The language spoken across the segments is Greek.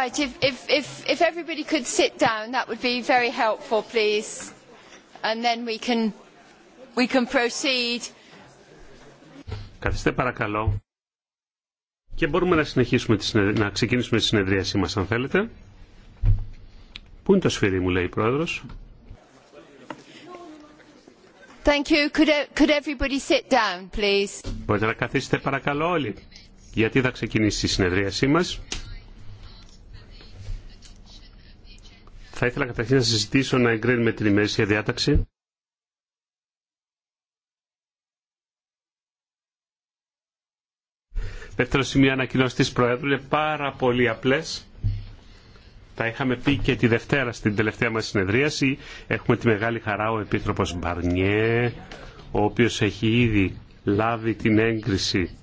Right, if if, if, if everybody could sit down, that would be very helpful, please. And then we can, we can proceed. Καθίστε παρακαλώ. Και μπορούμε να συνεχίσουμε, να ξεκινήσουμε τη συνεδρίασή μας, αν θέλετε. Πού είναι το σφυρί μου, λέει η Πρόεδρος. Thank you. Could, could everybody sit down, please? Μπορείτε να καθίσετε παρακαλώ όλοι γιατί θα ξεκινήσει η συνεδρίασή μας. Θα ήθελα καταρχήν να συζητήσω να εγκρίνουμε την ημερήσια διάταξη. Δεύτερο σημείο ανακοινώσει της Προέδρου είναι πάρα πολύ απλές. Τα είχαμε πει και τη Δευτέρα στην τελευταία μας συνεδρίαση. Έχουμε τη μεγάλη χαρά ο Επίτροπος Μπαρνιέ, ο οποίος έχει ήδη λάβει την έγκριση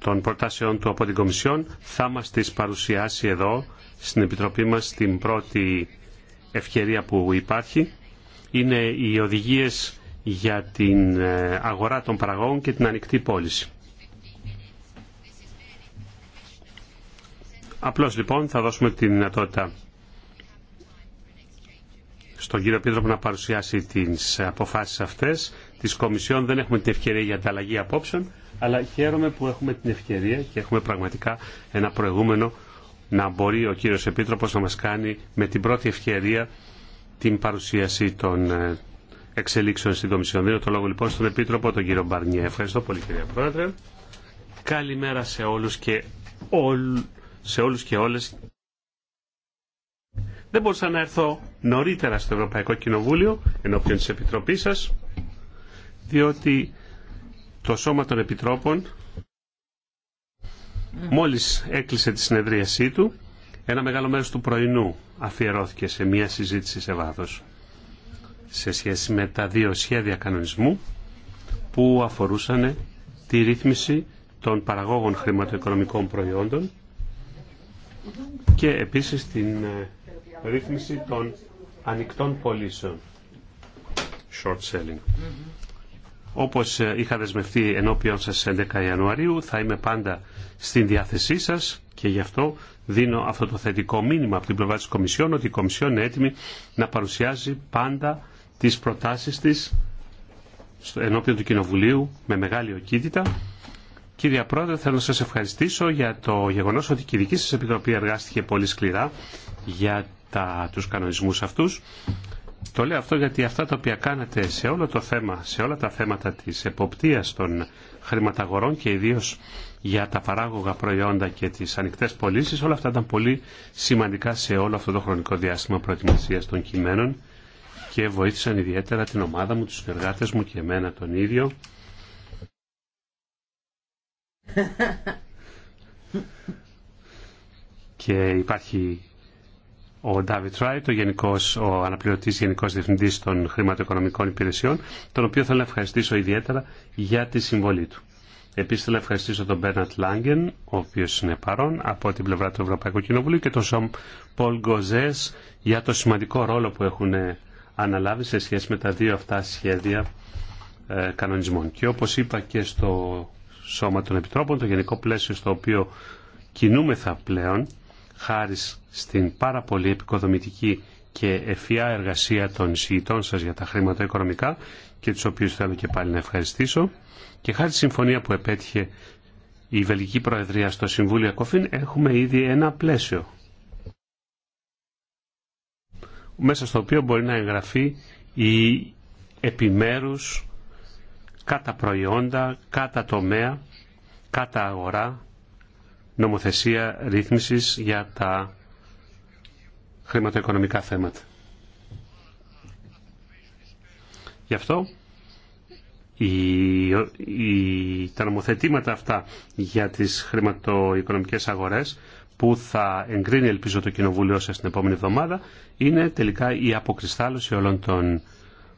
των προτάσεών του από την Κομισιόν θα μας τις παρουσιάσει εδώ στην Επιτροπή μας την πρώτη ευκαιρία που υπάρχει. Είναι οι οδηγίες για την ε, αγορά των παραγών και την ανοιχτή πώληση. Απλώς λοιπόν θα δώσουμε τη δυνατότητα στον κύριο Πίτροπο να παρουσιάσει τις αποφάσεις αυτές. Της Κομισιόν δεν έχουμε την ευκαιρία για ανταλλαγή απόψεων αλλά χαίρομαι που έχουμε την ευκαιρία και έχουμε πραγματικά ένα προηγούμενο να μπορεί ο κύριος Επίτροπος να μας κάνει με την πρώτη ευκαιρία την παρουσίαση των ε, εξελίξεων στην Κομισιόν. Δίνω το λόγο λοιπόν στον Επίτροπο, τον κύριο Μπαρνιέ. Ευχαριστώ πολύ κύριε Πρόεδρε. Καλημέρα σε όλους και, όλ, σε όλους και όλες. Δεν μπορούσα να έρθω νωρίτερα στο Ευρωπαϊκό Κοινοβούλιο ενώπιον της Επιτροπής σας, διότι το Σώμα των Επιτρόπων μόλις έκλεισε τη συνεδρίασή του ένα μεγάλο μέρος του πρωινού αφιερώθηκε σε μια συζήτηση σε βάθος σε σχέση με τα δύο σχέδια κανονισμού που αφορούσαν τη ρύθμιση των παραγόγων χρηματοοικονομικών προϊόντων και επίσης την ε, ρύθμιση των ανοιχτών πωλήσεων short selling. Όπως ε, είχα δεσμευτεί ενώπιον σας 11 Ιανουαρίου, θα είμαι πάντα στην διάθεσή σας και γι' αυτό δίνω αυτό το θετικό μήνυμα από την πλευρά της Κομισιόν ότι η Κομισιόν είναι έτοιμη να παρουσιάζει πάντα τις προτάσεις της ενώπιον του Κοινοβουλίου με μεγάλη οκίτητα. Κύριε Πρόεδρε, θέλω να σας ευχαριστήσω για το γεγονός ότι και η δική σας Επιτροπή εργάστηκε πολύ σκληρά για τα, τους κανονισμούς αυτούς. Το λέω αυτό γιατί αυτά τα οποία κάνετε σε όλο το θέμα, σε όλα τα θέματα της εποπτείας των χρηματαγορών και ιδίως για τα παράγωγα προϊόντα και τις ανοιχτές πωλήσει, όλα αυτά ήταν πολύ σημαντικά σε όλο αυτό το χρονικό διάστημα προετοιμασίας των κειμένων και βοήθησαν ιδιαίτερα την ομάδα μου, τους συνεργάτες μου και εμένα τον ίδιο. και υπάρχει ο Ντάβιτ Ράιτ, ο, γενικός, ο αναπληρωτής Γενικός Διευθυντής των Χρηματοοικονομικών Υπηρεσιών, τον οποίο θέλω να ευχαριστήσω ιδιαίτερα για τη συμβολή του. Επίσης θέλω να ευχαριστήσω τον Μπέρνατ Λάγκεν, ο οποίος είναι παρόν από την πλευρά του Ευρωπαϊκού Κοινοβουλίου και τον Σομ Πολ Γκοζές για το σημαντικό ρόλο που έχουν αναλάβει σε σχέση με τα δύο αυτά σχέδια ε, κανονισμών. Και όπως είπα και στο Σώμα των Επιτρόπων, το γενικό πλαίσιο στο οποίο κινούμεθα πλέον, χάρη στην πάρα πολύ επικοδομητική και ευφυά εργασία των εισηγητών σας για τα χρήματα οικονομικά και τους οποίους θέλω και πάλι να ευχαριστήσω. Και χάρη στη συμφωνία που επέτυχε η Βελγική Προεδρία στο Συμβούλιο Κόφιν έχουμε ήδη ένα πλαίσιο μέσα στο οποίο μπορεί να εγγραφεί η επιμέρους κατά προϊόντα, κατά τομέα, κατά αγορά νομοθεσία ρύθμισης για τα χρηματοοικονομικά θέματα. Γι' αυτό οι τα νομοθετήματα αυτά για τις χρηματοοικονομικές αγορές που θα εγκρίνει ελπίζω το Κοινοβούλιο σας την επόμενη εβδομάδα είναι τελικά η αποκριστάλλωση όλων των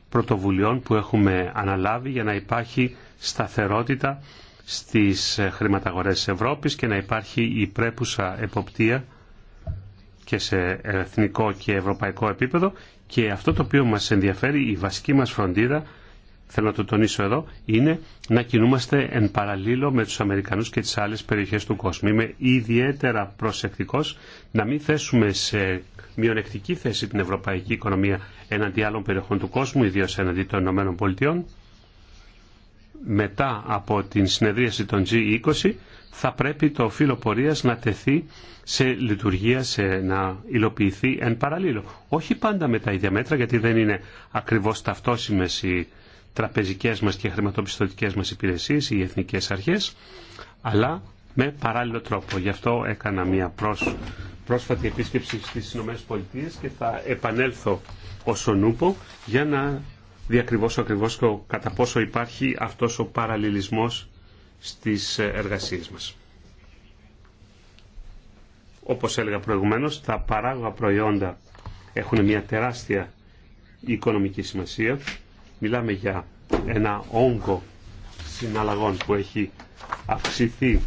πρωτοβουλειών που έχουμε αναλάβει για να υπάρχει σταθερότητα στις χρηματαγορές της Ευρώπης και να υπάρχει η πρέπουσα εποπτεία και σε εθνικό και ευρωπαϊκό επίπεδο και αυτό το οποίο μας ενδιαφέρει, η βασική μας φροντίδα, θέλω να το τονίσω εδώ, είναι να κινούμαστε εν παραλίλω με τους Αμερικανούς και τις άλλες περιοχές του κόσμου. Είμαι ιδιαίτερα προσεκτικός να μην θέσουμε σε μειονεκτική θέση την ευρωπαϊκή οικονομία εναντί άλλων περιοχών του κόσμου, ιδίως εναντί των Ηνωμένων Μετά από την συνεδρίαση των G20 θα πρέπει το φύλλο πορείας να τεθεί σε λειτουργία, σε να υλοποιηθεί εν παραλίλω. Όχι πάντα με τα ίδια μέτρα, γιατί δεν είναι ακριβώς ταυτόσιμες οι τραπεζικές μας και χρηματοπιστωτικές μας υπηρεσίες, οι εθνικές αρχές, αλλά με παράλληλο τρόπο. Γι' αυτό έκανα μια πρόσφατη επίσκεψη στις ΗΠΑ και θα επανέλθω ως Νούπο για να διακριβώσω ακριβώς κατά πόσο υπάρχει αυτός ο παραλληλισμός στις εργασίες μας. Όπως έλεγα προηγουμένως, τα παράγωγα προϊόντα έχουν μια τεράστια οικονομική σημασία. Μιλάμε για ένα όγκο συναλλαγών που έχει αυξηθεί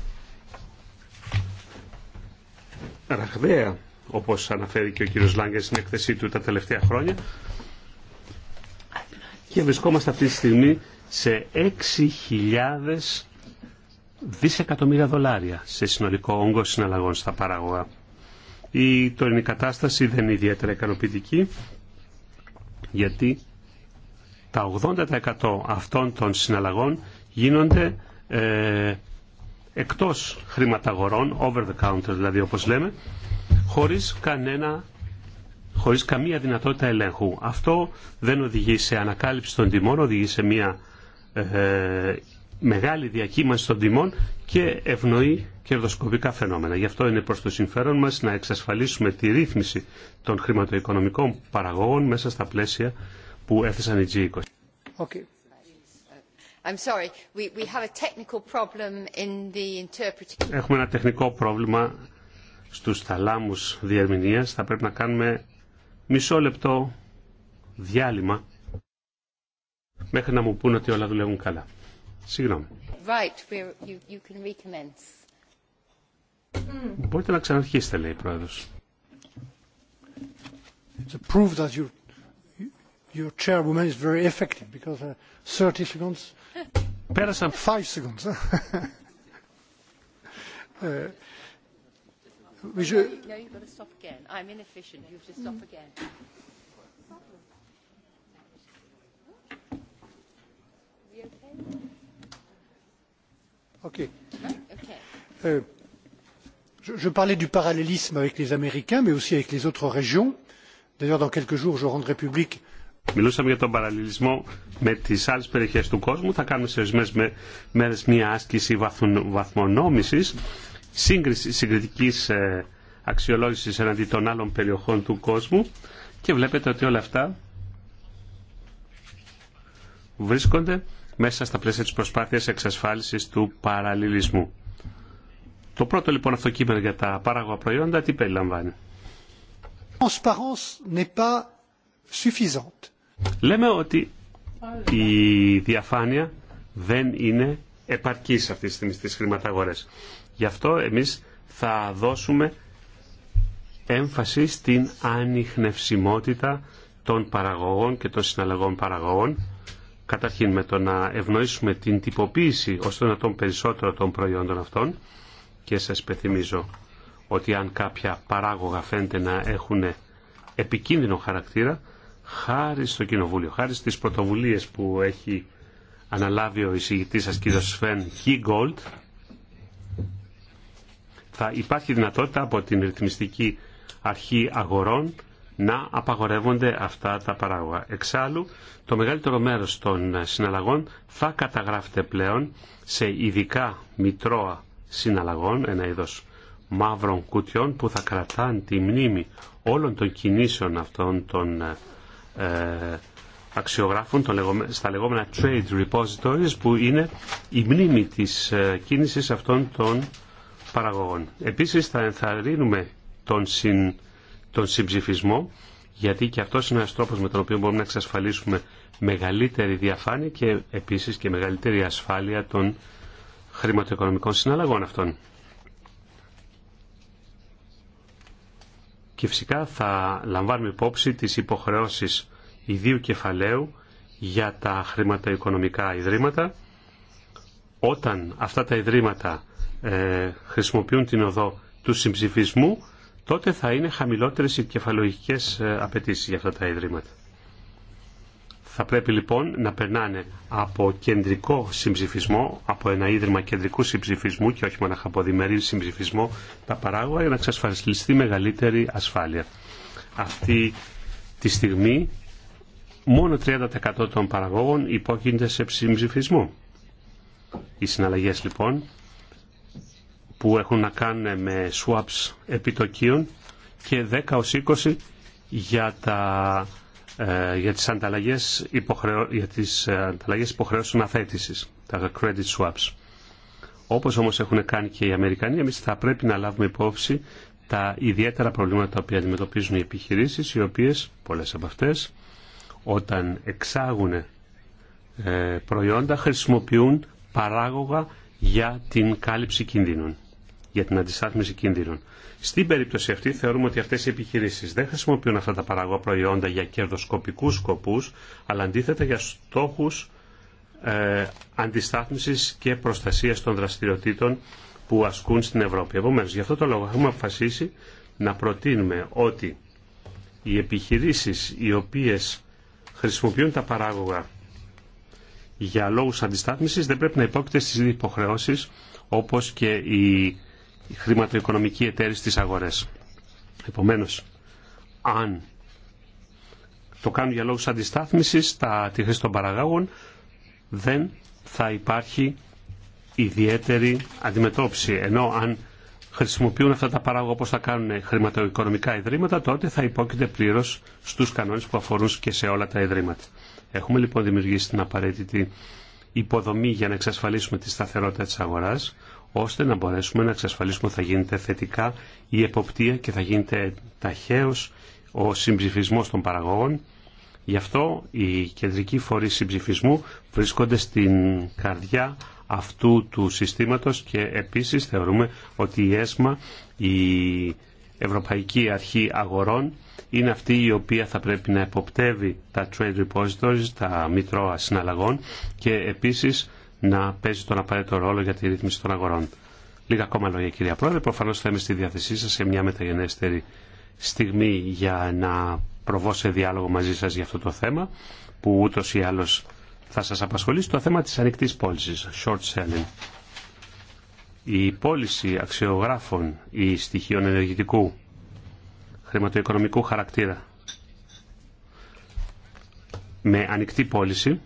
ραχδαία, όπως αναφέρει και ο κύριος Λάγκες στην έκθεσή του τα τελευταία χρόνια. Και βρισκόμαστε αυτή τη στιγμή σε 6.000 δισεκατομμύρια δολάρια σε συνολικό όγκο συναλλαγών στα παράγωγα. Η τωρινή κατάσταση δεν είναι ιδιαίτερα ικανοποιητική γιατί τα 80% αυτών των συναλλαγών γίνονται ε, εκτός χρηματαγορών, over the counter δηλαδή όπως λέμε, χωρίς, κανένα, χωρίς καμία δυνατότητα ελέγχου. Αυτό δεν οδηγεί σε ανακάλυψη των τιμών, οδηγεί σε μια ε, μεγάλη διακύμανση των τιμών και ευνοεί κερδοσκοπικά φαινόμενα. Γι' αυτό είναι προς το συμφέρον μας να εξασφαλίσουμε τη ρύθμιση των χρηματοοικονομικών παραγωγών μέσα στα πλαίσια που έθεσαν οι G20. Okay. Έχουμε ένα τεχνικό πρόβλημα στους θαλάμους διερμηνίας. Θα πρέπει να κάνουμε μισό λεπτό διάλειμμα μέχρι να μου πούνε ότι όλα δουλεύουν καλά. Συγγνώμη. Right, you, can recommence. Μπορείτε να ξαναρχίσετε, λέει η Πρόεδρος. It's a proof that your, your chairwoman is very effective because uh, 30 seconds. Πέρασαν. 5 seconds. uh, we should... No, you've got to stop again. I'm inefficient. You have to stop again. Euh, je parlais du parallélisme avec les Américains, mais aussi avec les autres régions. D'ailleurs, dans quelques jours, je rendrai public. Μιλούσαμε για τον παραλληλισμό με τι άλλε περιοχέ του κόσμου. Θα κάνουμε σε ορισμένε μέρε μία άσκηση βαθμονόμηση, συγκριτική ε, αξιολόγηση εναντί των άλλων περιοχών του κόσμου και βλέπετε ότι όλα αυτά βρίσκονται μέσα στα πλαίσια της προσπάθειας εξασφάλισης του παραλληλισμού. Το πρώτο λοιπόν αυτό κείμενο για τα παράγωγα προϊόντα τι περιλαμβάνει. Λέμε ότι η διαφάνεια δεν είναι επαρκής αυτή τη στιγμή στις χρηματαγορές. Γι' αυτό εμείς θα δώσουμε έμφαση στην ανιχνευσιμότητα των παραγωγών και των συναλλαγών παραγωγών Καταρχήν με το να ευνοήσουμε την τυποποίηση ώστε να τον περισσότερο των προϊόντων αυτών και σας πεθυμίζω ότι αν κάποια παράγωγα φαίνεται να έχουν επικίνδυνο χαρακτήρα χάρη στο Κοινοβούλιο, χάρη στις πρωτοβουλίες που έχει αναλάβει ο εισηγητής σας κ. Σφεν Χίγκολτ θα υπάρχει δυνατότητα από την ρυθμιστική αρχή αγορών να απαγορεύονται αυτά τα παράγωγα. Εξάλλου, το μεγαλύτερο μέρος των συναλλαγών θα καταγράφεται πλέον σε ειδικά μητρώα συναλλαγών, ένα είδος μαύρων κουτιών που θα κρατάνε τη μνήμη όλων των κινήσεων αυτών των ε, αξιογράφων των, στα λεγόμενα trade repositories που είναι η μνήμη της ε, κίνησης αυτών των παραγωγών. Επίσης θα ενθαρρύνουμε τον συν, τον συμψηφισμό, γιατί και αυτό είναι ένα τρόπο με τον οποίο μπορούμε να εξασφαλίσουμε μεγαλύτερη διαφάνεια και επίση και μεγαλύτερη ασφάλεια των χρηματοοικονομικών συναλλαγών αυτών. Και φυσικά θα λαμβάνουμε υπόψη τις υποχρεώσεις ιδίου κεφαλαίου για τα χρηματοοικονομικά ιδρύματα. Όταν αυτά τα ιδρύματα ε, χρησιμοποιούν την οδό του συμψηφισμού, τότε θα είναι χαμηλότερε οι κεφαλογικέ ε, απαιτήσει για αυτά τα ιδρύματα. Θα πρέπει λοιπόν να περνάνε από κεντρικό συμψηφισμό, από ένα ίδρυμα κεντρικού συμψηφισμού και όχι μόνο από διμερή συμψηφισμό τα παράγωγα για να εξασφαλιστεί μεγαλύτερη ασφάλεια. Αυτή τη στιγμή μόνο 30% των παραγόγων υπόκεινται σε συμψηφισμό. Οι συναλλαγές λοιπόν που έχουν να κάνουν με swaps επιτοκίων και 10 ως 20 για, τα, ε, για τις ανταλλαγές, υποχρεω, για τις ε, ανταλλαγές υποχρεώσεων αθέτησης, τα credit swaps. Όπως όμως έχουν κάνει και οι Αμερικανοί, εμείς θα πρέπει να λάβουμε υπόψη τα ιδιαίτερα προβλήματα τα οποία αντιμετωπίζουν οι επιχειρήσεις, οι οποίες, πολλές από αυτές, όταν εξάγουν ε, προϊόντα, χρησιμοποιούν παράγωγα για την κάλυψη κινδύνων για την αντιστάθμιση κινδύνων. Στην περίπτωση αυτή θεωρούμε ότι αυτές οι επιχειρήσεις δεν χρησιμοποιούν αυτά τα παραγωγά προϊόντα για κερδοσκοπικούς σκοπούς, αλλά αντίθετα για στόχους ε, αντιστάθμισης και προστασίας των δραστηριοτήτων που ασκούν στην Ευρώπη. Επομένως, γι' αυτό το λόγο έχουμε αποφασίσει να προτείνουμε ότι οι επιχειρήσεις οι οποίες χρησιμοποιούν τα παράγωγα για λόγους αντιστάθμισης δεν πρέπει να υπόκειται στις υποχρεώσεις όπως και οι χρηματοοικονομικοί εταίροι στις αγορές. Επομένως, αν το κάνουν για λόγους αντιστάθμισης, τα τη χρήση των παραγάγων δεν θα υπάρχει ιδιαίτερη αντιμετώπιση. Ενώ αν χρησιμοποιούν αυτά τα παράγωγα όπως θα κάνουν χρηματοοικονομικά ιδρύματα, τότε θα υπόκειται πλήρως στους κανόνες που αφορούν και σε όλα τα ιδρύματα. Έχουμε λοιπόν δημιουργήσει την απαραίτητη υποδομή για να εξασφαλίσουμε τη σταθερότητα της αγοράς ώστε να μπορέσουμε να εξασφαλίσουμε ότι θα γίνεται θετικά η εποπτεία και θα γίνεται ταχαίως ο συμψηφισμός των παραγωγών. Γι' αυτό οι κεντρικοί φορείς συμψηφισμού βρίσκονται στην καρδιά αυτού του συστήματος και επίσης θεωρούμε ότι η ΕΣΜΑ, η Ευρωπαϊκή Αρχή Αγορών, είναι αυτή η οποία θα πρέπει να εποπτεύει τα trade repositories, τα μητρώα συναλλαγών και επίσης να παίζει τον απαραίτητο ρόλο για τη ρύθμιση των αγορών. Λίγα ακόμα λόγια κυρία Πρόεδρε. Προφανώ θα είμαι στη διάθεσή σα σε μια μεταγενέστερη στιγμή για να προβώ σε διάλογο μαζί σα για αυτό το θέμα που ούτω ή άλλω θα σα απασχολήσει το θέμα τη ανοιχτή πώληση, short selling. Η πώληση αξιογράφων ή στοιχείων ενεργητικού χρηματοοικονομικού χαρακτήρα με ανοιχτή πώληση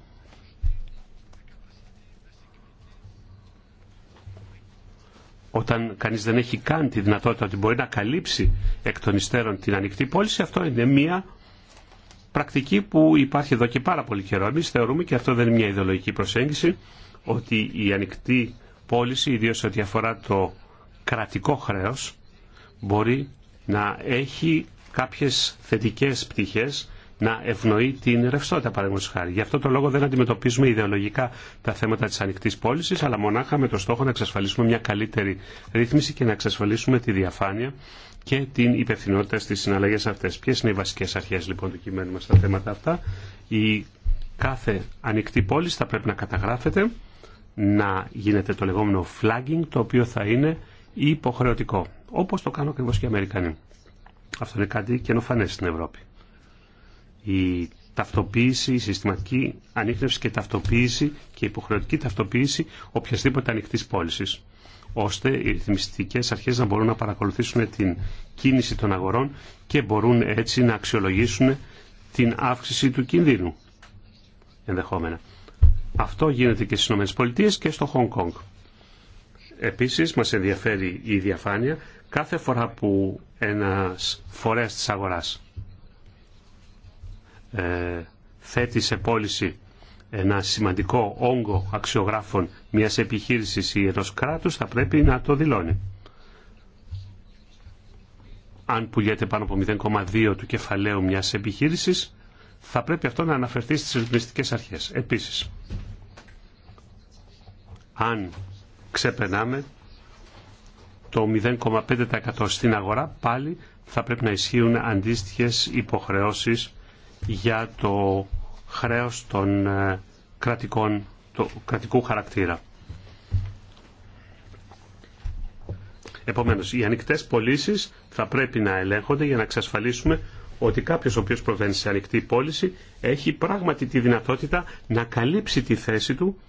όταν κανείς δεν έχει καν τη δυνατότητα ότι μπορεί να καλύψει εκ των υστέρων την ανοιχτή πώληση, αυτό είναι μια πρακτική που υπάρχει εδώ και πάρα πολύ καιρό. Εμείς θεωρούμε, και αυτό δεν είναι μια ιδεολογική προσέγγιση, ότι η ανοιχτή πώληση, ιδίως ό,τι αφορά το κρατικό χρέος, μπορεί να έχει κάποιες θετικές πτυχές να ευνοεί την ρευστότητα, παραδείγματο χάρη. Γι' αυτό το λόγο δεν αντιμετωπίζουμε ιδεολογικά τα θέματα τη ανοιχτή πώληση, αλλά μονάχα με το στόχο να εξασφαλίσουμε μια καλύτερη ρύθμιση και να εξασφαλίσουμε τη διαφάνεια και την υπευθυνότητα στι συναλλαγέ αυτέ. Ποιε είναι οι βασικέ αρχέ λοιπόν του κειμένου μα στα θέματα αυτά. Η κάθε ανοιχτή πώληση θα πρέπει να καταγράφεται, να γίνεται το λεγόμενο flagging, το οποίο θα είναι υποχρεωτικό. Όπω το κάνουν ακριβώ και οι Αμερικανοί. Αυτό είναι κάτι καινοφανέ στην Ευρώπη η ταυτοποίηση, η συστηματική ανείχνευση και ταυτοποίηση και υποχρεωτική ταυτοποίηση οποιασδήποτε ανοιχτή πώληση ώστε οι ρυθμιστικές αρχές να μπορούν να παρακολουθήσουν την κίνηση των αγορών και μπορούν έτσι να αξιολογήσουν την αύξηση του κινδύνου ενδεχόμενα. Αυτό γίνεται και στις ΗΠΑ και στο Χονγκ Κονγκ. Επίσης μας ενδιαφέρει η διαφάνεια κάθε φορά που ένας φορέας της αγοράς ε, θέτει σε πώληση ένα σημαντικό όγκο αξιογράφων μιας επιχείρησης ή ενός κράτους θα πρέπει να το δηλώνει. Αν πουλιέται πάνω από 0,2 του κεφαλαίου μιας επιχείρησης θα πρέπει αυτό να αναφερθεί στις ρυθμιστικές αρχές. Επίσης, αν ξεπερνάμε το 0,5% στην αγορά πάλι θα πρέπει να ισχύουν αντίστοιχες υποχρεώσεις για το χρέος των ε, κρατικών, το κρατικού χαρακτήρα. Επομένως, οι ανοιχτέ πωλήσει θα πρέπει να ελέγχονται για να εξασφαλίσουμε ότι κάποιος ο οποίος προβαίνει σε ανοιχτή πώληση έχει πράγματι τη δυνατότητα να καλύψει τη θέση του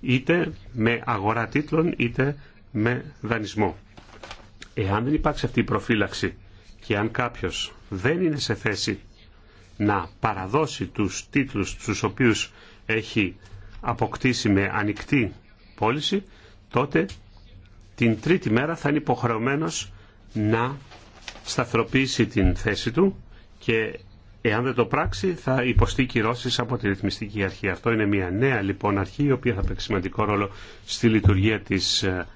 είτε με αγορά τίτλων είτε με δανεισμό. Εάν δεν υπάρξει αυτή η προφύλαξη και αν κάποιος δεν είναι σε θέση να παραδώσει τους τίτλους τους οποίους έχει αποκτήσει με ανοιχτή πώληση, τότε την τρίτη μέρα θα είναι υποχρεωμένος να σταθεροποιήσει την θέση του και εάν δεν το πράξει θα υποστεί κυρώσεις από τη ρυθμιστική αρχή. Αυτό είναι μια νέα λοιπόν αρχή η οποία θα παίξει σημαντικό ρόλο στη λειτουργία της ε,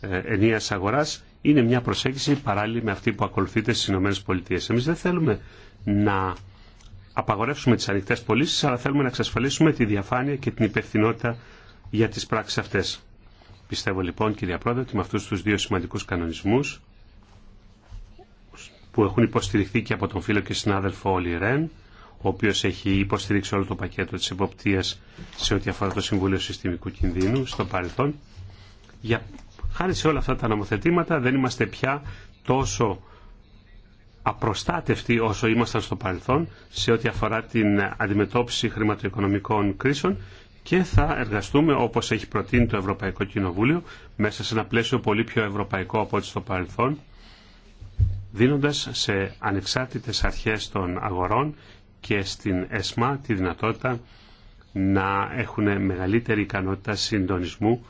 ε, ενίας αγοράς. Είναι μια προσέγγιση παράλληλη με αυτή που ακολουθείται στις ΗΠΑ. Εμείς δεν θέλουμε να απαγορεύσουμε τι ανοιχτέ πωλήσει, αλλά θέλουμε να εξασφαλίσουμε τη διαφάνεια και την υπευθυνότητα για τι πράξει αυτέ. Πιστεύω λοιπόν κυρία Πρόεδρε ότι με αυτού του δύο σημαντικού κανονισμού που έχουν υποστηριχθεί και από τον φίλο και συνάδελφο Όλη Ρεν, ο οποίο έχει υποστηρίξει όλο το πακέτο τη εποπτεία σε ό,τι αφορά το Συμβούλιο Συστημικού Κινδύνου στο παρελθόν. Για... Χάρη σε όλα αυτά τα νομοθετήματα δεν είμαστε πια τόσο απροστάτευτοι όσο ήμασταν στο παρελθόν σε ό,τι αφορά την αντιμετώπιση χρηματοοικονομικών κρίσεων και θα εργαστούμε όπως έχει προτείνει το Ευρωπαϊκό Κοινοβούλιο μέσα σε ένα πλαίσιο πολύ πιο ευρωπαϊκό από ό,τι στο παρελθόν δίνοντας σε ανεξάρτητες αρχές των αγορών και στην ΕΣΜΑ τη δυνατότητα να έχουν μεγαλύτερη ικανότητα συντονισμού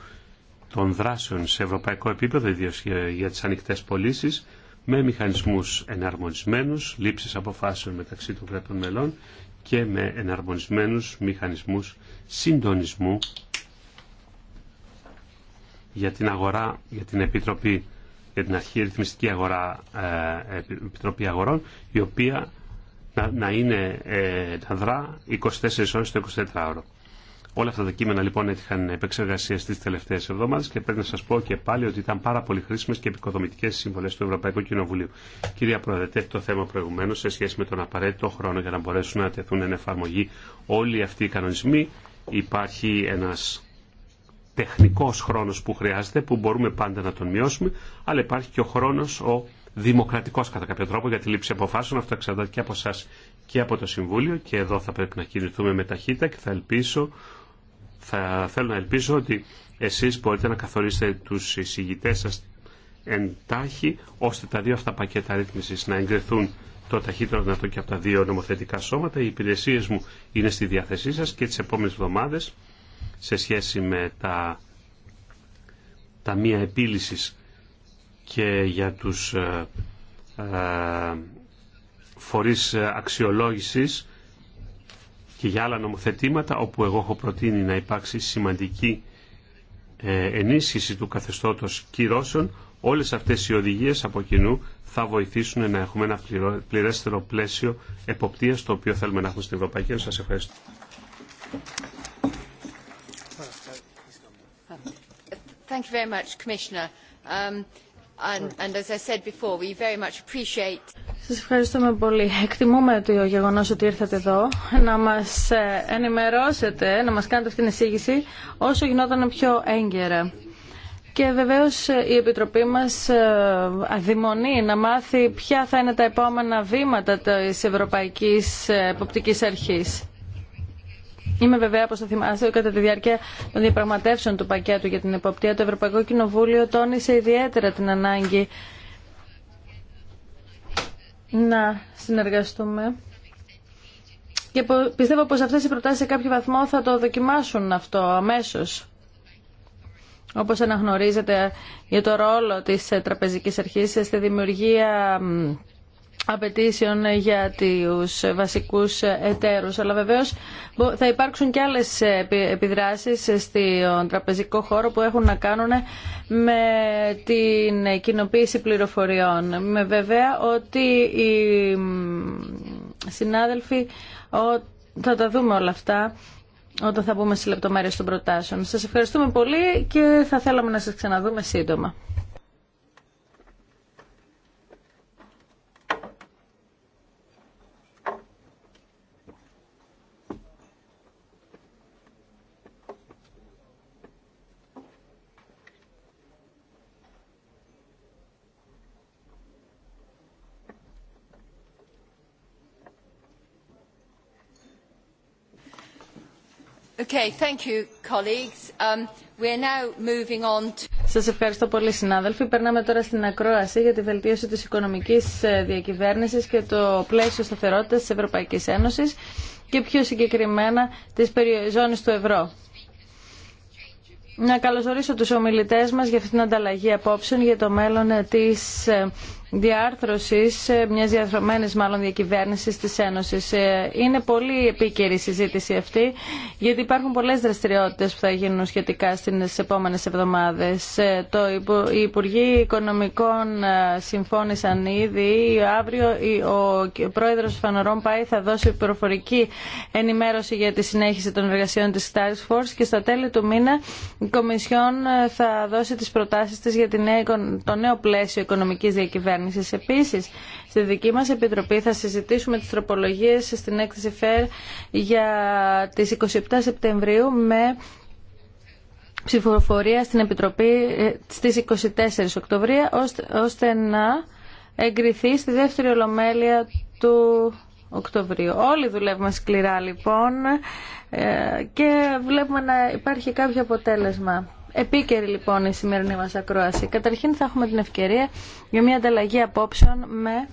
των δράσεων σε ευρωπαϊκό επίπεδο, ιδίω για τι ανοιχτέ πωλήσει, με μηχανισμούς εναρμονισμένους, λήψεις αποφάσεων μεταξύ των κρατών μελών και με εναρμονισμένους μηχανισμούς συντονισμού για την αγορά, για την Επιτροπή, για την Αρχή Ρυθμιστική Αγορά, ε, Επιτροπή Αγορών, η οποία να, να είναι, ε, δρά 24 ώρες το 24 ώρο. Όλα αυτά τα κείμενα λοιπόν έτυχαν επεξεργασία στι τελευταίε εβδομάδε και πρέπει να σα πω και πάλι ότι ήταν πάρα πολύ χρήσιμε και επικοδομητικέ οι συμβολέ του Ευρωπαϊκού Κοινοβουλίου. Κυρία Πρόεδρε, το θέμα προηγουμένω σε σχέση με τον απαραίτητο χρόνο για να μπορέσουν να τεθούν εν εφαρμογή όλοι αυτοί οι κανονισμοί. Υπάρχει ένα τεχνικό χρόνο που χρειάζεται, που μπορούμε πάντα να τον μειώσουμε, αλλά υπάρχει και ο χρόνο ο δημοκρατικό κατά κάποιο τρόπο για τη λήψη αποφάσεων. Αυτό εξαρτάται και από εσά και από το Συμβούλιο και εδώ θα πρέπει να κινηθούμε με ταχύτητα και θα ελπίσω θα θέλω να ελπίζω ότι εσείς μπορείτε να καθορίσετε τους εισηγητές σας τάχει ώστε τα δύο αυτά πακέτα ρύθμισης να εγκριθούν το ταχύτερο δυνατό και από τα δύο νομοθετικά σώματα. Οι υπηρεσίε μου είναι στη διάθεσή σας και τις επόμενες εβδομάδες σε σχέση με τα, τα μία επίλυσης και για τους ε, ε, φορείς αξιολόγησης και για άλλα νομοθετήματα όπου εγώ έχω προτείνει να υπάρξει σημαντική ε, ενίσχυση του καθεστώτος κυρώσεων, όλες αυτές οι οδηγίες από κοινού θα βοηθήσουν να έχουμε ένα πληρέστερο πλαίσιο εποπτείας το οποίο θέλουμε να έχουμε στην Ευρωπαϊκή Ένωση. Σας ευχαριστώ. Thank you very much, Commissioner. Um, σας ευχαριστούμε πολύ. Εκτιμούμε το γεγονός ότι ήρθατε εδώ να μας ε, ενημερώσετε, να μας κάνετε αυτήν την εισήγηση όσο γινόταν πιο έγκαιρα. Και βεβαίως ε, η Επιτροπή μας ε, αδειμονεί να μάθει ποια θα είναι τα επόμενα βήματα της Ευρωπαϊκής Εποπτικής Αρχής. Είμαι βέβαια, όπω θα θυμάστε, κατά τη διάρκεια των διαπραγματεύσεων του πακέτου για την εποπτεία, το Ευρωπαϊκό Κοινοβούλιο τόνισε ιδιαίτερα την ανάγκη να συνεργαστούμε. Και πιστεύω πως αυτές οι προτάσεις σε κάποιο βαθμό θα το δοκιμάσουν αυτό αμέσως. Όπως αναγνωρίζετε για το ρόλο της ε, τραπεζικής αρχής ε, στη δημιουργία απαιτήσεων για τους βασικούς εταίρους. Αλλά βεβαίως θα υπάρξουν και άλλες επιδράσεις στον τραπεζικό χώρο που έχουν να κάνουν με την κοινοποίηση πληροφοριών. Με βέβαια ότι οι συνάδελφοι θα τα δούμε όλα αυτά όταν θα μπούμε στις λεπτομέρειες των προτάσεων. Σας ευχαριστούμε πολύ και θα θέλαμε να σας ξαναδούμε σύντομα. Um, Σας ευχαριστώ πολύ συνάδελφοι. Περνάμε τώρα στην ακρόαση για τη βελτίωση της οικονομικής ε, διακυβέρνησης και το πλαίσιο σταθερότητας της Ευρωπαϊκής Ένωσης και πιο συγκεκριμένα της ζώνης του ευρώ. Να καλωσορίσω τους ομιλητές μας για αυτήν την ανταλλαγή απόψεων για το μέλλον ε, της ε, διάρθρωση, ε, μιας διαδρομένη μάλλον διακυβέρνηση τη Ένωση. Ε, είναι πολύ επίκαιρη η συζήτηση αυτή, γιατί υπάρχουν πολλέ δραστηριότητε που θα γίνουν σχετικά στι επόμενε εβδομάδε. Ε, οι Υπουργοί Οικονομικών συμφώνησαν ήδη. Αύριο ο πρόεδρο Φανορών Πάη θα δώσει προφορική ενημέρωση για τη συνέχιση των εργασιών τη Task Force και στα τέλη του μήνα η Κομισιόν θα δώσει τι προτάσει τη για το νέο πλαίσιο οικονομική διακυβέρνηση κυβέρνησης. Επίσης, στη δική μας Επιτροπή θα συζητήσουμε τις τροπολογίες στην έκθεση ΦΕΡ για τις 27 Σεπτεμβρίου με ψηφοφορία στην Επιτροπή ε, στις 24 Οκτωβρίου ώστε να εγκριθεί στη δεύτερη ολομέλεια του Οκτωβρίου. Όλοι δουλεύουμε σκληρά λοιπόν ε, και βλέπουμε να υπάρχει κάποιο αποτέλεσμα. Επίκαιρη λοιπόν η σημερινή μας ακρόαση. Καταρχήν θα έχουμε την ευκαιρία για μια ανταλλαγή απόψεων με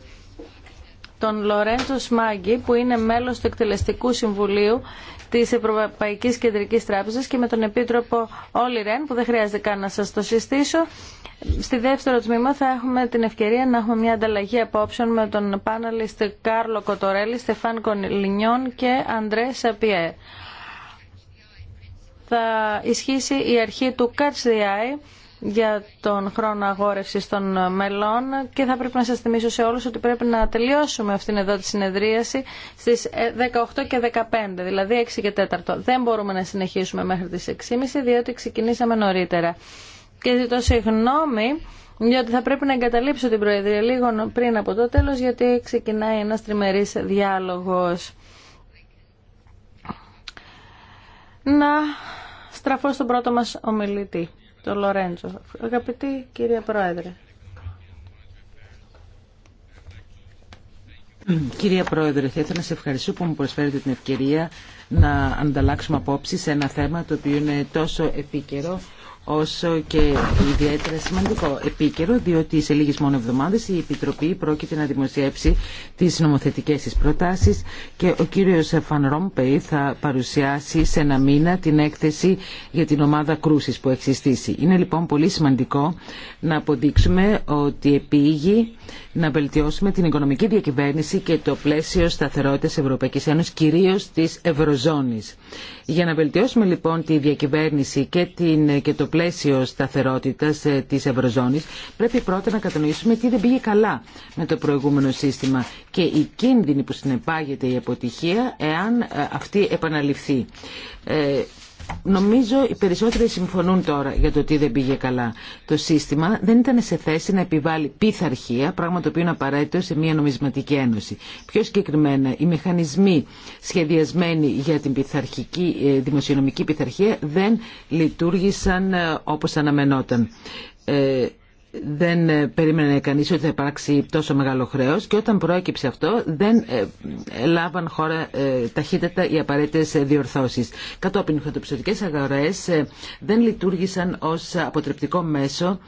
τον Λορέντζο Σμάγκη που είναι μέλος του Εκτελεστικού Συμβουλίου της Ευρωπαϊκής Κεντρικής Τράπεζας και με τον Επίτροπο Όλη Ρεν που δεν χρειάζεται καν να σας το συστήσω. Στη δεύτερο τμήμα θα έχουμε την ευκαιρία να έχουμε μια ανταλλαγή απόψεων με τον πάνελιστ Κάρλο Κοτορέλη, Στεφάν Κονιλινιόν και Αντρέ Σαπιέ θα ισχύσει η αρχή του Catch the Eye για τον χρόνο αγόρευσης των μελών και θα πρέπει να σας θυμίσω σε όλους ότι πρέπει να τελειώσουμε αυτήν εδώ τη συνεδρίαση στις 18 ε, και 15, δηλαδή 6 και 4. Δεν μπορούμε να συνεχίσουμε μέχρι τις 6.30 διότι ξεκινήσαμε νωρίτερα. Και ζητώ συγγνώμη διότι θα πρέπει να εγκαταλείψω την Προεδρία λίγο πριν από το τέλος γιατί ξεκινάει ένας τριμερής διάλογος. να στραφώ στον πρώτο μας ομιλητή, τον Λορέντζο. Αγαπητή κυρία Πρόεδρε. Κυρία Πρόεδρε, θα ήθελα να σε ευχαριστώ που μου προσφέρετε την ευκαιρία να ανταλλάξουμε απόψεις σε ένα θέμα το οποίο είναι τόσο επίκαιρο όσο και ιδιαίτερα σημαντικό επίκαιρο, διότι σε λίγες μόνο εβδομάδες η Επιτροπή πρόκειται να δημοσιεύσει τις νομοθετικές της προτάσεις και ο κύριος Φαν Ρόμπεϊ θα παρουσιάσει σε ένα μήνα την έκθεση για την ομάδα κρούσης που έχει συστήσει. Είναι λοιπόν πολύ σημαντικό να αποδείξουμε ότι επίγει να βελτιώσουμε την οικονομική διακυβέρνηση και το πλαίσιο σταθερότητας Ευρωπαϊκής Ένωσης, κυρίως της Ευρωζώνης. Για να βελτιώσουμε λοιπόν τη διακυβέρνηση και, την, και το πλαίσιο πλαίσιο σταθερότητα ε, της Ευρωζώνη, πρέπει πρώτα να κατανοήσουμε τι δεν πήγε καλά με το προηγούμενο σύστημα και η κίνδυνη που συνεπάγεται η αποτυχία εάν ε, αυτή επαναληφθεί. Ε, Νομίζω οι περισσότεροι συμφωνούν τώρα για το τι δεν πήγε καλά. Το σύστημα δεν ήταν σε θέση να επιβάλλει πειθαρχία, πράγμα το οποίο είναι απαραίτητο σε μια νομισματική ένωση. Πιο συγκεκριμένα, οι μηχανισμοί σχεδιασμένοι για την πειθαρχική, ε, δημοσιονομική πειθαρχία δεν λειτουργήσαν ε, όπως αναμενόταν. Ε, δεν ε, περίμενε κανείς ότι θα υπάρξει τόσο μεγάλο χρέος και όταν προέκυψε αυτό δεν ε, λάβαν χώρα ε, ταχύτατα οι απαραίτητες διορθώσεις. Κατόπιν οι χρηματοπιστωτικές αγορές δεν λειτουργήσαν ως αποτρεπτικό μέσο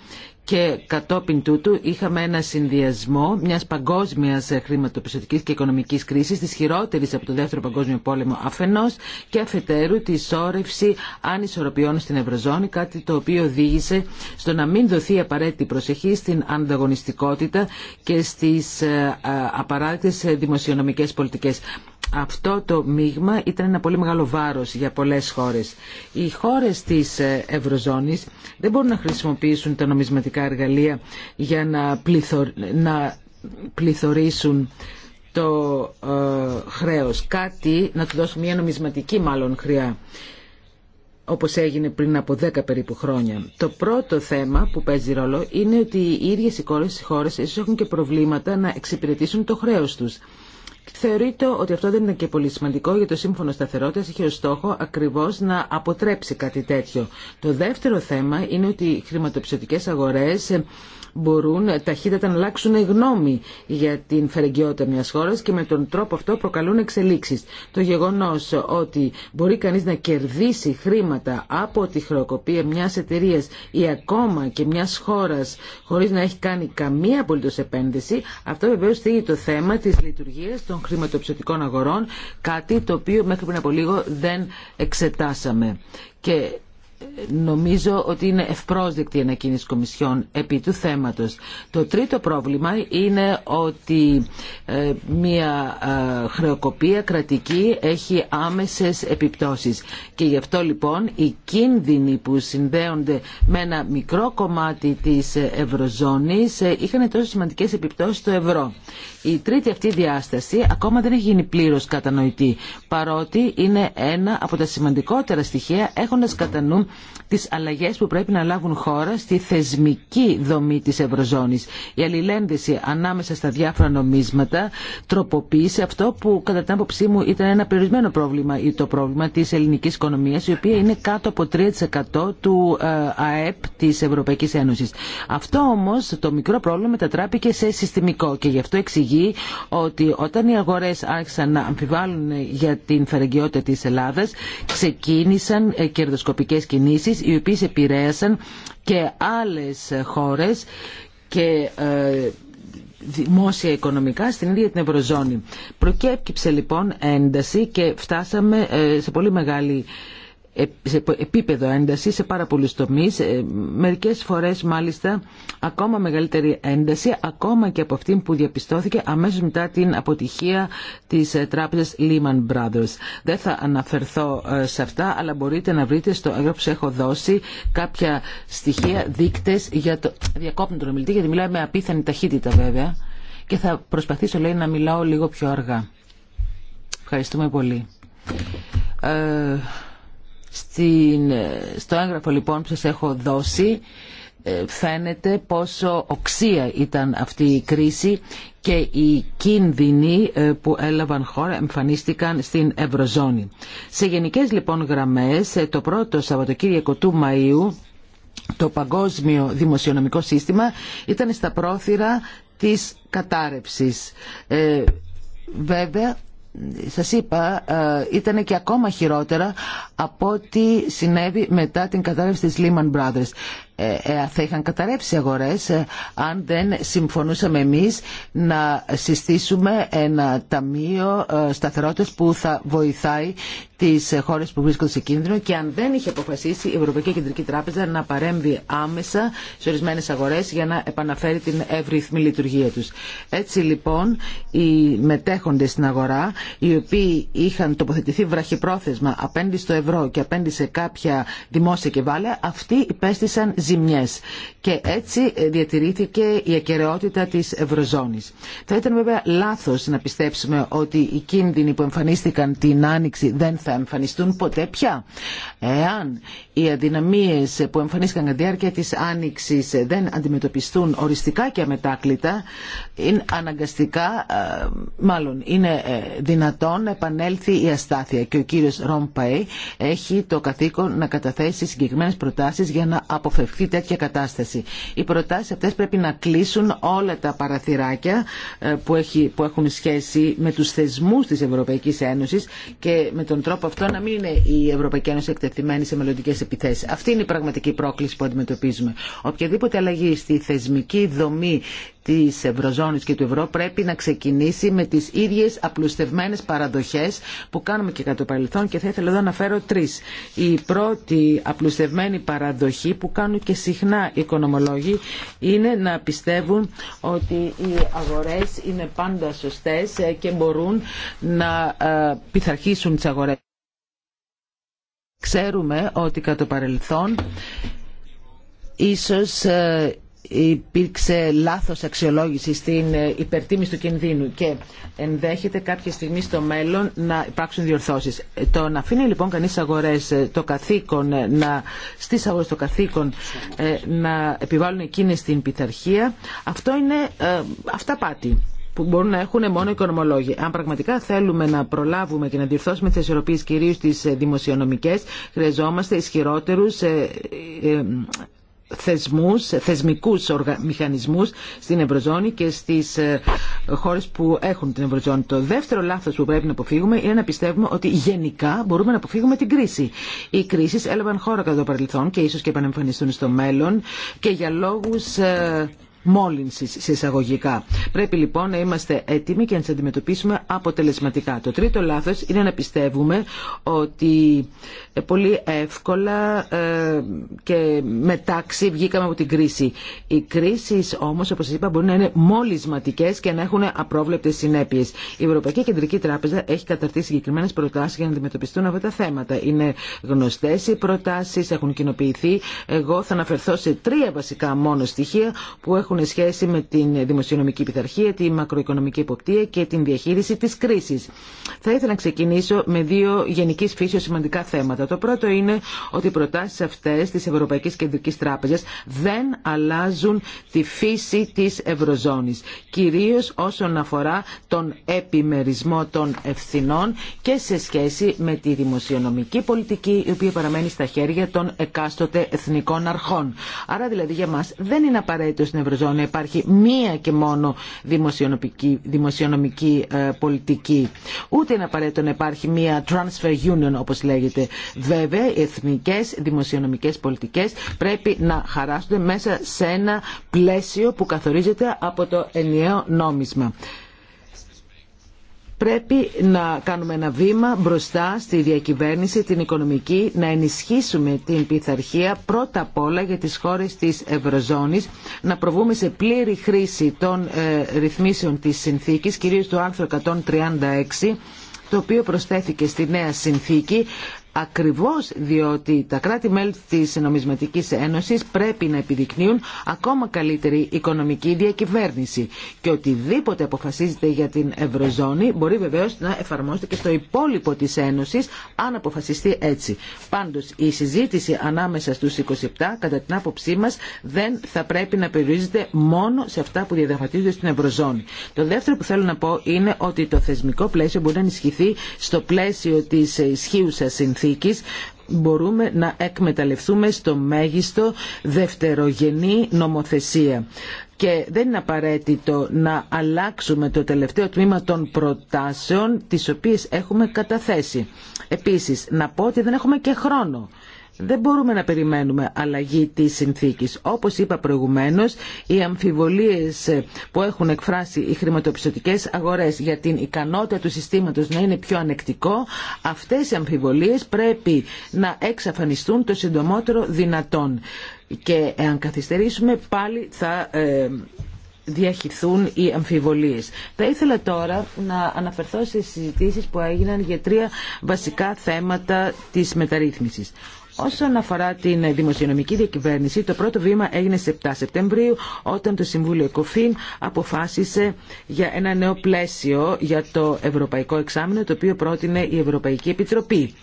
και κατόπιν τούτου είχαμε ένα συνδυασμό μια παγκόσμια χρηματοπιστωτική και οικονομική κρίση, της χειρότερη από το Δεύτερο Παγκόσμιο Πόλεμο Αφενό και αφετέρου τη σώρευση ανισορροπιών στην Ευρωζώνη, κάτι το οποίο οδήγησε στο να μην δοθεί απαραίτητη προσεχή στην ανταγωνιστικότητα και στι ε, απαράδεκτε δημοσιονομικέ πολιτικέ. αυτό το μείγμα ήταν ένα πολύ μεγάλο βάρος για πολλές χώρες. Οι χώρες της ε, Ευρωζώνης δεν μπορούν να χρησιμοποιήσουν τα νομισματικά εργαλεία για να, πληθω... να πληθωρήσουν το ε, χρέος. Κάτι, να του δώσουν μια νομισματική μάλλον χρειά, όπως έγινε πριν από 10 περίπου χρόνια. Το πρώτο θέμα που παίζει ρόλο είναι ότι οι ίδιες οι χώρες, οι χώρες έχουν και προβλήματα να εξυπηρετήσουν το χρέος τους. Θεωρείται ότι αυτό δεν είναι και πολύ σημαντικό για το Σύμφωνο σταθερότητα, είχε ως στόχο ακριβώ να αποτρέψει κάτι τέτοιο. Το δεύτερο θέμα είναι ότι οι χρηματοπιστωτικέ αγορέ μπορούν ταχύτατα να αλλάξουν γνώμη για την φερεγγιότητα μια χώρας και με τον τρόπο αυτό προκαλούν εξελίξεις. Το γεγονός ότι μπορεί κανείς να κερδίσει χρήματα από τη χρεοκοπία μιας εταιρείας ή ακόμα και μιας χώρας χωρίς να έχει κάνει καμία απολύτως επένδυση, αυτό βεβαίως θίγει το θέμα της λειτουργίας των χρηματοψηφικών αγορών, κάτι το οποίο μέχρι πριν από λίγο δεν εξετάσαμε. Και ε, νομίζω ότι είναι ευπρόσδεκτη η ανακοίνηση Κομισιόν επί του θέματος. Το τρίτο πρόβλημα είναι ότι ε, μια ε, χρεοκοπία κρατική έχει άμεσες επιπτώσεις και γι' αυτό λοιπόν οι κίνδυνοι που συνδέονται με ένα μικρό κομμάτι της Ευρωζώνης είχαν τόσο σημαντικές επιπτώσεις στο ευρώ. Η τρίτη αυτή διάσταση ακόμα δεν έχει γίνει πλήρω κατανοητή, παρότι είναι ένα από τα σημαντικότερα στοιχεία έχοντα κατά νου τις αλλαγές που πρέπει να λάβουν χώρα στη θεσμική δομή τη Ευρωζώνη. Η αλληλένδεση ανάμεσα στα διάφορα νομίσματα τροποποίησε αυτό που κατά την άποψή μου ήταν ένα περιορισμένο πρόβλημα ή το πρόβλημα της ελληνικής οικονομίας η το προβλημα τη ελληνική οικονομία, κάτω από 3% του ε, ΑΕΠ τη Ευρωπαϊκή Ένωση. Αυτό όμω, το μικρό πρόβλημα μετατράπηκε σε συστημικό και γι' αυτό εξηγεί ότι όταν οι αγορές άρχισαν να αμφιβάλλουν για την φαραγγιότητα της Ελλάδας ξεκίνησαν ε, κερδοσκοπικές κινήσεις οι οποίες επηρέασαν και άλλες χώρες και ε, δημόσια οικονομικά στην ίδια την Ευρωζώνη. Προκέπτυψε λοιπόν ένταση και φτάσαμε ε, σε πολύ μεγάλη σε επίπεδο ένταση σε πάρα πολλού τομεί. Ε, Μερικέ φορέ μάλιστα ακόμα μεγαλύτερη ένταση, ακόμα και από αυτή που διαπιστώθηκε αμέσω μετά την αποτυχία τη ε, Τράπεζα Lehman Brothers. Δεν θα αναφερθώ ε, σε αυτά, αλλά μπορείτε να βρείτε στο έγγραφο που σα έχω δώσει κάποια στοιχεία, δείκτε για το... Διακόπτω τον ομιλητή, γιατί μιλάει με απίθανη ταχύτητα βέβαια και θα προσπαθήσω λέει να μιλάω λίγο πιο αργά. Ευχαριστούμε πολύ. Ε... Ε, στο έγγραφο λοιπόν που σας έχω δώσει ε, φαίνεται πόσο οξία ήταν αυτή η κρίση και οι κίνδυνοι ε, που έλαβαν χώρα εμφανίστηκαν στην Ευρωζώνη. Σε γενικές λοιπόν γραμμές το πρώτο Σαββατοκύριακο του Μαΐου το παγκόσμιο δημοσιονομικό σύστημα ήταν στα πρόθυρα της κατάρρευσης. βέβαια σας είπα, ε, ήταν και ακόμα χειρότερα από ό,τι συνέβη μετά την κατάρρευση της Lehman Brothers. Ε, ε, ε, θα είχαν καταρρεύσει οι αγορές αν δεν συμφωνούσαμε εμείς να συστήσουμε ένα ταμείο σταθερότητας που θα βοηθάει τις χώρες που βρίσκονται σε κίνδυνο και αν δεν είχε αποφασίσει η Ευρωπαϊκή Κεντρική Τράπεζα να παρέμβει άμεσα σε ορισμένες αγορές για να επαναφέρει την εύρυθμη λειτουργία τους. Έτσι λοιπόν οι μετέχοντες στην αγορά οι οποίοι είχαν τοποθετηθεί βραχυπρόθεσμα απέναντι στο ευρώ και απέναντι σε κάποια δημόσια κεβάλαια αυτοί υπέστησαν ζημιές και έτσι διατηρήθηκε η ακαιρεότητα της Ευρωζώνης. Θα ήταν βέβαια λάθος να πιστέψουμε ότι οι κίνδυνοι που εμφανίστηκαν την Άνοιξη δεν θα εμφανιστούν ποτέ πια. Εάν οι αδυναμίες που εμφανίστηκαν κατά τη διάρκεια της Άνοιξης δεν αντιμετωπιστούν οριστικά και αμετάκλητα, είναι αναγκαστικά, ε, μάλλον είναι ε, δυνατόν να επανέλθει η αστάθεια και ο κύριος Ρόμπαι έχει το καθήκον να καταθέσει συγκεκριμένες προτάσεις για να αποφευχθεί τέτοια κατάσταση. Οι προτάσεις αυτές πρέπει να κλείσουν όλα τα παραθυράκια ε, που έχουν σχέση με τους θεσμούς της Ευρωπαϊκής Ένωσης και με τον τρόπο αυτό να μην είναι η Ευρωπαϊκή Ένωση εκτεθειμένη σε μελλοντικέ επιθέσεις. Αυτή είναι η πραγματική πρόκληση που αντιμετωπίζουμε. Οποιαδήποτε αλλαγή στη θεσμική δομή της Ευρωζώνης και του Ευρώ πρέπει να ξεκινήσει με τις ίδιες απλουστευμένες παραδοχές που κάνουμε και κατά το παρελθόν και θα ήθελα εδώ να φέρω τρεις. Η πρώτη απλουστευμένη παραδοχή που κάνουν και συχνά οι οικονομολόγοι είναι να πιστεύουν ότι οι αγορές είναι πάντα σωστές ε, και μπορούν να ε, πειθαρχήσουν τις αγορές. Ξέρουμε ότι κατά το παρελθόν ίσως ε, υπήρξε λάθος αξιολόγηση στην ε, υπερτίμηση του κινδύνου και ενδέχεται κάποια στιγμή στο μέλλον να υπάρξουν διορθώσεις. Ε, το να αφήνει λοιπόν κανείς αγορές ε, το καθήκον, να, στις αγορές το καθήκον να επιβάλλουν εκείνες την πειθαρχία, αυτό είναι πάτη που μπορούν να έχουν μόνο οικονομολόγοι. Αν πραγματικά θέλουμε να προλάβουμε και να διορθώσουμε τι ισορροπίε κυρίω τι δημοσιονομικέ, χρειαζόμαστε ισχυρότερου θεσμούς, θεσμικούς μηχανισμούς στην Ευρωζώνη και στις ε, χώρες που έχουν την Ευρωζώνη. Το δεύτερο λάθος που πρέπει να αποφύγουμε είναι να πιστεύουμε ότι γενικά μπορούμε να αποφύγουμε την κρίση. Οι κρίσεις έλαβαν χώρα κατά το παρελθόν και ίσως και επανεμφανιστούν στο μέλλον και για λόγους ε, μόλυνσης σε εισαγωγικά. Πρέπει λοιπόν να είμαστε έτοιμοι και να τι αντιμετωπίσουμε αποτελεσματικά. Το τρίτο λάθο είναι να πιστεύουμε ότι ε, πολύ εύκολα ε, και με τάξη βγήκαμε από την κρίση. Οι κρίσει όμω, όπω σα είπα, μπορεί να είναι μολυσματικέ και να έχουν απρόβλεπτε συνέπειε. Η Ευρωπαϊκή Κεντρική Τράπεζα έχει καταρτήσει συγκεκριμένε προτάσει για να αντιμετωπιστούν αυτά τα θέματα. Είναι γνωστέ οι προτάσει, έχουν κοινοποιηθεί. Εγώ θα αναφερθώ σε τρία βασικά μόνο στοιχεία που έχουν έχουν σχέση με την δημοσιονομική πειθαρχία, τη μακροοικονομική υποπτία και την διαχείριση της κρίσης. Θα ήθελα να ξεκινήσω με δύο γενικής φύσεως σημαντικά θέματα. Το πρώτο είναι ότι οι προτάσεις αυτές της Ευρωπαϊκής Κεντρικής Τράπεζας δεν αλλάζουν τη φύση της Ευρωζώνης, κυρίως όσον αφορά τον επιμερισμό των ευθυνών και σε σχέση με τη δημοσιονομική πολιτική η οποία παραμένει στα χέρια των εκάστοτε εθνικών αρχών. Άρα δηλαδή για μας δεν είναι απαραίτητο στην Ευρωζώνη να Υπάρχει μία και μόνο δημοσιονομική, ε, πολιτική. Ούτε είναι απαραίτητο να υπάρχει μία transfer union όπως λέγεται. Βέβαια, οι εθνικές δημοσιονομικές πολιτικές πρέπει να χαράσσονται μέσα σε ένα πλαίσιο που καθορίζεται από το ενιαίο νόμισμα. Πρέπει να κάνουμε ένα βήμα μπροστά στη διακυβέρνηση, την οικονομική, να ενισχύσουμε την πειθαρχία πρώτα απ' όλα για τις χώρες της Ευρωζώνης, να προβούμε σε πλήρη χρήση των ε, ρυθμίσεων της συνθήκης, κυρίως του άρθρου 136, το οποίο προσθέθηκε στη νέα συνθήκη ακριβώς διότι τα κράτη-μέλη της Νομισματικής Ένωσης πρέπει να επιδεικνύουν ακόμα καλύτερη οικονομική διακυβέρνηση και οτιδήποτε αποφασίζεται για την Ευρωζώνη μπορεί βεβαίως να εφαρμόζεται και στο υπόλοιπο της Ένωσης αν αποφασιστεί έτσι. Πάντως η συζήτηση ανάμεσα στους 27 κατά την άποψή μας δεν θα πρέπει να περιορίζεται μόνο σε αυτά που διαδραματίζονται στην Ευρωζώνη. Το δεύτερο που θέλω να πω είναι ότι το θεσμικό πλαίσιο μπορεί να ενισχυθεί στο πλαίσιο της ισχύουσας συνθήκης συνθήκης μπορούμε να εκμεταλλευτούμε στο μέγιστο δευτερογενή νομοθεσία. Και δεν είναι απαραίτητο να αλλάξουμε το τελευταίο τμήμα των προτάσεων τις οποίες έχουμε καταθέσει. Επίσης, να πω ότι δεν έχουμε και χρόνο δεν μπορούμε να περιμένουμε αλλαγή της συνθήκης. Όπως είπα προηγουμένως, οι αμφιβολίες που έχουν εκφράσει οι χρηματοπιστωτικές αγορές για την ικανότητα του συστήματος να είναι πιο ανεκτικό, αυτές οι αμφιβολίες πρέπει να εξαφανιστούν το συντομότερο δυνατόν. Και αν καθυστερήσουμε πάλι θα ε, διαχυθούν οι αμφιβολίες. Θα ήθελα τώρα να αναφερθώ σε συζητήσεις που έγιναν για τρία βασικά θέματα της μεταρρύθμισης. Όσον αφορά την δημοσιονομική διακυβέρνηση, το πρώτο βήμα έγινε σε 7 Σεπτεμβρίου, όταν το Συμβούλιο ΕΚΟΦΗΝ αποφάσισε για ένα νέο πλαίσιο για το Ευρωπαϊκό Εξάμεινο, το οποίο πρότεινε η Ευρωπαϊκή Επιτροπή.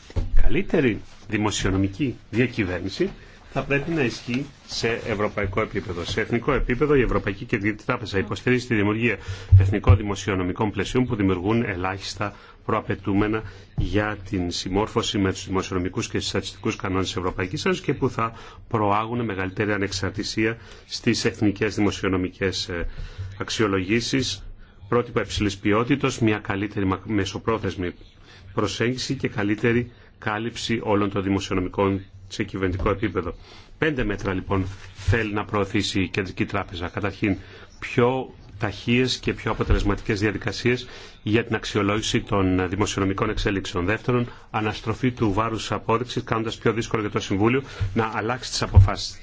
Καλύτερη δημοσιονομική διακυβέρνηση θα πρέπει να ισχύει σε ευρωπαϊκό επίπεδο. Σε εθνικό επίπεδο, η Ευρωπαϊκή Κεντρική Τράπεζα υποστηρίζει τη δημιουργία εθνικών δημοσιονομικών πλαισίων που δημιουργούν ελάχιστα προαπαιτούμενα για την συμμόρφωση με τους δημοσιονομικούς και στατιστικούς κανόνες της Ευρωπαϊκής Ένωσης και που θα προάγουν μεγαλύτερη ανεξαρτησία στις εθνικές δημοσιονομικές ε, αξιολογήσεις, πρότυπα υψηλής ποιότητος, μια καλύτερη μεσοπρόθεσμη προσέγγιση και καλύτερη κάλυψη όλων των δημοσιονομικών σε κυβερνητικό επίπεδο. Πέντε μέτρα λοιπόν θέλει να προωθήσει η Κεντρική Τράπεζα. Καταρχήν, πιο ταχείες και πιο αποτελεσματικές διαδικασίες για την αξιολόγηση των δημοσιονομικών εξέλιξεων. Δεύτερον, αναστροφή του βάρους απόδειξης, κάνοντας πιο δύσκολο για το Συμβούλιο να αλλάξει τις αποφάσεις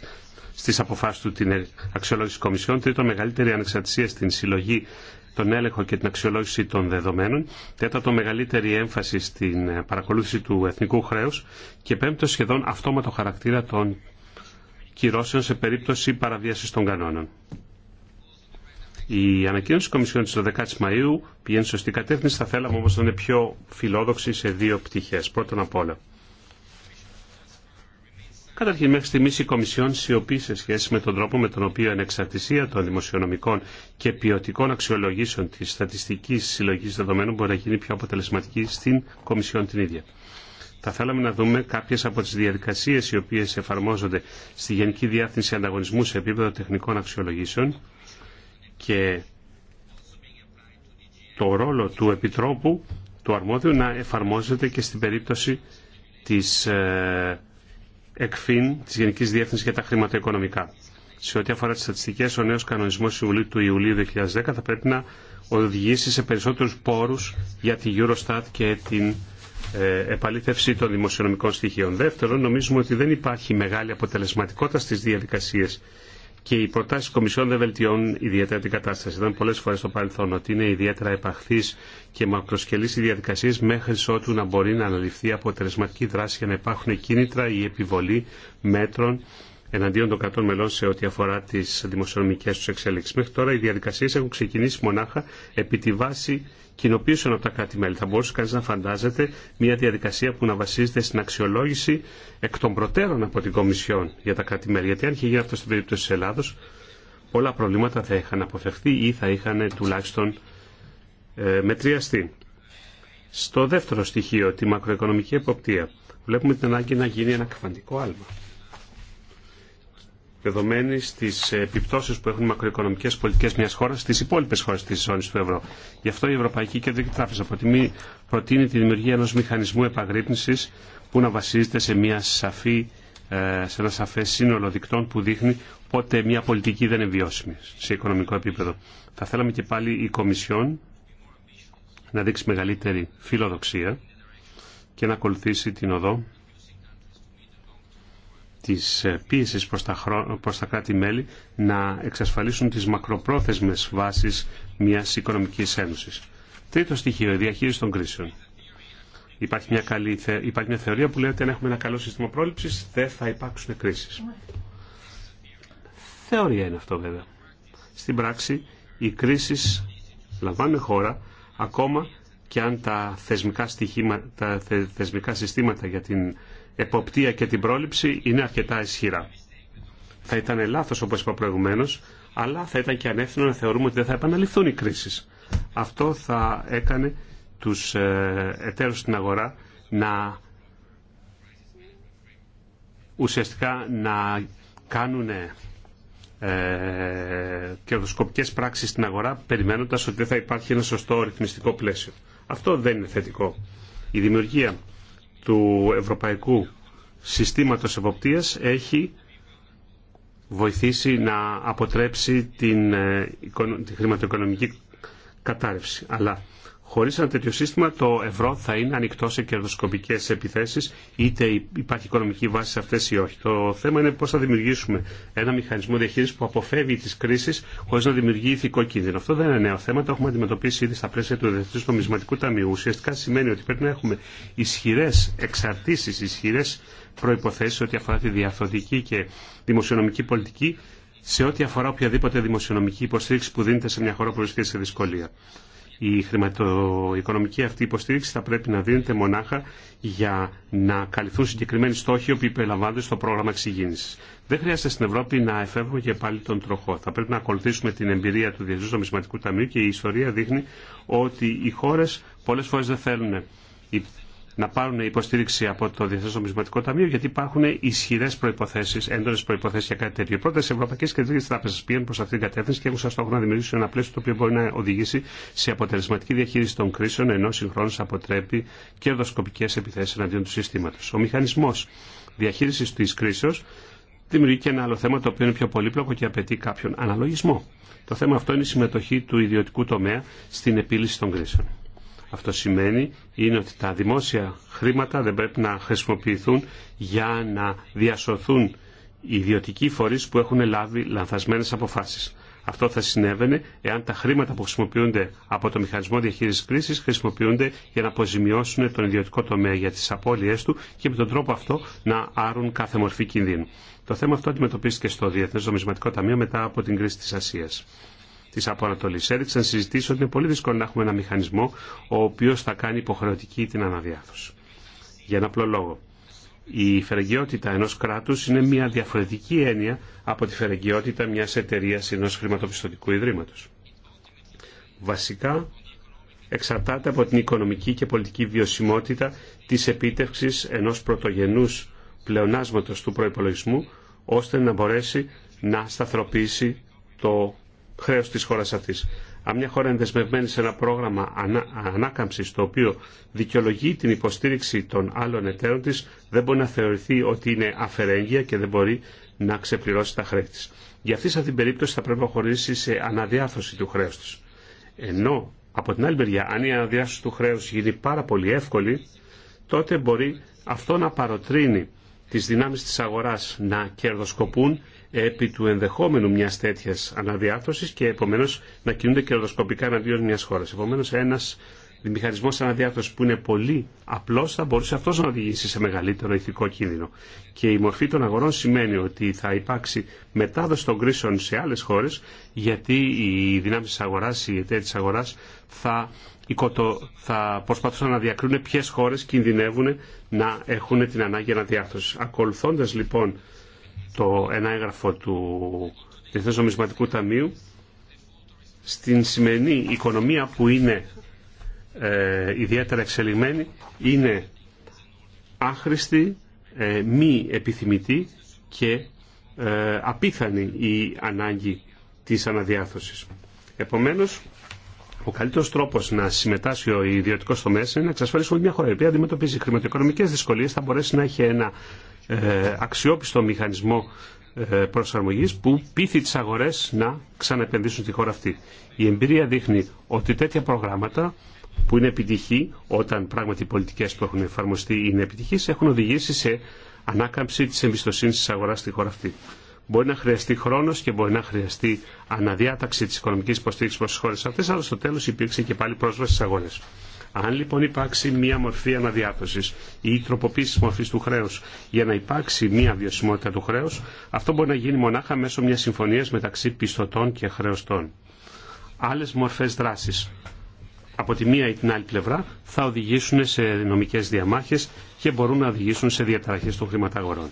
στις αποφάσει του την αξιολόγηση κομισιών. Τρίτον, μεγαλύτερη ανεξαρτησία στην συλλογή, τον έλεγχο και την αξιολόγηση των δεδομένων. Τέταρτον, μεγαλύτερη έμφαση στην παρακολούθηση του εθνικού χρέου. Και πέμπτο, σχεδόν αυτόματο χαρακτήρα των κυρώσεων σε περίπτωση παραβίαση των κανόνων. Η ανακοίνωση της Κομισιόν της 12 η Μαΐου πηγαίνει σωστή κατεύθυνση, θα θέλαμε όμως να είναι πιο φιλόδοξη σε δύο πτυχές. Πρώτον απ' όλα. Καταρχήν, μέχρι στιγμή η Κομισιόν σιωπή σε σχέση με τον τρόπο με τον οποίο η ανεξαρτησία των δημοσιονομικών και ποιοτικών αξιολογήσεων τη στατιστική συλλογή δεδομένων μπορεί να γίνει πιο αποτελεσματική στην Κομισιόν την ίδια. Θα θέλαμε να δούμε κάποιε από τι διαδικασίε οι οποίε εφαρμόζονται στη Γενική Διεύθυνση Ανταγωνισμού σε επίπεδο τεχνικών αξιολογήσεων και το ρόλο του Επιτρόπου του Αρμόδιου να εφαρμόζεται και στην περίπτωση της ε, ΕΚΦΗΝ, της Γενικής Διεύθυνσης για τα Χρηματοοικονομικά. Σε ό,τι αφορά τις στατιστικές, ο νέος κανονισμός Συμβουλίου του Ιουλίου 2010 θα πρέπει να οδηγήσει σε περισσότερους πόρους για τη Eurostat και την ε, επαλήθευση των δημοσιονομικών στοιχείων. Δεύτερον, νομίζουμε ότι δεν υπάρχει μεγάλη αποτελεσματικότητα στις διαδικασίες και οι προτάσει Κομισιόν δεν βελτιώνουν ιδιαίτερα την κατάσταση. Ήταν πολλέ φορέ στο παρελθόν ότι είναι ιδιαίτερα επαχθεί και μακροσκελεί οι διαδικασίε μέχρι ότου να μπορεί να αναλυφθεί αποτελεσματική δράση για να υπάρχουν κίνητρα ή επιβολή μέτρων εναντίον των κρατών μελών σε ό,τι αφορά τι δημοσιονομικέ του εξέλιξει. Μέχρι τώρα οι διαδικασίε έχουν ξεκινήσει μονάχα επί τη βάση κοινοποιήσεων από τα κράτη-μέλη. Θα μπορούσε κανεί να φαντάζεται μια διαδικασία που να βασίζεται στην αξιολόγηση εκ των προτέρων από την Κομισιόν για τα κράτη-μέλη. Γιατί αν είχε γίνει αυτό στην περίπτωση τη Ελλάδο, πολλά προβλήματα θα είχαν αποφευθεί ή θα είχαν τουλάχιστον ε, μετριαστεί. Στο δεύτερο στοιχείο, τη μακροοικονομική εποπτεία, βλέπουμε την ανάγκη να γίνει ένα καφαντικό άλμα δεδομένη στι ε, επιπτώσει που έχουν οι μακροοικονομικέ πολιτικέ μια χώρα στι υπόλοιπε χώρε τη ζώνη του ευρώ. Γι' αυτό η Ευρωπαϊκή Κεντρική Τράπεζα προτείνει, προτείνει τη δημιουργία ενό μηχανισμού επαγρύπνηση που να βασίζεται σε, μια σαφή, ε, σε ένα σαφέ σύνολο δικτών που δείχνει πότε μια πολιτική δεν είναι βιώσιμη σε οικονομικό επίπεδο. Θα θέλαμε και πάλι η Κομισιόν να δείξει μεγαλύτερη φιλοδοξία και να ακολουθήσει την οδό της ε, πίεσης προς τα, προς τα κράτη-μέλη να εξασφαλίσουν τις μακροπρόθεσμες βάσεις μιας οικονομικής ένωσης. Τρίτο στοιχείο, η διαχείριση των κρίσεων. Υπάρχει μια, καλή υπάρχει μια θεωρία που λέει ότι αν έχουμε ένα καλό σύστημα πρόληψης δεν θα υπάρξουν κρίσεις. Θεωρία είναι αυτό βέβαια. Στην πράξη οι κρίσεις λαμβάνουν χώρα ακόμα και αν τα θεσμικά, τα θεσμικά συστήματα για την εποπτεία και την πρόληψη είναι αρκετά ισχυρά. Θα ήταν λάθος όπως είπα προηγουμένως, αλλά θα ήταν και ανεύθυνο να θεωρούμε ότι δεν θα επαναληφθούν οι κρίσεις. Αυτό θα έκανε τους ε, εταίρους στην αγορά να ουσιαστικά να κάνουν ε, ε, κερδοσκοπικές πράξεις στην αγορά περιμένοντας ότι δεν θα υπάρχει ένα σωστό ρυθμιστικό πλαίσιο. Αυτό δεν είναι θετικό. Η δημιουργία του Ευρωπαϊκού Συστήματος Εποπτείας έχει βοηθήσει να αποτρέψει την, ε, την χρηματοοικονομική κατάρρευση. Αλλά Χωρί ένα τέτοιο σύστημα, το ευρώ θα είναι ανοιχτό σε κερδοσκοπικέ επιθέσει, είτε υπάρχει οικονομική βάση σε αυτέ ή όχι. Το θέμα είναι πώ θα δημιουργήσουμε ένα μηχανισμό διαχείριση που αποφεύγει τι κρίσει χωρί να δημιουργεί ηθικό κίνδυνο. Αυτό δεν είναι νέο θέμα, το έχουμε αντιμετωπίσει ήδη στα πλαίσια του Διεθνού Νομισματικού Ταμείου. Ουσιαστικά σημαίνει ότι πρέπει να έχουμε ισχυρέ εξαρτήσει, ισχυρέ προποθέσει ό,τι αφορά τη διαρθρωτική και δημοσιονομική πολιτική σε ό,τι αφορά οποιαδήποτε δημοσιονομική υποστήριξη που δίνεται σε μια χώρα που βρίσκεται σε δυσκολία η χρηματοοικονομική αυτή υποστήριξη θα πρέπει να δίνεται μονάχα για να καλυφθούν συγκεκριμένοι στόχοι που υπελαμβάνονται στο πρόγραμμα εξυγίνηση. Δεν χρειάζεται στην Ευρώπη να εφεύγουμε και πάλι τον τροχό. Θα πρέπει να ακολουθήσουμε την εμπειρία του Διεθνού Νομισματικού Ταμείου και η ιστορία δείχνει ότι οι χώρε πολλέ φορέ δεν θέλουν να πάρουν υποστήριξη από το Διεθνέ Νομισματικό Ταμείο, γιατί υπάρχουν ισχυρέ προποθέσει, έντονε προποθέσει για κάτι τέτοιο. Οι πρώτε Ευρωπαϊκέ Κεντρικέ Τράπεζε πήγαν προ αυτήν την κατεύθυνση και έχουν σαν στόχο να δημιουργήσουν ένα πλαίσιο το οποίο μπορεί να οδηγήσει σε αποτελεσματική διαχείριση των κρίσεων, ενώ συγχρόνω αποτρέπει κερδοσκοπικέ επιθέσει εναντίον του συστήματο. Ο μηχανισμό διαχείριση τη κρίσεω δημιουργεί και ένα άλλο θέμα το οποίο είναι πιο πολύπλοκο και απαιτεί κάποιον αναλογισμό. Το θέμα αυτό είναι η συμμετοχή του ιδιωτικού τομέα στην επίλυση των κρίσεων. Αυτό σημαίνει είναι ότι τα δημόσια χρήματα δεν πρέπει να χρησιμοποιηθούν για να διασωθούν οι ιδιωτικοί φορείς που έχουν λάβει λανθασμένες αποφάσεις. Αυτό θα συνέβαινε εάν τα χρήματα που χρησιμοποιούνται από το μηχανισμό Διαχείρισης Κρίσης χρησιμοποιούνται για να αποζημιώσουν τον ιδιωτικό τομέα για τις απώλειές του και με τον τρόπο αυτό να άρουν κάθε μορφή κινδύνου. Το θέμα αυτό αντιμετωπίστηκε στο Διεθνές Νομισματικό Ταμείο μετά από την κρίση τη Ασία τη αποανατολή έδειξαν συζητήσει ότι είναι πολύ δύσκολο να έχουμε ένα μηχανισμό ο οποίο θα κάνει υποχρεωτική την αναδιάθρωση. Για ένα απλό λόγο. Η φερεγγιότητα ενό κράτου είναι μια διαφορετική έννοια από τη φερεγγιότητα μιας εταιρείας ενό χρηματοπιστωτικού ιδρύματο. Βασικά εξαρτάται από την οικονομική και πολιτική βιωσιμότητα της επίτευξης ενός πρωτογενούς πλεονάσματος του προπολογισμού ώστε να μπορέσει να σταθροποιήσει το χρέος της χώρας αυτής. Αν μια χώρα είναι δεσμευμένη σε ένα πρόγραμμα ανά, ανάκαμψης το οποίο δικαιολογεί την υποστήριξη των άλλων εταίρων της, δεν μπορεί να θεωρηθεί ότι είναι αφαιρέγγια και δεν μπορεί να ξεπληρώσει τα χρέη της. Για αυτή αυτήν την περίπτωση θα πρέπει να χωρίσει σε αναδιάρθρωση του χρέους της. Ενώ από την άλλη μεριά, αν η αναδιάρθρωση του χρέους γίνει πάρα πολύ εύκολη, τότε μπορεί αυτό να παροτρύνει τις δυνάμεις της αγοράς να κερδοσκοπούν επί του ενδεχόμενου μια τέτοια αναδιάρθρωση και επομένω να κινούνται κερδοσκοπικά εναντίον μια χώρα. Επομένω, ένα μηχανισμό αναδιάρθρωση που είναι πολύ απλό θα μπορούσε αυτό να οδηγήσει σε μεγαλύτερο ηθικό κίνδυνο. Και η μορφή των αγορών σημαίνει ότι θα υπάρξει μετάδοση των κρίσεων σε άλλε χώρε, γιατί οι δυνάμει τη αγορά, οι εταίροι τη αγορά θα θα προσπαθούσαν να διακρίνουν ποιε χώρε κινδυνεύουν να έχουν την ανάγκη αναδιάρθρωση. Ακολουθώντα λοιπόν το, ένα έγγραφο του Διεθνούς Νομισματικού Ταμείου στην σημερινή οικονομία που είναι ε, ιδιαίτερα εξελιγμένη είναι άχρηστη, ε, μη επιθυμητή και ε, απίθανη η ανάγκη της αναδιάρθρωσης. Επομένως, ο καλύτερος τρόπος να συμμετάσχει ο ιδιωτικός τομέας είναι να εξασφαλίσουμε μια χώρα η οποία αντιμετωπίζει δυσκολίε θα μπορέσει να έχει ένα ε, αξιόπιστο μηχανισμό ε, προσαρμογής που πείθει τις αγορές να ξαναεπενδύσουν τη χώρα αυτή. Η εμπειρία δείχνει ότι τέτοια προγράμματα που είναι επιτυχή όταν πράγματι οι πολιτικές που έχουν εφαρμοστεί είναι επιτυχείς έχουν οδηγήσει σε ανάκαμψη της εμπιστοσύνης της αγοράς στη χώρα αυτή. Μπορεί να χρειαστεί χρόνο και μπορεί να χρειαστεί αναδιάταξη τη οικονομική υποστήριξη προ τι χώρε αυτέ, αλλά στο τέλο υπήρξε και πάλι πρόσβαση στι αγορέ. Αν λοιπόν υπάρξει μια μορφή αναδιάρθρωση ή τροποποίηση μορφή του χρέου για να υπάρξει μια βιωσιμότητα του χρέου, αυτό μπορεί να γίνει μονάχα μέσω μια συμφωνία μεταξύ πιστωτών και χρεωστών. Άλλε μορφέ δράση από τη μία ή την άλλη πλευρά θα οδηγήσουν σε νομικέ διαμάχε και μπορούν να οδηγήσουν σε διαταραχέ των χρηματαγορών.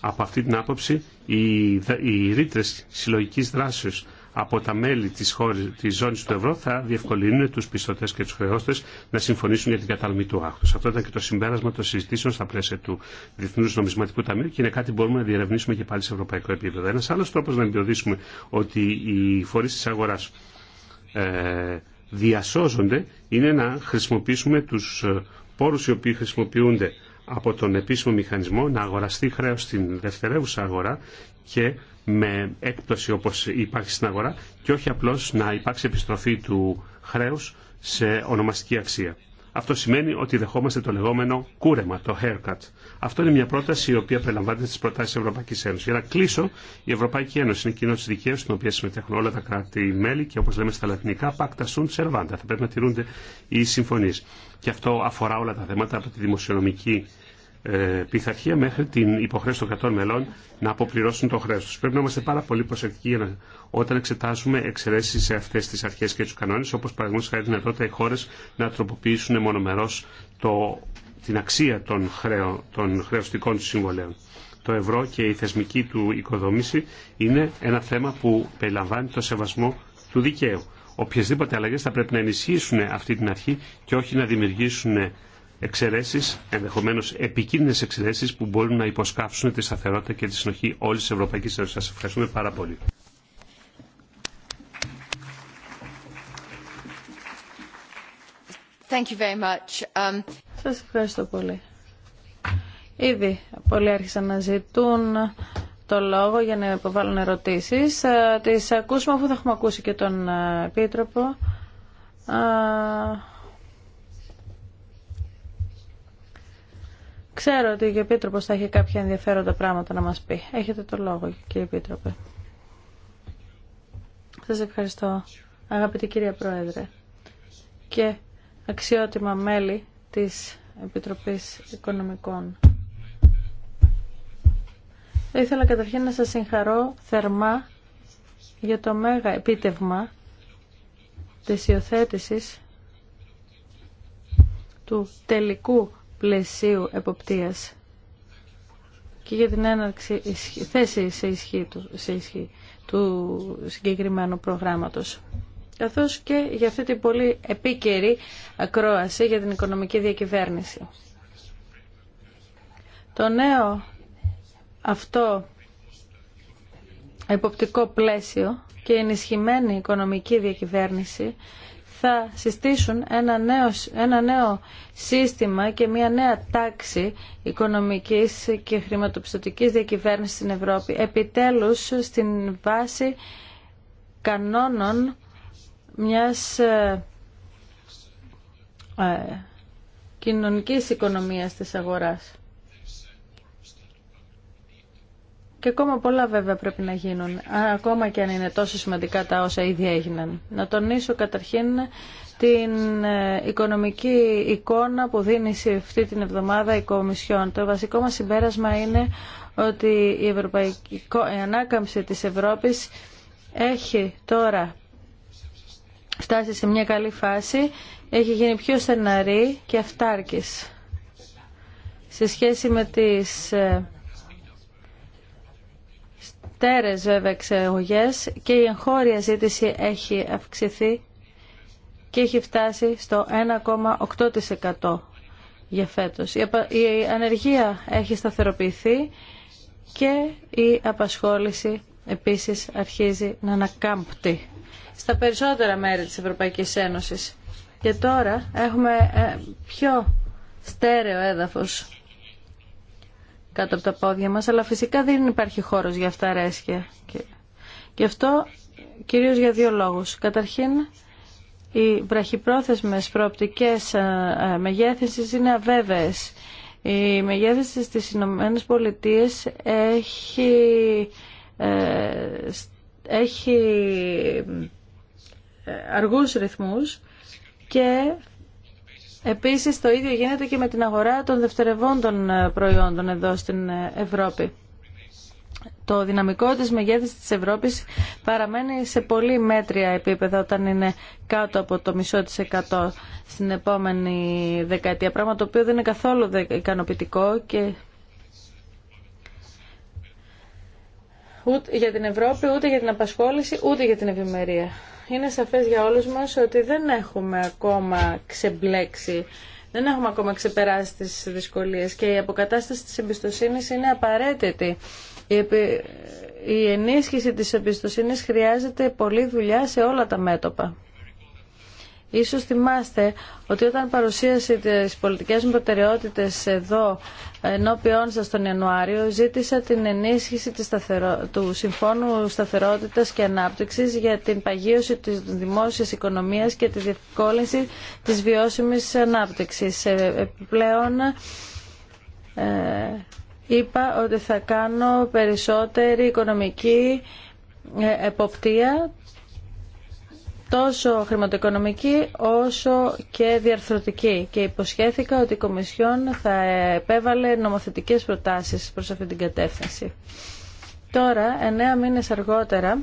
Από αυτή την άποψη, οι, οι ρήτρε συλλογική δράσεω από τα μέλη της, χώρης, της ζώνης του ευρώ θα διευκολύνουν τους πιστωτές και τους χρεώστες να συμφωνήσουν για την καταλμή του άκου. Αυτό ήταν και το συμπέρασμα των συζητήσεων στα πλαίσια του Διεθνούς Νομισματικού Ταμείου και είναι κάτι που μπορούμε να διερευνήσουμε και πάλι σε ευρωπαϊκό επίπεδο. Ένας άλλος τρόπος να εμπιωδήσουμε ότι οι φορείς της αγοράς ε, διασώζονται είναι να χρησιμοποιήσουμε τους ε, πόρους οι οποίοι χρησιμοποιούνται από τον επίσημο μηχανισμό να αγοραστεί χρέος στην δευτερεύουσα αγορά και με έκπτωση όπως υπάρχει στην αγορά και όχι απλώς να υπάρξει επιστροφή του χρέους σε ονομαστική αξία. Αυτό σημαίνει ότι δεχόμαστε το λεγόμενο κούρεμα, το haircut. Αυτό είναι μια πρόταση η οποία περιλαμβάνεται στι προτάσει τη Ευρωπαϊκή Ένωση. Για να κλείσω, η Ευρωπαϊκή Ένωση είναι κοινό τη δικαίου στην οποία συμμετέχουν όλα τα κράτη-μέλη και όπω λέμε στα λατινικά, pacta sunt servanda. Θα πρέπει να τηρούνται οι συμφωνίε. Και αυτό αφορά όλα τα θέματα από τη δημοσιονομική ε, πειθαρχία μέχρι την υποχρέωση των κρατών μελών να αποπληρώσουν το χρέο του. Πρέπει να είμαστε πάρα πολύ προσεκτικοί όταν εξετάζουμε εξαιρέσει σε αυτέ τι αρχέ και του κανόνε, όπω παραδείγματο χάρη δυνατότητα οι χώρε να τροποποιήσουν μονομερό την αξία των, χρέο, των χρεωστικών του συμβολέων. Το ευρώ και η θεσμική του οικοδόμηση είναι ένα θέμα που περιλαμβάνει το σεβασμό του δικαίου. Οποιασδήποτε αλλαγέ θα πρέπει να ενισχύσουν αυτή την αρχή και όχι να δημιουργήσουν εξαιρέσει, Ενδεχομένω επικίνδυνε εξαιρεσει που μπορούν να υποσκάψουν τη σταθερότητα και τη συνοχή όλη τη Ευρωπαϊκή Ένωση. Σα ευχαριστούμε πάρα πολύ. Σα um, Σας ευχαριστώ πολύ. Ήδη πολλοί άρχισαν να ζητούν το λόγο για να υποβάλουν ερωτήσεις. Ε, τις ακούσουμε αφού θα έχουμε ακούσει και τον ε, Επίτροπο. Ξέρω ότι ο Επίτροπος θα έχει κάποια ενδιαφέροντα πράγματα να μας πει. Έχετε το λόγο, κύριε Επίτροπε. Σας ευχαριστώ, αγαπητή κυρία Πρόεδρε και αξιότιμα μέλη της Επιτροπής Οικονομικών. Θα ήθελα καταρχήν να σας συγχαρώ θερμά για το μέγα επίτευγμα της υιοθέτηση του τελικού πλαισίου εποπτείας και για την έναρξη θέση σε ισχύ του, σε ισχύ του συγκεκριμένου προγράμματος καθώς και για αυτή την πολύ επίκαιρη ακρόαση για την οικονομική διακυβέρνηση. Το νέο αυτό εποπτικό πλαίσιο και η ενισχυμένη οικονομική διακυβέρνηση θα συστήσουν ένα νέο, σύστημα και μια νέα τάξη οικονομικής και χρηματοπιστωτικής διακυβέρνησης στην Ευρώπη, επιτέλους στην βάση κανόνων μιας ε, ε, κοινωνικής οικονομίας της αγοράς. Και ακόμα πολλά βέβαια πρέπει να γίνουν, ακόμα και αν είναι τόσο σημαντικά τα όσα ήδη έγιναν. Να τονίσω καταρχήν την ε, οικονομική εικόνα που δίνει σε αυτή την εβδομάδα η Κομισιόν. Το βασικό μας συμπέρασμα είναι ότι η, ευρωπαϊκή, η ανάκαμψη της Ευρώπης έχει τώρα φτάσει σε μια καλή φάση, έχει γίνει πιο στεναρή και αυτάρκης σε σχέση με τις ε, Τέρες βέβαια εξαγωγές και η εγχώρια ζήτηση έχει αυξηθεί και έχει φτάσει στο 1,8% για φέτος. Η ανεργία έχει σταθεροποιηθεί και η απασχόληση επίσης αρχίζει να ανακάμπτει στα περισσότερα μέρη της Ευρωπαϊκής Ένωσης. Και τώρα έχουμε ε, πιο στέρεο έδαφος κάτω από τα πόδια μας, αλλά φυσικά δεν υπάρχει χώρος για αυτά ρέσκια. Και αυτό κυρίως για δύο λόγους. Καταρχήν, οι βραχυπρόθεσμες προοπτικές ε, ε, μεγέθυνσης είναι αβέβαιες. Η μεγέθυνση στις Ηνωμένες Πολιτείες έχει, ε, έχει αργούς ρυθμούς και Επίσης το ίδιο γίνεται και με την αγορά των δευτερευόντων ε, προϊόντων εδώ στην ε, Ευρώπη. Το δυναμικό της μεγέθυνσης της Ευρώπης παραμένει σε πολύ μέτρια επίπεδα όταν είναι κάτω από το μισό της εκατό στην επόμενη δεκαετία, πράγμα το οποίο δεν είναι καθόλου ικανοποιητικό και ούτε για την Ευρώπη, ούτε για την απασχόληση, ούτε για την ευημερία είναι σαφές για όλους μας ότι δεν έχουμε ακόμα ξεμπλέξει δεν έχουμε ακόμα ξεπεράσει τις δυσκολίες και η αποκατάσταση της εμπιστοσύνης είναι απαραίτητη. Η ενίσχυση της εμπιστοσύνης χρειάζεται πολλή δουλειά σε όλα τα μέτωπα. Ίσως θυμάστε ότι όταν παρουσίασε τις πολιτικές μου προτεραιότητες εδώ ενώπιόν σας τον Ιανουάριο ζήτησα την ενίσχυση της του Συμφώνου Σταθερότητας και Ανάπτυξης για την παγίωση της δημόσιας οικονομίας και τη διευκόλυνση της βιώσιμης ανάπτυξης. Ε, επιπλέον ε, είπα ότι θα κάνω περισσότερη οικονομική ε, εποπτεία τόσο χρηματοοικονομική όσο και διαρθρωτική και υποσχέθηκα ότι η Κομισιόν θα επέβαλε νομοθετικές προτάσεις προς αυτή την κατεύθυνση. Τώρα, εννέα μήνες αργότερα,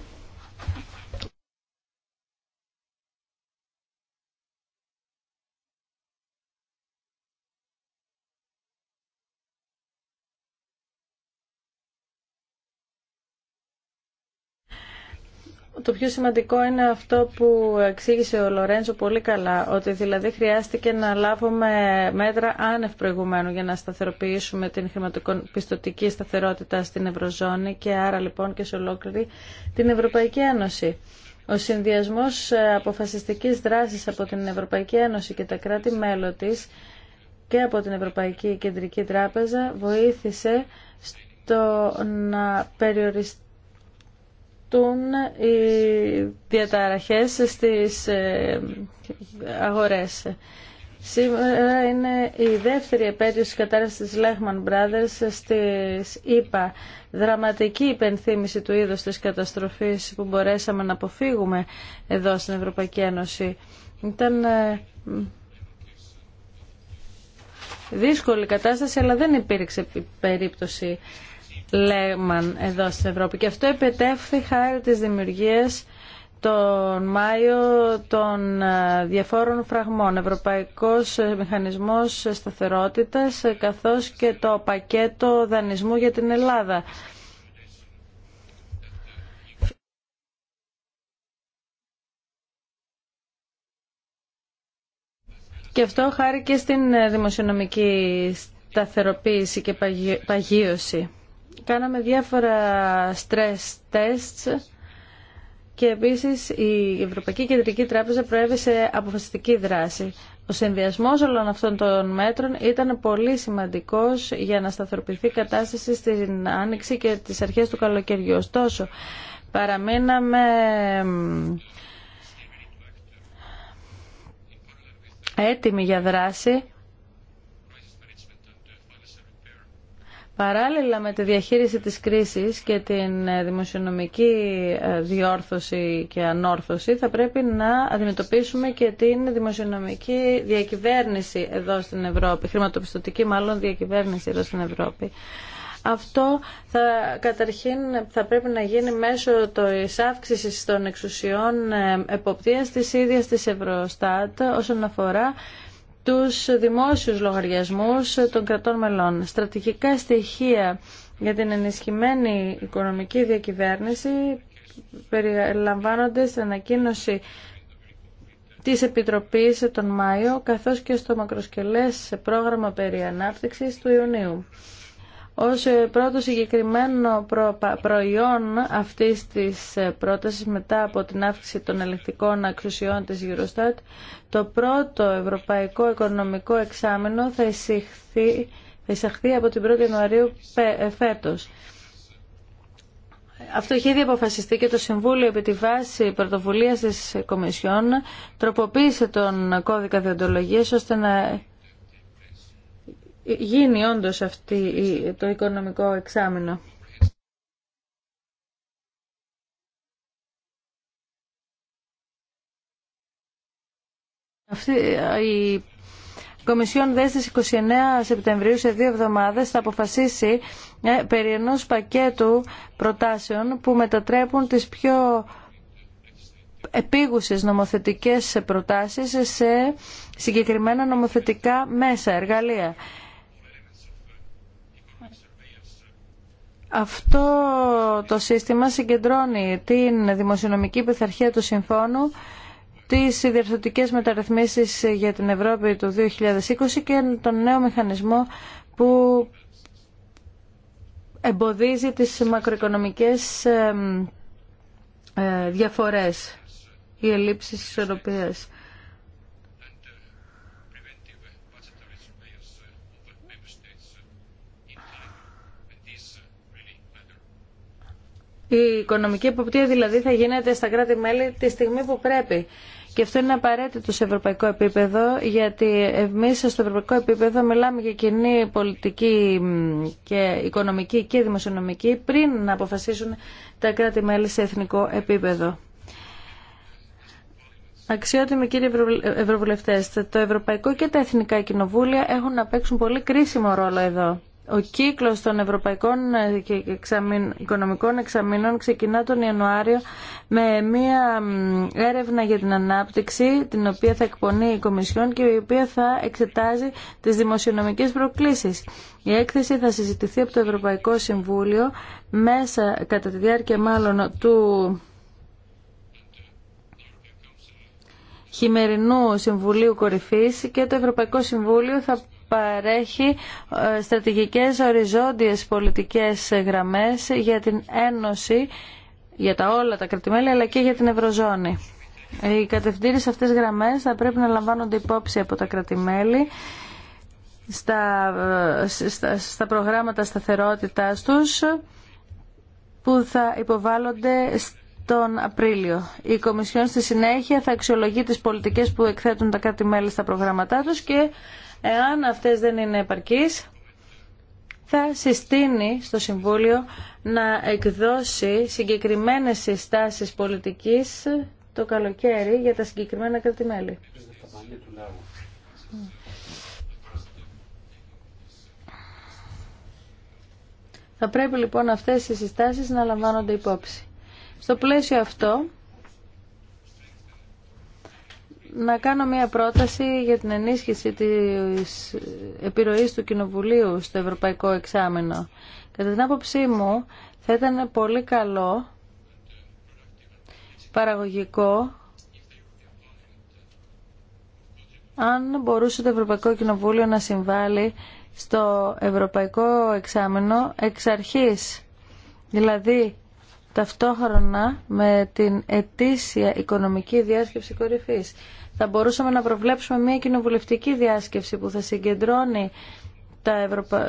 Το πιο σημαντικό είναι αυτό που εξήγησε ο Λορέντζο πολύ καλά, ότι δηλαδή χρειάστηκε να λάβουμε μέτρα άνευ προηγουμένου για να σταθεροποιήσουμε την χρηματοπιστωτική σταθερότητα στην Ευρωζώνη και άρα λοιπόν και σε ολόκληρη την Ευρωπαϊκή Ένωση. Ο συνδυασμός ε, αποφασιστικής δράσης από την Ευρωπαϊκή Ένωση και τα κράτη μέλη της και από την Ευρωπαϊκή Κεντρική Τράπεζα βοήθησε στο να περιοριστεί προκύπτουν οι διαταραχές στις ε, αγορές. Σήμερα είναι η δεύτερη επέτειο της κατάρρευσης της Lehman Brothers στις ΗΠΑ. Δραματική υπενθύμηση του είδους της καταστροφής που μπορέσαμε να αποφύγουμε εδώ στην Ευρωπαϊκή Ένωση. Ήταν ε, δύσκολη κατάσταση, αλλά δεν υπήρξε περίπτωση Λέμαν εδώ στην Ευρώπη. Και αυτό επετέφθη χάρη της δημιουργίας τον Μάιο των ε, διαφόρων φραγμών, Ευρωπαϊκός ε, Μηχανισμός Σταθερότητας, ε, καθώς και το πακέτο δανεισμού για την Ελλάδα. Και αυτό χάρη και στην δημοσιονομική σταθεροποίηση και παγίωση κάναμε διάφορα stress tests και επίσης η Ευρωπαϊκή Κεντρική Τράπεζα προέβησε αποφασιστική δράση. Ο συνδυασμός όλων αυτών των μέτρων ήταν πολύ σημαντικός για να σταθεροποιηθεί η κατάσταση στην άνοιξη και τις αρχές του καλοκαιριού. Ωστόσο, παραμείναμε έτοιμοι για δράση Παράλληλα με τη διαχείριση της κρίσης και την ε, δημοσιονομική ε, διόρθωση και ανόρθωση θα πρέπει να αντιμετωπίσουμε και την δημοσιονομική διακυβέρνηση εδώ στην Ευρώπη, χρηματοπιστωτική μάλλον διακυβέρνηση εδώ στην Ευρώπη. Αυτό θα, καταρχήν θα πρέπει να γίνει μέσω της αύξηση των εξουσιών ε, εποπτείας της ίδιας της Ευρωστάτ όσον αφορά τους δημόσιους λογαριασμούς των κρατών μελών. Στρατηγικά στοιχεία για την ενισχυμένη οικονομική διακυβέρνηση περιλαμβάνονται στην ανακοίνωση της Επιτροπής τον Μάιο καθώς και στο μακροσκελές πρόγραμμα περί του Ιουνίου. Ως ε, πρώτο συγκεκριμένο προϊόν αυτής της ε, πρότασης μετά από την αύξηση των ελεκτικών αξουσιών της Eurostat, το πρώτο ευρωπαϊκό οικονομικό εξάμεινο θα εισαχθεί, από την 1η Ιανουαρίου ε, φέτος. Αυτό έχει ήδη αποφασιστεί και το Συμβούλιο επί τη βάση πρωτοβουλία τη Κομισιόν τροποποίησε τον κώδικα διοντολογία ώστε να γίνει όντως αυτή, το οικονομικό εξάμεινο. Αυτή, η Κομισιόν δε 29 Σεπτεμβρίου σε δύο εβδομάδες θα αποφασίσει ε, περί ενός πακέτου προτάσεων που μετατρέπουν τις πιο επίγουσες νομοθετικές προτάσεις σε συγκεκριμένα νομοθετικά μέσα, εργαλεία. Αυτό το σύστημα συγκεντρώνει την δημοσιονομική πειθαρχία του συμφώνου τις διαρθρωτικές μεταρρυθμίσεις για την Ευρώπη του 2020 και τον νέο μηχανισμό που εμποδίζει τις μακροοικονομικές ε, διαφορές ή ελλείψεις ισορροπίας. Η οικονομική εποπτεία δηλαδή θα γίνεται στα κράτη-μέλη τη στιγμή που πρέπει. Και αυτό είναι απαραίτητο σε ευρωπαϊκό επίπεδο, γιατί εμεί στο ευρωπαϊκό επίπεδο μιλάμε για κοινή πολιτική και οικονομική και δημοσιονομική πριν να αποφασίσουν τα κράτη-μέλη σε εθνικό επίπεδο. Αξιότιμοι κύριοι Ευρωβουλευτέ, το Ευρωπαϊκό και τα Εθνικά Κοινοβούλια έχουν να παίξουν πολύ κρίσιμο ρόλο εδώ. Ο κύκλος των ευρωπαϊκών ε, οικονομικών εξαμήνων ξεκινά τον Ιανουάριο με μία έρευνα για την ανάπτυξη, την οποία θα εκπονεί η Κομισιόν και η οποία θα εξετάζει τις δημοσιονομικές προκλήσεις. Η έκθεση θα συζητηθεί από το Ευρωπαϊκό Συμβούλιο μέσα κατά τη διάρκεια μάλλον του χειμερινού Συμβουλίου Κορυφής και το Ευρωπαϊκό Συμβούλιο θα παρέχει ε, στρατηγικές οριζόντιες πολιτικές γραμμές για την Ένωση, για τα όλα τα κρατημέλη, αλλά και για την Ευρωζώνη. Οι σε αυτές γραμμές θα πρέπει να λαμβάνονται υπόψη από τα κρατημέλη στα, ε, στα, στα προγράμματα σταθερότητάς τους που θα υποβάλλονται τον Απρίλιο. Η Κομισιόν στη συνέχεια θα αξιολογεί τις πολιτικές που εκθέτουν τα κράτη-μέλη στα προγράμματά τους και Εάν αυτές δεν είναι επαρκείς, θα συστήνει στο Συμβούλιο να εκδώσει συγκεκριμένες συστάσεις πολιτικής το καλοκαίρι για τα συγκεκριμένα κρατημέλη. Θα πρέπει λοιπόν αυτές οι συστάσεις να λαμβάνονται υπόψη. Στο πλαίσιο αυτό να κάνω μια πρόταση για την ενίσχυση της επιρροής του Κοινοβουλίου στο Ευρωπαϊκό Εξάμεινο. Κατά την άποψή μου θα ήταν πολύ καλό, παραγωγικό, αν μπορούσε το Ευρωπαϊκό Κοινοβούλιο να συμβάλλει στο Ευρωπαϊκό Εξάμεινο εξ αρχής. Δηλαδή, ταυτόχρονα με την ετήσια οικονομική διάσκεψη κορυφής. Θα μπορούσαμε να προβλέψουμε μια κοινοβουλευτική διάσκεψη που θα συγκεντρώνει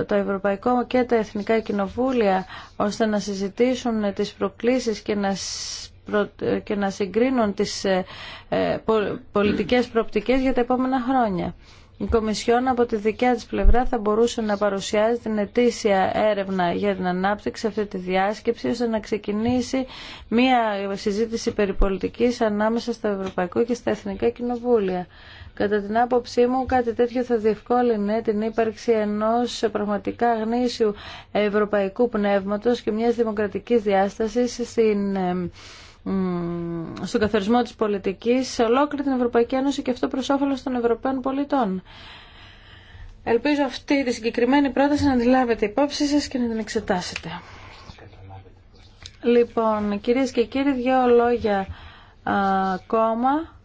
το Ευρωπαϊκό και τα Εθνικά Κοινοβούλια ώστε να συζητήσουν τις προκλήσεις και να και να συγκρίνουν τις ε, ε, πολιτικές προοπτικές για τα επόμενα χρόνια. Η Κομισιόν από τη δικιά της πλευρά θα μπορούσε να παρουσιάζει την ετήσια έρευνα για την ανάπτυξη αυτή τη διάσκεψη ώστε να ξεκινήσει μια συζήτηση περιπολιτικής ανάμεσα στο Ευρωπαϊκό και στα Εθνικά Κοινοβούλια. Κατά την άποψή μου κάτι τέτοιο θα διευκόλυνε την ύπαρξη ενός πραγματικά γνήσιου ευρωπαϊκού πνεύματος και μιας δημοκρατικής διάστασης στην ε, στον καθορισμό της πολιτικής σε ολόκληρη την Ευρωπαϊκή Ένωση και αυτό προς όφελος των Ευρωπαίων πολιτών. Ελπίζω αυτή τη συγκεκριμένη πρόταση να αντιλάβετε λάβετε υπόψη σας και να την εξετάσετε. Λοιπόν, κυρίες και κύριοι, δύο λόγια ακόμα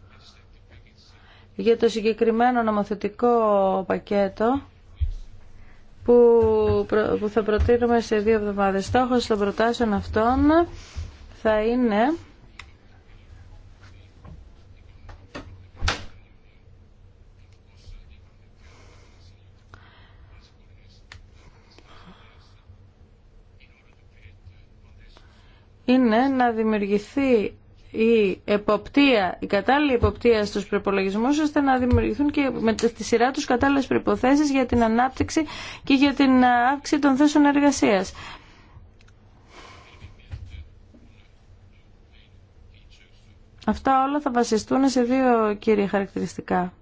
για το συγκεκριμένο νομοθετικό πακέτο που, θα προτείνουμε σε δύο εβδομάδες. Στόχος των προτάσεων αυτών θα είναι είναι να δημιουργηθεί η εποπτεία, η κατάλληλη εποπτεία στους προπολογισμούς ώστε να δημιουργηθούν και με τη σειρά τους κατάλληλες προϋποθέσεις για την ανάπτυξη και για την αύξηση των θέσεων εργασίας. Αυτά όλα θα βασιστούν σε δύο κύρια χαρακτηριστικά.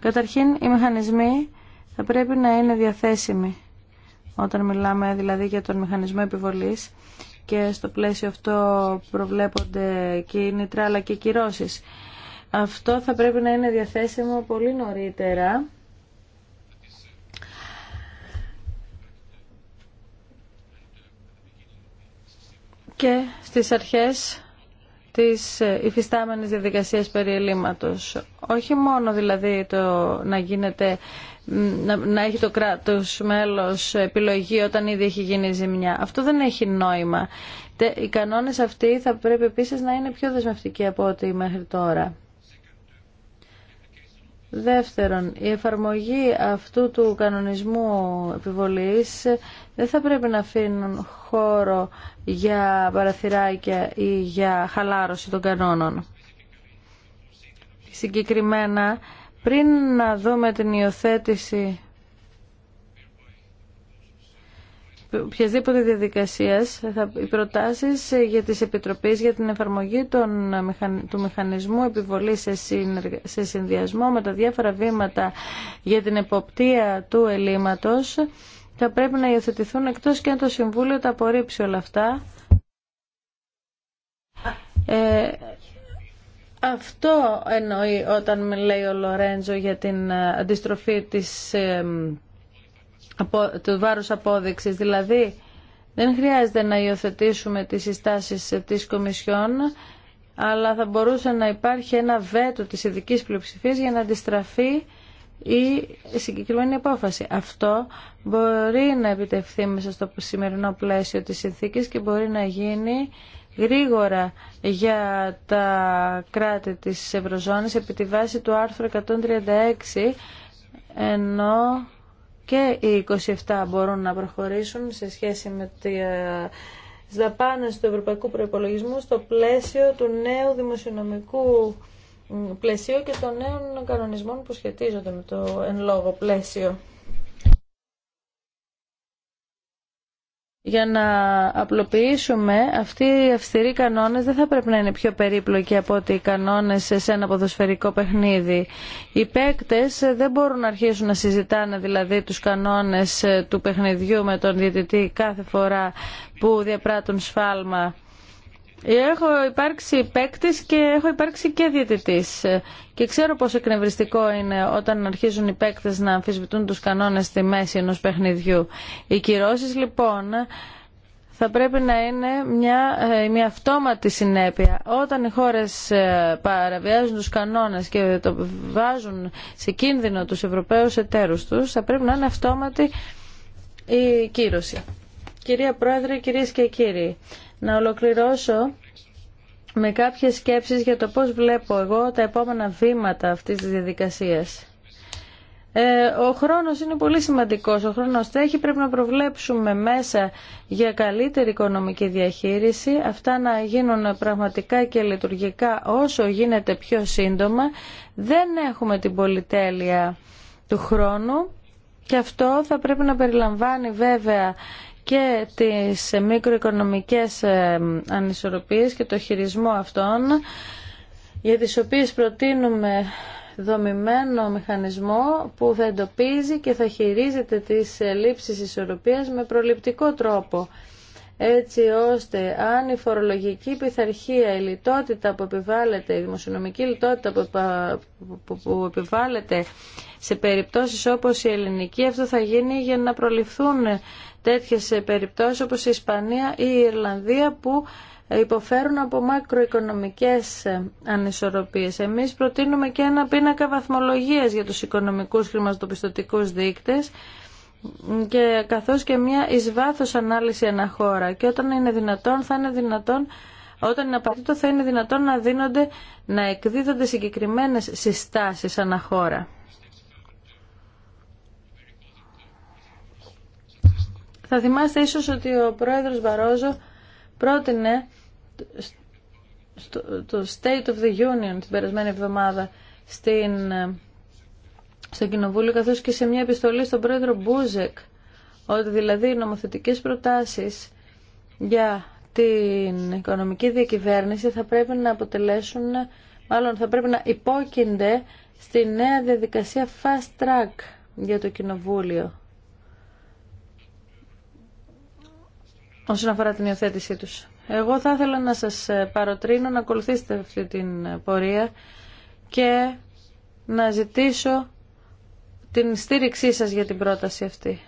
Καταρχήν, οι μηχανισμοί θα πρέπει να είναι διαθέσιμοι όταν μιλάμε δηλαδή για τον μηχανισμό επιβολής και στο πλαίσιο αυτό προβλέπονται και κίνητρα αλλά και κυρώσεις. Αυτό θα πρέπει να είναι διαθέσιμο πολύ νωρίτερα και στις αρχές της υφιστάμενης διαδικασίας περί ελλείμματος. Όχι μόνο δηλαδή το να γίνεται να, να έχει το κράτος μέλος επιλογή όταν ήδη έχει γίνει ζημιά. Αυτό δεν έχει νόημα. Οι κανόνες αυτοί θα πρέπει επίσης να είναι πιο δεσμευτικοί από ό,τι μέχρι τώρα. Δεύτερον, η εφαρμογή αυτού του κανονισμού επιβολής δεν θα πρέπει να αφήνουν χώρο για παραθυράκια ή για χαλάρωση των κανόνων. Συγκεκριμένα, πριν να δούμε την υιοθέτηση οποιασδήποτε διαδικασία, οι προτάσεις ε, για τις επιτροπές για την εφαρμογή των, του μηχανισμού επιβολή σε, σε συνδυασμό με τα διάφορα βήματα για την εποπτεία του ελλείμματο θα πρέπει να υιοθετηθούν εκτός και αν το Συμβούλιο τα απορρίψει όλα αυτά. Ε, αυτό εννοεί όταν λέει ο Λορέντζο για την ε, αντιστροφή της ε, από, του βάρους απόδειξης. Δηλαδή, δεν χρειάζεται να υιοθετήσουμε τις συστάσεις της Κομισιόν, αλλά θα μπορούσε να υπάρχει ένα βέτο της ειδική πλειοψηφίας για να αντιστραφεί η συγκεκριμένη απόφαση. Αυτό μπορεί να επιτευχθεί μέσα στο σημερινό πλαίσιο της συνθήκης και μπορεί να γίνει γρήγορα για τα κράτη της Ευρωζώνης επί τη βάση του άρθρου 136 ενώ και οι 27 μπορούν να προχωρήσουν σε σχέση με τη δαπάνε του ευρωπαϊκού προϋπολογισμού στο πλαίσιο του νέου δημοσιονομικού πλαισίου και των νέων κανονισμών που σχετίζονται με το εν λόγω πλαίσιο. για να απλοποιήσουμε αυτοί οι αυστηροί κανόνες δεν θα πρέπει να είναι πιο περίπλοκοι από ότι οι κανόνες σε ένα ποδοσφαιρικό παιχνίδι. Οι παίκτες δεν μπορούν να αρχίσουν να συζητάνε δηλαδή τους κανόνες του παιχνιδιού με τον διαιτητή κάθε φορά που διαπράττουν σφάλμα Έχω υπάρξει παίκτη και έχω υπάρξει και διαιτητή. Και ξέρω πόσο εκνευριστικό είναι όταν αρχίζουν οι παίκτε να αμφισβητούν του κανόνε στη μέση ενό παιχνιδιού. Οι κυρώσει λοιπόν θα πρέπει να είναι μια, ε, μια αυτόματη συνέπεια. Όταν οι χώρες ε, παραβιάζουν τους κανόνες και το βάζουν σε κίνδυνο τους Ευρωπαίους εταίρους τους, θα πρέπει να είναι αυτόματη η κύρωση. Κυρία Πρόεδρε, κυρίες και κύριοι, να ολοκληρώσω με κάποιες σκέψεις για το πώς βλέπω εγώ τα επόμενα βήματα αυτής της διαδικασίας. Ε, ο χρόνος είναι πολύ σημαντικός. Ο χρόνος τρέχει. Πρέπει να προβλέψουμε μέσα για καλύτερη οικονομική διαχείριση. Αυτά να γίνουν πραγματικά και λειτουργικά όσο γίνεται πιο σύντομα. Δεν έχουμε την πολυτέλεια του χρόνου και αυτό θα πρέπει να περιλαμβάνει βέβαια και τις μικροοικονομικές ε, ανισορροπίες και το χειρισμό αυτών για τις οποίες προτείνουμε δομημένο μηχανισμό που θα εντοπίζει και θα χειρίζεται τις λήψεις ισορροπίας με προληπτικό τρόπο έτσι ώστε αν η φορολογική πειθαρχία, η λιτότητα που επιβάλλεται, η δημοσιονομική λιτότητα που επιβάλλεται σε περιπτώσεις όπως η ελληνική, αυτό θα γίνει για να προληφθούν τέτοιες ε, περιπτώσεις όπως η Ισπανία ή η Ιρλανδία που ε, υποφέρουν από μακροοικονομικές ε, ανισορροπίες. Εμείς προτείνουμε και ένα πίνακα βαθμολογίας για τους οικονομικούς χρηματοπιστωτικούς δείκτες και καθώς και μια εις βάθος ανάλυση αναχώρα και όταν είναι δυνατόν θα είναι δυνατόν όταν είναι απαραίτητο θα είναι δυνατόν να δίνονται, να εκδίδονται συγκεκριμένες συστάσεις αναχώρα. Θα θυμάστε ίσως ότι ο πρόεδρος Μπαρόζο πρότεινε το State of the Union την περασμένη εβδομάδα στην, στο Κοινοβούλιο καθώς και σε μια επιστολή στον πρόεδρο Μπούζεκ ότι δηλαδή οι νομοθετικές προτάσεις για την οικονομική διακυβέρνηση θα πρέπει να αποτελέσουν μάλλον θα πρέπει να υπόκεινται στη νέα διαδικασία fast track για το Κοινοβούλιο. όσον αφορά την υιοθέτησή τους. Εγώ θα ήθελα να σας παροτρύνω να ακολουθήσετε αυτή την πορεία και να ζητήσω την στήριξή σας για την πρόταση αυτή.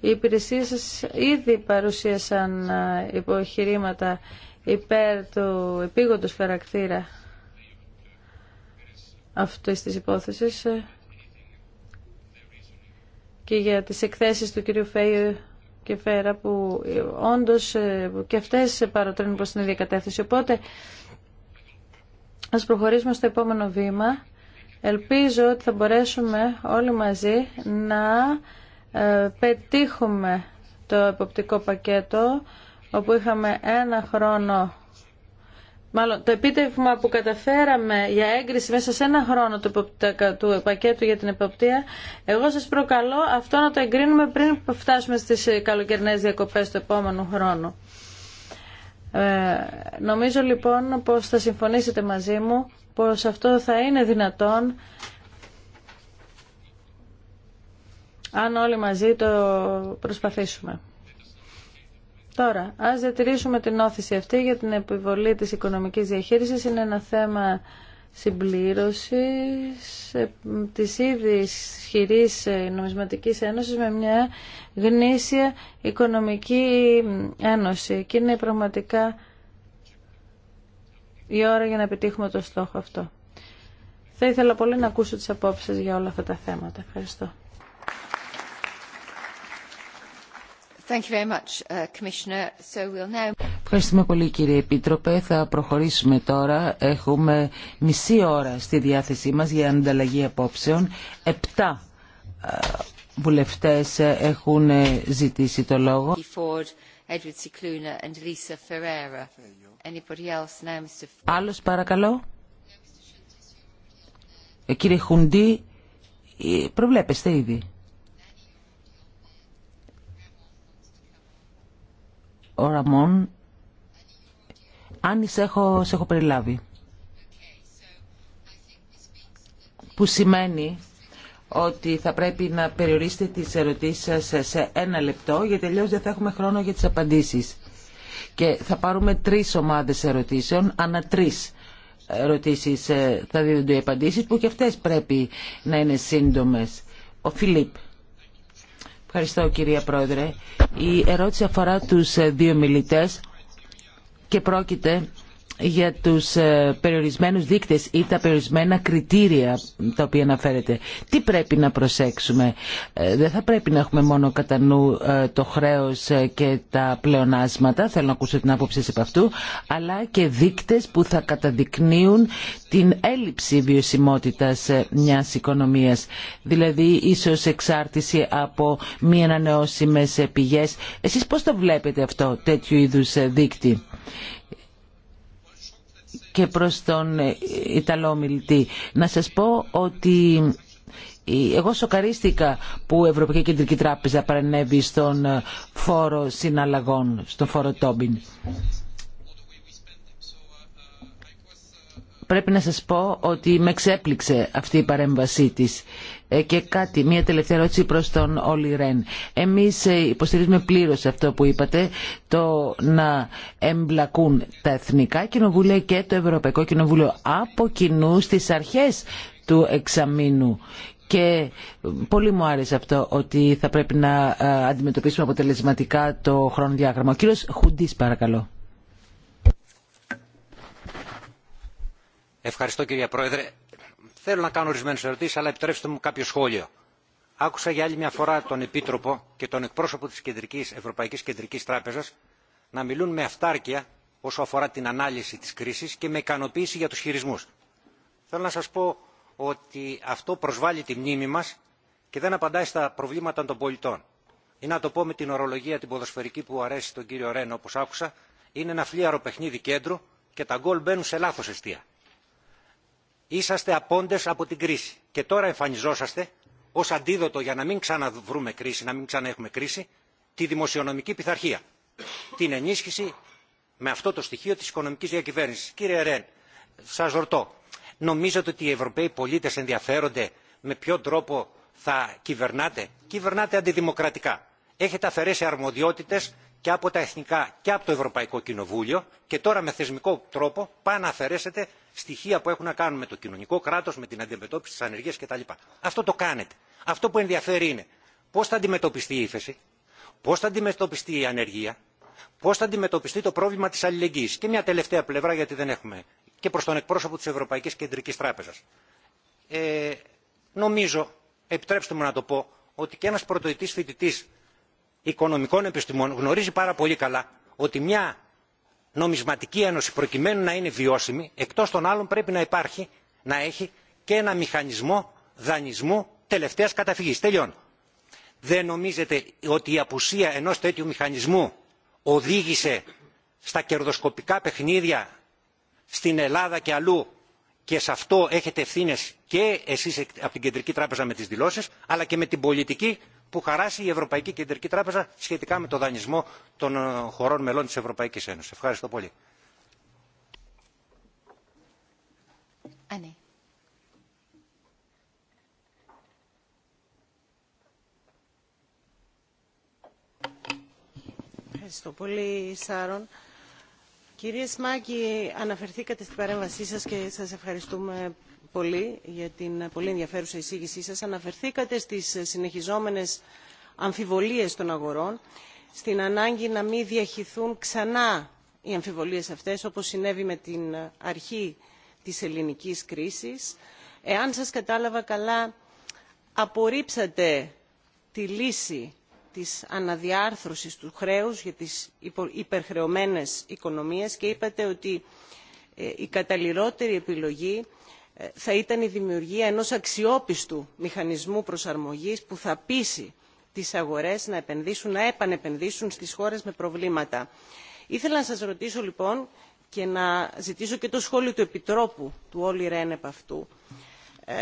Οι υπηρεσίες σας ήδη παρουσίασαν υποχειρήματα υπέρ του επίγοντος χαρακτήρα αυτής της υπόθεσης ε, και για τις εκθέσεις του κυρίου Φέιου και φέρα που ε, όντως ε, και αυτές παροτρύνουν προς την ίδια κατεύθυνση. Οπότε ας προχωρήσουμε στο επόμενο βήμα. Ελπίζω ότι θα μπορέσουμε όλοι μαζί να ε, πετύχουμε το εποπτικό πακέτο όπου είχαμε ένα χρόνο Μάλλον το επίτευγμα που καταφέραμε για έγκριση μέσα σε ένα χρόνο του, του πακέτου για την εποπτεία, εγώ σας προκαλώ αυτό να το εγκρίνουμε πριν φτάσουμε στις ε, καλοκαιρινές διακοπές του επόμενου χρόνου. Ε, νομίζω λοιπόν πως θα συμφωνήσετε μαζί μου πως αυτό θα είναι δυνατόν αν όλοι μαζί το προσπαθήσουμε. Τώρα, ας διατηρήσουμε την όθηση αυτή για την επιβολή της οικονομικής διαχείρισης. Είναι ένα θέμα συμπλήρωσης ε, της ήδη ισχυρή ε, νομισματικής Ένωση με μια γνήσια οικονομική ένωση. Και είναι πραγματικά η ώρα για να επιτύχουμε το στόχο αυτό. Θα ήθελα πολύ να ακούσω τις απόψεις για όλα αυτά τα θέματα. Ευχαριστώ. Uh, Ευχαριστούμε πολύ κύριε Επίτροπε. Θα προχωρήσουμε τώρα. Έχουμε μισή ώρα στη διάθεσή μας για ανταλλαγή απόψεων. Επτά ε, βουλευτές ε, έχουν ε, ζητήσει το λόγο. Άλλος παρακαλώ. Κύριε Χουντή, προβλέπεστε ήδη. ο Ραμόν, αν σε έχω, περιλάβει. Που σημαίνει ότι θα πρέπει να περιορίσετε τις ερωτήσεις σας σε ένα λεπτό, γιατί τελείως δεν θα έχουμε χρόνο για τις απαντήσεις. Και θα πάρουμε τρεις ομάδες ερωτήσεων, ανά τρεις ερωτήσεις ε, θα δίνονται οι απαντήσεις, που και αυτές πρέπει να είναι σύντομες. Ο Φιλίπ. Ευχαριστώ κυρία Πρόεδρε. Η ερώτηση αφορά τους ε, δύο μιλητές και πρόκειται για τους ε, περιορισμένους δείκτες ή τα περιορισμένα κριτήρια τα οποία αναφέρεται. Τι πρέπει να προσέξουμε. Ε, δεν θα πρέπει να έχουμε μόνο κατά νου ε, το χρέος και τα πλεονάσματα, θέλω να ακούσω την άποψη επ' αυτού, αλλά και δείκτες που θα καταδεικνύουν την έλλειψη βιωσιμότητας μιας οικονομίας. Δηλαδή ίσως εξάρτηση από μη ανανεώσιμες πηγές. Εσείς πώς το βλέπετε αυτό, τέτοιου είδους δείκτη και προς τον Ιταλό μιλητή. Να σας πω ότι εγώ σοκαρίστηκα που η Ευρωπαϊκή Κεντρική Τράπεζα παρενέβη στον ε, φόρο συναλλαγών, στον φόρο Τόμπιν. πρέπει να σας πω ότι με ξέπληξε αυτή η παρέμβασή της. Ε, και κάτι, μια τελευταία ερώτηση προς τον Όλι Ρεν. Εμείς ε, υποστηρίζουμε πλήρως αυτό που είπατε, το να εμπλακούν τα Εθνικά Κοινοβούλια και το Ευρωπαϊκό Κοινοβούλιο από κοινού στις αρχές του εξαμήνου και πολύ μου άρεσε αυτό ότι θα πρέπει να ε, αντιμετωπίσουμε αποτελεσματικά το διάγραμμα. Ο κύριος Χουντής παρακαλώ. Ευχαριστώ κύριε Πρόεδρε. Θέλω να κάνω ορισμένε ερωτήσει, αλλά επιτρέψτε μου κάποιο σχόλιο. Άκουσα για άλλη μια φορά τον Επίτροπο και τον εκπρόσωπο τη Κεντρικής, Ευρωπαϊκή Κεντρική Τράπεζα να μιλούν με αυτάρκεια όσο αφορά την ανάλυση τη κρίση και με ικανοποίηση για του χειρισμού. Θέλω να σα πω ότι αυτό προσβάλλει τη μνήμη μα και δεν απαντάει στα προβλήματα των πολιτών. Ή να το πω με την ορολογία την ποδοσφαιρική που αρέσει τον κύριο Ρένο, όπω άκουσα, είναι ένα φλίαρο παιχνίδι κέντρου και τα γκολ μπαίνουν σε λάθο αιστεία. Είσαστε απόντες από την κρίση και τώρα εμφανιζόσαστε ως αντίδοτο για να μην ξαναβρούμε κρίση, να μην ξαναέχουμε κρίση, τη δημοσιονομική πειθαρχία, την ενίσχυση με αυτό το στοιχείο της οικονομικής διακυβέρνησης. Κύριε Ρεν, σας ρωτώ, νομίζετε ότι οι Ευρωπαίοι πολίτες ενδιαφέρονται με ποιο τρόπο θα κυβερνάτε. Κυβερνάτε αντιδημοκρατικά. Έχετε αφαιρέσει αρμοδιότητες και από τα εθνικά και από το Ευρωπαϊκό Κοινοβούλιο και τώρα με θεσμικό τρόπο πάνε να αφαιρέσετε στοιχεία που έχουν να κάνουν με το κοινωνικό κράτος, με την αντιμετώπιση της ανεργίας κτλ. Αυτό το κάνετε. Αυτό που ενδιαφέρει είναι πώς θα αντιμετωπιστεί η ύφεση, πώς θα αντιμετωπιστεί η ανεργία, πώς θα αντιμετωπιστεί το πρόβλημα της αλληλεγγύης. Και μια τελευταία πλευρά γιατί δεν έχουμε και προς τον εκπρόσωπο της Ευρωπαϊκής Κεντρικής Τράπεζας. Ε, νομίζω, επιτρέψτε μου να το πω, ότι και ένας πρωτοετής φοιτητής οικονομικών επιστημών γνωρίζει πάρα πολύ καλά ότι μια νομισματική ένωση προκειμένου να είναι βιώσιμη εκτός των άλλων πρέπει να υπάρχει να έχει και ένα μηχανισμό δανεισμού τελευταίας καταφυγής. Τελειώνω. Δεν νομίζετε ότι η απουσία ενός τέτοιου μηχανισμού οδήγησε στα κερδοσκοπικά παιχνίδια στην Ελλάδα και αλλού και σε αυτό έχετε ευθύνε και εσείς από την Κεντρική Τράπεζα με τις δηλώσεις αλλά και με την πολιτική που χαράσει η Ευρωπαϊκή Κεντρική Τράπεζα σχετικά με το δανεισμό των ε, χωρών μελών της Ευρωπαϊκής Ένωσης. Ευχαριστώ πολύ. Ανέ. Ναι. Ευχαριστώ πολύ, Σάρων. Κύριε Σμάκη, αναφερθήκατε στην παρέμβασή σας και σας ευχαριστούμε πολύ για την πολύ ενδιαφέρουσα εισήγησή σας. Αναφερθήκατε στις συνεχιζόμενες αμφιβολίες των αγορών, στην ανάγκη να μην διαχυθούν ξανά οι αμφιβολίες αυτές, όπως συνέβη με την αρχή της ελληνικής κρίσης. Εάν σας κατάλαβα καλά, απορρίψατε τη λύση της αναδιάρθρωσης του χρέους για τις υπερχρεωμένες οικονομίες και είπατε ότι ε, η καταλληλότερη επιλογή ε, θα ήταν η δημιουργία ενός αξιόπιστου μηχανισμού προσαρμογής που θα πείσει τις αγορές να επενδύσουν, να επανεπενδύσουν στις χώρες με προβλήματα. Ήθελα να σας ρωτήσω λοιπόν και να ζητήσω και το σχόλιο του Επιτρόπου, του Όλοι Ρέν επ' αυτού. Ε,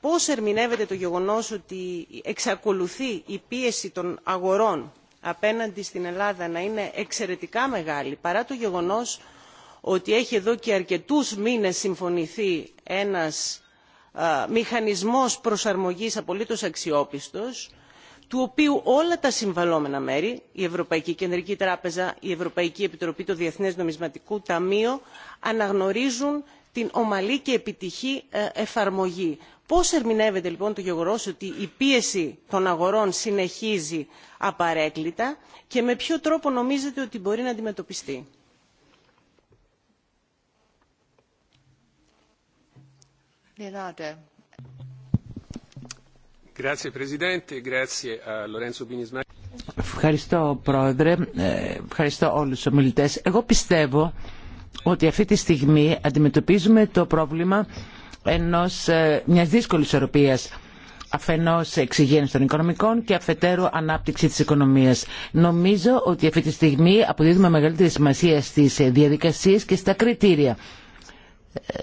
πώς ερμηνεύεται το γεγονός ότι εξακολουθεί η πίεση των αγορών απέναντι στην Ελλάδα να είναι εξαιρετικά μεγάλη, παρά το γεγονός ότι έχει εδώ και αρκετούς μήνες συμφωνηθεί ένας μηχανισμός προσαρμογής απολύτως αξιόπιστος του οποίου όλα τα συμβαλώμενα μέρη η ευρωπαϊκή κεντρική τράπεζα η ευρωπαϊκή επιτροπή το διεθνές νομισματικό ταμείο αναγνωρίζουν την ομαλή και επιτυχή ε, εφαρμογή. πώς ερμηνεύεται λοιπόν το γεγονός ότι η πίεση των αγορών συνεχίζει απαρέκκλητα και με ποιο τρόπο νομίζετε ότι μπορεί να αντιμετωπιστεί. Ευχαριστώ Πρόεδρε, ε, ευχαριστώ όλους τους ομιλητές. Εγώ πιστεύω ότι αυτή τη στιγμή αντιμετωπίζουμε το πρόβλημα ενός, ε, μιας δύσκολης ισορροπίας αφενός εξυγένειας των οικονομικών και αφετέρου ανάπτυξη της οικονομίας. Νομίζω ότι αυτή τη στιγμή αποδίδουμε μεγαλύτερη σημασία στις διαδικασίες και στα κριτήρια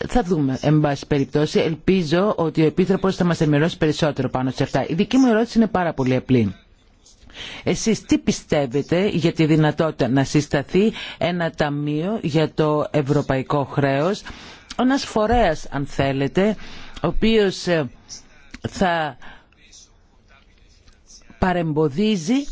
θα δούμε, εν πάση περιπτώσει. Ελπίζω ότι ο Επίτροπος θα μας ενημερώσει περισσότερο πάνω σε αυτά. Η δική μου ερώτηση είναι πάρα πολύ απλή. Εσείς τι πιστεύετε για τη δυνατότητα να συσταθεί ένα ταμείο για το ευρωπαϊκό χρέος, ένας φορέας αν θέλετε, ο οποίος ε, θα παρεμποδίζει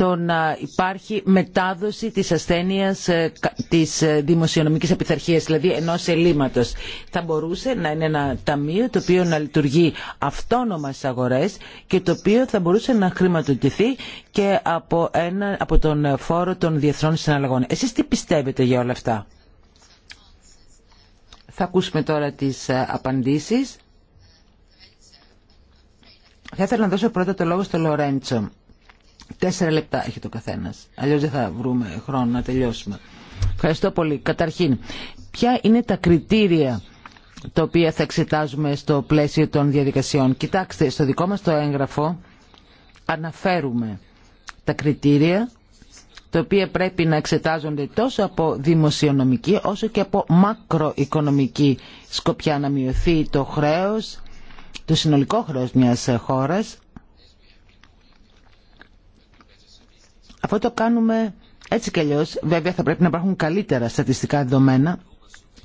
το να υπάρχει μετάδοση της ασθένειας ε, της ε, δημοσιονομικής επιθαρχίας, δηλαδή ενός ελλείμματος. Θα μπορούσε να είναι ένα ταμείο το οποίο να λειτουργεί αυτόνομα στις αγορές και το οποίο θα μπορούσε να χρηματοδοτηθεί και από, ένα, από τον φόρο των διεθνών συναλλαγών. Εσείς τι πιστεύετε για όλα αυτά. Θα ακούσουμε τώρα τις ε, απαντήσεις. Θα ήθελα να δώσω πρώτα το λόγο στο Λορέντσο. Τέσσερα λεπτά έχει το καθένα. Αλλιώ δεν θα βρούμε χρόνο να τελειώσουμε. Ευχαριστώ πολύ. Καταρχήν, ποια είναι τα κριτήρια τα οποία θα εξετάζουμε στο πλαίσιο των διαδικασιών. Κοιτάξτε, στο δικό μας το έγγραφο αναφέρουμε τα κριτήρια τα οποία πρέπει να εξετάζονται τόσο από δημοσιονομική όσο και από μακροοικονομική σκοπιά να μειωθεί το χρέος, το συνολικό χρέος μιας χώρας Αυτό το κάνουμε έτσι κι αλλιώς. Βέβαια θα πρέπει να υπάρχουν καλύτερα στατιστικά δεδομένα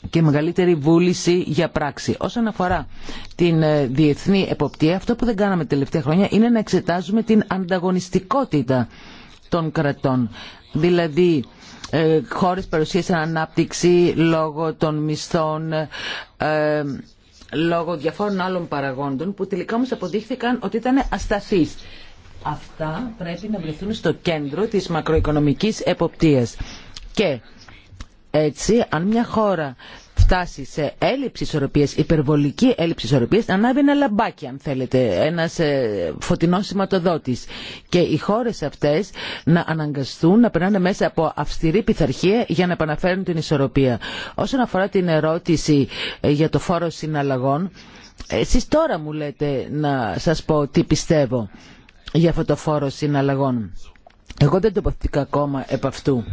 και μεγαλύτερη βούληση για πράξη. Όσον αφορά την ε, διεθνή εποπτεία, αυτό που δεν κάναμε τελευταία χρόνια είναι να εξετάζουμε την ανταγωνιστικότητα των κρατών. Δηλαδή, ε, χώρες παρουσίασαν ανάπτυξη λόγω των μισθών, ε, λόγω διαφόρων άλλων παραγόντων, που τελικά όμως αποδείχθηκαν ότι ήταν ασταθείς αυτά πρέπει να βρεθούν στο κέντρο της μακροοικονομικής εποπτείας. Και έτσι, αν μια χώρα φτάσει σε έλλειψη ισορροπίας, υπερβολική έλλειψη ισορροπίας, ανάβει ένα λαμπάκι αν θέλετε, ένας ε, φωτεινός σηματοδότης. Και οι χώρες αυτές να αναγκαστούν να περνάνε μέσα από αυστηρή πειθαρχία για να επαναφέρουν την ισορροπία. Όσον αφορά την ερώτηση ε, για το φόρο συναλλαγών, ε, εσείς τώρα μου λέτε να σας πω τι πιστεύω για αυτό το φόρο συναλλαγών. Εγώ δεν τοποθετήκα ακόμα επ' αυτού.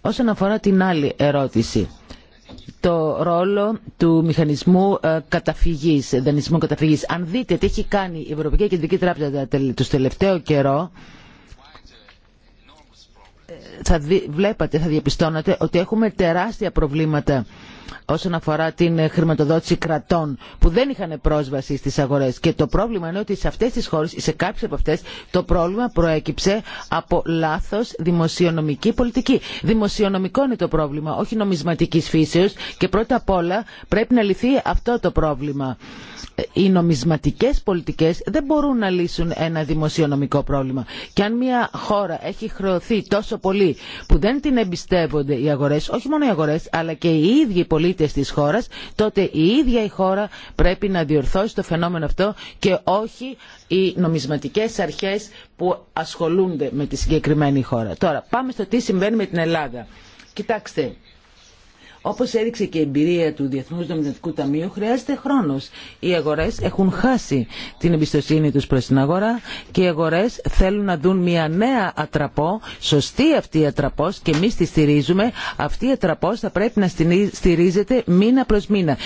Όσον αφορά την άλλη ερώτηση, το ρόλο του μηχανισμού ε, καταφυγής, δανεισμού καταφυγής. Αν δείτε τι έχει κάνει η Ευρωπαϊκή Κεντρική Τράπεζα τους τελευταίο καιρό, ε, θα δι, βλέπατε, θα διαπιστώνατε ότι έχουμε τεράστια προβλήματα όσον αφορά την ε, χρηματοδότηση κρατών που δεν είχαν πρόσβαση στις αγορές. Και το πρόβλημα είναι ότι σε αυτές τις χώρες, σε κάποιες από αυτές, το πρόβλημα προέκυψε από λάθος δημοσιονομική πολιτική. Δημοσιονομικό είναι το πρόβλημα, όχι νομισματικής φύσεως και πρώτα απ' όλα πρέπει να λυθεί αυτό το πρόβλημα οι νομισματικές πολιτικές δεν μπορούν να λύσουν ένα δημοσιονομικό πρόβλημα. Και αν μια χώρα έχει χρεωθεί τόσο πολύ που δεν την εμπιστεύονται οι αγορές, όχι μόνο οι αγορές αλλά και οι ίδιοι οι πολίτες της χώρας, τότε η ίδια η χώρα πρέπει να διορθώσει το φαινόμενο αυτό και όχι οι νομισματικές αρχές που ασχολούνται με τη συγκεκριμένη χώρα. Τώρα πάμε στο τι συμβαίνει με την Ελλάδα. Κοιτάξτε, Όπω έδειξε και η εμπειρία του Διεθνού Νομισματικού Ταμείου, χρειάζεται χρόνο. Οι αγορέ έχουν χάσει την εμπιστοσύνη του προ την αγορά και οι αγορέ θέλουν να δουν μια νέα ατραπό, σωστή αυτή η ατραπό και εμεί τη στηρίζουμε. Αυτή η ατραπός θα πρέπει να στηρίζεται μήνα προ μήνα.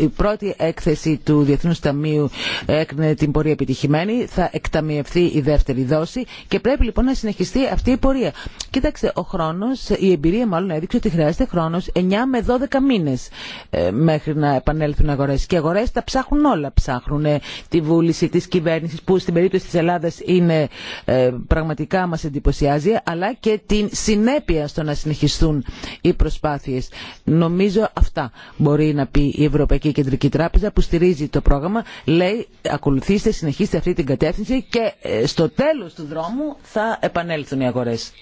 Η πρώτη έκθεση του Διεθνού Ταμείου έκρινε την πορεία επιτυχημένη, θα εκταμιευθεί η δεύτερη δόση και πρέπει λοιπόν να συνεχιστεί αυτή η πορεία. Κοίταξε, ο χρόνο, η εμπειρία μάλλον έδειξε ότι χρειάζεται χρόνο με 12 μήνες ε, μέχρι να επανέλθουν αγορές. Και οι αγορές τα ψάχνουν όλα. Ψάχνουν ε, τη βούληση της κυβέρνησης που στην περίπτωση της Ελλάδας είναι ε, πραγματικά μας εντυπωσιάζει αλλά και την συνέπεια στο να συνεχιστούν οι προσπάθειες. Νομίζω αυτά μπορεί να πει η Ευρωπαϊκή Κεντρική Τράπεζα που στηρίζει το πρόγραμμα. Λέει ακολουθήστε, συνεχίστε αυτή την κατεύθυνση και στο τέλος του δρόμου θα επανέλθουν οι αγορές.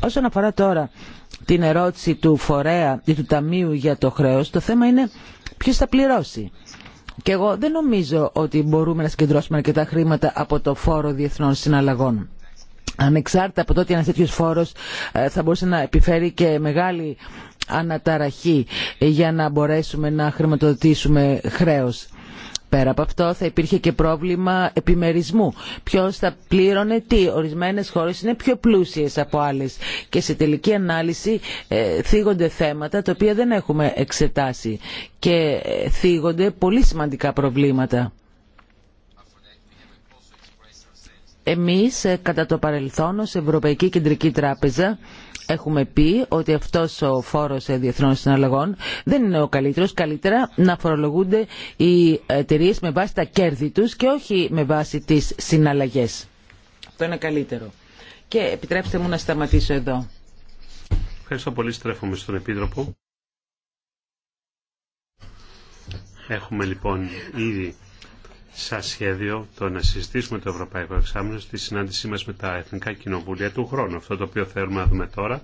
Όσον αφορά τώρα την ερώτηση του φορέα ή του ταμείου για το χρέος, το θέμα είναι ποιος θα πληρώσει. Και εγώ δεν νομίζω ότι μπορούμε να συγκεντρώσουμε αρκετά χρήματα από το φόρο διεθνών συναλλαγών. Ανεξάρτητα από το ότι ένα τέτοιο φόρο ε, θα μπορούσε να επιφέρει και μεγάλη αναταραχή για να μπορέσουμε να χρηματοδοτήσουμε χρέος. Πέρα από αυτό θα υπήρχε και πρόβλημα επιμερισμού. Ποιο θα πλήρωνε τι. Ορισμένε χώρε είναι πιο πλούσιε από άλλε. Και σε τελική ανάλυση ε, θίγονται θέματα τα οποία δεν έχουμε εξετάσει. Και ε, θίγονται πολύ σημαντικά προβλήματα. Εμείς ε, κατά το παρελθόν ως Ευρωπαϊκή Κεντρική Τράπεζα έχουμε πει ότι αυτός ο φόρος ε, διεθνών συναλλαγών δεν είναι ο καλύτερος. Καλύτερα να φορολογούνται οι εταιρείε με βάση τα κέρδη τους και όχι με βάση τις συναλλαγές. Αυτό είναι καλύτερο. Και επιτρέψτε μου να σταματήσω εδώ. Ευχαριστώ πολύ. Στρέφομαι στον Επίτροπο. Έχουμε λοιπόν ήδη σαν σχέδιο το να συζητήσουμε το Ευρωπαϊκό Εξάμεινο στη συνάντησή μας με τα Εθνικά Κοινοβούλια του χρόνου. Αυτό το οποίο θέλουμε να δούμε τώρα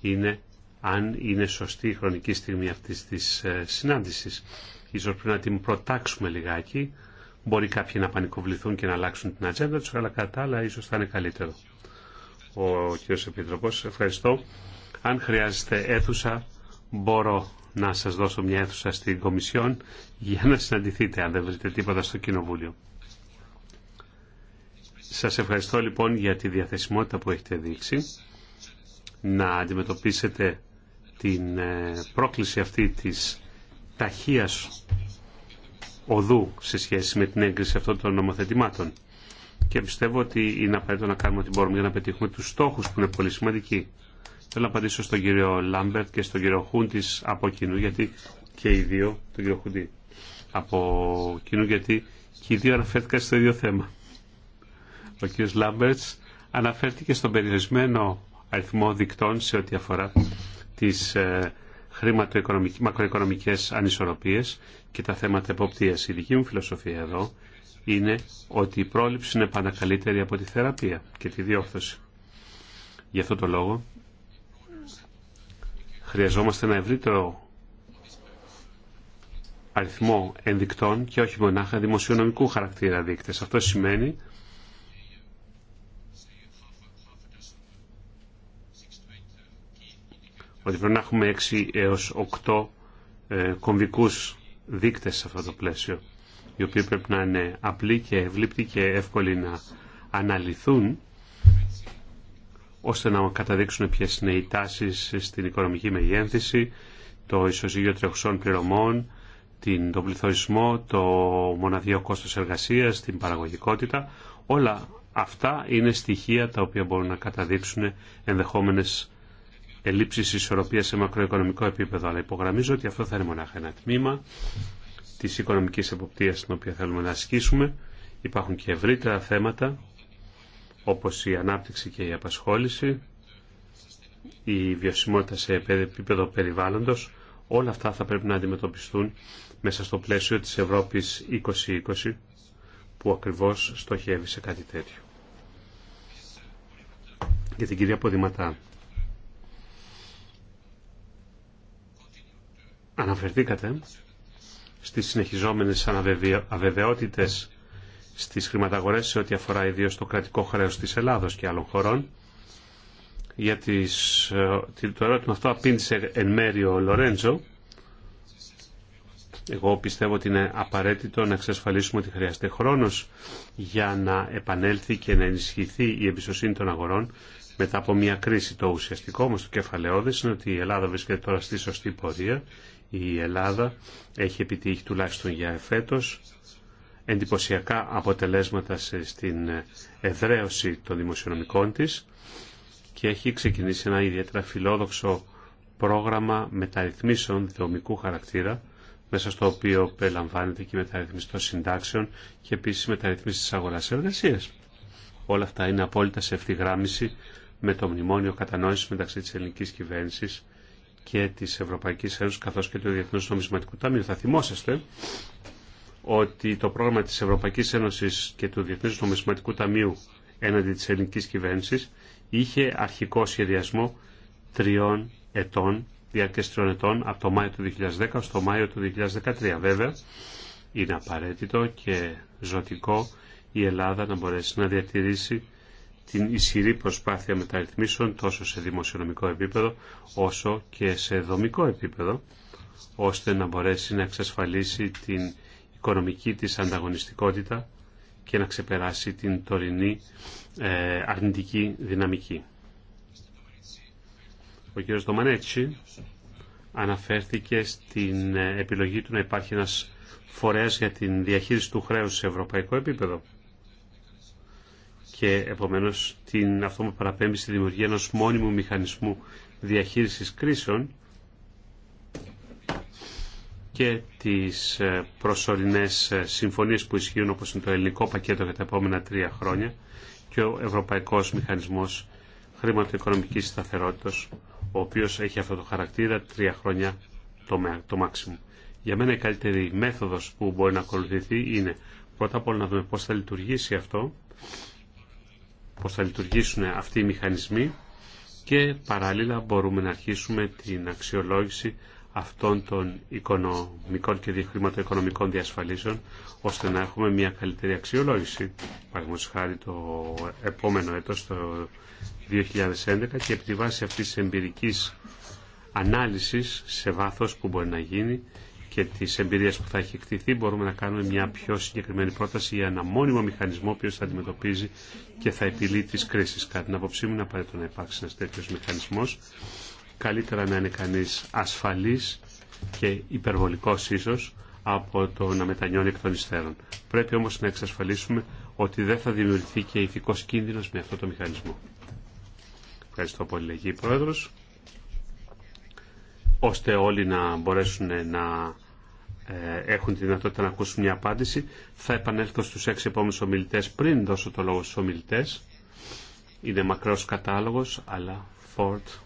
είναι αν είναι σωστή η χρονική στιγμή αυτής της ε, συνάντησης. Ίσως πριν να την προτάξουμε λιγάκι. Μπορεί κάποιοι να πανικοβληθούν και να αλλάξουν την ατζέντα τους, αλλά κατά άλλα ίσως θα είναι καλύτερο. Ο κ. Επιτροπός, ευχαριστώ. Αν χρειάζεται αίθουσα, μπορώ να σας δώσω μια αίθουσα στην Κομισιόν για να συναντηθείτε αν δεν βρείτε τίποτα στο Κοινοβούλιο. Σας ευχαριστώ λοιπόν για τη διαθεσιμότητα που έχετε δείξει να αντιμετωπίσετε την ε, πρόκληση αυτή της ταχείας οδού σε σχέση με την έγκριση αυτών των νομοθετημάτων. Και πιστεύω ότι είναι απαραίτητο να κάνουμε ό,τι μπορούμε για να πετύχουμε τους στόχους που είναι πολύ σημαντικοί. Θέλω να απαντήσω στον κύριο Λάμπερτ και στον κύριο Χούντης από κοινού, γιατί και οι δύο, τον κύριο Χούντι, από κοινού, γιατί και οι δύο αναφέρθηκαν στο ίδιο θέμα. Ο κύριο Λάμπερτ αναφέρθηκε στον περιορισμένο αριθμό δικτών σε ό,τι αφορά τις ε, μακροοικονομικές ανισορροπίε και τα θέματα εποπτείας. Η δική μου φιλοσοφία εδώ είναι ότι η πρόληψη είναι πάντα καλύτερη από τη θεραπεία και τη διόρθωση. Γι' αυτό το λόγο Χρειαζόμαστε ένα ευρύτερο αριθμό ενδεικτών και όχι μονάχα δημοσιονομικού χαρακτήρα δείκτες. Αυτό σημαίνει ότι πρέπει να έχουμε 6 έως 8 ε, κομβικούς δείκτες σε αυτό το πλαίσιο, οι οποίοι πρέπει να είναι απλοί και ευλήπτοι και εύκολοι να αναλυθούν ώστε να καταδείξουν ποιε είναι οι τάσει στην οικονομική μεγέθυνση, το ισοζύγιο τρεχουσών πληρωμών, την, τον πληθωρισμό, το μοναδίο κόστο εργασία, την παραγωγικότητα. Όλα αυτά είναι στοιχεία τα οποία μπορούν να καταδείξουν ενδεχόμενες ελλείψει ισορροπία σε μακροοικονομικό επίπεδο. Αλλά υπογραμμίζω ότι αυτό θα είναι μονάχα ένα τμήμα τη οικονομική εποπτεία την οποία θέλουμε να ασκήσουμε. Υπάρχουν και ευρύτερα θέματα όπως η ανάπτυξη και η απασχόληση, η βιωσιμότητα σε επίπεδο περιβάλλοντος, όλα αυτά θα πρέπει να αντιμετωπιστούν μέσα στο πλαίσιο της Ευρώπης 2020 που ακριβώς στοχεύει σε κάτι τέτοιο. Για την κυρία Ποδηματά. Αναφερθήκατε στις συνεχιζόμενες αβεβαιότητες στις χρηματαγορές σε ό,τι αφορά ιδίως το κρατικό χρέος της Ελλάδος και άλλων χωρών. Για τις, ε, το ερώτημα αυτό απήντησε εν μέρει ο Λορέντζο. Εγώ πιστεύω ότι είναι απαραίτητο να εξασφαλίσουμε ότι χρειάζεται χρόνος για να επανέλθει και να ενισχυθεί η εμπιστοσύνη των αγορών μετά από μια κρίση. Το ουσιαστικό όμως του κεφαλαιόδες είναι ότι η Ελλάδα βρίσκεται τώρα στη σωστή πορεία. Η Ελλάδα έχει επιτύχει τουλάχιστον για εφέτος εντυπωσιακά αποτελέσματα στην εδραίωση των δημοσιονομικών της και έχει ξεκινήσει ένα ιδιαίτερα φιλόδοξο πρόγραμμα μεταρρυθμίσεων δομικού χαρακτήρα μέσα στο οποίο περιλαμβάνεται και η μεταρρυθμίση των συντάξεων και επίσης η μεταρρυθμίση της αγοράς εργασίας. Όλα αυτά είναι απόλυτα σε ευθυγράμμιση με το μνημόνιο κατανόηση μεταξύ της ελληνικής κυβέρνησης και της Ευρωπαϊκής Ένωσης καθώς και του Διεθνούς Νομισματικού Ταμείου. Θα θυμόσαστε ότι το πρόγραμμα της Ευρωπαϊκής Ένωσης και του Διεθνούς Νομισματικού Ταμείου έναντι της ελληνικής κυβέρνησης είχε αρχικό σχεδιασμό τριών ετών, διάρκειας τριών ετών από το Μάιο του 2010 στο Μάιο του 2013. Βέβαια, είναι απαραίτητο και ζωτικό η Ελλάδα να μπορέσει να διατηρήσει την ισχυρή προσπάθεια μεταρρυθμίσεων τόσο σε δημοσιονομικό επίπεδο όσο και σε δομικό επίπεδο ώστε να μπορέσει να εξασφαλίσει την οικονομική της ανταγωνιστικότητα και να ξεπεράσει την τωρινή ε, αρνητική δυναμική. Ο κ. Ντομανέτσι αναφέρθηκε στην ε, επιλογή του να υπάρχει ένας φορέας για την διαχείριση του χρέους σε ευρωπαϊκό επίπεδο και επομένως την, αυτό που παραπέμπει στη δημιουργία ενός μόνιμου μηχανισμού διαχείρισης κρίσεων και τις ε, προσωρινές ε, συμφωνίες που ισχύουν όπως είναι το ελληνικό πακέτο για τα επόμενα τρία χρόνια και ο Ευρωπαϊκός Μηχανισμός Χρηματοοικονομικής Σταθερότητας ο οποίος έχει αυτό το χαρακτήρα τρία χρόνια το, το μάξιμο. Για μένα η καλύτερη μέθοδος που μπορεί να ακολουθηθεί είναι πρώτα απ' όλα να δούμε πώς θα λειτουργήσει αυτό, πώς θα λειτουργήσουν αυτοί οι μηχανισμοί και παράλληλα μπορούμε να αρχίσουμε την αξιολόγηση αυτών των οικονομικών και χρηματοοικονομικών διασφαλίσεων, ώστε να έχουμε μια καλύτερη αξιολόγηση. παραδείγματος χάρη το επόμενο έτος, το 2011, και επί τη βάση αυτής της εμπειρικής ανάλυσης σε βάθος που μπορεί να γίνει και τη εμπειρία που θα έχει εκτιθεί, μπορούμε να κάνουμε μια πιο συγκεκριμένη πρόταση για ένα μόνιμο μηχανισμό που θα αντιμετωπίζει και θα επιλύει τις κρίσεις. Κατά την άποψή μου, είναι απαραίτητο να υπάρξει ένα τέτοιο μηχανισμό καλύτερα να είναι κανείς ασφαλής και υπερβολικός ίσως από το να μετανιώνει εκ των υστέρων. Πρέπει όμως να εξασφαλίσουμε ότι δεν θα δημιουργηθεί και ηθικός κίνδυνος με αυτό το μηχανισμό. Ευχαριστώ πολύ, λέγει Πρόεδρος, ώστε όλοι να μπορέσουν να ε, έχουν τη δυνατότητα να ακούσουν μια απάντηση. Θα επανέλθω στους έξι επόμενους ομιλητές πριν δώσω το λόγο στους ομιλητές. Είναι μακρός κατάλογος, αλλά Ford,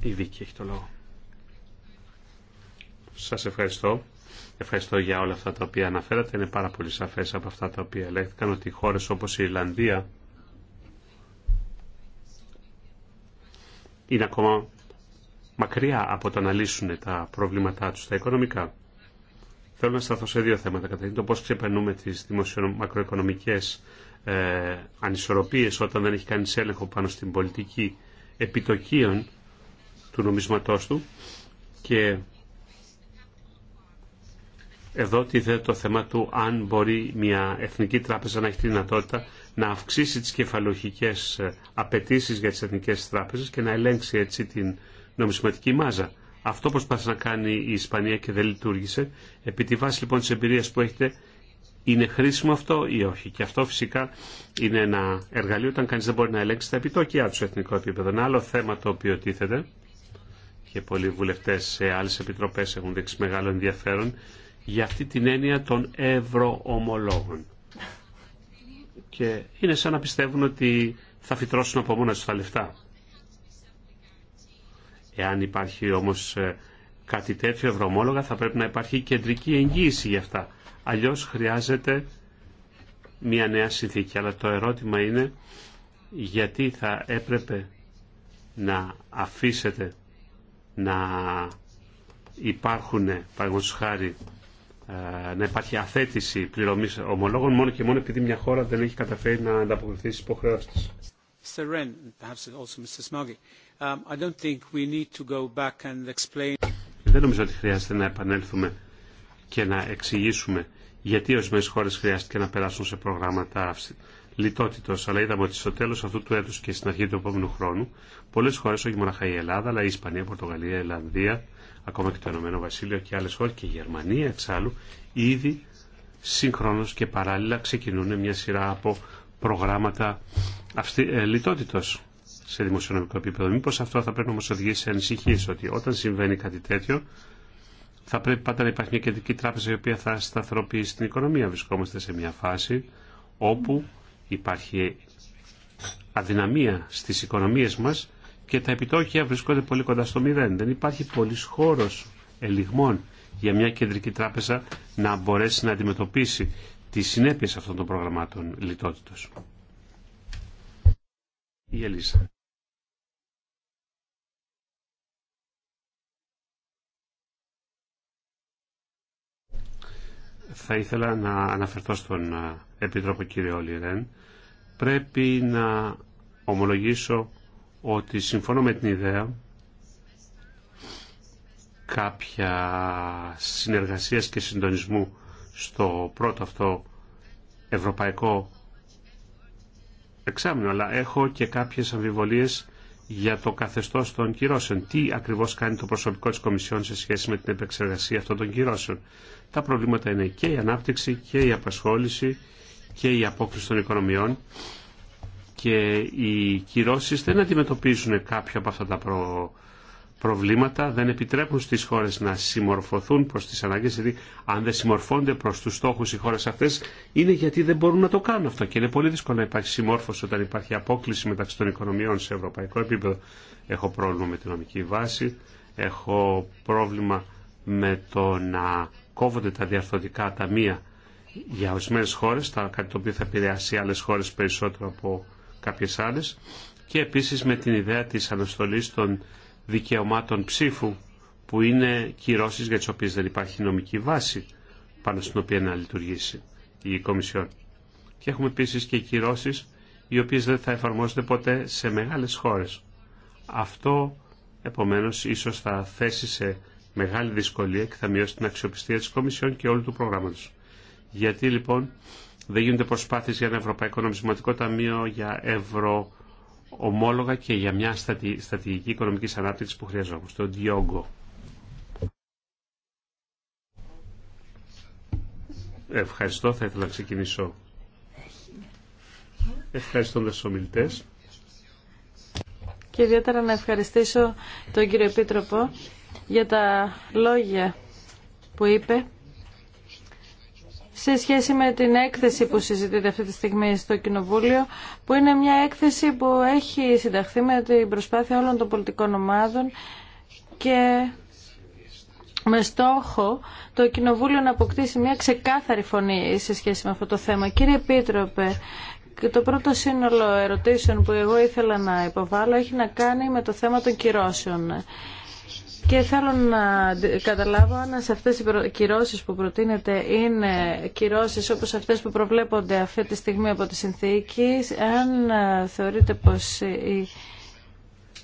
Η Βίκη έχει το λόγο. Σας ευχαριστώ. Ευχαριστώ για όλα αυτά τα οποία αναφέρατε. Είναι πάρα πολύ σαφές από αυτά τα οποία ελέγχθηκαν ότι χώρες όπως η Ιρλανδία είναι ακόμα μακριά από το να λύσουν τα προβλήματά τους, τα οικονομικά. Θέλω να σταθώ σε δύο θέματα. Καταρχήν το πώς ξεπερνούμε τις μακροοικονομικές ε, ανισορροπίες όταν δεν έχει κάνει έλεγχο πάνω στην πολιτική επιτοκίων του νομισματός του και εδώ τίθεται το θέμα του αν μπορεί μια εθνική τράπεζα να έχει τη δυνατότητα να αυξήσει τις κεφαλοχικές ε, απαιτήσει για τις εθνικές τράπεζες και να ελέγξει έτσι την νομισματική μάζα. Αυτό προσπάθησε να κάνει η Ισπανία και δεν λειτουργήσε. Επί τη βάση λοιπόν της εμπειρίας που έχετε, είναι χρήσιμο αυτό ή όχι. Και αυτό φυσικά είναι ένα εργαλείο όταν κανείς δεν μπορεί να ελέγξει τα επιτόκια του σε εθνικό επίπεδο. Ένα άλλο θέμα το οποίο τίθεται και πολλοί βουλευτές σε άλλες επιτροπές έχουν δείξει μεγάλο ενδιαφέρον για αυτή την έννοια των ευρωομολόγων. Και είναι σαν να πιστεύουν ότι θα φυτρώσουν από μόνα τους τα λεφτά. Εάν υπάρχει όμως ε, κάτι τέτοιο ευρωομόλογα θα πρέπει να υπάρχει κεντρική εγγύηση για αυτά. Αλλιώς χρειάζεται μια νέα συνθήκη. Αλλά το ερώτημα είναι γιατί θα έπρεπε να αφήσετε να υπάρχουν, παραδείγματος χάρη, ε, να υπάρχει αθέτηση πληρωμής ομολόγων μόνο και μόνο επειδή μια χώρα δεν έχει καταφέρει να ανταποκριθεί στις υποχρεώσεις της. Δεν νομίζω ότι χρειάζεται να επανέλθουμε και να εξηγήσουμε γιατί ορισμένε χώρε χρειάστηκε να περάσουν σε προγράμματα λιτότητο. Αλλά είδαμε ότι στο τέλο αυτού του έτου και στην αρχή του επόμενου χρόνου πολλέ χώρε όχι μόνο η Ελλάδα, αλλά η Ισπανία, η Πορτογαλία, η Ελλανδία, ακόμα και το Ηνωμένο Βασίλειο και άλλε χώρε και η Γερμανία εξάλλου, ήδη συγχρόνω και παράλληλα ξεκινούν μια σειρά από προγράμματα αυστη... ε, λιτότητο σε δημοσιονομικό επίπεδο. Μήπω αυτό θα πρέπει να μα οδηγήσει σε ανησυχίε ότι όταν συμβαίνει κάτι τέτοιο, θα πρέπει πάντα να υπάρχει μια κεντρική τράπεζα η οποία θα σταθεροποιήσει την οικονομία. Βρισκόμαστε σε μια φάση όπου Υπάρχει αδυναμία στις οικονομίες μας και τα επιτόκια βρισκόνται πολύ κοντά στο μηδέν. Δεν υπάρχει πολλής χώρος ελιγμών για μια κεντρική τράπεζα να μπορέσει να αντιμετωπίσει τις συνέπειες αυτών των προγραμμάτων λιτότητος. θα ήθελα να αναφερθώ στον Επίτροπο κύριο Όλιρεν. Πρέπει να ομολογήσω ότι συμφωνώ με την ιδέα κάποια συνεργασίας και συντονισμού στο πρώτο αυτό ευρωπαϊκό εξάμεινο, αλλά έχω και κάποιες αμφιβολίες για το καθεστώς των κυρώσεων. Τι ακριβώς κάνει το προσωπικό της Κομισιόν σε σχέση με την επεξεργασία αυτών των κυρώσεων. Τα προβλήματα είναι και η ανάπτυξη και η απασχόληση και η απόκληση των οικονομιών και οι κυρώσεις δεν αντιμετωπίζουν κάποια από αυτά τα προβλήματα, δεν επιτρέπουν στις χώρες να συμμορφωθούν προς τις ανάγκες, Δηλαδή αν δεν συμμορφώνται προς τους στόχους οι χώρες αυτές είναι γιατί δεν μπορούν να το κάνουν αυτό και είναι πολύ δύσκολο να υπάρχει συμμόρφωση όταν υπάρχει απόκληση μεταξύ των οικονομιών σε ευρωπαϊκό επίπεδο. Έχω πρόβλημα με την νομική βάση, έχω πρόβλημα με το να κόβονται τα διαρθωτικά ταμεία για ορισμένε χώρε, κάτι το οποίο θα επηρεάσει άλλε χώρε περισσότερο από κάποιε άλλε. Και επίση με την ιδέα τη αναστολή των δικαιωμάτων ψήφου, που είναι κυρώσει για τι οποίε δεν υπάρχει νομική βάση πάνω στην οποία να λειτουργήσει η Κομισιόν. Και έχουμε επίση και κυρώσει οι οποίε δεν θα εφαρμόζονται ποτέ σε μεγάλε χώρε. Αυτό επομένως ίσως θα θέσει σε μεγάλη δυσκολία και θα μειώσει την αξιοπιστία της Κομισιόν και όλου του προγράμματος. Γιατί λοιπόν δεν γίνονται προσπάθειες για ένα Ευρωπαϊκό Νομισματικό Ταμείο, για ευρώ ομόλογα και για μια στρατηγική οικονομικής ανάπτυξης που χρειαζόμαστε, τον Διόγκο. Ευχαριστώ, θα ήθελα να ξεκινήσω Ευχαριστώ τους ομιλητές. Και ιδιαίτερα να ευχαριστήσω τον κύριο Επίτροπο για τα λόγια που είπε σε σχέση με την έκθεση που συζητείται αυτή τη στιγμή στο Κοινοβούλιο, που είναι μια έκθεση που έχει συνταχθεί με την προσπάθεια όλων των πολιτικών ομάδων και με στόχο το Κοινοβούλιο να αποκτήσει μια ξεκάθαρη φωνή σε σχέση με αυτό το θέμα. Κύριε Επίτροπε, το πρώτο σύνολο ερωτήσεων που εγώ ήθελα να υποβάλω έχει να κάνει με το θέμα των κυρώσεων. Και θέλω να καταλάβω αν σε αυτές οι κυρώσεις που προτείνετε είναι κυρώσεις όπως αυτές που προβλέπονται αυτή τη στιγμή από τη συνθήκη, αν ε, θεωρείτε πως η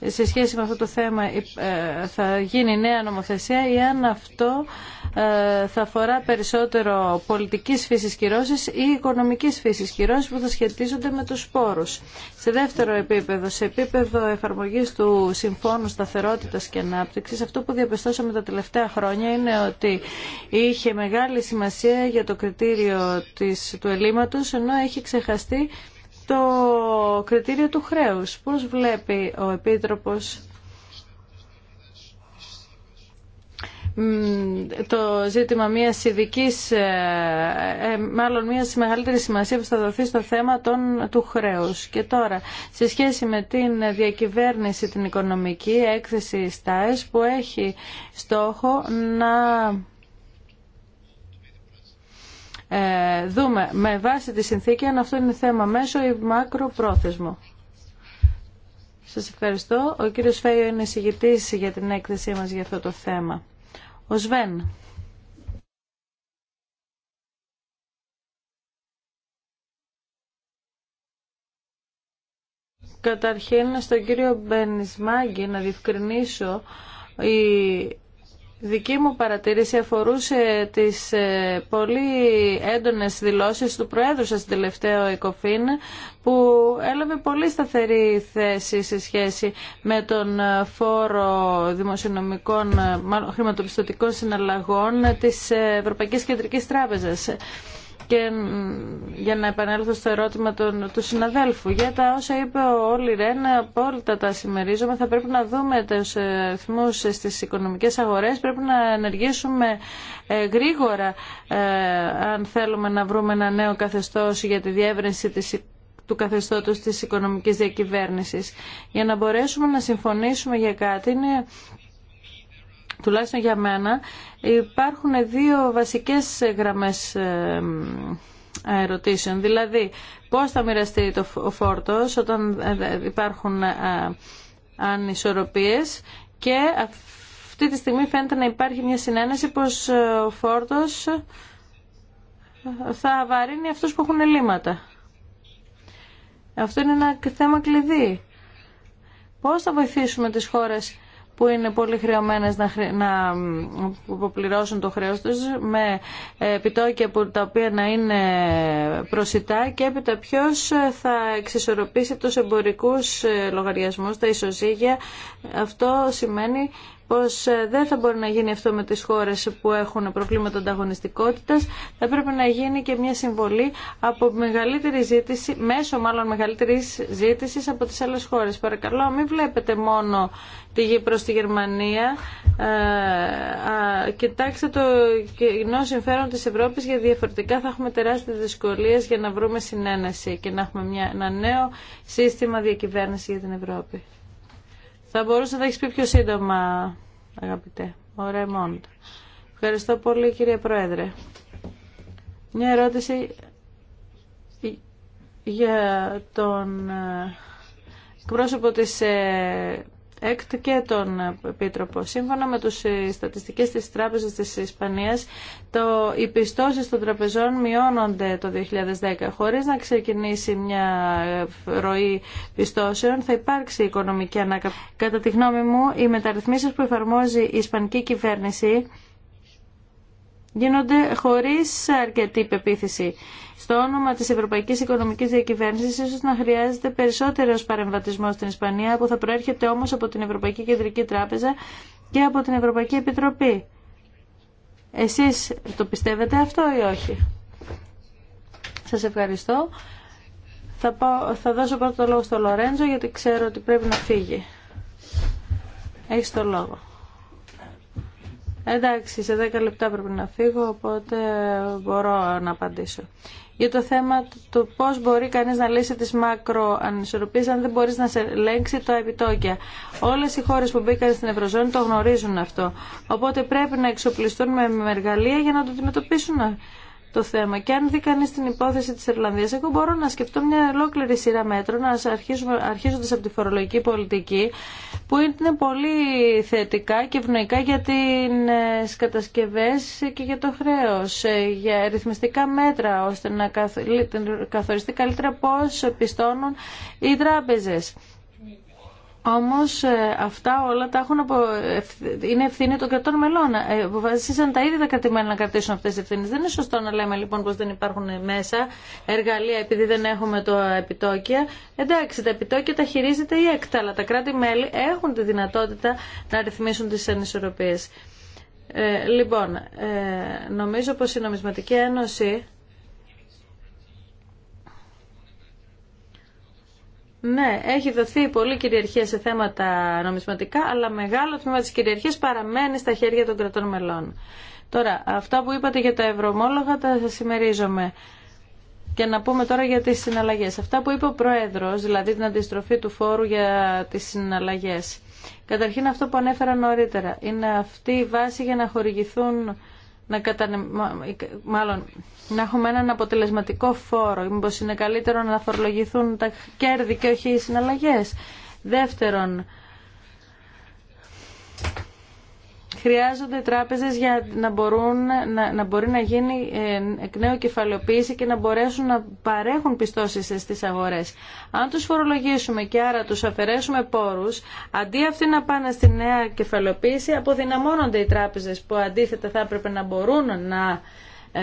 σε σχέση με αυτό το θέμα ε, θα γίνει νέα νομοθεσία ή αν αυτό ε, θα αφορά περισσότερο πολιτικής φύσης κυρώσεις ή οικονομικής φύσης κυρώσεις που θα σχετίζονται με τους σπόρους. Σε δεύτερο επίπεδο, σε επίπεδο εφαρμογής του Συμφώνου Σταθερότητας και Ανάπτυξης, αυτό που διαπιστώσαμε τα τελευταία χρόνια είναι ότι είχε μεγάλη σημασία για το κριτήριο της, του ελλείμματος, ενώ έχει ξεχαστεί το κριτήριο του χρέους. Πώς βλέπει ο Επίτροπος το ζήτημα μιας ειδικής, ε, ε, μάλλον μιας μεγαλύτερη σημασία που θα δοθεί στο θέμα των, του χρέους. Και τώρα, σε σχέση με την διακυβέρνηση την οικονομική έκθεση ΣΤΑΕΣ που έχει στόχο να ε, δούμε με βάση τη συνθήκη αν αυτό είναι θέμα μέσο ή προθεσμο Σας ευχαριστώ. Ο κύριος Φέιο είναι συγητής για την έκθεσή μας για αυτό το θέμα. Ο Σβέν. Καταρχήν στον κύριο Μπενισμάγκη να διευκρινίσω η δική μου παρατήρηση αφορούσε τις ε, πολύ έντονες δηλώσεις του Προέδρου σας τελευταίο ΕΚΟΦΗΝ που έλαβε πολύ σταθερή θέση σε σχέση με τον ε, φόρο δημοσιονομικών ε, χρηματοπιστωτικών συναλλαγών της Ευρωπαϊκής Κεντρικής Τράπεζας και για να επανέλθω στο ερώτημα του συναδέλφου για τα όσα είπε ο Όλη απόλυτα τα συμμερίζομαι θα πρέπει να δούμε τους αριθμούς ε, στις οικονομικές αγορές πρέπει να ενεργήσουμε ε, γρήγορα ε, αν θέλουμε να βρούμε ένα νέο καθεστώς για τη διεύρυνση της του καθεστώτος της οικονομικής διακυβέρνησης. Για να μπορέσουμε να συμφωνήσουμε για κάτι τουλάχιστον για μένα, Υπάρχουν δύο βασικές γραμμές ε, ε, ερωτήσεων. Δηλαδή, πώς θα μοιραστεί το φόρτος όταν ε, υπάρχουν ανισορροπίες και αυτή τη στιγμή φαίνεται να υπάρχει μια συνένεση πως ο φόρτος θα βαρύνει αυτούς που έχουν ελλείμματα. Αυτό είναι ένα θέμα κλειδί. Πώς θα βοηθήσουμε τις χώρες που είναι πολύ χρεωμένες να, να αποπληρώσουν το χρέος τους με ε, επιτόκια που τα οποία να είναι προσιτά και έπειτα ποιος ε, θα εξισορροπήσει τους εμπορικούς ε, λογαριασμούς, τα ισοζύγια. Αυτό σημαίνει πως ε, δεν θα μπορεί να γίνει αυτό με τις χώρες που έχουν προβλήματα ανταγωνιστικότητας. Θα πρέπει να γίνει και μια συμβολή από μεγαλύτερη ζήτηση, μέσω μάλλον μεγαλύτερη ζήτηση από τις άλλες χώρες. Παρακαλώ, μην βλέπετε μόνο τη γη προς τη Γερμανία. Ε, κοιτάξτε το κοινό συμφέρον της Ευρώπης γιατί διαφορετικά θα έχουμε τεράστιες δυσκολίες για να βρούμε συνένεση και να έχουμε μια, ένα νέο σύστημα διακυβέρνηση για την Ευρώπη. Θα μπορούσα να τα έχει πει πιο σύντομα, αγαπητέ. Ωραία, μόνο. Ευχαριστώ πολύ, κύριε Πρόεδρε. Μια ερώτηση για τον ε, εκπρόσωπο της ε, ΕΚΤ και τον Επίτροπο. Σύμφωνα με τους ε, στατιστικές της Τράπεζας της Ισπανίας, το, οι πιστώσεις των τραπεζών μειώνονται το 2010. Χωρίς να ξεκινήσει μια ε, ροή πιστώσεων, θα υπάρξει οικονομική ανάκαμψη. Κατά τη γνώμη μου, οι μεταρρυθμίσεις που εφαρμόζει η Ισπανική κυβέρνηση γίνονται χωρίς αρκετή πεποίθηση. Στο όνομα της Ευρωπαϊκής Οικονομικής Διακυβέρνησης ίσως να χρειάζεται περισσότερο παρεμβατισμός στην Ισπανία που θα προέρχεται όμως από την Ευρωπαϊκή Κεντρική Τράπεζα και από την Ευρωπαϊκή Επιτροπή. Εσείς το πιστεύετε αυτό ή όχι. Σας ευχαριστώ. Θα, θα δώσω πρώτο το λόγο στο Λορέντζο γιατί ξέρω ότι πρέπει να φύγει. Έχει το λόγο. Εντάξει, σε 10 λεπτά πρέπει να φύγω, οπότε μπορώ να απαντήσω για το θέμα του πώς μπορεί κανείς να λύσει τις μακροανισορροπίες αν δεν μπορείς να σε ελέγξει τα επιτόκια. Όλες οι χώρες που μπήκαν στην Ευρωζώνη το γνωρίζουν αυτό. Οπότε πρέπει να εξοπλιστούν με εργαλεία για να το αντιμετωπίσουν το θέμα. Και αν δει κανεί την υπόθεση τη Ιρλανδία, εγώ μπορώ να σκεφτώ μια ολόκληρη σειρά μέτρων, αρχίζοντα από τη φορολογική πολιτική, που είναι πολύ θετικά και ευνοϊκά για τι κατασκευέ και για το χρέο. Ε, για ρυθμιστικά μέτρα, ώστε να καθοριστεί καλύτερα πώ πιστώνουν οι τράπεζε. Όμως ε, αυτά όλα τα έχουν απο... είναι ευθύνη των κρατών μελών. Βασίσαν ε, τα ίδια τα κρατημένα να κρατήσουν αυτές τις ευθύνες. Δεν είναι σωστό να λέμε λοιπόν πως δεν υπάρχουν μέσα εργαλεία επειδή δεν έχουμε το επιτόκια. Εντάξει, τα επιτόκια τα χειρίζεται η ΕΚΤΑ, αλλά τα κράτη-μέλη έχουν τη δυνατότητα να ρυθμίσουν τις ανισορροπίες. Ε, λοιπόν, ε, νομίζω πως η Νομισματική Ένωση Ναι, έχει δοθεί πολλή κυριαρχία σε θέματα νομισματικά, αλλά μεγάλο τμήμα της κυριαρχίας παραμένει στα χέρια των κρατών μελών. Τώρα, αυτά που είπατε για τα ευρωομόλογα τα συμμερίζομαι. Και να πούμε τώρα για τις συναλλαγές. Αυτά που είπε ο Πρόεδρος, δηλαδή την αντιστροφή του φόρου για τις συναλλαγές. Καταρχήν αυτό που ανέφερα νωρίτερα, είναι αυτή η βάση για να χορηγηθούν να, κατανε... Μάλλον, να έχουμε έναν αποτελεσματικό φόρο. Μήπω είναι καλύτερο να φορολογηθούν τα κέρδη και όχι οι συναλλαγές. Δεύτερον, χρειάζονται τράπεζες για να, μπορούν, να, μπορεί να γίνει ε, εκ νέου κεφαλαιοποίηση και να μπορέσουν να παρέχουν πιστώσεις στις αγορές. Αν τους φορολογήσουμε και άρα τους αφαιρέσουμε πόρους, αντί αυτοί να πάνε στη νέα κεφαλαιοποίηση, αποδυναμώνονται οι τράπεζες που αντίθετα θα έπρεπε να μπορούν να ε,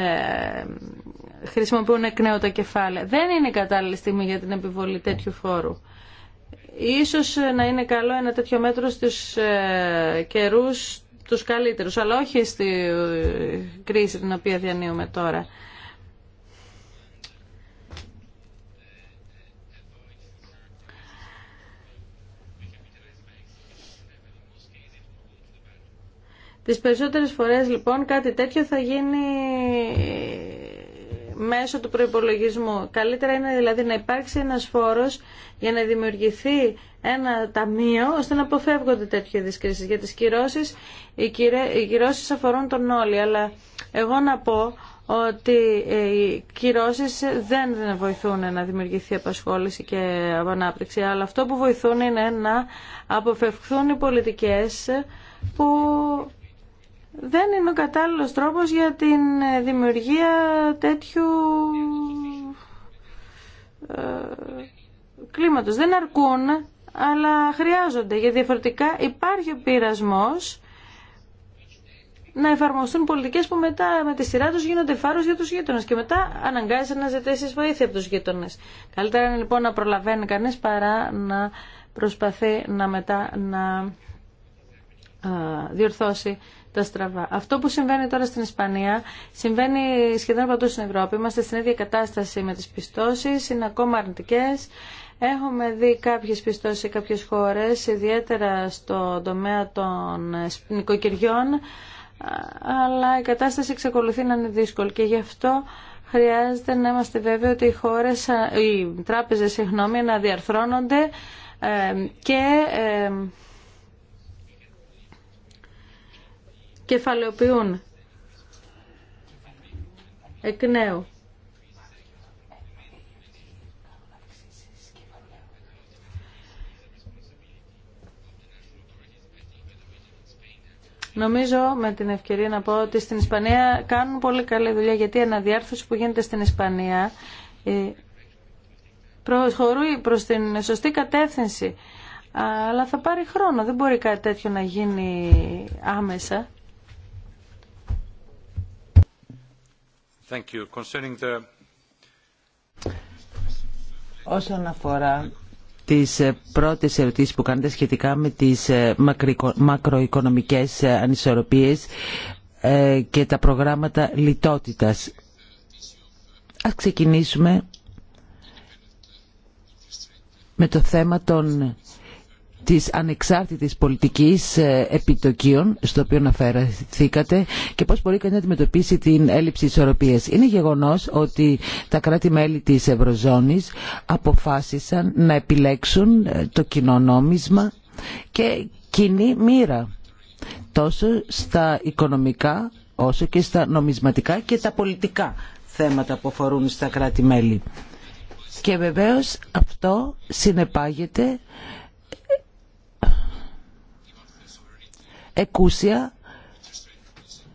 χρησιμοποιούν εκ νέου τα κεφάλαια. Δεν είναι κατάλληλη στιγμή για την επιβολή τέτοιου φόρου. Ίσως να είναι καλό ένα τέτοιο μέτρο στους ε, τους καλύτερους, αλλά όχι στη κρίση την οποία διανύουμε τώρα. Τις περισσότερες φορές λοιπόν κάτι τέτοιο θα γίνει μέσω του προϋπολογισμού. Καλύτερα είναι δηλαδή να υπάρξει ένας φόρος για να δημιουργηθεί ένα ταμείο ώστε να αποφεύγονται τέτοιες δυσκρίσεις. Για τις κυρώσεις, οι, κυρέ, οι κυρώσεις αφορούν τον όλοι, αλλά εγώ να πω ότι οι κυρώσεις δεν βοηθούν να δημιουργηθεί απασχόληση και ανάπτυξη, αλλά αυτό που βοηθούν είναι να αποφευχθούν οι πολιτικές που δεν είναι ο κατάλληλος τρόπος για την ε, δημιουργία τέτοιου ε, κλίματος. Δεν αρκούν, αλλά χρειάζονται, γιατί διαφορετικά υπάρχει ο πειρασμός να εφαρμοστούν πολιτικές που μετά με τη σειρά τους γίνονται φάρος για τους γείτονες και μετά αναγκάζεται να ζητήσεις βοήθεια από τους γείτονες. Καλύτερα είναι λοιπόν να προλαβαίνει κανείς παρά να προσπαθεί να μετά να ε, διορθώσει τα στραβά. Αυτό που συμβαίνει τώρα στην Ισπανία συμβαίνει σχεδόν παντού στην Ευρώπη. Είμαστε στην ίδια κατάσταση με τις πιστώσεις, είναι ακόμα αρνητικές. Έχουμε δει κάποιες πιστώσεις σε κάποιες χώρες, ιδιαίτερα στον τομέα των ε, νοικοκυριών, αλλά η κατάσταση εξακολουθεί να είναι δύσκολη και γι' αυτό χρειάζεται να είμαστε βέβαιοι ότι οι, χώρες, οι τράπεζες συγγνώμη, να διαρθρώνονται ε, και ε, κεφαλαιοποιούν εκ νέου. Νομίζω με την ευκαιρία να πω ότι στην Ισπανία κάνουν πολύ καλή δουλειά γιατί η αναδιάρθρωση που γίνεται στην Ισπανία ε, προχωρεί προς την σωστή κατεύθυνση αλλά θα πάρει χρόνο, δεν μπορεί κάτι τέτοιο να γίνει άμεσα. Όσον αφορά τις ε, πρώτες ερωτήσεις που κάνετε σχετικά με τις ε, μακροοικονομικές ε, ανισορροπίες και τα προγράμματα λιτότητας. Ας ξεκινήσουμε με το θέμα των της ανεξάρτητης πολιτικής ε, επιτοκίων στο οποίο αναφερθήκατε και πώς μπορεί κανείς να αντιμετωπίσει την έλλειψη ισορροπίας. Είναι γεγονός ότι τα κράτη-μέλη της Ευρωζώνης αποφάσισαν να επιλέξουν ε, το κοινό νόμισμα και κοινή μοίρα τόσο στα οικονομικά όσο και στα νομισματικά και τα πολιτικά θέματα που αφορούν στα κράτη-μέλη. Και βεβαίως αυτό συνεπάγεται εκούσια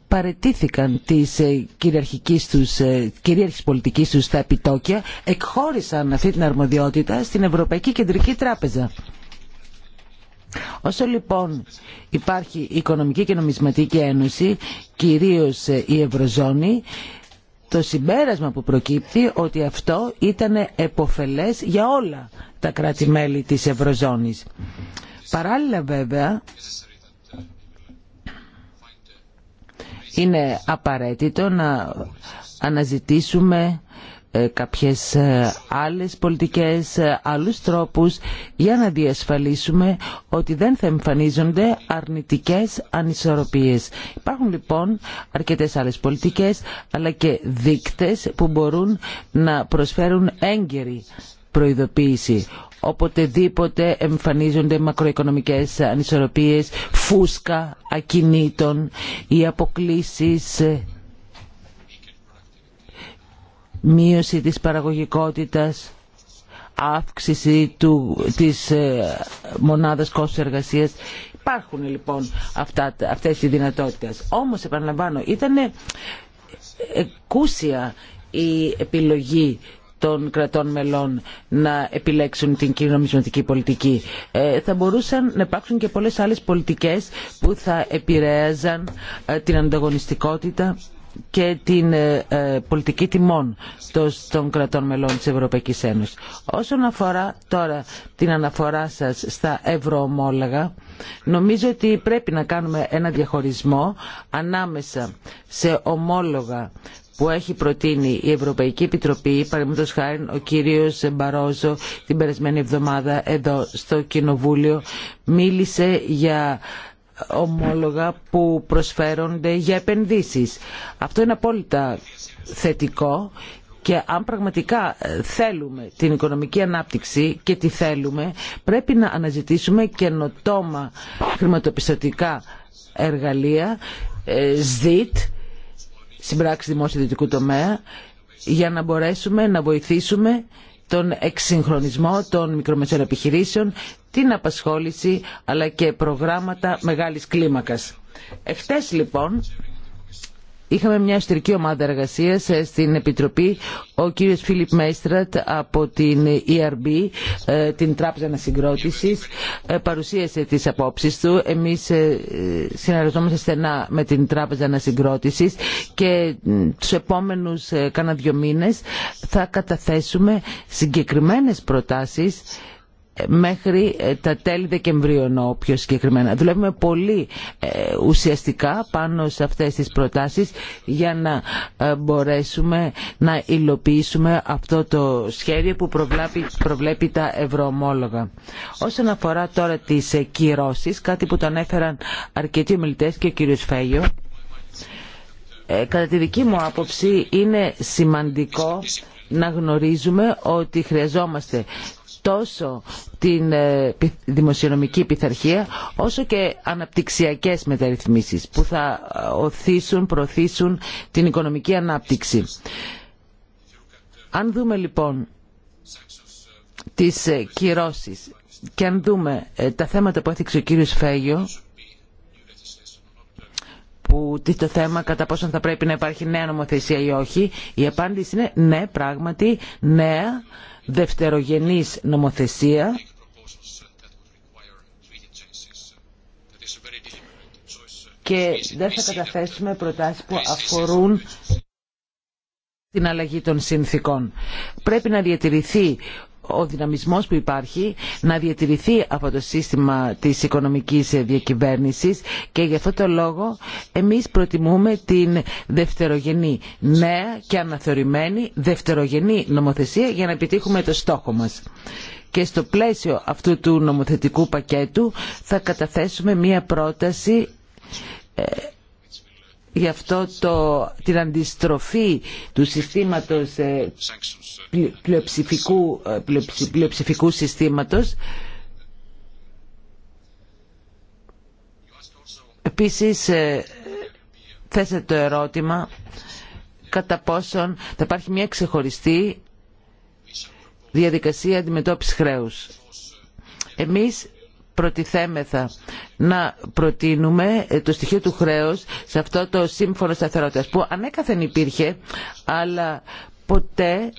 παρετήθηκαν της ε, κυριαρχικής τους, ε, κυρίαρχης πολιτικής τους στα επιτόκια, εκχώρησαν αυτή την αρμοδιότητα στην Ευρωπαϊκή Κεντρική Τράπεζα. Όσο λοιπόν υπάρχει η Οικονομική και Νομισματική Ένωση, κυρίως ε, η Ευρωζώνη, το συμπέρασμα που προκύπτει ότι αυτό ήταν εποφελές για όλα τα κράτη-μέλη της Ευρωζώνης. Παράλληλα βέβαια, είναι απαραίτητο να αναζητήσουμε ε, κάποιες ε, άλλες πολιτικές, ε, άλλους τρόπους για να διασφαλίσουμε ότι δεν θα εμφανίζονται αρνητικές ανισορροπίες. Υπάρχουν λοιπόν αρκετές άλλες πολιτικές αλλά και δείκτες που μπορούν να προσφέρουν έγκαιρη προειδοποίηση οποτεδήποτε εμφανίζονται μακροοικονομικές ανισορροπίες, φούσκα ακινήτων ή αποκλήσεις μείωση της παραγωγικότητας, αύξηση του, της ε, μονάδας κόστος εργασίας. Υπάρχουν λοιπόν αυτά, αυτές οι δυνατότητες. Όμως, επαναλαμβάνω, ήταν εκούσια η επιλογή των κρατών μελών να επιλέξουν την κοινή πολιτική. Ε, θα μπορούσαν να υπάρξουν και πολλές άλλες πολιτικές που θα επηρέαζαν ε, την ανταγωνιστικότητα και την ε, πολιτική τιμών των κρατών μελών της Ευρωπαϊκής Ένωσης. Όσον αφορά τώρα την αναφορά σας στα ευρωομόλογα, νομίζω ότι πρέπει να κάνουμε ένα διαχωρισμό ανάμεσα σε ομόλογα που έχει προτείνει η Ευρωπαϊκή Επιτροπή, παραδείγματο χάρη ο κύριος Μπαρόζο την περασμένη εβδομάδα εδώ στο Κοινοβούλιο, μίλησε για ομόλογα που προσφέρονται για επενδύσεις. Αυτό είναι απόλυτα θετικό και αν πραγματικά θέλουμε την οικονομική ανάπτυξη και τη θέλουμε, πρέπει να αναζητήσουμε καινοτόμα χρηματοπιστωτικά εργαλεία, ε, ΣΔΙΤ, συμπράξει δημόσιο-ιδιωτικού τομέα για να μπορέσουμε να βοηθήσουμε τον εξυγχρονισμό των μικρομεσαίων επιχειρήσεων, την απασχόληση αλλά και προγράμματα μεγάλης κλίμακας. Εχθές λοιπόν Είχαμε μια εσωτερική ομάδα εργασία ε, στην Επιτροπή. Ο κύριος Φίλιπ Μέστρατ από την ERB, ε, την Τράπεζα Ανασυγκρότηση, ε, παρουσίασε τι απόψει του. Εμεί συνεργαζόμαστε στενά με την Τράπεζα Ανασυγκρότηση και του επόμενου κάνα δύο μήνε θα καταθέσουμε συγκεκριμένε προτάσει μέχρι ε, τα τέλη Δεκεμβρίου ενώ πιο συγκεκριμένα. Δουλεύουμε πολύ ε, ουσιαστικά πάνω σε αυτές τις προτάσεις για να ε, μπορέσουμε να υλοποιήσουμε αυτό το σχέδιο που προβλέπει, προβλέπει τα ευρωομόλογα. Όσον αφορά τώρα τις κυρώσεις, κάτι που το ανέφεραν αρκετοί ομιλητές και ο κύριος Φέγιο, κατά τη δική μου άποψη είναι σημαντικό να γνωρίζουμε ότι χρειαζόμαστε τόσο την ε, δημοσιονομική πειθαρχία όσο και αναπτυξιακές μεταρρυθμίσεις που θα ε, οθήσουν, προωθήσουν την οικονομική ανάπτυξη. Αν δούμε λοιπόν τις ε, κυρώσεις και αν δούμε τα θέματα που έθιξε ο κύριος Φέγιο που το θέμα κατά πόσον θα πρέπει να υπάρχει νέα νομοθεσία ή όχι, η απάντηση είναι ναι, πράγματι, νέα δευτερογενής νομοθεσία και δεν θα καταθέσουμε προτάσεις που αφορούν την αλλαγή των συνθήκων. Πρέπει να διατηρηθεί ο δυναμισμός που υπάρχει να διατηρηθεί από το σύστημα της οικονομικής διακυβέρνησης και γι' αυτό το λόγο εμείς προτιμούμε την δευτερογενή νέα και αναθεωρημένη δευτερογενή νομοθεσία για να επιτύχουμε το στόχο μας και στο πλαίσιο αυτού του νομοθετικού πακέτου θα καταθέσουμε μία πρόταση ε, γι' αυτό το, την αντιστροφή του συστήματος ε, πλειοψηφικού, ε, πλειοψηφικού συστήματος Επίσης ε, θέσετε το ερώτημα κατά πόσον θα υπάρχει μια ξεχωριστή διαδικασία αντιμετώπισης χρέους. Εμείς προτιθέμεθα να προτείνουμε ε, το στοιχείο του χρέους σε αυτό το σύμφωνο σταθερότητας που ανέκαθεν υπήρχε αλλά ποτέ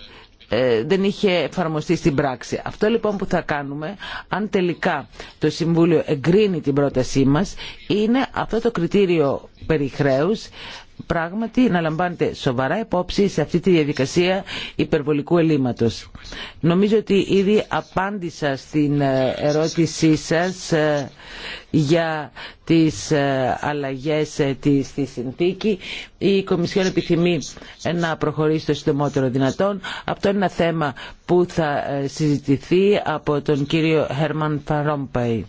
ε, δεν είχε εφαρμοστεί στην πράξη. Αυτό λοιπόν που θα κάνουμε, αν τελικά το Συμβούλιο εγκρίνει την πρότασή μας, είναι αυτό το κριτήριο περί χρέους πράγματι να λαμβάνετε σοβαρά υπόψη σε αυτή τη διαδικασία υπερβολικού ελλείμματος. Νομίζω ότι ήδη απάντησα στην ε, ερώτησή σας ε, για τις ε, αλλαγές στη συνθήκη. Η Κομισιόν επιθυμεί να προχωρήσει το συντομότερο δυνατόν. Αυτό είναι ένα θέμα που θα συζητηθεί από τον κύριο Χέρμαν Φαρόμπαϊ.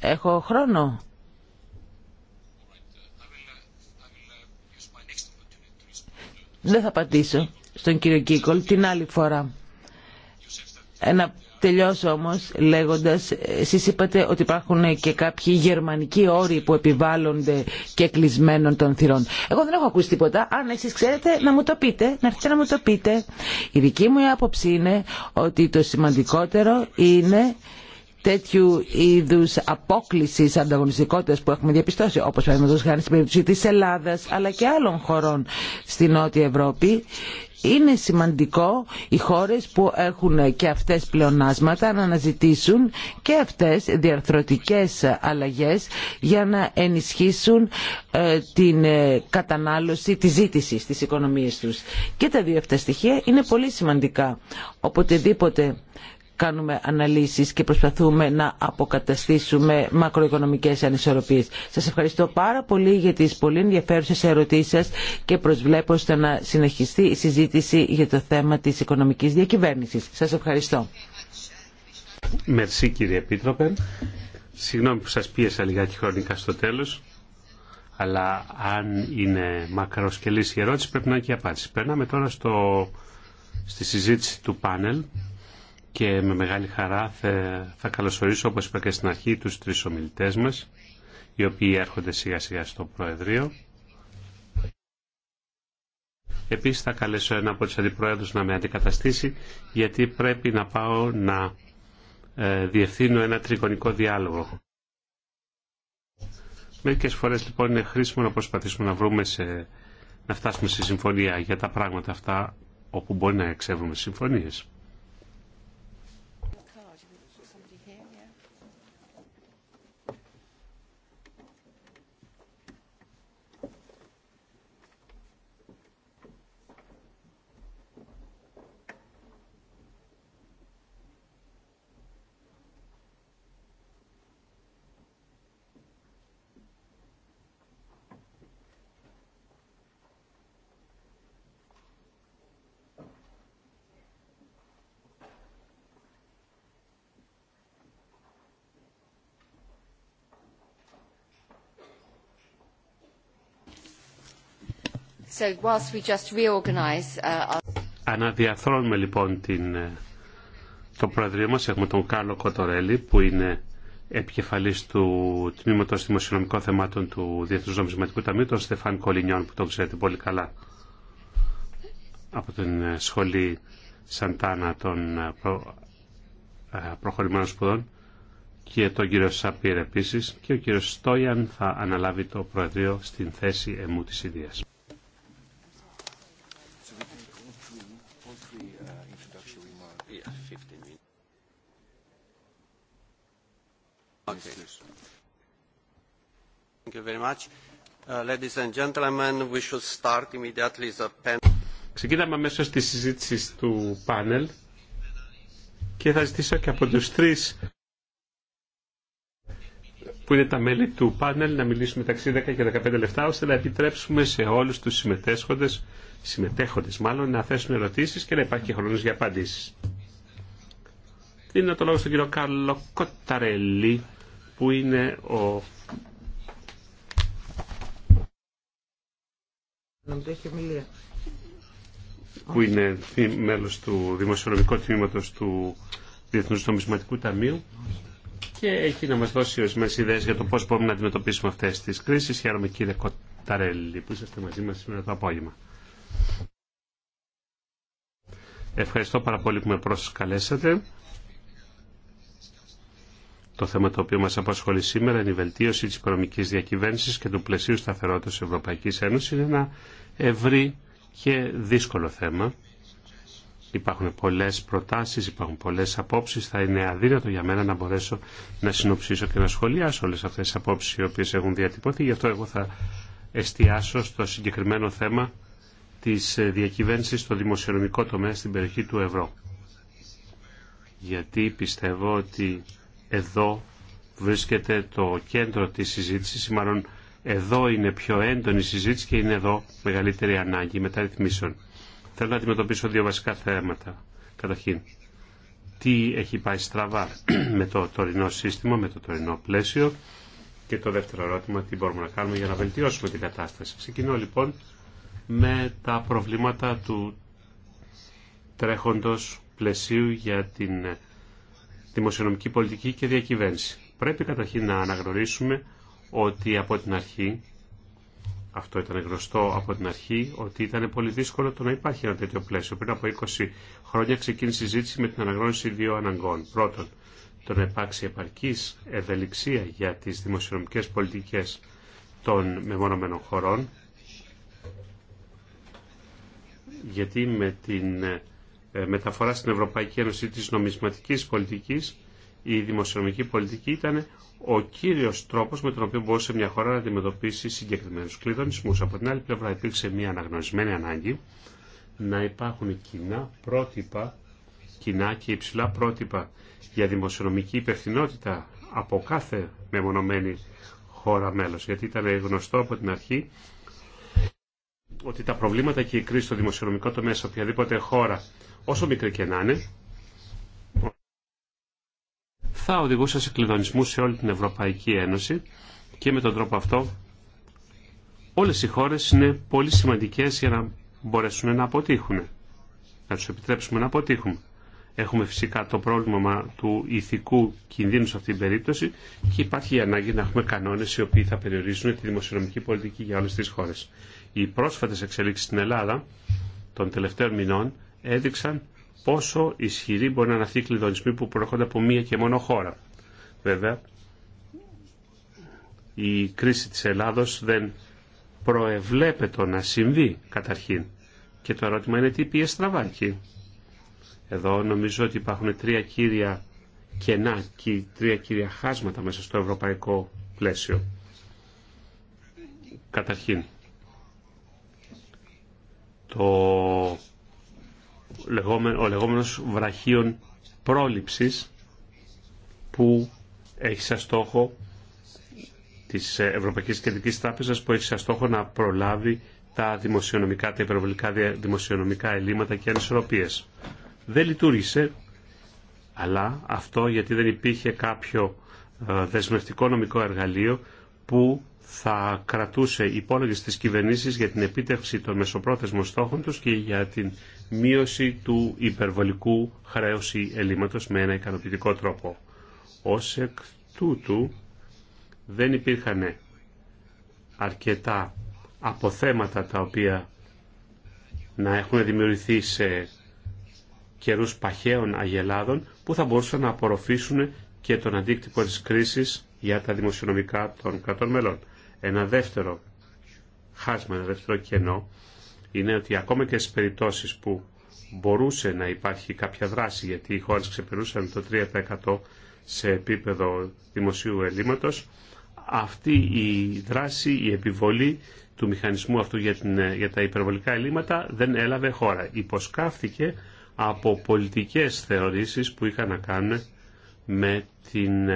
Έχω χρόνο. Δεν θα απαντήσω στον κύριο Κίκολ την άλλη φορά. Ε, να τελειώσω όμως λέγοντας, εσείς είπατε ότι υπάρχουν και κάποιοι γερμανικοί όροι που επιβάλλονται και κλεισμένων των θυρών. Εγώ δεν έχω ακούσει τίποτα. Αν εσείς ξέρετε να μου το πείτε, να έρθετε να μου το πείτε. Η δική μου άποψη είναι ότι το σημαντικότερο είναι τέτοιου είδου απόκληση ανταγωνιστικότητα που έχουμε διαπιστώσει, όπω παραδείγματο χάρη στην περίπτωση τη Ελλάδα αλλά και άλλων χωρών στην Νότια Ευρώπη, είναι σημαντικό οι χώρε που έχουν και αυτέ πλεονάσματα να αναζητήσουν και αυτές διαρθρωτικές αλλαγέ για να ενισχύσουν ε, την ε, κατανάλωση τη ζήτηση τη οικονομία του. Και τα δύο αυτά στοιχεία είναι πολύ σημαντικά. Οποτεδήποτε κάνουμε αναλύσεις και προσπαθούμε να αποκαταστήσουμε μακροοικονομικές ανισορροπίες. Σας ευχαριστώ πάρα πολύ για τις πολύ ενδιαφέρουσες ερωτήσεις σας και προσβλέπω στο να συνεχιστεί η συζήτηση για το θέμα της οικονομικής διακυβέρνησης. Σας ευχαριστώ. Μερσή κύριε Επίτροπε. Συγγνώμη που σας πίεσα λιγάκι χρονικά στο τέλος. Αλλά αν είναι μακροσκελής η ερώτηση πρέπει να έχει απάντηση. Περνάμε τώρα στο, στη συζήτηση του πάνελ και με μεγάλη χαρά θα, θα καλωσορίσω όπως είπα και στην αρχή τους τρεις ομιλητές μας οι οποίοι έρχονται σιγά σιγά στο Προεδρείο. Επίσης θα καλέσω ένα από τους αντιπρόεδρους να με αντικαταστήσει γιατί πρέπει να πάω να ε, διευθύνω ένα τριγωνικό διάλογο. Μερικές φορές λοιπόν είναι χρήσιμο να προσπαθήσουμε να βρούμε σε, να φτάσουμε συμφωνία για τα πράγματα αυτά όπου μπορεί να εξεύρουμε συμφωνίες. So uh, Αναδιαθρώνουμε λοιπόν την, ε, το Προεδρείο μας. Έχουμε τον Κάρλο Κοτορέλη που είναι επικεφαλής του Τμήματος Δημοσιονομικών Θεμάτων του Διεθνούς Νομισματικού Ταμείου, τον Στεφάν Κολινιόν που τον ξέρετε πολύ καλά από την ε, σχολή Σαντάνα των ε, προ... προχωρημένων σπουδών και τον κύριο Σαπίρ επίσης και ο κύριος Στόιαν θα αναλάβει το Προεδρείο στην θέση εμού της Ιδίας. Ξεκινάμε αμέσω τη συζήτηση του πάνελ και θα ζητήσω και από τους τρεις που είναι τα μέλη του πάνελ να μιλήσουμε μεταξύ 10 και 15 λεπτά ώστε να επιτρέψουμε σε όλους τους συμμετέχοντες, συμμετέχοντες μάλλον, να θέσουν ερωτήσεις και να υπάρχει και χρόνος για απαντήσεις. Δίνω το λόγο στον κύριο Κάρλο Κοταρέλη που είναι ο που είναι μέλος του Δημοσιονομικού Τμήματος του Διεθνούς Νομισματικού Ταμείου και έχει να μας δώσει ορισμένε ιδέες για το πώς μπορούμε να αντιμετωπίσουμε αυτές τις κρίσεις. Χαίρομαι κύριε Κοταρέλη που είσαστε μαζί μας σήμερα το απόγευμα. Ευχαριστώ πάρα πολύ που με προσκαλέσατε. Το θέμα το οποίο μας απασχολεί σήμερα είναι η βελτίωση της οικονομικής διακυβέρνησης και του πλαισίου σταθερότητας της Ευρωπαϊκής Ένωσης. Είναι ένα ευρύ και δύσκολο θέμα. Υπάρχουν πολλές προτάσεις, υπάρχουν πολλές απόψεις. Θα είναι αδύνατο για μένα να μπορέσω να συνοψίσω και να σχολιάσω όλες αυτές τις απόψεις οι οποίες έχουν διατυπώθει. Γι' αυτό εγώ θα εστιάσω στο συγκεκριμένο θέμα της διακυβέρνησης στο δημοσιονομικό τομέα στην περιοχή του ευρώ. Γιατί πιστεύω ότι εδώ βρίσκεται το κέντρο της συζήτησης, μάλλον εδώ είναι πιο έντονη η συζήτηση και είναι εδώ μεγαλύτερη ανάγκη μεταρρυθμίσεων. Θέλω να αντιμετωπίσω δύο βασικά θέματα. Καταρχήν, τι έχει πάει στραβά με το τωρινό σύστημα, με το τωρινό πλαίσιο και το δεύτερο ερώτημα, τι μπορούμε να κάνουμε για να βελτιώσουμε την κατάσταση. Ξεκινώ λοιπόν με τα προβλήματα του τρέχοντος πλαισίου για την δημοσιονομική πολιτική και διακυβέρνηση. Πρέπει καταρχήν να αναγνωρίσουμε ότι από την αρχή, αυτό ήταν γνωστό από την αρχή, ότι ήταν πολύ δύσκολο το να υπάρχει ένα τέτοιο πλαίσιο. Πριν από 20 χρόνια ξεκίνησε η συζήτηση με την αναγνώριση δύο αναγκών. Πρώτον, το να υπάρξει επαρκή ευελιξία για τι δημοσιονομικέ πολιτικέ των μεμονωμένων χωρών, γιατί με την ε, μεταφορά στην Ευρωπαϊκή Ένωση της νομισματικής πολιτικής, η δημοσιονομική πολιτική ήταν ο κύριος τρόπος με τον οποίο μπορούσε μια χώρα να αντιμετωπίσει συγκεκριμένους κλειδονισμούς. Από την άλλη πλευρά υπήρξε μια αναγνωρισμένη ανάγκη να υπάρχουν κοινά πρότυπα, κοινά και υψηλά πρότυπα για δημοσιονομική υπευθυνότητα από κάθε μεμονωμένη χώρα μέλος. Γιατί ήταν γνωστό από την αρχή ότι τα προβλήματα και η κρίση στο δημοσιονομικό τομέα σε οποιαδήποτε χώρα όσο μικρή και να είναι, θα οδηγούσε σε κλειδονισμού σε όλη την Ευρωπαϊκή Ένωση και με τον τρόπο αυτό όλες οι χώρες είναι πολύ σημαντικές για να μπορέσουν να αποτύχουν, να τους επιτρέψουμε να αποτύχουν. Έχουμε φυσικά το πρόβλημα του ηθικού κινδύνου σε αυτήν την περίπτωση και υπάρχει η ανάγκη να έχουμε κανόνες οι οποίοι θα περιορίζουν τη δημοσιονομική πολιτική για όλες τις χώρες. Οι πρόσφατες εξελίξεις στην Ελλάδα των τελευταίων μηνών έδειξαν πόσο ισχυροί μπορεί να είναι αυτοί οι που προέρχονται από μία και μόνο χώρα. Βέβαια, η κρίση της Ελλάδος δεν προεβλέπεται να συμβεί καταρχήν. Και το ερώτημα είναι τι πίεση στραβάκι. Εδώ νομίζω ότι υπάρχουν τρία κύρια κενά και τρία κύρια χάσματα μέσα στο ευρωπαϊκό πλαίσιο. Καταρχήν, το ο λεγόμενος βραχίων πρόληψης που έχει σαν στόχο της Ευρωπαϊκής Κεντρικής Τράπεζας που έχει σαν στόχο να προλάβει τα δημοσιονομικά, τα υπερβολικά δημοσιονομικά ελλείμματα και ανισορροπίες. Δεν λειτουργήσε, αλλά αυτό γιατί δεν υπήρχε κάποιο ε, δεσμευτικό νομικό εργαλείο που θα κρατούσε υπόλογες τις κυβερνήσεις για την επίτευξη των μεσοπρόθεσμων στόχων τους και για την μείωση του υπερβολικού χρέους ή ελλείμματος με ένα ικανοποιητικό τρόπο. Ως εκ τούτου δεν υπήρχαν αρκετά αποθέματα τα οποία να έχουν δημιουργηθεί σε καιρούς παχαίων αγελάδων που θα μπορούσαν να απορροφήσουν και τον αντίκτυπο της κρίσης για τα δημοσιονομικά των κρατών μελών. Ένα δεύτερο χάσμα, ένα δεύτερο κενό είναι ότι ακόμα και στις περιπτώσεις που μπορούσε να υπάρχει κάποια δράση γιατί οι χώρες ξεπερούσαν το 3% σε επίπεδο δημοσίου ελλείμματος αυτή η δράση, η επιβολή του μηχανισμού αυτού για, τα υπερβολικά ελλείμματα δεν έλαβε χώρα. Υποσκάφθηκε από πολιτικές θεωρήσεις που είχαν να κάνουν με, την,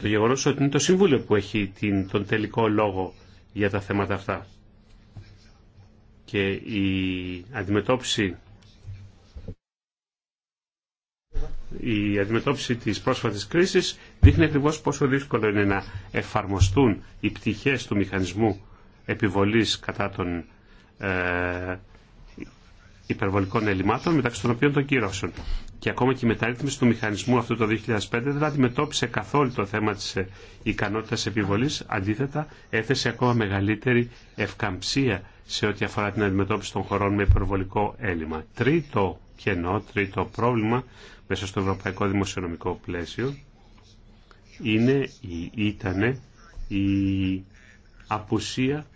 το γεγονός ότι είναι το Συμβούλιο που έχει την, τον τελικό λόγο για τα θέματα αυτά και η αντιμετώπιση η αντιμετώπιση της πρόσφατης κρίσης δείχνει ακριβώς πόσο δύσκολο είναι να εφαρμοστούν οι πτυχές του μηχανισμού επιβολής κατά των ε, υπερβολικών ελλημάτων μεταξύ των οποίων των κυρώσεων και ακόμα και η μεταρρύθμιση του μηχανισμού αυτού το 2005 δεν αντιμετώπισε καθόλου το θέμα της ε, ικανότητας επιβολής. Αντίθετα, έθεσε ακόμα μεγαλύτερη ευκαμψία σε ό,τι αφορά την αντιμετώπιση των χωρών με υπερβολικό έλλειμμα. Τρίτο κενό, τρίτο πρόβλημα μέσα στο ευρωπαϊκό δημοσιονομικό πλαίσιο είναι ή ήταν η απουσία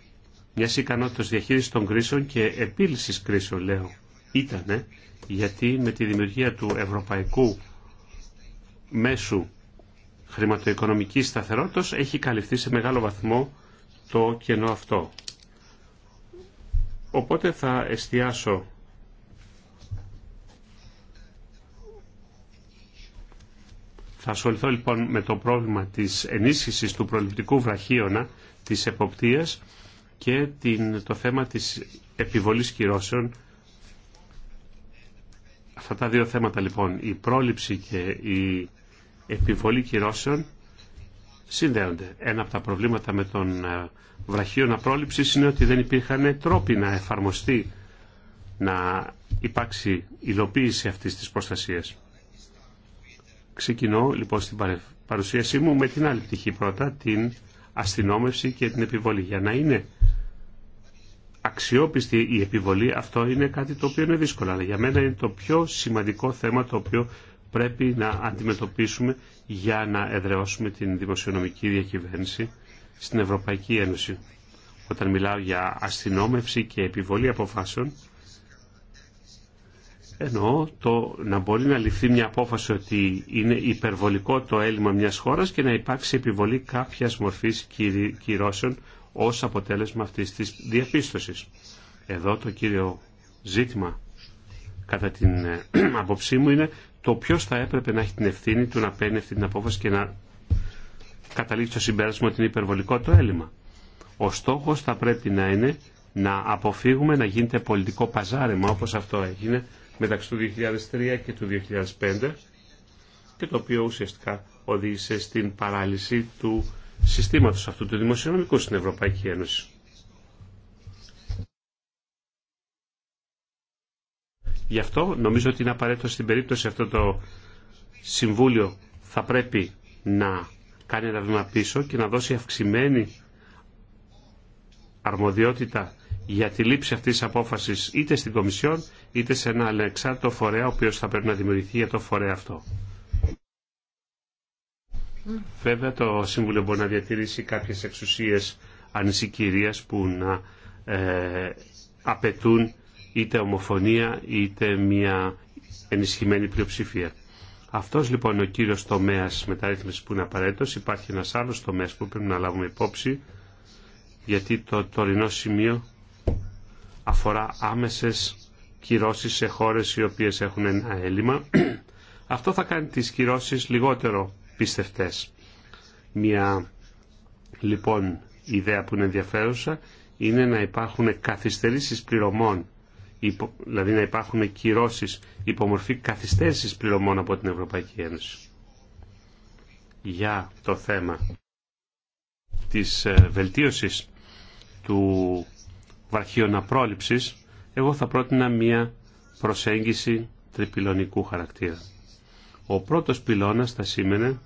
μιας ικανότητας διαχείρισης των κρίσεων και επίλυσης κρίσεων, λέω ήταν γιατί με τη δημιουργία του Ευρωπαϊκού Μέσου Χρηματοοικονομικής Σταθερότητας έχει καλυφθεί σε μεγάλο βαθμό το κενό αυτό. Οπότε θα εστιάσω Θα ασχοληθώ λοιπόν με το πρόβλημα της ενίσχυσης του προληπτικού βραχίωνα της εποπτείας και την, το θέμα της επιβολής κυρώσεων Αυτά τα δύο θέματα λοιπόν, η πρόληψη και η επιβολή κυρώσεων συνδέονται. Ένα από τα προβλήματα με τον ε, να πρόληψη είναι ότι δεν υπήρχαν τρόποι να εφαρμοστεί, να υπάρξει υλοποίηση αυτής της προστασίας. Ξεκινώ λοιπόν στην παρουσίασή μου με την άλλη πτυχή πρώτα, την αστυνόμευση και την επιβολή. Για να είναι αξιόπιστη η επιβολή, αυτό είναι κάτι το οποίο είναι δύσκολο. Αλλά για μένα είναι το πιο σημαντικό θέμα το οποίο πρέπει να αντιμετωπίσουμε για να εδραιώσουμε την δημοσιονομική διακυβέρνηση στην Ευρωπαϊκή Ένωση. Όταν μιλάω για αστυνόμευση και επιβολή αποφάσεων, εννοώ το να μπορεί να ληφθεί μια απόφαση ότι είναι υπερβολικό το έλλειμμα μιας χώρας και να υπάρξει επιβολή κάποιας μορφής κυρώσεων ως αποτέλεσμα αυτής της διαπίστωσης. Εδώ το κύριο ζήτημα κατά την ε, απόψή μου είναι το ποιο θα έπρεπε να έχει την ευθύνη του να παίρνει αυτή την απόφαση και να καταλήξει το συμπέρασμα ότι είναι υπερβολικό το έλλειμμα. Ο στόχος θα πρέπει να είναι να αποφύγουμε να γίνεται πολιτικό παζάρεμα όπως αυτό έγινε μεταξύ του 2003 και του 2005 και το οποίο ουσιαστικά οδήγησε στην παράλυση του συστήματος αυτού του δημοσιονομικού στην Ευρωπαϊκή Ένωση. Γι' αυτό νομίζω ότι είναι απαραίτητο στην περίπτωση αυτό το Συμβούλιο θα πρέπει να κάνει ένα βήμα πίσω και να δώσει αυξημένη αρμοδιότητα για τη λήψη αυτής της απόφασης είτε στην Κομισιόν είτε σε ένα αλεξάρτητο φορέα ο οποίος θα πρέπει να δημιουργηθεί για το φορέα αυτό. Βέβαια το Σύμβουλο μπορεί να διατηρήσει κάποιες εξουσίες ανησυχηρίας που να ε, απαιτούν είτε ομοφωνία είτε μια ενισχυμένη πλειοψηφία. Αυτός λοιπόν ο κύριος τομέας μεταρρύθμισης που είναι απαραίτητος. Υπάρχει ένας άλλος τομέας που πρέπει να λάβουμε υπόψη γιατί το τωρινό σημείο αφορά άμεσες κυρώσεις σε χώρες οι οποίες έχουν ένα έλλειμμα. Αυτό θα κάνει τις κυρώσεις λιγότερο πιστευτές. Μια λοιπόν ιδέα που είναι ενδιαφέρουσα είναι να υπάρχουν καθυστερήσεις πληρωμών, δηλαδή να υπάρχουν κυρώσεις υπομορφή καθυστέρησης πληρωμών από την Ευρωπαϊκή Ένωση. Για το θέμα της ε, βελτίωσης του βαρχείων απρόληψης, εγώ θα πρότεινα μία προσέγγιση τριπυλωνικού χαρακτήρα. Ο πρώτος πυλώνας θα σήμαινε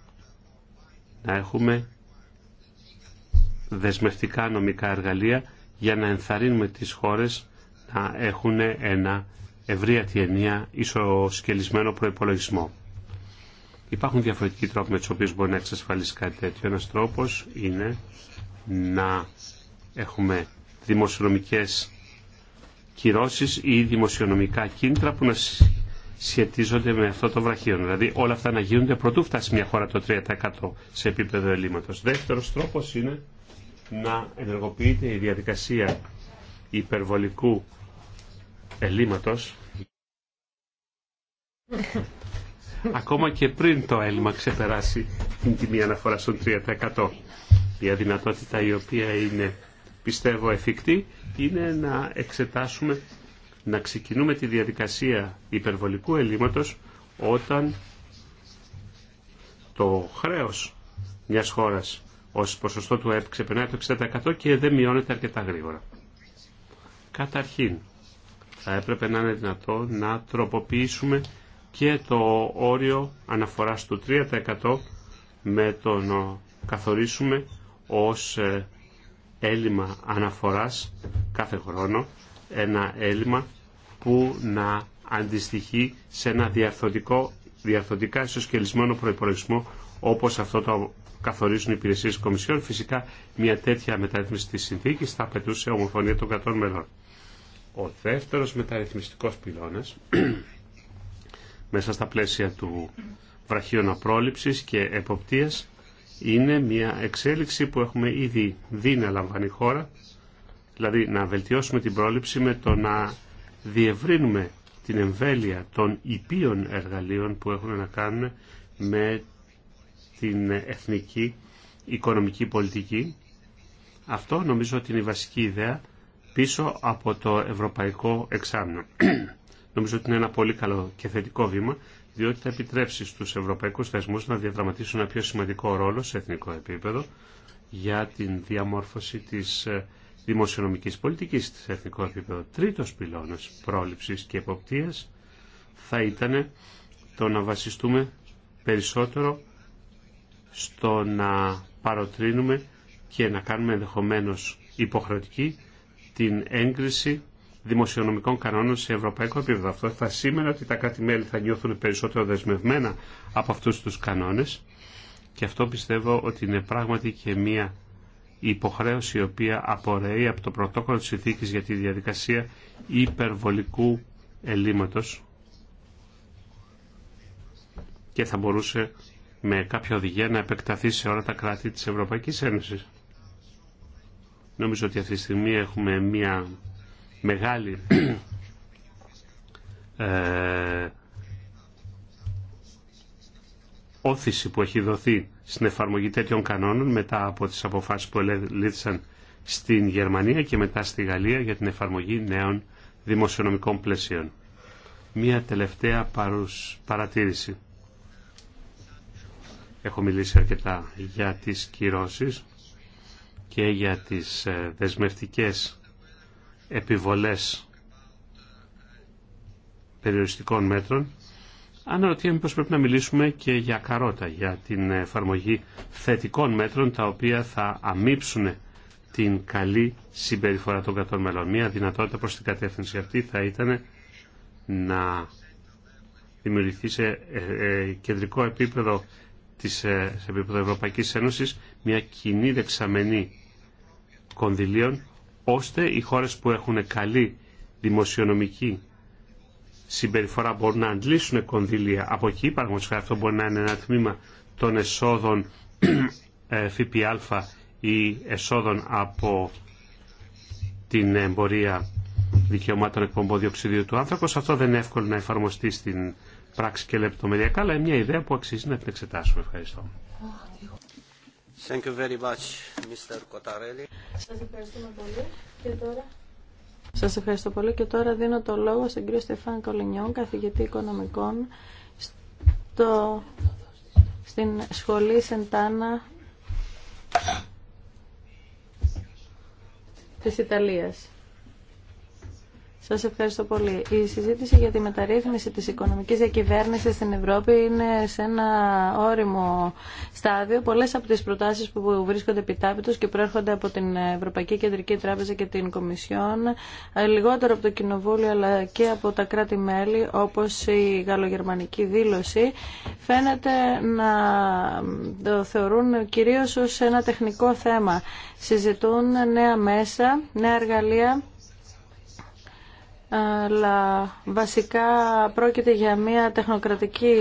να έχουμε δεσμευτικά νομικά εργαλεία για να ενθαρρύνουμε τις χώρες να έχουν ένα ευρία τιενία ισοσκελισμένο προϋπολογισμό. Υπάρχουν διαφορετικοί τρόποι με τους οποίους μπορεί να εξασφαλίσει κάτι τέτοιο. Ένας τρόπος είναι να έχουμε δημοσιονομικές κυρώσεις ή δημοσιονομικά κίνητρα που να σχετίζονται με αυτό το βραχείο. Δηλαδή όλα αυτά να γίνονται πρωτού φτάσει μια χώρα το 3% σε επίπεδο ελλείμματο. Δεύτερος τρόπος είναι να ενεργοποιείται η διαδικασία υπερβολικού ελλείμματο. ακόμα και πριν το έλλειμμα ξεπεράσει την τιμή αναφορά των 3%. Μια δυνατότητα η οποία είναι πιστεύω εφικτή είναι να εξετάσουμε να ξεκινούμε τη διαδικασία υπερβολικού ελλείμματος όταν το χρέος μιας χώρας ως ποσοστό του ΕΠ ξεπερνάει το 60% και δεν μειώνεται αρκετά γρήγορα. Καταρχήν, θα έπρεπε να είναι δυνατό να τροποποιήσουμε και το όριο αναφοράς του 3% με το να καθορίσουμε ως ε, έλλειμμα αναφοράς κάθε χρόνο ένα έλλειμμα που να αντιστοιχεί σε ένα διαρθωτικό, διαρθωτικά ισοσκελισμένο προϋπολογισμό όπως αυτό το καθορίζουν οι υπηρεσίες της Κομισιόν. Φυσικά μια τέτοια μεταρρύθμιση της συνθήκης θα απαιτούσε ομοφωνία των κρατών μελών. Ο δεύτερος μεταρρυθμιστικός πυλώνας μέσα στα πλαίσια του βραχίων απρόληψης και εποπτείας είναι μια εξέλιξη που έχουμε ήδη δει να λαμβάνει η χώρα, δηλαδή να βελτιώσουμε την πρόληψη με το να διευρύνουμε την εμβέλεια των υπείων εργαλείων που έχουν να κάνουν με την εθνική οικονομική πολιτική. Αυτό νομίζω ότι είναι η βασική ιδέα πίσω από το ευρωπαϊκό εξάμεινο. νομίζω ότι είναι ένα πολύ καλό και θετικό βήμα, διότι θα επιτρέψει στους ευρωπαϊκούς θεσμούς να διαδραματίσουν ένα πιο σημαντικό ρόλο σε εθνικό επίπεδο για την διαμόρφωση της ε, δημοσιονομικής πολιτικής της εθνικό επίπεδο. Τρίτος πυλώνας πρόληψης και εποπτείας θα ήταν το να βασιστούμε περισσότερο στο να παροτρύνουμε και να κάνουμε ενδεχομένω υποχρεωτική την έγκριση δημοσιονομικών κανόνων σε ευρωπαϊκό επίπεδο. Αυτό θα σήμαινε ότι τα κράτη-μέλη θα νιώθουν περισσότερο δεσμευμένα από αυτούς τους κανόνες και αυτό πιστεύω ότι είναι πράγματι και μία η υποχρέωση η οποία απορρέει από το πρωτόκολλο της συνθήκης για τη διαδικασία υπερβολικού ελλείμματος και θα μπορούσε με κάποια οδηγία να επεκταθεί σε όλα τα κράτη της Ευρωπαϊκής Ένωσης. Νομίζω ότι αυτή τη στιγμή έχουμε μια μεγάλη ε, όθηση που έχει δοθεί στην εφαρμογή τέτοιων κανόνων μετά από τις αποφάσεις που ελέγχθησαν στην Γερμανία και μετά στη Γαλλία για την εφαρμογή νέων δημοσιονομικών πλαισίων. Μία τελευταία παρούς, παρατήρηση. Έχω μιλήσει αρκετά για τις κυρώσεις και για τις ε, δεσμευτικές επιβολές περιοριστικών μέτρων Αναρωτιέμαι πως πρέπει να μιλήσουμε και για καρότα, για την εφαρμογή θετικών μέτρων τα οποία θα αμύψουν την καλή συμπεριφορά των κρατών μελών. Μία δυνατότητα προς την κατεύθυνση αυτή θα ήταν να δημιουργηθεί σε ε, ε, κεντρικό επίπεδο της, ε, σε επίπεδο Ευρωπαϊκής Ένωσης μια κοινή δεξαμενή κονδυλίων ώστε οι χώρες που έχουν καλή δημοσιονομική συμπεριφορά μπορούν να αντλήσουν κονδύλια. Από εκεί, παραγωγικά, αυτό μπορεί να είναι ένα τμήμα των εσόδων ε, ΦΠΑ ή εσόδων από την εμπορία δικαιωμάτων εκπομπών διοξιδίου του άνθρακος. Αυτό δεν είναι εύκολο να εφαρμοστεί στην πράξη και λεπτομεριακά, αλλά είναι μια ιδέα που αξίζει να την εξετάσουμε. Ευχαριστώ. Σας ευχαριστώ πολύ και τώρα δίνω το λόγο στον κύριο Στεφάν Κολινιόν, καθηγητή οικονομικών στο... στην σχολή Σεντάνα της Ιταλίας. Σας ευχαριστώ πολύ. Η συζήτηση για τη μεταρρύθμιση της οικονομικής διακυβέρνησης στην Ευρώπη είναι σε ένα όριμο στάδιο. Πολλές από τις προτάσεις που βρίσκονται επιτάπητος και προέρχονται από την Ευρωπαϊκή Κεντρική Τράπεζα και την Κομισιόν, ε, λιγότερο από το Κοινοβούλιο αλλά και από τα κράτη-μέλη όπως η γαλλογερμανική δήλωση, φαίνεται να το θεωρούν κυρίως ως ένα τεχνικό θέμα. Συζητούν νέα μέσα, νέα εργαλεία αλλά βασικά πρόκειται για μια τεχνοκρατική,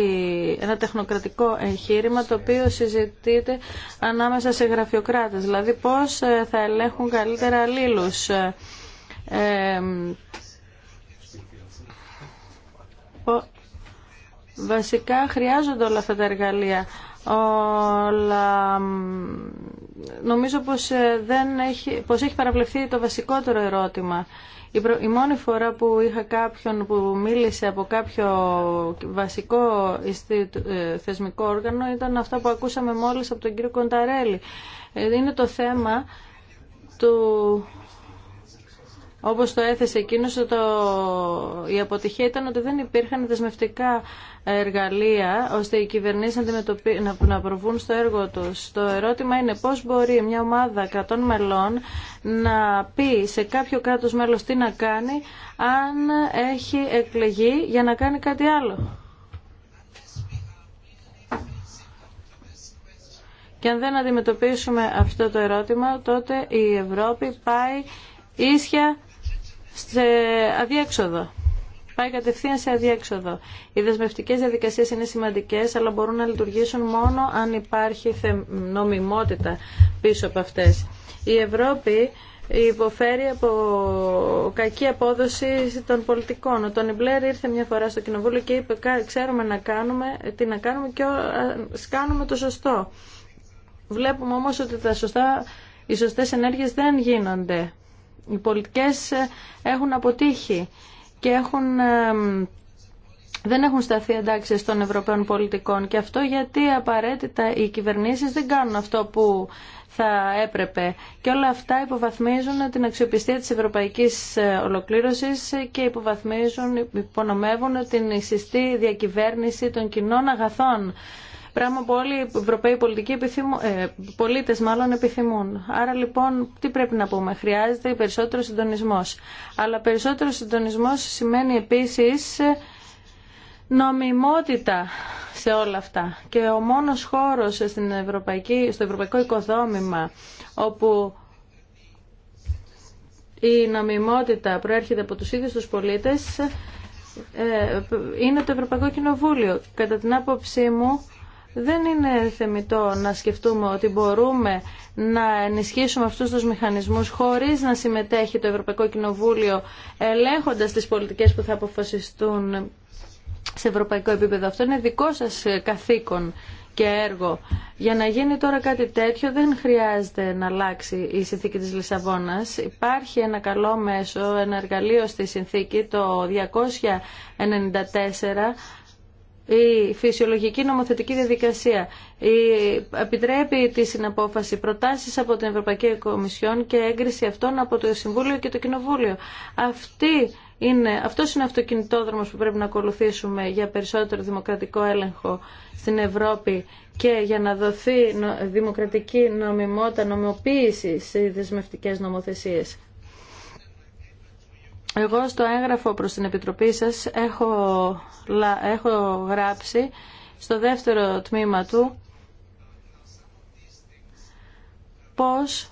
ένα τεχνοκρατικό εγχείρημα το οποίο συζητείται ανάμεσα σε γραφειοκράτες, δηλαδή πώς ε, θα ελέγχουν καλύτερα αλλήλους. Ε, βασικά χρειάζονται όλα αυτά τα εργαλεία νομίζω πως, ε, δεν έχει, πως έχει το βασικότερο ερώτημα η μόνη φορά που είχα κάποιον που μίλησε από κάποιο βασικό ε, θεσμικό όργανο ήταν αυτά που ακούσαμε μόλις από τον κύριο Κονταρέλη. Ε, είναι το θέμα του όπως το έθεσε εκείνο. η αποτυχία ήταν ότι δεν υπήρχαν δεσμευτικά εργαλεία ώστε οι κυβερνήσεις να προβούν στο έργο τους. Το ερώτημα είναι πώς μπορεί μια ομάδα κρατών μελών να πει σε κάποιο κράτο μέλος τι να κάνει αν έχει εκλεγεί για να κάνει κάτι άλλο. Και αν δεν αντιμετωπίσουμε αυτό το ερώτημα, τότε η Ευρώπη πάει ίσια σε αδιέξοδο. Πάει κατευθείαν σε αδιέξοδο. Οι δεσμευτικέ διαδικασίε είναι σημαντικέ, αλλά μπορούν να λειτουργήσουν μόνο αν υπάρχει νομιμότητα πίσω από αυτέ. Η Ευρώπη υποφέρει από κακή απόδοση των πολιτικών. Ο Τόνι Μπλερ ήρθε μια φορά στο κοινοβούλιο και είπε ξέρουμε να κάνουμε, τι να κάνουμε και κάνουμε το σωστό. Βλέπουμε όμως ότι σωστά, οι σωστές ενέργειες δεν γίνονται οι πολιτικές ε, έχουν αποτύχει και έχουν ε, δεν έχουν σταθεί εντάξει των Ευρωπαίων πολιτικών και αυτό γιατί απαραίτητα οι κυβερνήσεις δεν κάνουν αυτό που θα έπρεπε και όλα αυτά υποβαθμίζουν την αξιοπιστία της ευρωπαϊκής ε, ολοκλήρωσης και υποβαθμίζουν, υπονομεύουν την συστή διακυβέρνηση των κοινών αγαθών Πράγμα που όλοι οι Ευρωπαίοι πολιτικοί επιθυμούν, ε, πολίτες μάλλον επιθυμούν. Άρα λοιπόν τι πρέπει να πούμε. Χρειάζεται περισσότερο συντονισμός. Αλλά περισσότερο συντονισμός σημαίνει επίσης νομιμότητα σε όλα αυτά. Και ο μόνος χώρος ευρωπαϊκή, στο ευρωπαϊκό οικοδόμημα όπου η νομιμότητα προέρχεται από τους ίδιους τους πολίτες ε, είναι το Ευρωπαϊκό Κοινοβούλιο. Κατά την άποψή μου δεν είναι θεμητό να σκεφτούμε ότι μπορούμε να ενισχύσουμε αυτούς τους μηχανισμούς χωρίς να συμμετέχει το Ευρωπαϊκό Κοινοβούλιο ελέγχοντας τις πολιτικές που θα αποφασιστούν σε ευρωπαϊκό επίπεδο. Αυτό είναι δικό σας καθήκον και έργο. Για να γίνει τώρα κάτι τέτοιο δεν χρειάζεται να αλλάξει η συνθήκη της Λισαβόνας. Υπάρχει ένα καλό μέσο, ένα εργαλείο στη συνθήκη, το 294, η φυσιολογική νομοθετική διαδικασία η, επιτρέπει τη συναπόφαση προτάσεις από την Ευρωπαϊκή Κομισιόν και έγκριση αυτών από το Συμβούλιο και το Κοινοβούλιο. Αυτή είναι, αυτός είναι αυτοκινητόδρομος που πρέπει να ακολουθήσουμε για περισσότερο δημοκρατικό έλεγχο στην Ευρώπη και για να δοθεί δημοκρατική νομιμότητα, νομιμοποίηση σε δεσμευτικές νομοθεσίες. Εγώ στο έγγραφο προς την Επιτροπή σας έχω, γράψει στο δεύτερο τμήμα του πώς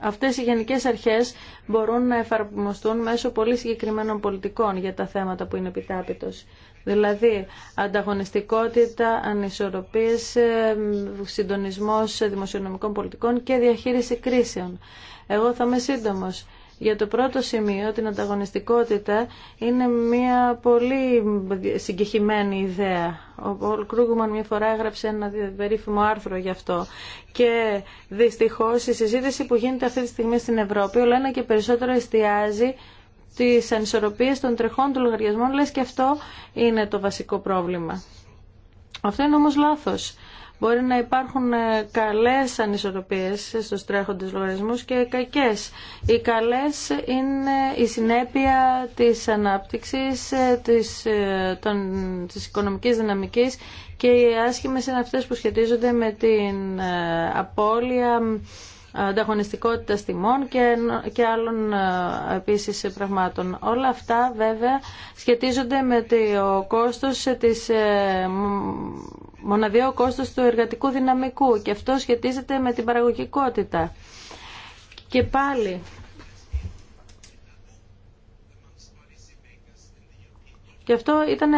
αυτές οι γενικές αρχές μπορούν να εφαρμοστούν μέσω πολύ συγκεκριμένων πολιτικών για τα θέματα που είναι επιτάπητος. Δηλαδή, ανταγωνιστικότητα, ανισορροπίες, ε, συντονισμός δημοσιονομικών πολιτικών και διαχείριση κρίσεων. Εγώ θα είμαι σύντομος. Για το πρώτο σημείο, την ανταγωνιστικότητα, είναι μια πολύ συγκεχημένη ιδέα. Ο Πολ μια φορά έγραψε ένα περίφημο άρθρο γι' αυτό. Και δυστυχώς η συζήτηση που γίνεται αυτή τη στιγμή στην Ευρώπη, όλο ένα και περισσότερο εστιάζει τι ανισορροπίε των τρεχών του λογαριασμών, λε και αυτό είναι το βασικό πρόβλημα. Αυτό είναι όμω λάθο. Μπορεί να υπάρχουν ε, καλές ανισορροπίες στους τρέχοντες λογαριασμούς και κακές. Οι καλές είναι η συνέπεια της ανάπτυξης, ε, της, ε, των, της οικονομικής δυναμικής και οι άσχημες είναι αυτές που σχετίζονται με την απώλεια ανταγωνιστικότητα τιμών και, και άλλων επίσης πραγμάτων. Όλα αυτά βέβαια σχετίζονται με το κόστος της μοναδιαίο κόστος του εργατικού δυναμικού και αυτό σχετίζεται με την παραγωγικότητα. Και πάλι, Και αυτό ήταν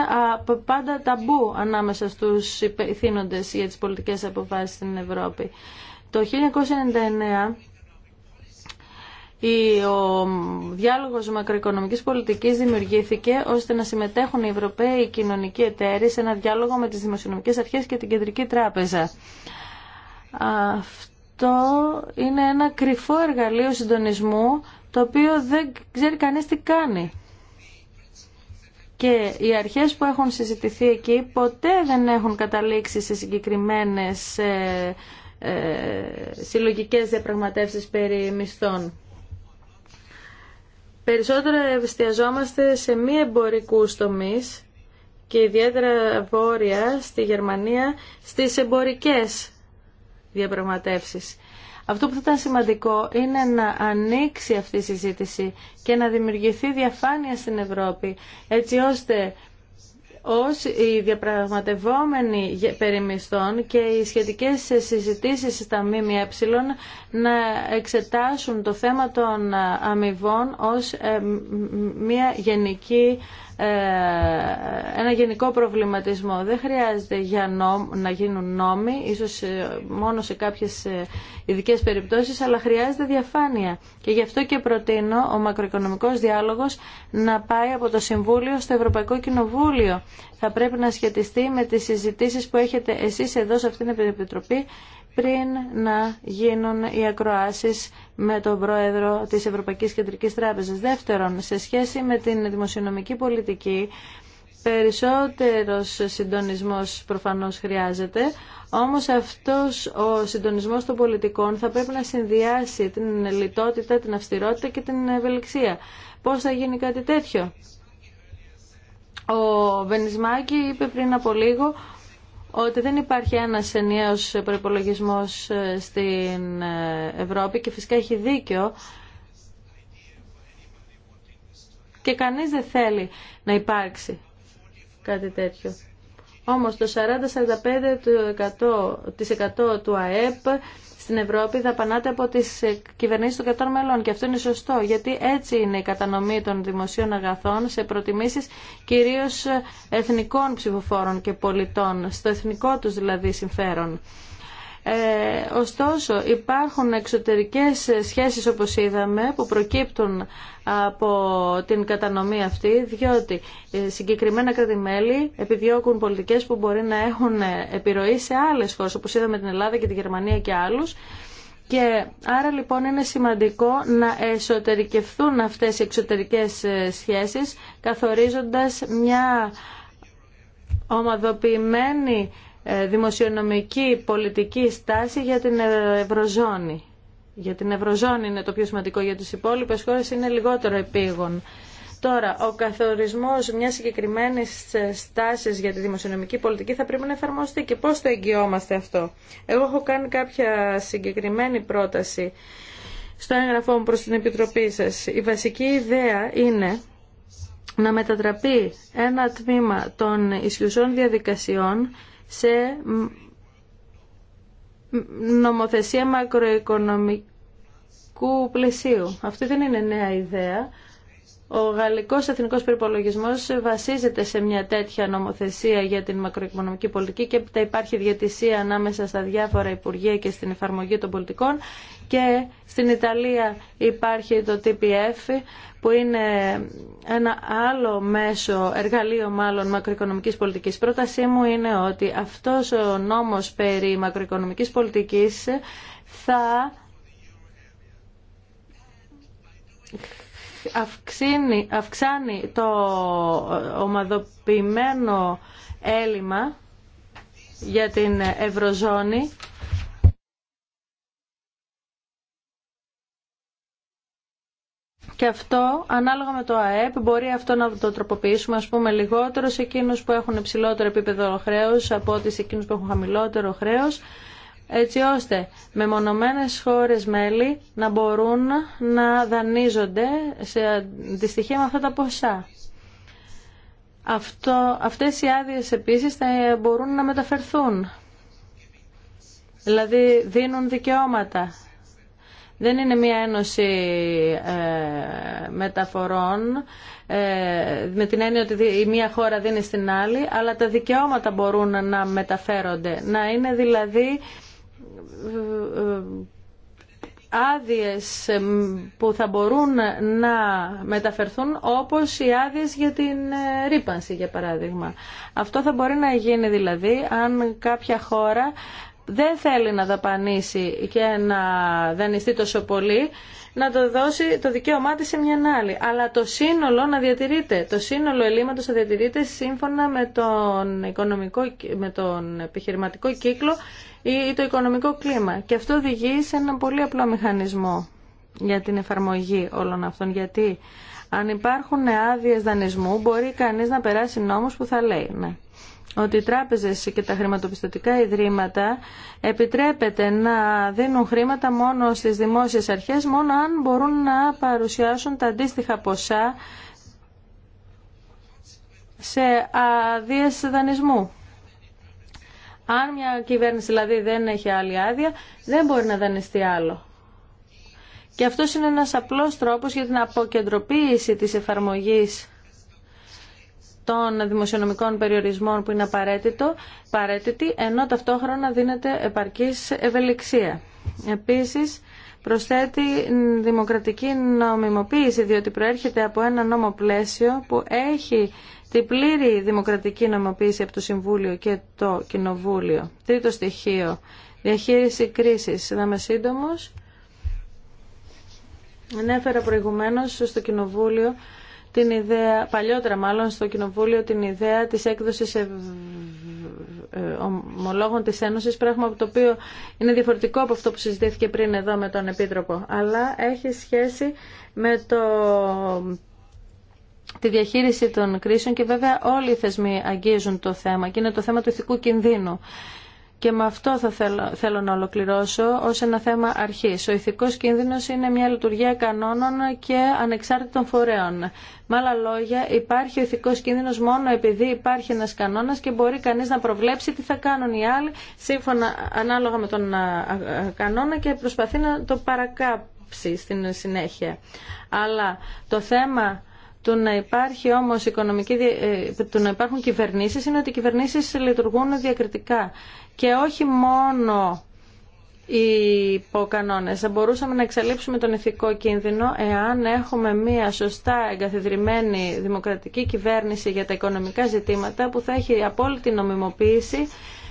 πάντα ταμπού ανάμεσα στους υπευθύνοντες για τις πολιτικές αποφάσεις στην Ευρώπη. Το 1999 ο διάλογο μακροοικονομικής πολιτική δημιουργήθηκε ώστε να συμμετέχουν οι Ευρωπαίοι κοινωνικοί εταίροι σε ένα διάλογο με τι δημοσιονομικέ αρχέ και την Κεντρική Τράπεζα. Αυτό είναι ένα κρυφό εργαλείο συντονισμού το οποίο δεν ξέρει κανείς τι κάνει. Και οι αρχές που έχουν συζητηθεί εκεί ποτέ δεν έχουν καταλήξει σε συγκεκριμένες ε, ε, συλλογικές διαπραγματεύσεις περί μισθών. Περισσότερο εστιαζόμαστε σε μη εμπορικού τομεί και ιδιαίτερα βόρεια στη Γερμανία στις εμπορικές διαπραγματεύσεις. Αυτό που θα ήταν σημαντικό είναι να ανοίξει αυτή η συζήτηση και να δημιουργηθεί διαφάνεια στην Ευρώπη, έτσι ώστε ως οι διαπραγματευόμενοι περιμισθών και οι σχετικές συζητήσεις στα ΜΜΕ να εξετάσουν το θέμα των αμοιβών ως ε, μια γενική ε, ένα γενικό προβληματισμό. Δεν χρειάζεται για να γίνουν νόμοι, ίσως ε, μόνο σε κάποιες ε, ειδικέ περιπτώσεις, αλλά χρειάζεται διαφάνεια. Και γι' αυτό και προτείνω ο μακροοικονομικός διάλογος να πάει από το Συμβούλιο στο Ευρωπαϊκό Κοινοβούλιο. Θα πρέπει να σχετιστεί με τις συζητήσεις που έχετε εσείς εδώ σε αυτήν την Επιτροπή πριν να γίνουν οι ακροάσεις με τον Πρόεδρο της Ευρωπαϊκής Κεντρικής Τράπεζας. Δεύτερον, σε σχέση με την δημοσιονομική πολιτική, περισσότερος συντονισμός προφανώς χρειάζεται, όμως αυτός ο συντονισμός των πολιτικών θα πρέπει να συνδυάσει την λιτότητα, την αυστηρότητα και την ευελιξία. Πώς θα γίνει κάτι τέτοιο. Ο Βενισμάκη είπε πριν από λίγο ότι δεν υπάρχει ένα ενιαίο προπολογισμό ε, στην ε, Ευρώπη και φυσικά έχει δίκιο και κανείς δεν θέλει να υπάρξει κάτι τέτοιο. Όμως το 40-45% του ΑΕΠ στην Ευρώπη δαπανάται από τις ε, κυβερνήσεις των κρατών μελών και αυτό είναι σωστό γιατί έτσι είναι η κατανομή των δημοσίων αγαθών σε προτιμήσεις κυρίως ε, εθνικών ψηφοφόρων και πολιτών, στο εθνικό τους δηλαδή συμφέρον. Ε, ωστόσο υπάρχουν εξωτερικές σχέσεις όπως είδαμε που προκύπτουν από την κατανομή αυτή διότι ε, συγκεκριμένα κράτη-μέλη επιδιώκουν πολιτικές που μπορεί να έχουν ε, επιρροή σε άλλες χώρες όπως είδαμε την Ελλάδα και τη Γερμανία και άλλους και άρα λοιπόν είναι σημαντικό να εσωτερικευθούν αυτές οι εξωτερικές ε, σχέσεις καθορίζοντας μια ομαδοποιημένη ε, δημοσιονομική πολιτική στάση για την Ευρωζώνη. Για την Ευρωζώνη είναι το πιο σημαντικό, για τις υπόλοιπες χώρες είναι λιγότερο επίγον. Τώρα, ο καθορισμός μιας συγκεκριμένης ε, στάσης για τη δημοσιονομική πολιτική θα πρέπει να εφαρμοστεί και πώς το εγγυόμαστε αυτό. Εγώ έχω κάνει κάποια συγκεκριμένη πρόταση στο έγγραφό μου προς την Επιτροπή σας. Η βασική ιδέα είναι να μετατραπεί ένα τμήμα των ισχυουσών διαδικασιών σε νομοθεσία μακροοικονομικού πλαισίου. Αυτή δεν είναι νέα ιδέα. Ο γαλλικός εθνικός περιπολογισμός βασίζεται σε μια τέτοια νομοθεσία για την μακροοικονομική πολιτική και τα υπάρχει διατησία ανάμεσα στα διάφορα υπουργεία και στην εφαρμογή των πολιτικών και στην Ιταλία υπάρχει το TPF που είναι ένα άλλο μέσο, εργαλείο μάλλον μακροοικονομικής πολιτικής. Πρότασή μου είναι ότι αυτός ο νόμος περί μακροοικονομικής πολιτικής θα αυξάνει, αυξάνει το ομαδοποιημένο έλλειμμα για την Ευρωζώνη Και αυτό, ανάλογα με το ΑΕΠ, μπορεί αυτό να το τροποποιήσουμε, ας πούμε, λιγότερο σε εκείνους που έχουν υψηλότερο επίπεδο χρέους από ότι σε εκείνους που έχουν χαμηλότερο χρέος, έτσι ώστε με μονομένες χώρες μέλη να μπορούν να δανείζονται σε αντιστοιχεία με αυτά τα ποσά. Αυτό, αυτές οι άδειε επίσης θα μπορούν να μεταφερθούν. Δηλαδή δίνουν δικαιώματα δεν είναι μια ένωση ε, μεταφορών ε, με την έννοια ότι η μία χώρα δίνει στην άλλη, αλλά τα δικαιώματα μπορούν να μεταφέρονται. Να είναι δηλαδή ε, άδειες που θα μπορούν να μεταφερθούν όπως οι άδειες για την ρήπανση για παράδειγμα. Αυτό θα μπορεί να γίνει δηλαδή αν κάποια χώρα δεν θέλει να δαπανίσει και να δανειστεί τόσο πολύ, να το δώσει το δικαίωμά τη σε μια άλλη. Αλλά το σύνολο να διατηρείται. Το σύνολο ελλείμματο να διατηρείται σύμφωνα με τον, οικονομικό, με τον επιχειρηματικό κύκλο ή το οικονομικό κλίμα. Και αυτό οδηγεί σε έναν πολύ απλό μηχανισμό για την εφαρμογή όλων αυτών. Γιατί αν υπάρχουν άδειε δανεισμού, μπορεί κανεί να περάσει νόμου που θα λέει, ναι, ότι οι τράπεζες και τα χρηματοπιστωτικά ιδρύματα επιτρέπεται να δίνουν χρήματα μόνο στις δημόσιες αρχές, μόνο αν μπορούν να παρουσιάσουν τα αντίστοιχα ποσά σε αδίες δανεισμού. Αν μια κυβέρνηση δηλαδή δεν έχει άλλη άδεια, δεν μπορεί να δανειστεί άλλο. Και αυτός είναι ένας απλός τρόπος για την αποκεντροποίηση της εφαρμογής των δημοσιονομικών περιορισμών που είναι απαραίτητο, απαραίτητη, ενώ ταυτόχρονα δίνεται επαρκής ευελιξία. Επίσης, προσθέτει δημοκρατική νομιμοποίηση, διότι προέρχεται από ένα νόμο πλαίσιο που έχει την πλήρη δημοκρατική νομιμοποίηση από το Συμβούλιο και το Κοινοβούλιο. Τρίτο στοιχείο, διαχείριση κρίσης. Να σύντομος. Ανέφερα προηγουμένως στο Κοινοβούλιο την ιδέα, παλιότερα μάλλον στο Κοινοβούλιο, την ιδέα της έκδοσης ε, ομολόγων της Ένωσης, πράγμα το οποίο είναι διαφορετικό από αυτό που συζητήθηκε πριν εδώ με τον Επίτροπο, αλλά έχει σχέση με το τη διαχείριση των κρίσεων και βέβαια όλοι οι θεσμοί αγγίζουν το θέμα και είναι το θέμα του ηθικού κινδύνου. Και με αυτό θα θέλω, θέλω να ολοκληρώσω ως ένα θέμα αρχής. Ο ηθικός κίνδυνος είναι μια λειτουργία κανόνων και ανεξάρτητων φορέων. Με άλλα λόγια, υπάρχει ο ηθικός κίνδυνος μόνο επειδή υπάρχει ένας κανόνας και μπορεί κανείς να προβλέψει τι θα κάνουν οι άλλοι σύμφωνα ανάλογα με τον κανόνα και προσπαθεί να το παρακάψει στην συνέχεια. Αλλά το θέμα του να υπάρχει όμως οικονομική, ε, του να υπάρχουν κυβερνήσεις είναι ότι οι κυβερνήσεις λειτουργούν διακριτικά και όχι μόνο υποκανόνες. Θα μπορούσαμε να εξαλείψουμε τον ηθικό κίνδυνο εάν έχουμε μια σωστά εγκαθιδρυμένη δημοκρατική κυβέρνηση για τα οικονομικά ζητήματα που θα έχει απόλυτη νομιμοποίηση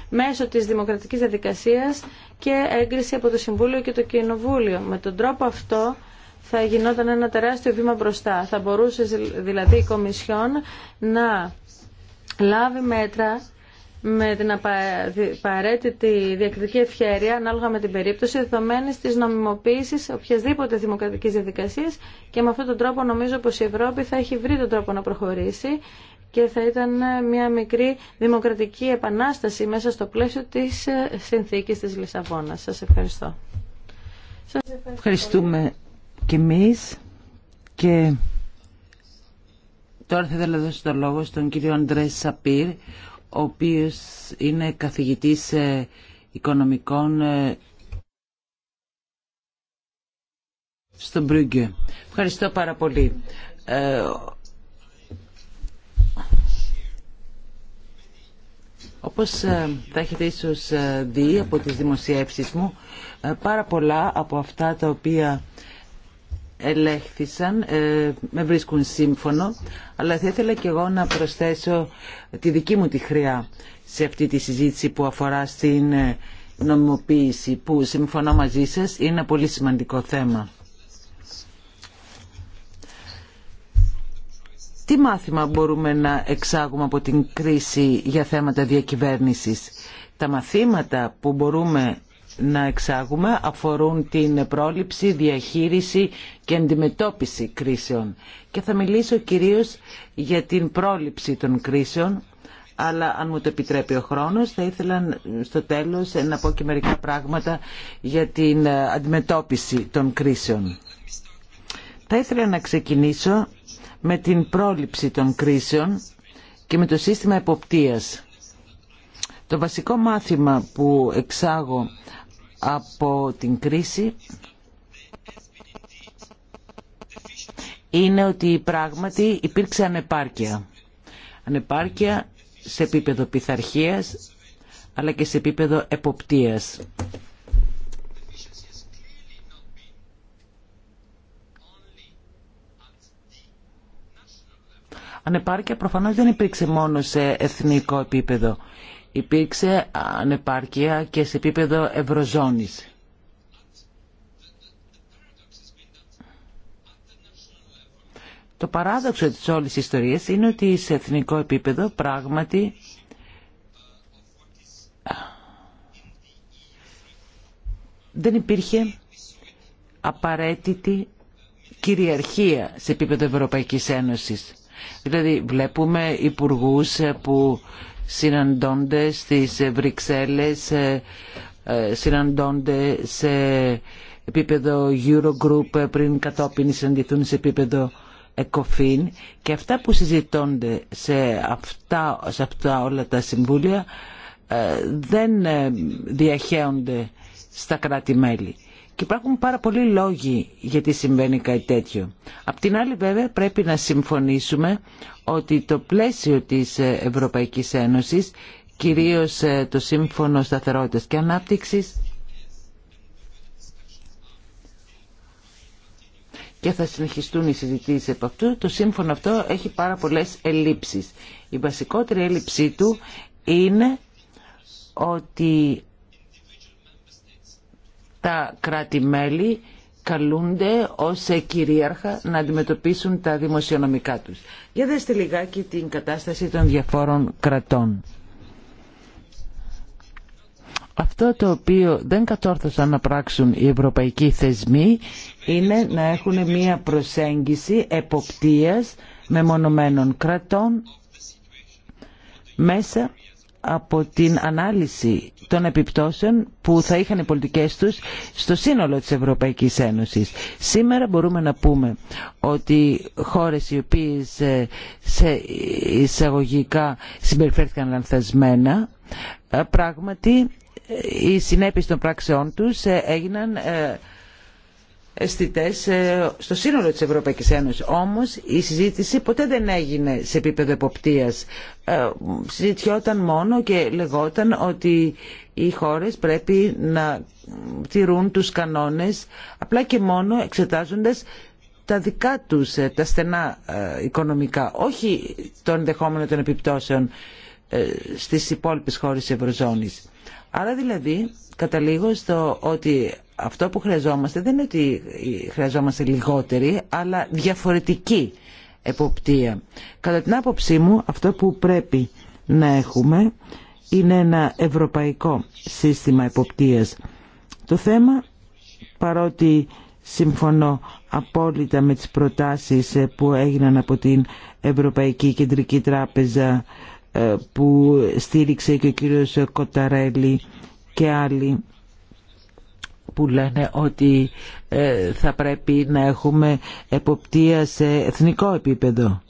μέσω της δημοκρατικής διαδικασίας και έγκριση από το Συμβούλιο και το Κοινοβούλιο. Με τον τρόπο αυτό θα γινόταν ένα τεράστιο βήμα μπροστά. Θα μπορούσε δηλαδή η Κομισιόν να λάβει μέτρα με την απαραίτητη διακριτική ευχαίρεια ανάλογα με την περίπτωση δεδομένη τη νομιμοποίηση οποιασδήποτε δημοκρατική διαδικασία και με αυτόν τον τρόπο νομίζω πω η Ευρώπη θα έχει βρει τον τρόπο να προχωρήσει και θα ήταν μια μικρή δημοκρατική επανάσταση μέσα στο πλαίσιο της ε, συνθήκης της Λισαβόνα. Σα ευχαριστώ. Ευχαριστούμε και εμεί. και τώρα θα ήθελα να δώσω το λόγο στον κύριο Αντρέ Σαπίρ ο οποίος είναι καθηγητής ε, οικονομικών ε, στο Μπρούγκε. Ευχαριστώ πάρα πολύ. Ε, όπως θα έχετε ίσως δει από τις δημοσιεύσεις μου, πάρα πολλά από αυτά τα οποία ελέγχθησαν, ε, με βρίσκουν σύμφωνο, αλλά θα ήθελα και εγώ να προσθέσω τη δική μου τη χρειά σε αυτή τη συζήτηση που αφορά στην ε, νομιμοποίηση, που συμφωνώ μαζί σας, είναι ένα πολύ σημαντικό θέμα. Τι μάθημα μπορούμε να εξάγουμε από την κρίση για θέματα διακυβέρνησης. Τα μαθήματα που μπορούμε να εξάγουμε αφορούν την πρόληψη, διαχείριση και αντιμετώπιση κρίσεων. Και θα μιλήσω κυρίως για την πρόληψη των κρίσεων, αλλά αν μου το επιτρέπει ο χρόνος θα ήθελα στο τέλος να πω και μερικά πράγματα για την αντιμετώπιση των κρίσεων. Θα ήθελα να ξεκινήσω με την πρόληψη των κρίσεων και με το σύστημα εποπτείας. Το βασικό μάθημα που εξάγω από την κρίση είναι ότι πράγματι υπήρξε ανεπάρκεια. Ανεπάρκεια σε επίπεδο πειθαρχία αλλά και σε επίπεδο εποπτείας. Ανεπάρκεια προφανώς δεν υπήρξε μόνο σε εθνικό επίπεδο υπήρξε ανεπάρκεια και σε επίπεδο ευρωζώνης. Το παράδοξο της όλης ιστορίας είναι ότι σε εθνικό επίπεδο πράγματι δεν υπήρχε απαραίτητη κυριαρχία σε επίπεδο Ευρωπαϊκής Ένωσης. Δηλαδή βλέπουμε υπουργούς που συναντώνται στις Βρυξέλλες, ε, ε, συναντώνται σε επίπεδο Eurogroup ε, πριν κατόπιν συναντηθούν σε επίπεδο ECOFIN και αυτά που συζητώνται σε αυτά, σε αυτά όλα τα συμβούλια δεν διαχέονται στα κράτη-μέλη. Και υπάρχουν πάρα πολλοί λόγοι γιατί συμβαίνει κάτι τέτοιο. Απ' την άλλη βέβαια πρέπει να συμφωνήσουμε ότι το πλαίσιο της Ευρωπαϊκής Ένωσης, κυρίως ε, το Σύμφωνο Σταθερότητας και Ανάπτυξης, και θα συνεχιστούν οι συζητήσεις από αυτού, το σύμφωνο αυτό έχει πάρα πολλές ελλείψεις. Η βασικότερη έλλειψή του είναι ότι τα κράτη-μέλη καλούνται ως κυρίαρχα να αντιμετωπίσουν τα δημοσιονομικά τους. Για δέστε λιγάκι την κατάσταση των διαφόρων κρατών. Αυτό το οποίο δεν κατόρθωσαν να πράξουν οι ευρωπαϊκοί θεσμοί είναι να έχουν μία προσέγγιση εποπτείας μεμονωμένων κρατών μέσα από την ανάλυση των επιπτώσεων που θα είχαν οι πολιτικές τους στο σύνολο της Ευρωπαϊκής Ένωσης. Σήμερα μπορούμε να πούμε ότι χώρες οι οποίες ε, σε εισαγωγικά συμπεριφέρθηκαν λανθασμένα ε, πράγματι ε, οι συνέπειες των πράξεών τους έγιναν ε, στο σύνολο της Ευρωπαϊκής Ένωσης. Όμως η συζήτηση ποτέ δεν έγινε σε επίπεδο εποπτείας. Ε, συζητιόταν μόνο και λεγόταν ότι οι χώρες πρέπει να τηρούν τους κανόνες απλά και μόνο εξετάζοντας τα δικά τους, ε, τα στενά οικονομικά, όχι το ενδεχόμενο των επιπτώσεων στις υπόλοιπες χώρες της Ευρωζώνης. Άρα δηλαδή καταλήγω στο ότι αυτό που χρειαζόμαστε δεν είναι ότι χρειαζόμαστε λιγότερη, αλλά διαφορετική εποπτεία. Κατά την άποψή μου, αυτό που πρέπει να έχουμε είναι ένα ευρωπαϊκό σύστημα εποπτείας. Το θέμα, παρότι συμφωνώ απόλυτα με τις προτάσεις που έγιναν από την Ευρωπαϊκή Κεντρική Τράπεζα ε, που στήριξε και ο κύριος Κοταρέλη και άλλοι που λένε ότι ε, θα πρέπει να έχουμε εποπτεία σε εθνικό επίπεδο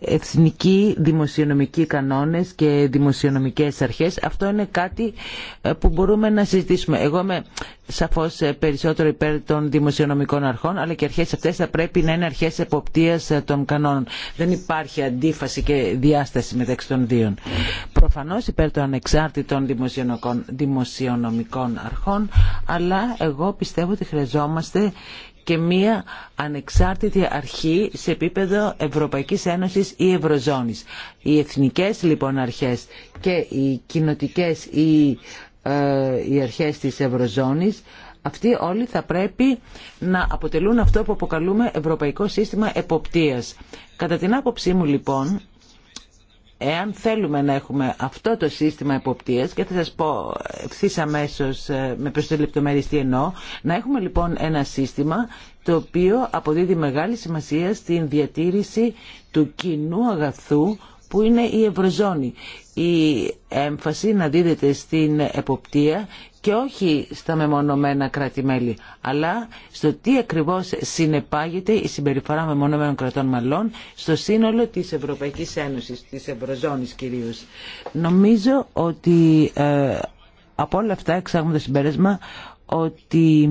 εθνικοί δημοσιονομικοί κανόνες και δημοσιονομικές αρχές. Αυτό είναι κάτι ε, που μπορούμε να συζητήσουμε. Εγώ είμαι σαφώς ε, περισσότερο υπέρ των δημοσιονομικών αρχών, αλλά και αρχές αυτές θα πρέπει να είναι αρχές εποπτείας ε, των κανόνων. Δεν υπάρχει αντίφαση και διάσταση μεταξύ των δύο. Προφανώς υπέρ των ανεξάρτητων δημοσιονομικών αρχών, αλλά εγώ πιστεύω ότι χρειαζόμαστε και μία ανεξάρτητη αρχή σε επίπεδο Ευρωπαϊκής Ένωσης ή Ευρωζώνης. Οι εθνικές λοιπόν αρχές και οι κοινοτικές ή ε, οι αρχές της Ευρωζώνης αυτοί όλοι θα πρέπει να αποτελούν αυτό που αποκαλούμε Ευρωπαϊκό Σύστημα Εποπτείας. Κατά την άποψή μου λοιπόν Εάν θέλουμε να έχουμε αυτό το σύστημα εποπτείας, και θα σας πω ευθύ αμέσω ε, με περισσότερη λεπτομέρειε τι εννοώ, να έχουμε λοιπόν ένα σύστημα το οποίο αποδίδει μεγάλη σημασία στην διατήρηση του κοινού αγαθού που είναι η Ευρωζώνη. Η έμφαση να δίδεται στην εποπτεία και όχι στα μεμονωμένα κράτη-μέλη, αλλά στο τι ακριβώς συνεπάγεται η συμπεριφορά μεμονωμένων κρατών μαλλών στο σύνολο της Ευρωπαϊκής Ένωσης, της Ευρωζώνης κυρίως. Νομίζω ότι ε, από όλα αυτά εξάγουμε το συμπέρασμα ότι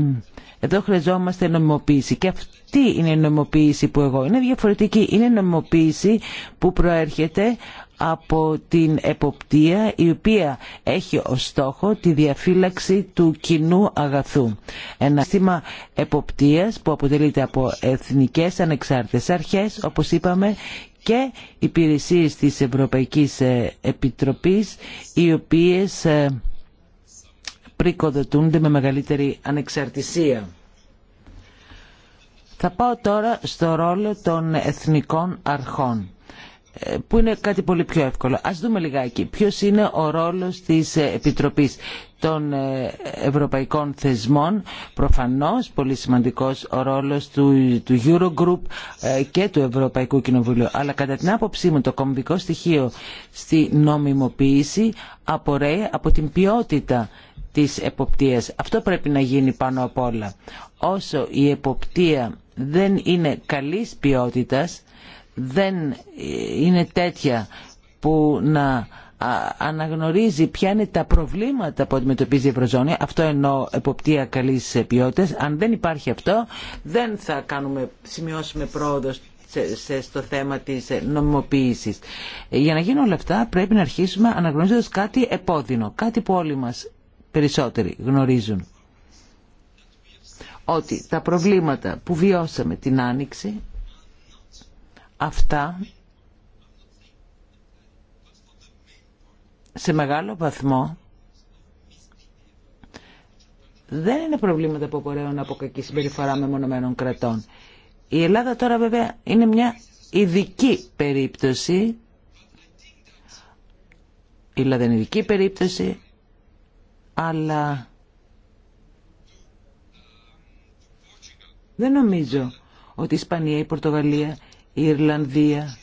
εδώ χρειαζόμαστε νομιμοποίηση και αυτή είναι η νομιμοποίηση που εγώ είναι διαφορετική. Είναι νομιμοποίηση που προέρχεται από την εποπτεία η οποία έχει ως στόχο τη διαφύλαξη του κοινού αγαθού. Ένα σύστημα εποπτείας που αποτελείται από εθνικές ανεξάρτητες αρχές όπως είπαμε και υπηρεσίες της Ευρωπαϊκής ε, Επιτροπής οι οποίες ε, πρικοδοτούνται με μεγαλύτερη ανεξαρτησία. Θα πάω τώρα στο ρόλο των εθνικών αρχών που είναι κάτι πολύ πιο εύκολο. Ας δούμε λιγάκι ποιος είναι ο ρόλος της ε, Επιτροπής των ε, Ευρωπαϊκών Θεσμών. Προφανώς πολύ σημαντικός ο ρόλος του, του Eurogroup ε, και του Ευρωπαϊκού Κοινοβουλίου. Αλλά κατά την άποψή μου το κομβικό στοιχείο στη νομιμοποίηση απορρέει από την ποιότητα της εποπτείας. Αυτό πρέπει να γίνει πάνω απ' όλα. Όσο η εποπτεία δεν είναι καλής ποιότητας, δεν είναι τέτοια που να αναγνωρίζει ποια είναι τα προβλήματα που αντιμετωπίζει η Ευρωζώνη, αυτό εννοώ εποπτεία καλής ποιότητας, αν δεν υπάρχει αυτό δεν θα κάνουμε, σημειώσουμε πρόοδο στο θέμα της νομιμοποίησης. Για να γίνουν όλα αυτά πρέπει να αρχίσουμε αναγνωρίζοντας κάτι επώδυνο, κάτι που όλοι μας περισσότεροι γνωρίζουν. Ότι τα προβλήματα που βιώσαμε την Άνοιξη αυτά σε μεγάλο βαθμό δεν είναι προβλήματα που απορρέουν από κακή συμπεριφορά μεμονωμένων κρατών. Η Ελλάδα τώρα βέβαια είναι μια ειδική περίπτωση. Η Ελλάδα είναι ειδική περίπτωση, αλλά δεν νομίζω ότι η Ισπανία, η Πορτογαλία η Ιρλανδία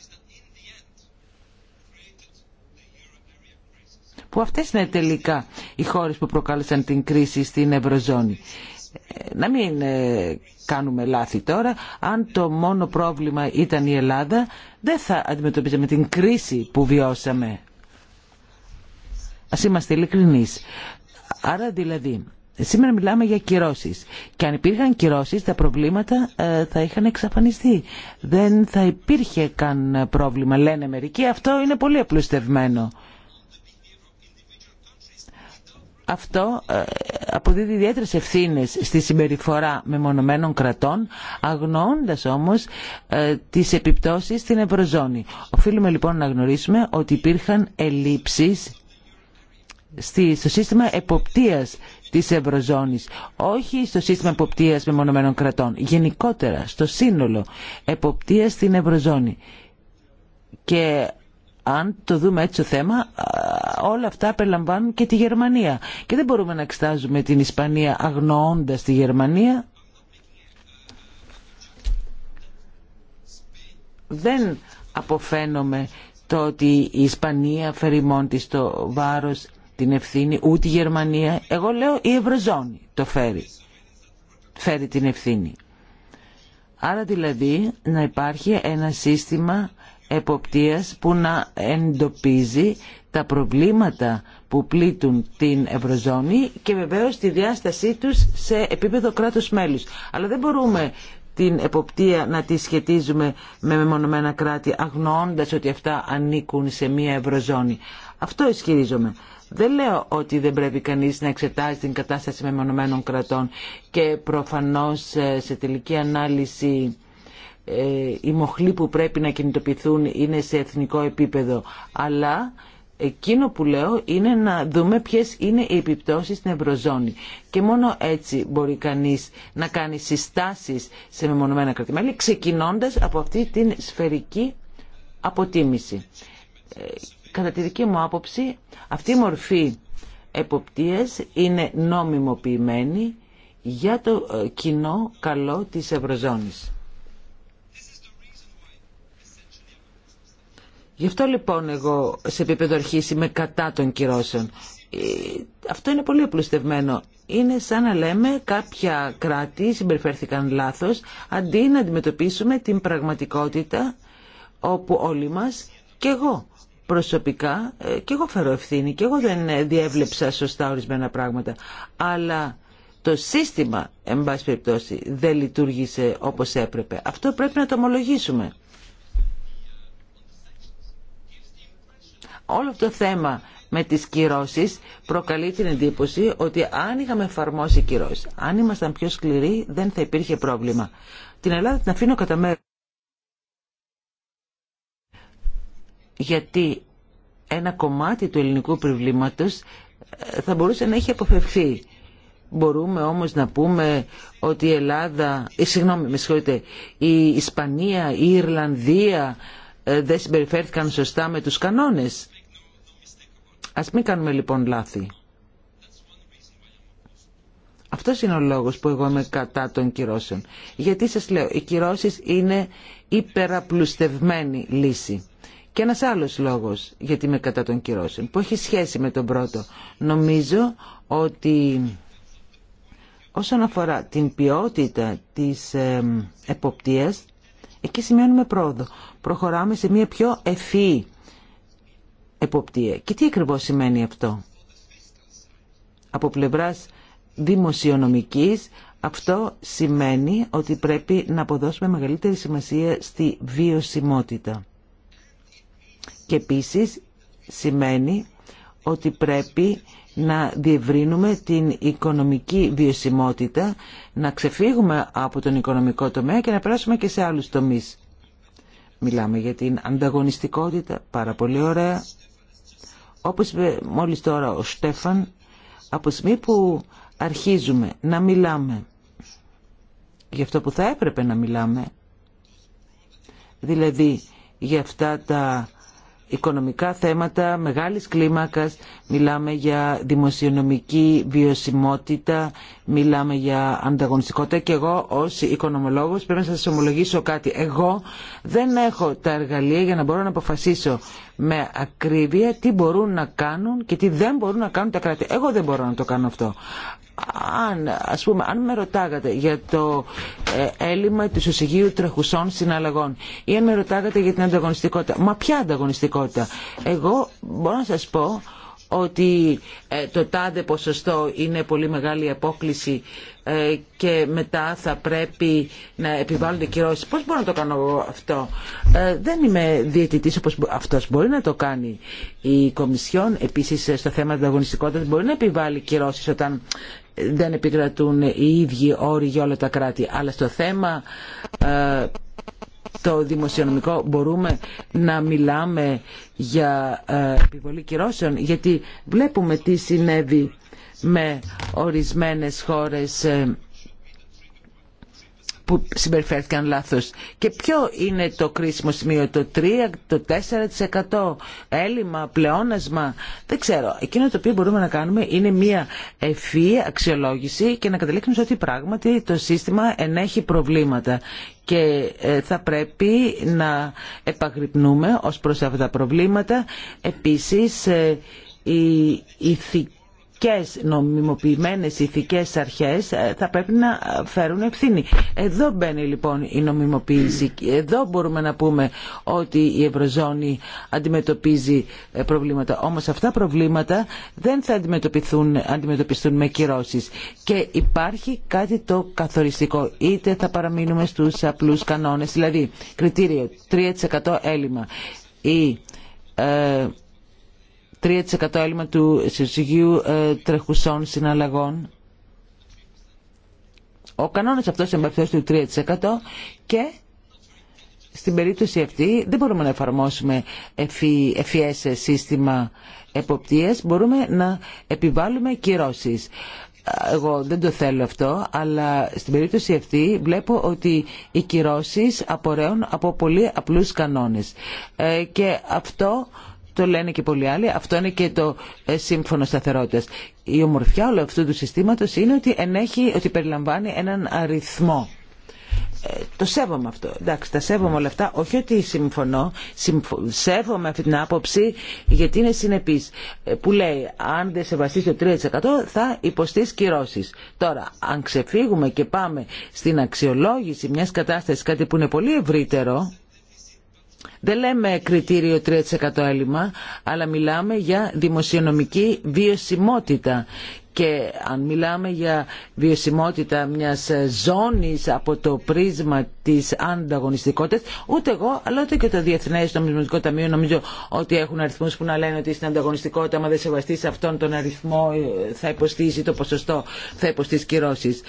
που αυτές είναι τελικά οι χώρες που προκάλεσαν την κρίση στην Ευρωζώνη. Ε, να μην ε, κάνουμε λάθη τώρα, αν το μόνο πρόβλημα ήταν η Ελλάδα, δεν θα αντιμετωπίζαμε την κρίση που βιώσαμε. Ας είμαστε ειλικρινείς. Άρα δηλαδή, Σήμερα μιλάμε για κυρώσει. Και αν υπήρχαν κυρώσει, τα προβλήματα ε, θα είχαν εξαφανιστεί. Δεν θα υπήρχε καν πρόβλημα, λένε μερικοί. Αυτό είναι πολύ απλουστευμένο. Αυτό ε, αποδίδει ιδιαίτερε ευθύνε στη συμπεριφορά μεμονωμένων κρατών, αγνοώντας όμως ε, τι επιπτώσεις στην Ευρωζώνη. Οφείλουμε λοιπόν να γνωρίσουμε ότι υπήρχαν ελλείψεις στο σύστημα εποπτείας Τη Ευρωζώνης. Όχι στο σύστημα εποπτείας μεμονωμένων κρατών. Γενικότερα, στο σύνολο εποπτείας στην Ευρωζώνη. Και αν το δούμε έτσι το θέμα, όλα αυτά περιλαμβάνουν και τη Γερμανία. Και δεν μπορούμε να εξετάζουμε την Ισπανία αγνοώντας τη Γερμανία. Δεν αποφαίνομαι το ότι η Ισπανία φερει μόνη το βάρος την ευθύνη ούτε η Γερμανία. Εγώ λέω η Ευρωζώνη το φέρει. Φέρει την ευθύνη. Άρα δηλαδή να υπάρχει ένα σύστημα εποπτείας που να εντοπίζει τα προβλήματα που πλήττουν την Ευρωζώνη και βεβαίως τη διάστασή τους σε επίπεδο κράτους μέλους. Αλλά δεν μπορούμε την εποπτεία να τη σχετίζουμε με μεμονωμένα κράτη αγνοώντας ότι αυτά ανήκουν σε μία Ευρωζώνη. Αυτό ισχυρίζομαι. Δεν λέω ότι δεν πρέπει κανείς να εξετάζει την κατάσταση μεμονωμένων κρατών και προφανώς ε, σε τελική ανάλυση ε, οι μοχλοί που πρέπει να κινητοποιηθούν είναι σε εθνικό επίπεδο. Αλλά εκείνο που λέω είναι να δούμε ποιες είναι οι επιπτώσεις στην Ευρωζώνη. Και μόνο έτσι μπορεί κανείς να κάνει συστάσεις σε μεμονωμένα κρατημέλη, ξεκινώντας από αυτή την σφαιρική αποτίμηση. Ε, Κατά τη δική μου άποψη, αυτή η μορφή εποπτείας είναι νόμιμοποιημένη για το ε, κοινό καλό της Ευρωζώνης. Γι' αυτό λοιπόν εγώ σε επίπεδο αρχή είμαι κατά των κυρώσεων. Ε, αυτό είναι πολύ απλουστευμένο. Είναι σαν να λέμε κάποια κράτη συμπεριφέρθηκαν λάθος αντί να αντιμετωπίσουμε την πραγματικότητα όπου όλοι μας και εγώ προσωπικά ε, και εγώ φέρω ευθύνη και εγώ δεν ε, διέβλεψα σωστά ορισμένα πράγματα. Αλλά το σύστημα, εν πάση περιπτώσει, δεν λειτουργήσε όπως έπρεπε. Αυτό πρέπει να το ομολογήσουμε. Όλο αυτό το θέμα με τις κυρώσεις προκαλεί την εντύπωση ότι αν είχαμε εφαρμόσει κυρώσεις, αν ήμασταν πιο σκληροί δεν θα υπήρχε πρόβλημα. Την Ελλάδα την αφήνω κατά μέρα. γιατί ένα κομμάτι του ελληνικού προβλήματος ε, θα μπορούσε να έχει αποφευθεί. Μπορούμε όμως να πούμε ότι η Ελλάδα, ε, συγγνώμη με συγχωρείτε, η Ισπανία, η Ιρλανδία ε, δεν συμπεριφέρθηκαν σωστά με τους κανόνες. Ας μην κάνουμε λοιπόν λάθη. Αυτό είναι ο λόγος που εγώ είμαι κατά των κυρώσεων. Γιατί σας λέω, οι κυρώσεις είναι υπεραπλουστευμένη λύση. Και ένας άλλος λόγος γιατί με κατά των κυρώσεων που έχει σχέση με τον πρώτο. Νομίζω ότι όσον αφορά την ποιότητα της εποπτείας εκεί σημειώνουμε πρόοδο. Προχωράμε σε μια πιο ευφύ εποπτεία. Και τι ακριβώς σημαίνει αυτό. Από πλευράς δημοσιονομικής αυτό σημαίνει ότι πρέπει να αποδώσουμε μεγαλύτερη σημασία στη βιωσιμότητα. Και επίση σημαίνει ότι πρέπει να διευρύνουμε την οικονομική βιωσιμότητα, να ξεφύγουμε από τον οικονομικό τομέα και να περάσουμε και σε άλλους τομείς. Μιλάμε για την ανταγωνιστικότητα, πάρα πολύ ωραία. Όπως είπε μόλις τώρα ο Στέφαν, από στιγμή που αρχίζουμε να μιλάμε για αυτό που θα έπρεπε να μιλάμε, δηλαδή για αυτά τα οικονομικά θέματα μεγάλης κλίμακας, μιλάμε για δημοσιονομική βιωσιμότητα, μιλάμε για ανταγωνιστικότητα και εγώ ως οικονομολόγος πρέπει να σας ομολογήσω κάτι. Εγώ δεν έχω τα εργαλεία για να μπορώ να αποφασίσω με ακρίβεια τι μπορούν να κάνουν και τι δεν μπορούν να κάνουν τα κράτη. Εγώ δεν μπορώ να το κάνω αυτό αν, ας πούμε, αν με ρωτάγατε για το ε, έλλειμμα του συζυγίου τρεχουσών συναλλαγών ή αν με ρωτάγατε για την ανταγωνιστικότητα, μα ποια ανταγωνιστικότητα, εγώ μπορώ να σας πω ότι ε, το τάδε ποσοστό είναι πολύ μεγάλη απόκληση ε, και μετά θα πρέπει να επιβάλλονται κυρώσεις. Πώς μπορώ να το κάνω εγώ αυτό. Δεν είμαι διαιτητής όπως αυτός μπορεί να το κάνει η Κομισιόν. Επίσης στο θέμα της μπορεί να επιβάλλει κυρώσεις όταν δεν επικρατούν οι ίδιοι όροι για όλα τα κράτη. Αλλά στο θέμα ε, το δημοσιονομικό μπορούμε να μιλάμε για ε, επιβολή κυρώσεων γιατί βλέπουμε τι συνέβη με ορισμένες χώρες ε, που συμπεριφέρθηκαν λάθος. Και ποιο είναι το κρίσιμο σημείο, το 3, το 4% έλλειμμα, πλεόνασμα. Δεν ξέρω. Εκείνο το οποίο μπορούμε να κάνουμε είναι μια ευφύ αξιολόγηση και να καταλήξουμε ότι πράγματι το σύστημα ενέχει προβλήματα και ε, θα πρέπει να επαγρυπνούμε ως προς αυτά τα προβλήματα. Επίσης, ε, η ηθική ηθικές, νομιμοποιημένες ηθικές αρχές ε, θα πρέπει να φέρουν ευθύνη. Εδώ μπαίνει λοιπόν η νομιμοποίηση. Εδώ μπορούμε να πούμε ότι η Ευρωζώνη αντιμετωπίζει ε, προβλήματα. Όμως αυτά τα προβλήματα δεν θα αντιμετωπιστούν, αντιμετωπιστούν με κυρώσεις. Και υπάρχει κάτι το καθοριστικό. Είτε θα παραμείνουμε στους απλούς κανόνες, δηλαδή κριτήριο 3% έλλειμμα ή... Ε, 3% έλλειμμα του συζυγίου ε, τρεχουσών συναλλαγών. Ο κανόνας αυτός εμπαρθώσει του 3% και στην περίπτωση αυτή δεν μπορούμε να εφαρμόσουμε ευφυές σύστημα εποπτείας, μπορούμε να επιβάλλουμε κυρώσεις. Εγώ δεν το θέλω αυτό, αλλά στην περίπτωση αυτή βλέπω ότι οι κυρώσεις απορρέουν από πολύ απλούς κανόνες. Ε, και αυτό το λένε και πολλοί άλλοι, αυτό είναι και το ε, σύμφωνο σταθερότητα. Η ομορφιά όλου αυτού του συστήματος είναι ότι, ενέχει, ότι περιλαμβάνει έναν αριθμό. Ε, το σέβομαι αυτό. Εντάξει, τα σέβομαι όλα αυτά. Όχι ότι συμφωνώ. Σέβομαι αυτή την άποψη γιατί είναι συνεπής. Ε, που λέει, αν δεν σεβαστεί το 3% θα υποστείς κυρώσει. Τώρα, αν ξεφύγουμε και πάμε στην αξιολόγηση μια κατάσταση κάτι που είναι πολύ ευρύτερο, δεν λέμε κριτήριο 3% έλλειμμα, αλλά μιλάμε για δημοσιονομική βιωσιμότητα. Και αν μιλάμε για βιωσιμότητα μιας ζώνης από το πρίσμα της ανταγωνιστικότητας, ούτε εγώ, αλλά ούτε και το Διεθνές Νομισματικό Ταμείο νομίζω ότι έχουν αριθμούς που να λένε ότι στην ανταγωνιστικότητα, άμα δεν σεβαστείς αυτόν τον αριθμό, ε, θα υποστήσει το ποσοστό, θα υποστήσει κυρώσεις.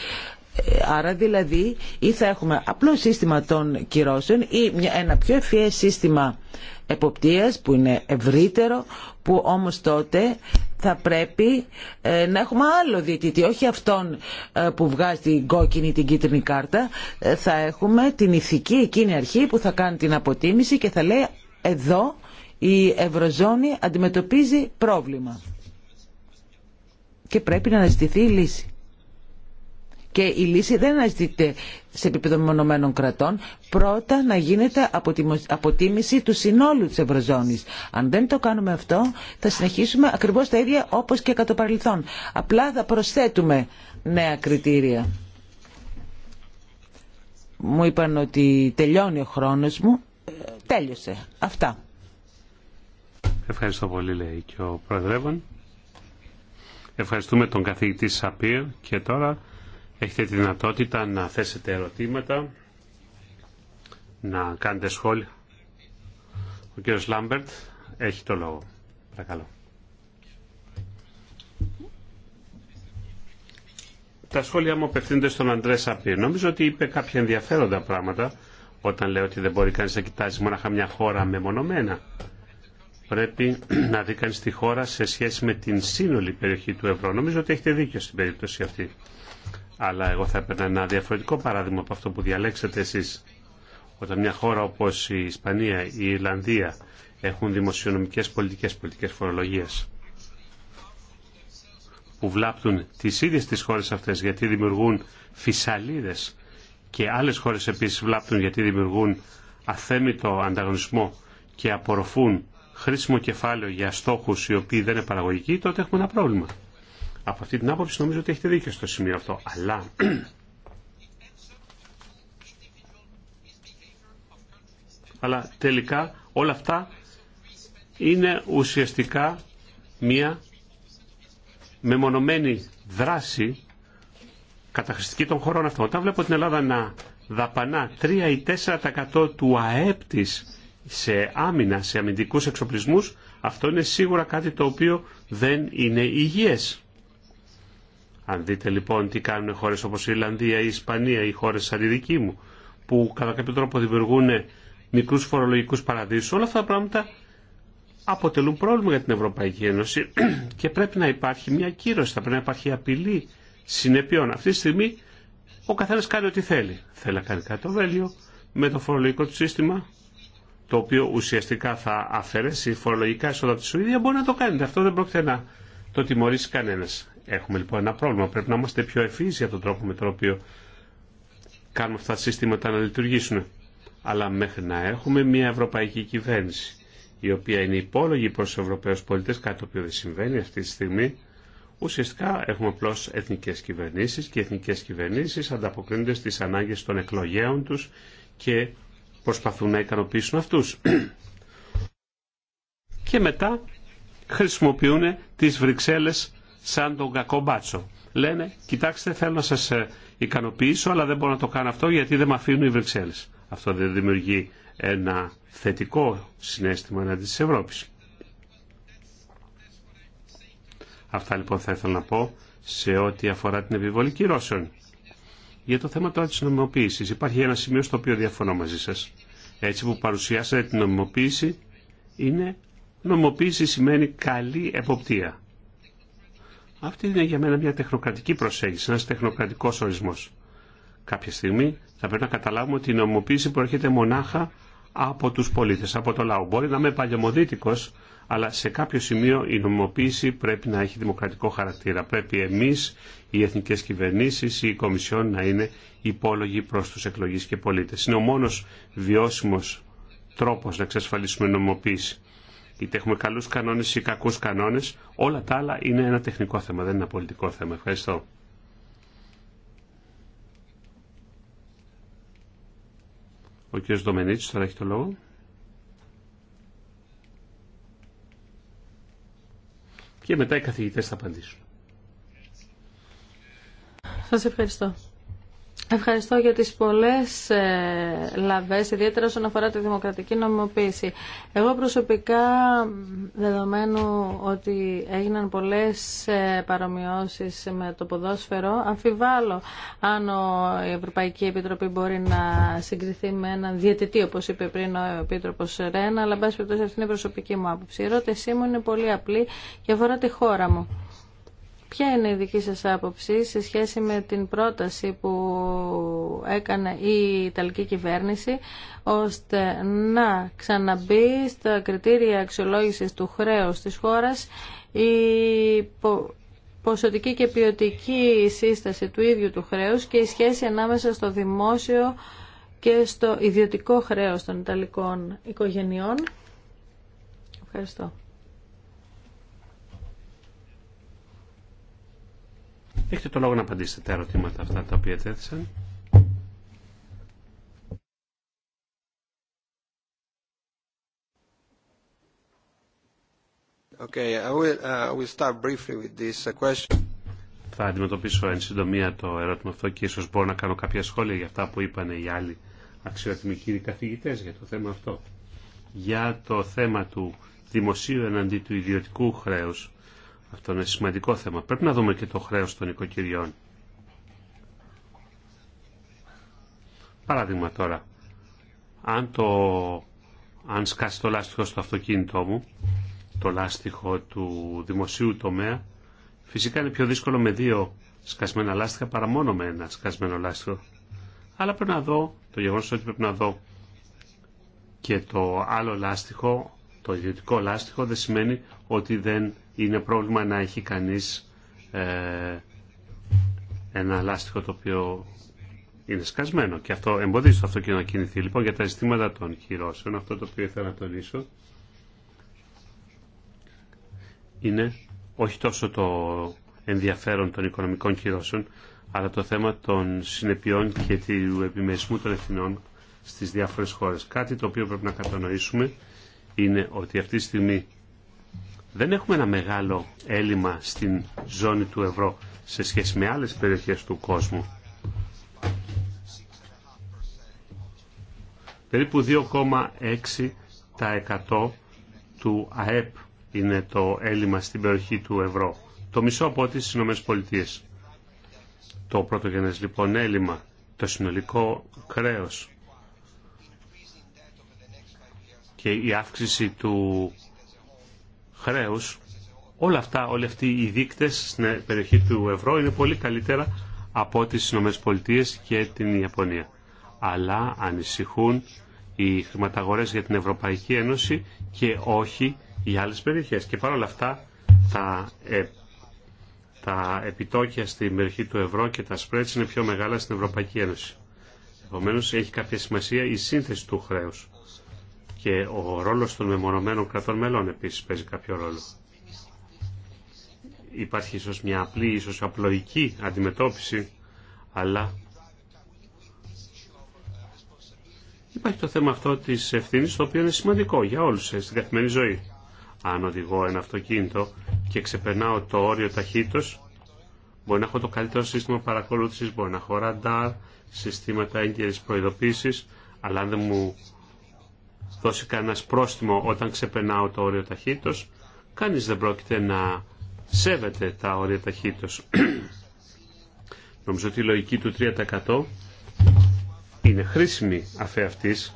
Άρα δηλαδή ή θα έχουμε απλό σύστημα των κυρώσεων ή ένα πιο ευφυές σύστημα εποπτείας που είναι ευρύτερο που όμως τότε θα πρέπει ε, να έχουμε άλλο διαιτητή, όχι αυτόν ε, που βγάζει την κόκκινη την κίτρινη κάρτα. Ε, θα έχουμε την ηθική εκείνη αρχή που θα κάνει την αποτίμηση και θα λέει εδώ η Ευρωζώνη αντιμετωπίζει πρόβλημα και πρέπει να αναζητηθεί η λύση. Και η λύση δεν αναζητείται σε επίπεδο μονομένων κρατών, πρώτα να γίνεται αποτίμηση του συνόλου της Ευρωζώνης. Αν δεν το κάνουμε αυτό, θα συνεχίσουμε ακριβώς τα ίδια όπως και κατά παρελθόν. Απλά θα προσθέτουμε νέα κριτήρια. Μου είπαν ότι τελειώνει ο χρόνος μου. Τέλειωσε. Αυτά. Ευχαριστώ πολύ, λέει και ο Προεδρεύων. Ευχαριστούμε τον καθηγητή Σαπίρ και τώρα Έχετε τη δυνατότητα να θέσετε ερωτήματα, να κάνετε σχόλια. Ο κύριος Λάμπερτ έχει το λόγο. Παρακαλώ. Τα σχόλια μου απευθύνονται στον Αντρέ Σαπίρ. Νομίζω ότι είπε κάποια ενδιαφέροντα πράγματα όταν λέει ότι δεν μπορεί κανείς να κοιτάζει μόναχα μια χώρα μεμονωμένα. Πρέπει να δει κανείς τη χώρα σε σχέση με την σύνολη περιοχή του ευρώ. Νομίζω ότι έχετε δίκιο στην περίπτωση αυτή. Αλλά εγώ θα έπαιρνα ένα διαφορετικό παράδειγμα από αυτό που διαλέξατε εσείς. Όταν μια χώρα όπως η Ισπανία, η Ιρλανδία έχουν δημοσιονομικές πολιτικές, πολιτικές φορολογίες που βλάπτουν τις ίδιες τις χώρες αυτές γιατί δημιουργούν φυσαλίδες και άλλες χώρες επίσης βλάπτουν γιατί δημιουργούν αθέμητο ανταγωνισμό και απορροφούν χρήσιμο κεφάλαιο για στόχους οι οποίοι δεν είναι παραγωγικοί, τότε έχουμε ένα πρόβλημα. Από αυτή την άποψη νομίζω ότι έχετε δίκιο στο σημείο αυτό. Αλλά αλλά τελικά όλα αυτά είναι ουσιαστικά μία μεμονωμένη δράση καταχρηστική των χωρών αυτών. Όταν βλέπω την Ελλάδα να δαπανά 3 ή 4% του ΑΕΠ της σε άμυνα, σε αμυντικούς εξοπλισμούς, αυτό είναι σίγουρα κάτι το οποίο δεν είναι υγιές. Αν δείτε λοιπόν τι κάνουν χώρες όπως η Ιρλανδία, η Ισπανία, οι χώρες σαν τη δική μου, που κατά κάποιο τρόπο δημιουργούν μικρούς φορολογικούς παραδείσους, όλα αυτά τα πράγματα αποτελούν πρόβλημα για την Ευρωπαϊκή Ένωση και πρέπει να υπάρχει μια κύρωση, θα πρέπει να υπάρχει απειλή συνεπειών. Αυτή τη στιγμή ο καθένα κάνει ό,τι θέλει. Θέλει να κάνει κάτι το βέλιο με το φορολογικό του σύστημα, το οποίο ουσιαστικά θα αφαιρέσει φορολογικά έσοδα τη Σουηδία. Μπορεί να το κάνει. Αυτό δεν πρόκειται να το τιμωρήσει κανένα. Έχουμε λοιπόν ένα πρόβλημα. Πρέπει να είμαστε πιο ευφύς για τον τρόπο με τον οποίο κάνουμε αυτά τα συστήματα να λειτουργήσουν. Αλλά μέχρι να έχουμε μια ευρωπαϊκή κυβέρνηση, η οποία είναι υπόλογη προς τους Ευρωπαίους πολίτες, κάτι το οποίο δεν συμβαίνει αυτή τη στιγμή, ουσιαστικά έχουμε απλώ εθνικές κυβερνήσεις και οι εθνικές κυβερνήσεις ανταποκρίνονται στις ανάγκες των εκλογέων τους και προσπαθούν να ικανοποιήσουν αυτούς. και μετά χρησιμοποιούν τις Βρυξέλλες σαν τον κακό μπάτσο. Λένε, κοιτάξτε θέλω να σα ε, ικανοποιήσω αλλά δεν μπορώ να το κάνω αυτό γιατί δεν με αφήνουν οι Βρυξέλλε. Αυτό δεν δημιουργεί ένα θετικό συνέστημα εναντί τη Ευρώπη. Αυτά λοιπόν θα ήθελα να πω σε ό,τι αφορά την επιβολή κυρώσεων. Για το θέμα τώρα τη νομιμοποίηση, υπάρχει ένα σημείο στο οποίο διαφωνώ μαζί σα. Έτσι που παρουσιάσατε την νομιμοποίηση είναι νομιμοποίηση σημαίνει καλή εποπτεία. Αυτή είναι για μένα μια τεχνοκρατική προσέγγιση, ένα τεχνοκρατικό ορισμό. Κάποια στιγμή θα πρέπει να καταλάβουμε ότι η νομοποίηση προέρχεται μονάχα από του πολίτε, από το λαό. Μπορεί να είμαι παλαιομοδίτικο, αλλά σε κάποιο σημείο η νομοποίηση πρέπει να έχει δημοκρατικό χαρακτήρα. Πρέπει εμεί, οι εθνικέ κυβερνήσει η Κομισιόν να είναι υπόλογοι προ του εκλογείς και πολίτε. Είναι ο μόνο βιώσιμο τρόπο να εξασφαλίσουμε νομοποίηση είτε έχουμε καλού κανόνε ή κακού κανόνε. Όλα τα άλλα είναι ένα τεχνικό θέμα, δεν είναι ένα πολιτικό θέμα. Ευχαριστώ. Ο κ. Δομενίτη τώρα έχει το λόγο. Και μετά οι καθηγητές θα απαντήσουν. Σας ευχαριστώ. Ευχαριστώ για τις πολλές ε, λαβές, ιδιαίτερα όσον αφορά τη δημοκρατική νομιμοποίηση. Εγώ προσωπικά, δεδομένου ότι έγιναν πολλές ε, παρομοιώσεις με το ποδόσφαιρο, αμφιβάλλω αν η Ευρωπαϊκή Επιτροπή μπορεί να συγκριθεί με έναν διαιτητή, όπως είπε πριν ο Επίτροπος Ρένα, αλλά, εν αυτή είναι η προσωπική μου άποψη. Η ερώτησή μου είναι πολύ απλή και αφορά τη χώρα μου. Ποια είναι η δική σας άποψη σε σχέση με την πρόταση που έκανε η Ιταλική κυβέρνηση ώστε να ξαναμπεί στα κριτήρια αξιολόγησης του χρέους της χώρας η ποσοτική και ποιοτική σύσταση του ίδιου του χρέους και η σχέση ανάμεσα στο δημόσιο και στο ιδιωτικό χρέος των Ιταλικών οικογενειών. Ευχαριστώ. Έχετε το λόγο να απαντήσετε τα ερωτήματα αυτά τα οποία τέθησαν. Okay, I will, uh, will start briefly with this uh, question. Θα αντιμετωπίσω εν συντομία το ερώτημα αυτό και ίσως μπορώ να κάνω κάποια σχόλια για αυτά που είπαν οι άλλοι αξιότιμοι κύριοι για το θέμα αυτό. Για το θέμα του δημοσίου εναντί του ιδιωτικού χρέους αυτό είναι σημαντικό θέμα. Πρέπει να δούμε και το χρέος των οικοκυριών. Παράδειγμα τώρα, αν, το, αν σκάσει το λάστιχο στο αυτοκίνητό μου, το λάστιχο του δημοσίου τομέα, φυσικά είναι πιο δύσκολο με δύο σκασμένα λάστιχα παρά μόνο με ένα σκασμένο λάστιχο. Αλλά πρέπει να δω, το γεγονός ότι πρέπει να δω και το άλλο λάστιχο το ιδιωτικό λάστιχο δεν σημαίνει ότι δεν είναι πρόβλημα να έχει κανείς ε, ένα λάστιχο το οποίο είναι σκασμένο και αυτό εμποδίζει το αυτοκίνητο να κινηθεί. Λοιπόν, για τα ζητήματα των χειρώσεων, αυτό το οποίο ήθελα να τονίσω είναι όχι τόσο το ενδιαφέρον των οικονομικών χειρώσεων, αλλά το θέμα των συνεπειών και του επιμερισμού των ευθυνών στις διάφορες χώρες. Κάτι το οποίο πρέπει να κατανοήσουμε είναι ότι αυτή τη στιγμή δεν έχουμε ένα μεγάλο έλλειμμα στην ζώνη του ευρώ σε σχέση με άλλες περιοχές του κόσμου. Περίπου 2,6% του ΑΕΠ είναι το έλλειμμα στην περιοχή του ευρώ. Το μισό από ό,τι στις ΗΠΑ. Το πρωτογενές λοιπόν έλλειμμα, το συνολικό κρέος και η αύξηση του χρέους, όλα αυτά, όλοι αυτοί οι δείκτες στην περιοχή του ευρώ είναι πολύ καλύτερα από τις Πολιτείες και την Ιαπωνία. Αλλά ανησυχούν οι χρηματαγορές για την Ευρωπαϊκή Ένωση και όχι οι άλλες περιοχές. Και παρόλα αυτά τα, ε, τα επιτόκια στην περιοχή του ευρώ και τα σπρέτς είναι πιο μεγάλα στην Ευρωπαϊκή Ένωση. Επομένως έχει κάποια σημασία η σύνθεση του χρέους και ο ρόλος των μεμονωμένων κρατών μελών επίσης παίζει κάποιο ρόλο. Υπάρχει ίσως μια απλή, ίσως απλοϊκή αντιμετώπιση, αλλά υπάρχει το θέμα αυτό της ευθύνης, το οποίο είναι σημαντικό για όλους ε, στην καθημερινή ζωή. Αν οδηγώ ένα αυτοκίνητο και ξεπερνάω το όριο ταχύτητος, μπορεί να έχω το καλύτερο σύστημα παρακολούθησης, μπορεί να έχω ραντάρ, συστήματα έγκαιρης προειδοποίησης, αλλά δεν μου δώσει κανένα πρόστιμο όταν ξεπερνάω το όριο ταχύτητος, κανείς δεν πρόκειται να σέβεται τα όρια ταχύτητος. Νομίζω ότι η λογική του 3% είναι χρήσιμη αφέ αυτής,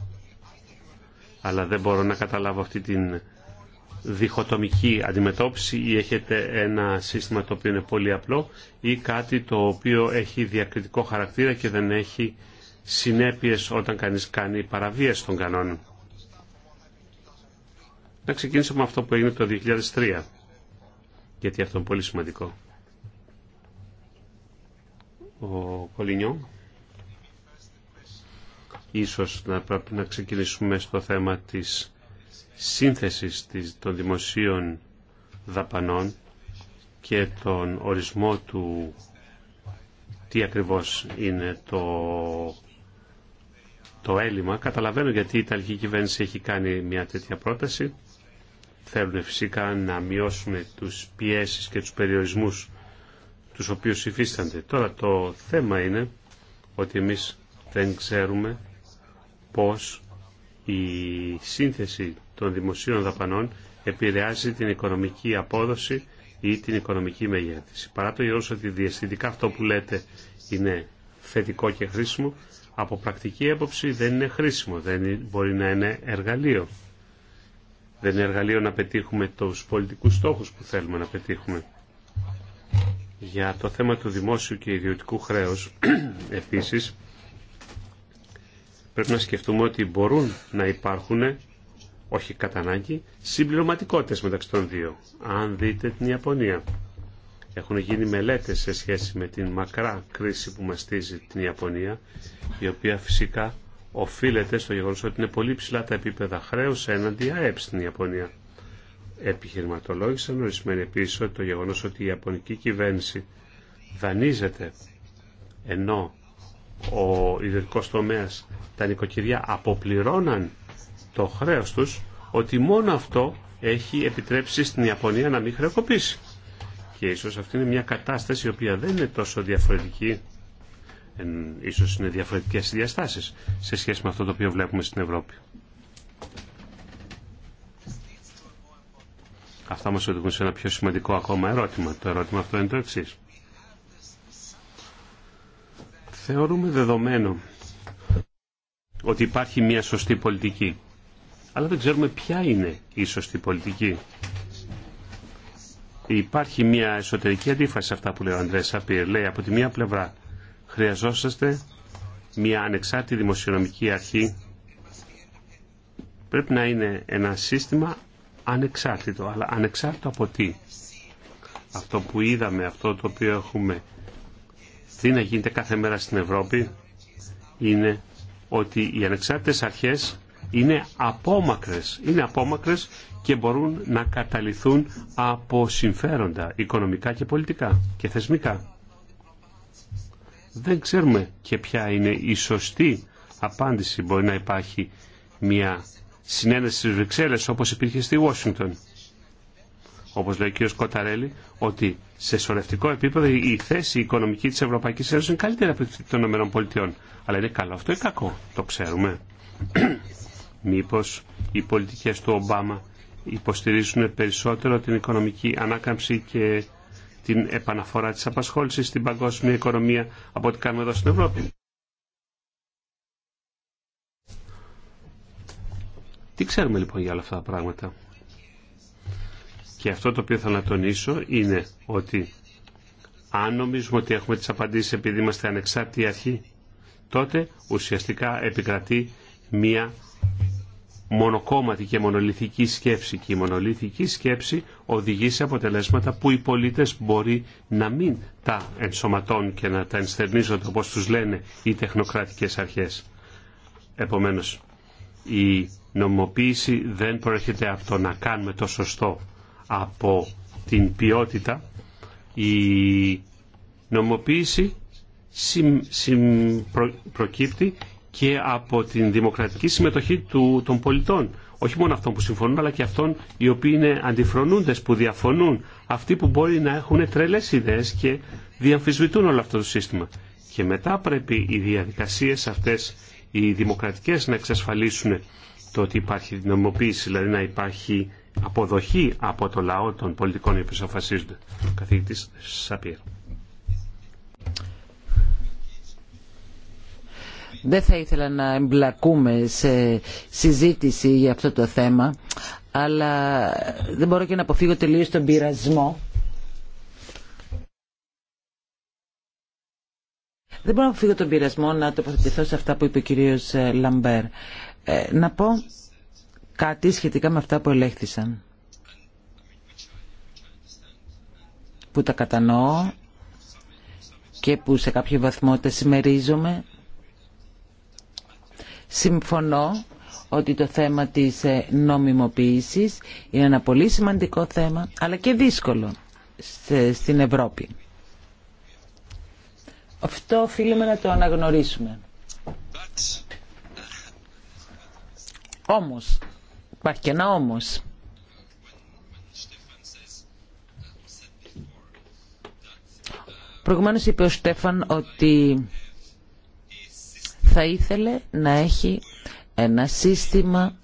αλλά δεν μπορώ να καταλάβω αυτή την διχοτομική αντιμετώπιση ή έχετε ένα σύστημα το οποίο είναι πολύ απλό ή κάτι το οποίο έχει διακριτικό χαρακτήρα και δεν έχει συνέπειες όταν κανείς κάνει παραβίαση των κανόνων. Να ξεκινήσουμε με αυτό που έγινε το 2003, γιατί αυτό είναι πολύ σημαντικό. Ο Κολινιό. Ίσως να πρέπει να ξεκινήσουμε στο θέμα της σύνθεσης των δημοσίων δαπανών και τον ορισμό του τι ακριβώς είναι το, το έλλειμμα. Καταλαβαίνω γιατί η Ιταλική κυβέρνηση έχει κάνει μια τέτοια πρόταση θέλουν φυσικά να μειώσουν τους πιέσεις και τους περιορισμούς τους οποίους υφίστανται. Τώρα το θέμα είναι ότι εμείς δεν ξέρουμε πώς η σύνθεση των δημοσίων δαπανών επηρεάζει την οικονομική απόδοση ή την οικονομική μεγέθυνση. Παρά το γεγονός ότι διαστητικά αυτό που λέτε είναι θετικό και χρήσιμο, από πρακτική έποψη δεν είναι χρήσιμο, δεν μπορεί να είναι εργαλείο δεν είναι εργαλείο να πετύχουμε τους πολιτικούς στόχους που θέλουμε να πετύχουμε. Για το θέμα του δημόσιου και ιδιωτικού χρέους, επίσης, πρέπει να σκεφτούμε ότι μπορούν να υπάρχουν, όχι κατά ανάγκη, συμπληρωματικότητες μεταξύ των δύο. Αν δείτε την Ιαπωνία, έχουν γίνει μελέτες σε σχέση με την μακρά κρίση που μαστίζει την Ιαπωνία, η οποία φυσικά οφείλεται στο γεγονός ότι είναι πολύ ψηλά τα επίπεδα χρέους έναντι ΑΕΠ στην Ιαπωνία. Επιχειρηματολόγησαν ορισμένοι επίσης ότι το γεγονό ότι η Ιαπωνική κυβέρνηση δανείζεται ενώ ο ιδιωτικό τομέα τα νοικοκυριά αποπληρώναν το χρέο του ότι μόνο αυτό έχει επιτρέψει στην Ιαπωνία να μην χρεοκοπήσει. Και ίσως αυτή είναι μια κατάσταση η οποία δεν είναι τόσο διαφορετική ίσως είναι διαφορετικές διαστάσεις σε σχέση με αυτό το οποίο βλέπουμε στην Ευρώπη. Αυτά μας οδηγούν σε ένα πιο σημαντικό ακόμα ερώτημα. Το ερώτημα αυτό είναι το εξή. Θεωρούμε δεδομένο ότι υπάρχει μια σωστή πολιτική. Αλλά δεν ξέρουμε ποια είναι η σωστή πολιτική. Υπάρχει μια εσωτερική αντίφαση σε αυτά που λέει ο Αντρέα Σαπίρ. Λέει από τη μία πλευρά χρειαζόσαστε μια ανεξάρτητη δημοσιονομική αρχή. Πρέπει να είναι ένα σύστημα ανεξάρτητο, αλλά ανεξάρτητο από τι. Αυτό που είδαμε, αυτό το οποίο έχουμε δει να γίνεται κάθε μέρα στην Ευρώπη, είναι ότι οι ανεξάρτητες αρχές είναι απόμακρες, είναι απόμακρες και μπορούν να καταληθούν από συμφέροντα οικονομικά και πολιτικά και θεσμικά δεν ξέρουμε και ποια είναι η σωστή απάντηση. Μπορεί να υπάρχει μια συνένεση στις Βρυξέλλες όπως υπήρχε στη Ουάσιγκτον. Όπως λέει ο κ. Κοταρέλη, ότι σε σωρευτικό επίπεδο η θέση οικονομική της Ευρωπαϊκής Ένωσης είναι καλύτερη από την των ΗΠΑ. Αλλά είναι καλό αυτό ή κακό, το ξέρουμε. Μήπως οι πολιτικές του Ομπάμα υποστηρίζουν περισσότερο την οικονομική ανάκαμψη και την επαναφορά της απασχόλησης στην παγκόσμια οικονομία από ό,τι κάνουμε εδώ στην Ευρώπη. Τι ξέρουμε λοιπόν για όλα αυτά τα πράγματα. Και αυτό το οποίο θα να τονίσω είναι ότι αν νομίζουμε ότι έχουμε τις απαντήσεις επειδή είμαστε ανεξάρτητοι αρχή, τότε ουσιαστικά επικρατεί μία μονοκόμματη και μονολυθική σκέψη και η μονολυθική σκέψη οδηγεί σε αποτελέσματα που οι πολίτες μπορεί να μην τα ενσωματώνουν και να τα ενστερνίζονται όπως τους λένε οι τεχνοκρατικές αρχές. Επομένως, η νομοποίηση δεν προέρχεται από το να κάνουμε το σωστό από την ποιότητα. Η νομοποίηση συμ, συμ, προκύπτει και από την δημοκρατική συμμετοχή του, των πολιτών. Όχι μόνο αυτών που συμφωνούν, αλλά και αυτών οι οποίοι είναι αντιφρονούντες, που διαφωνούν. Αυτοί που μπορεί να έχουν τρελές ιδέες και διαμφισβητούν όλο αυτό το σύστημα. Και μετά πρέπει οι διαδικασίες αυτές, οι δημοκρατικές, να εξασφαλίσουν το ότι υπάρχει δημοποίηση, δηλαδή να υπάρχει αποδοχή από το λαό των πολιτικών οι οποίες αποφασίζονται. Δεν θα ήθελα να εμπλακούμε σε συζήτηση για αυτό το θέμα, αλλά δεν μπορώ και να αποφύγω τελείω τον πειρασμό. Δεν μπορώ να αποφύγω τον πειρασμό να τοποθετηθώ σε αυτά που είπε ο κυρίος ε, Λαμπέρ. Ε, να πω κάτι σχετικά με αυτά που ελέγχθησαν. Που τα κατανοώ και που σε κάποιο βαθμό τα συμμερίζομαι Συμφωνώ ότι το θέμα της ε, νομιμοποίησης είναι ένα πολύ σημαντικό θέμα, αλλά και δύσκολο στην Ευρώπη. Αυτό οφείλουμε να το αναγνωρίσουμε. Όμως, υπάρχει και ένα όμως. Προηγουμένως είπε ο Στέφαν ότι θα ήθελε να έχει ένα σύστημα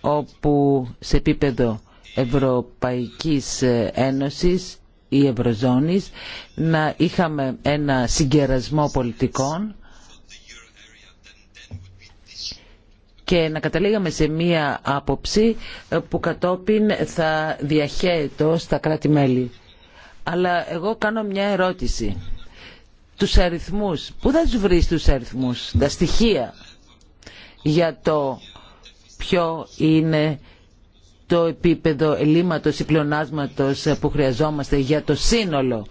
όπου σε επίπεδο Ευρωπαϊκής Ένωσης ή Ευρωζώνης να είχαμε ένα συγκερασμό πολιτικών και να καταλήγαμε σε μία άποψη που κατόπιν θα διαχέεται στα κράτη-μέλη. Αλλά εγώ κάνω μια ερώτηση τους αριθμούς. Πού θα τους βρεις τους αριθμούς, τα στοιχεία για το ποιο είναι το επίπεδο ελλείμματος ή πλεονάσματος που χρειαζόμαστε για το σύνολο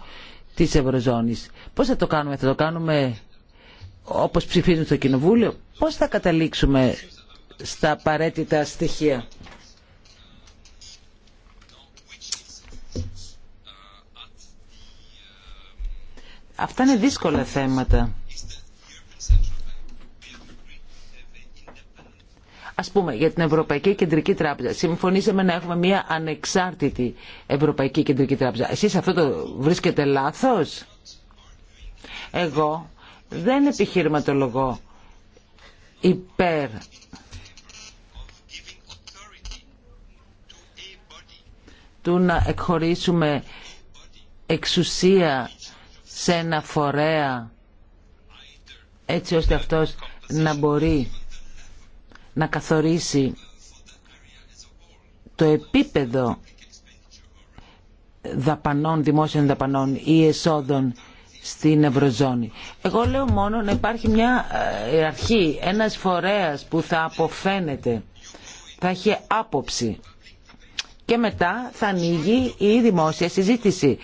της Ευρωζώνης. Πώς θα το κάνουμε, θα το κάνουμε όπως ψηφίζουν στο Κοινοβούλιο, πώς θα καταλήξουμε στα απαραίτητα στοιχεία. Αυτά είναι δύσκολα θέματα. Ας πούμε, για την Ευρωπαϊκή Κεντρική Τράπεζα. Συμφωνήσαμε να έχουμε μια ανεξάρτητη Ευρωπαϊκή Κεντρική Τράπεζα. Εσείς αυτό το βρίσκετε λάθος. Εγώ δεν επιχειρηματολογώ υπέρ του να εκχωρήσουμε εξουσία σε ένα φορέα έτσι ώστε αυτός να μπορεί να καθορίσει το επίπεδο δαπανών, δημόσιων δαπανών ή εσόδων στην Ευρωζώνη. Εγώ λέω μόνο να υπάρχει μια ε, αρχή, ένας φορέας που θα αποφαίνεται, θα έχει άποψη και μετά θα ανοίγει η δημόσια συζήτηση.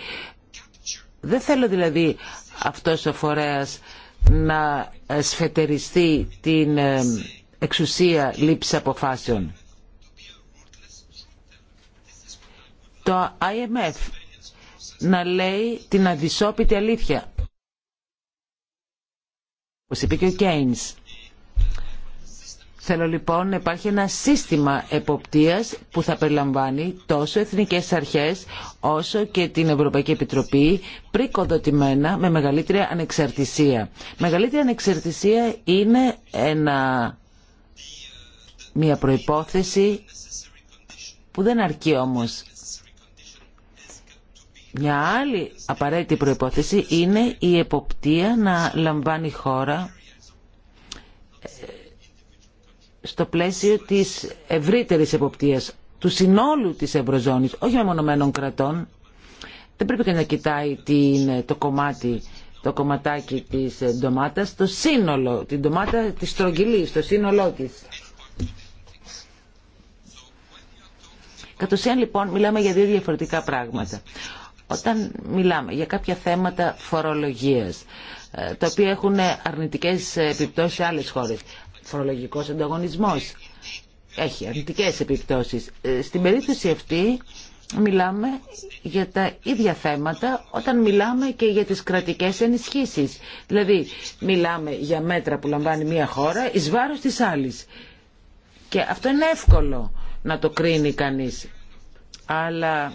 Δεν θέλω δηλαδή αυτός ο φορέας να σφετεριστεί την ε, εξουσία λήψη αποφάσεων. Το IMF να λέει την αδυσόπιτη αλήθεια. Όπως είπε και ο Κέινς. Θέλω λοιπόν να υπάρχει ένα σύστημα εποπτείας που θα περιλαμβάνει τόσο εθνικές αρχές όσο και την Ευρωπαϊκή Επιτροπή πρικοδοτημένα με μεγαλύτερη ανεξαρτησία. Μεγαλύτερη ανεξαρτησία είναι μια προϋπόθεση που δεν αρκεί όμως. Μια άλλη απαραίτητη προϋπόθεση είναι η εποπτεία να λαμβάνει χώρα στο πλαίσιο της ευρύτερης εποπτείας του συνόλου της Ευρωζώνης, όχι μεμονωμένων κρατών. Δεν πρέπει και να κοιτάει το κομμάτι, το κομματάκι της ντομάτας, το σύνολο, την ντομάτα της στρογγυλής, το σύνολό της. Κατ' ουσίαν λοιπόν μιλάμε για δύο διαφορετικά πράγματα. Όταν μιλάμε για κάποια θέματα φορολογίας, ε, τα οποία έχουν αρνητικές επιπτώσεις σε άλλες χώρες φορολογικός ανταγωνισμός. Έχει αρνητικές επιπτώσεις. Ε, στην περίπτωση αυτή μιλάμε για τα ίδια θέματα όταν μιλάμε και για τις κρατικές ενισχύσεις. Δηλαδή μιλάμε για μέτρα που λαμβάνει μια χώρα εις βάρος της άλλης. Και αυτό είναι εύκολο να το κρίνει κανείς. Αλλά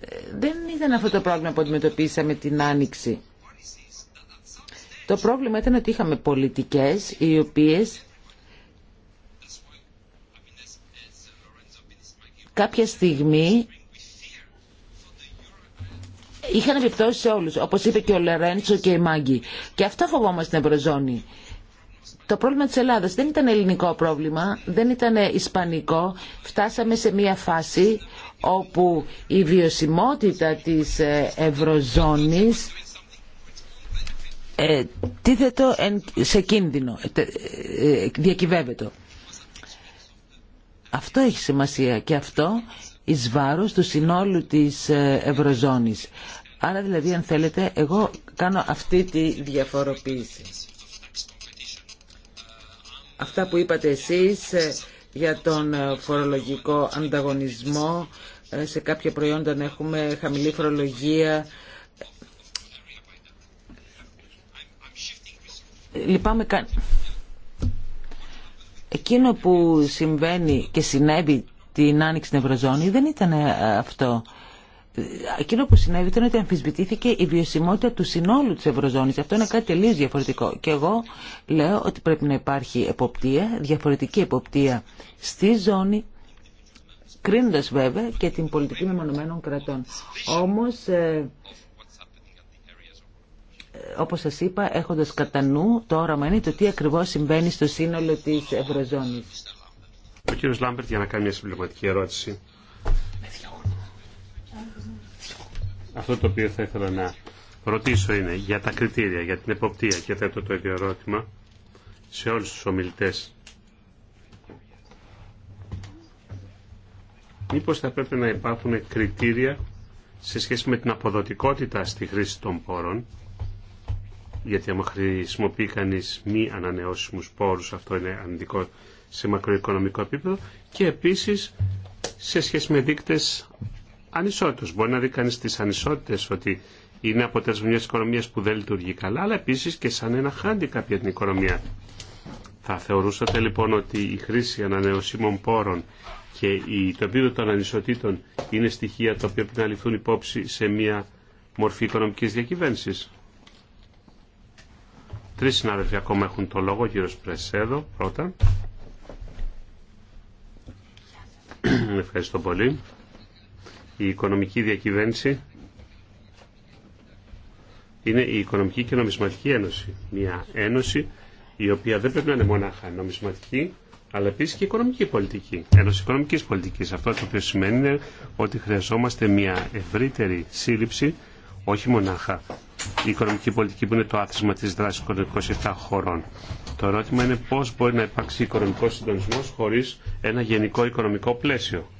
ε, δεν ήταν αυτό το πρόβλημα που αντιμετωπίσαμε την Άνοιξη. Το πρόβλημα ήταν ότι είχαμε πολιτικές οι οποίες κάποια στιγμή είχαν επιπτώσει σε όλους, όπως είπε και ο Λερέντσο και η Μάγκη. Και αυτό φοβόμαστε στην Ευρωζώνη. Το πρόβλημα της Ελλάδας δεν ήταν ελληνικό πρόβλημα, δεν ήταν ισπανικό. Φτάσαμε σε μια φάση όπου η βιωσιμότητα της ε, Ευρωζώνης ε, τίθετο σε κίνδυνο, ε, ε, διακυβεύεται. Αυτό έχει σημασία και αυτό εις βάρος του συνόλου της Ευρωζώνης. Άρα δηλαδή αν θέλετε εγώ κάνω αυτή τη διαφοροποίηση. Αυτά που είπατε εσείς για τον φορολογικό ανταγωνισμό, σε κάποια προϊόντα να έχουμε χαμηλή φορολογία, λυπάμαι καν... Εκείνο που συμβαίνει και συνέβη την άνοιξη στην Ευρωζώνη δεν ήταν ε, αυτό. Εκείνο που συνέβη ήταν ότι αμφισβητήθηκε η βιωσιμότητα του συνόλου της Ευρωζώνης. Αυτό είναι κάτι τελείως διαφορετικό. Και εγώ λέω ότι πρέπει να υπάρχει εποπτεία, διαφορετική εποπτεία στη ζώνη, κρίνοντας βέβαια και την πολιτική μεμονωμένων κρατών. Όμως ε, όπως σας είπα, έχοντας κατά νου το όραμα είναι το τι ακριβώς συμβαίνει στο σύνολο της Ευρωζώνης. Ο κύριος Λάμπερτ για να κάνει μια συμπληρωματική ερώτηση. Αυτό το οποίο θα ήθελα να ρωτήσω είναι για τα κριτήρια, για την εποπτεία και θέτω το ίδιο ερώτημα σε όλους τους ομιλητές. Μήπως θα πρέπει να υπάρχουν κριτήρια σε σχέση με την αποδοτικότητα στη χρήση των πόρων γιατί άμα χρησιμοποιεί κανείς μη ανανεώσιμους πόρους, αυτό είναι αρνητικό σε μακροοικονομικό επίπεδο και επίσης σε σχέση με δείκτες ανισότητες. Μπορεί να δει κανείς τις ανισότητες ότι είναι αποτέλεσμα μιας οικονομίας που δεν λειτουργεί καλά, αλλά επίσης και σαν ένα χάντη κάποια την οικονομία. Θα θεωρούσατε λοιπόν ότι η χρήση ανανεωσίμων πόρων και η, το επίπεδο των ανισοτήτων είναι στοιχεία τα οποία πρέπει να ληφθούν υπόψη σε μια μορφή οικονομικής διακυβέρνησης. Τρεις συνάδελφοι ακόμα έχουν το λόγο, κύριο Πρεσέδο πρώτα. Ευχαριστώ πολύ. Η οικονομική διακυβέρνηση είναι η Οικονομική και Νομισματική Ένωση. Μια ένωση η οποία δεν πρέπει να είναι μονάχα νομισματική, αλλά επίση και οικονομική πολιτική. Ένωση οικονομική πολιτική. Αυτό το οποίο σημαίνει είναι ότι χρειαζόμαστε μια ευρύτερη σύλληψη όχι μονάχα η οικονομική πολιτική που είναι το άθροισμα της δράσης των 27 χωρών. Το ερώτημα είναι πώς μπορεί να υπάρξει οικονομικό συντονισμό χωρίς ένα γενικό οικονομικό πλαίσιο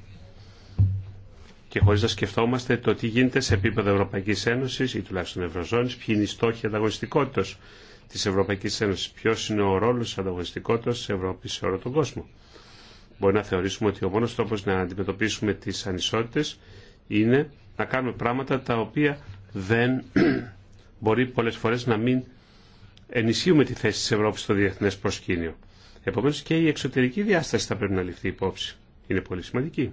και χωρίς να σκεφτόμαστε το τι γίνεται σε επίπεδο Ευρωπαϊκής Ένωσης ή τουλάχιστον Ευρωζώνης, ποιοι είναι οι στόχοι ανταγωνιστικότητας της Ευρωπαϊκής Ένωσης, ποιος είναι ο ρόλος της ανταγωνιστικότητας της Ευρώπης σε όλο τον κόσμο. Μπορεί να θεωρήσουμε ότι ο μόνος τρόπος να αντιμετωπίσουμε τις ανισότητες είναι να κάνουμε πράγματα τα οποία δεν μπορεί πολλέ φορέ να μην ενισχύουμε τη θέση τη Ευρώπη στο διεθνές προσκήνιο. Επομένως και η εξωτερική διάσταση θα πρέπει να ληφθεί υπόψη. Είναι πολύ σημαντική.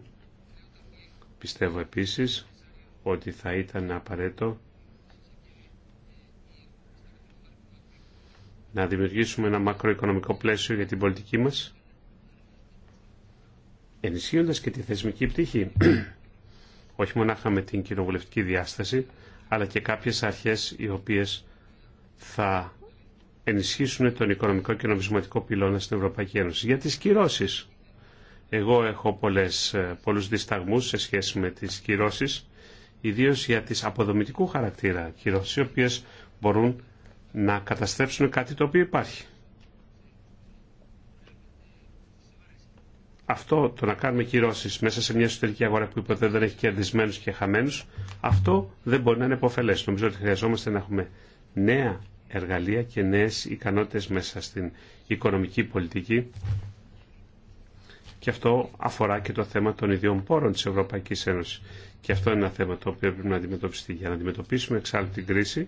Πιστεύω επίσης ότι θα ήταν απαραίτητο να δημιουργήσουμε ένα μακροοικονομικό πλαίσιο για την πολιτική μας, ενισχύοντας και τη θεσμική πτυχή, όχι μονάχα με την κοινοβουλευτική διάσταση, αλλά και κάποιες αρχές οι οποίες θα ενισχύσουν τον οικονομικό και νομισματικό πυλώνα στην Ευρωπαϊκή Ένωση. Για τις κυρώσεις. Εγώ έχω πολλές, ε, πολλούς δισταγμούς σε σχέση με τις κυρώσεις, ιδίως για τις αποδομητικού χαρακτήρα κυρώσεις, οι οποίες μπορούν να καταστρέψουν κάτι το οποίο υπάρχει. αυτό το να κάνουμε κυρώσει μέσα σε μια εσωτερική αγορά που υποτίθεται δεν έχει κερδισμένου και χαμένου, αυτό δεν μπορεί να είναι υποφελέ. Νομίζω ότι χρειαζόμαστε να έχουμε νέα εργαλεία και νέε ικανότητε μέσα στην οικονομική πολιτική και αυτό αφορά και το θέμα των ιδιών πόρων τη Ευρωπαϊκή Ένωση. Και αυτό είναι ένα θέμα το οποίο πρέπει να αντιμετωπιστεί. Για να αντιμετωπίσουμε εξάλλου την κρίση,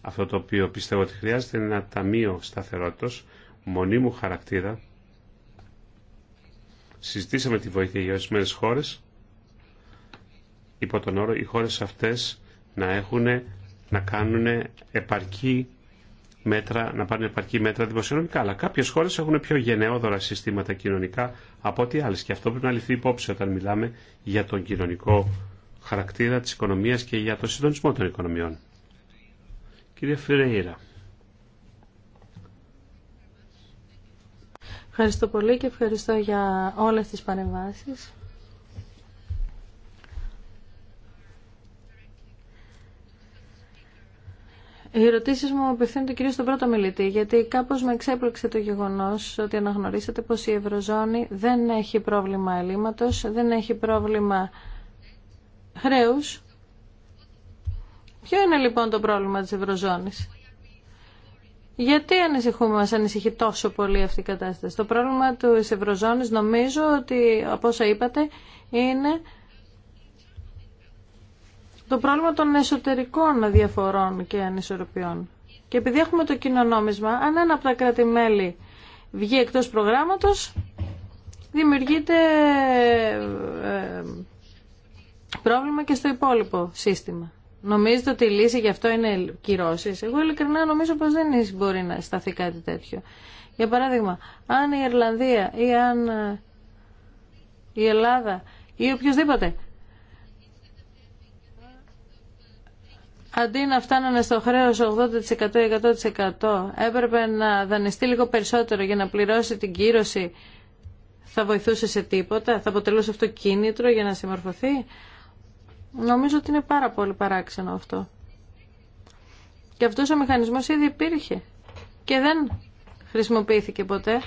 αυτό το οποίο πιστεύω ότι χρειάζεται είναι ένα ταμείο σταθερότητα, μονίμου χαρακτήρα, συζητήσαμε τη βοήθεια για ορισμένε χώρε υπό τον όρο οι χώρε αυτέ να έχουν να κάνουν επαρκή μέτρα, να πάρουν επαρκή μέτρα δημοσιονομικά. Αλλά κάποιε χώρε έχουν πιο γενναιόδωρα συστήματα κοινωνικά από ό,τι άλλε. Και αυτό πρέπει να ληφθεί υπόψη όταν μιλάμε για τον κοινωνικό χαρακτήρα τη οικονομία και για τον συντονισμό των οικονομιών. Κύριε Φιρέιρα. Ευχαριστώ πολύ και ευχαριστώ για όλες τις παρεμβάσεις. Οι ερωτήσει μου απευθύνονται κυρίω στον πρώτο μιλητή, γιατί κάπως με εξέπληξε το γεγονός ότι αναγνωρίσατε πως η Ευρωζώνη δεν έχει πρόβλημα ελλείμματο, δεν έχει πρόβλημα χρέους. Ποιο είναι λοιπόν το πρόβλημα της Ευρωζώνης? Γιατί ανησυχούμε, μα ανησυχεί τόσο πολύ αυτή η κατάσταση. Το πρόβλημα του Ευρωζώνη νομίζω ότι, από όσα είπατε, είναι το πρόβλημα των εσωτερικών διαφορών και ανισορροπιών. Και επειδή έχουμε το κοινωνόμισμα, αν ένα από τα κράτη-μέλη βγει εκτός προγράμματος, δημιουργείται ε, ε, πρόβλημα και στο υπόλοιπο σύστημα. Νομίζετε ότι η λύση γι' αυτό είναι κυρώσει. Εγώ ειλικρινά νομίζω πω δεν μπορεί να σταθεί κάτι τέτοιο. Για παράδειγμα, αν η Ιρλανδία ή αν ε, η Ελλάδα ή οποιοδήποτε αντί να φτάνανε στο χρέο 80% ή 100% έπρεπε να δανειστεί λίγο περισσότερο για να πληρώσει την κύρωση θα βοηθούσε σε τίποτα, θα αποτελούσε αυτό κίνητρο για να συμμορφωθεί. Νομίζω ότι είναι πάρα πολύ παράξενο αυτό. Και αυτός ο μηχανισμός ήδη υπήρχε και δεν χρησιμοποιήθηκε ποτέ.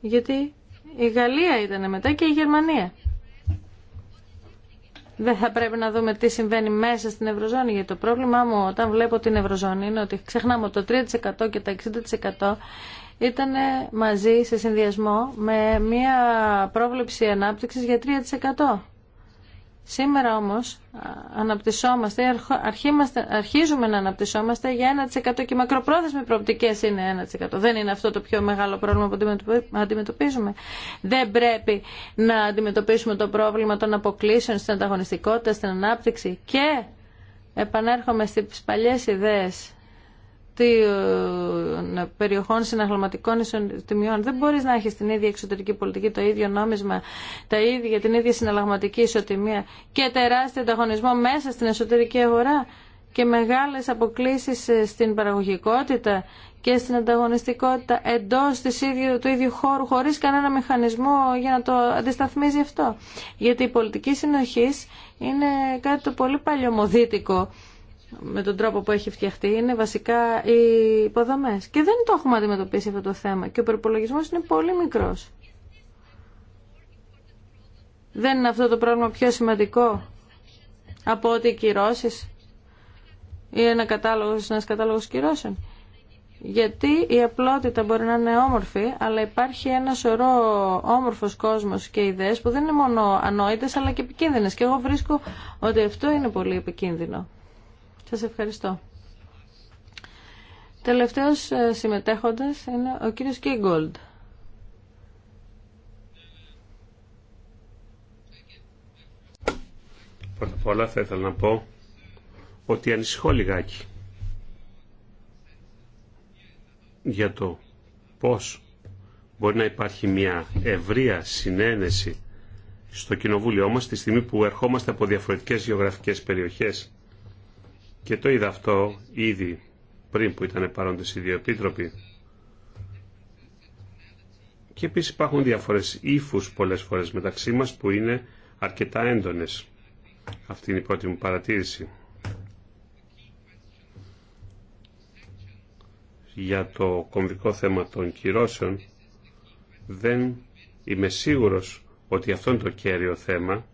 Γιατί η Γαλλία ήταν μετά και η Γερμανία. Δεν θα πρέπει να δούμε τι συμβαίνει μέσα στην Ευρωζώνη. Γιατί το πρόβλημά μου όταν βλέπω την Ευρωζώνη είναι ότι ξεχνάμε το 3% και τα 60% ήταν μαζί σε συνδυασμό με μια πρόβλεψη ανάπτυξης για 3%. Σήμερα όμως αναπτυσσόμαστε, αρχίζουμε να αναπτυσσόμαστε για 1% και οι μακροπρόθεσμοι προοπτικές είναι 1%. Δεν είναι αυτό το πιο μεγάλο πρόβλημα που αντιμετωπίζουμε. Δεν πρέπει να αντιμετωπίσουμε το πρόβλημα των αποκλήσεων στην ανταγωνιστικότητα, στην ανάπτυξη και επανέρχομαι στις παλιές ιδέες των ε, περιοχών συναγλωματικών ισοτιμιών. Δεν μπορείς να έχεις την ίδια εξωτερική πολιτική, το ίδιο νόμισμα, τα ίδια, την ίδια συναλλαγματική ισοτιμία και τεράστιο ανταγωνισμό μέσα στην εσωτερική αγορά και μεγάλες αποκλήσει ε, στην παραγωγικότητα και στην ανταγωνιστικότητα εντός ίδιου, του ίδιου χώρου χωρίς κανένα μηχανισμό για να το αντισταθμίζει αυτό. Γιατί η πολιτική συνοχής είναι κάτι το πολύ παλιωμοδίτικο με τον τρόπο που έχει φτιαχτεί είναι βασικά οι υποδομές. Και δεν το έχουμε αντιμετωπίσει αυτό το θέμα. Και ο προπολογισμό είναι πολύ μικρός. Δεν είναι αυτό το πρόβλημα πιο σημαντικό από ότι οι κυρώσεις ή ένα κατάλογος, ένας κατάλογος κυρώσεων. Γιατί η απλότητα μπορεί να είναι όμορφη, αλλά υπάρχει ένα σωρό όμορφο κόσμο και ιδέε που δεν είναι μόνο ανόητε, αλλά και επικίνδυνε. Και εγώ βρίσκω ότι αυτό είναι πολύ επικίνδυνο. Σας ευχαριστώ. Τελευταίος ε, συμμετέχοντας είναι ο κύριος Κίγκολντ. Πρώτα απ' όλα θα ήθελα να πω ότι ανησυχώ λιγάκι για το πώς μπορεί να υπάρχει μια ευρεία συνένεση στο κοινοβούλιο μας τη στιγμή που ερχόμαστε από διαφορετικές γεωγραφικές περιοχές και το είδα αυτό ήδη πριν που ήταν παρόντες οι δύο επίτροποι. Και επίση υπάρχουν διαφορές ύφους πολλές φορές μεταξύ μας που είναι αρκετά έντονες. Αυτή είναι η πρώτη μου παρατήρηση. Για το κομβικό θέμα των κυρώσεων δεν είμαι σίγουρος ότι αυτό είναι το κέριο θέμα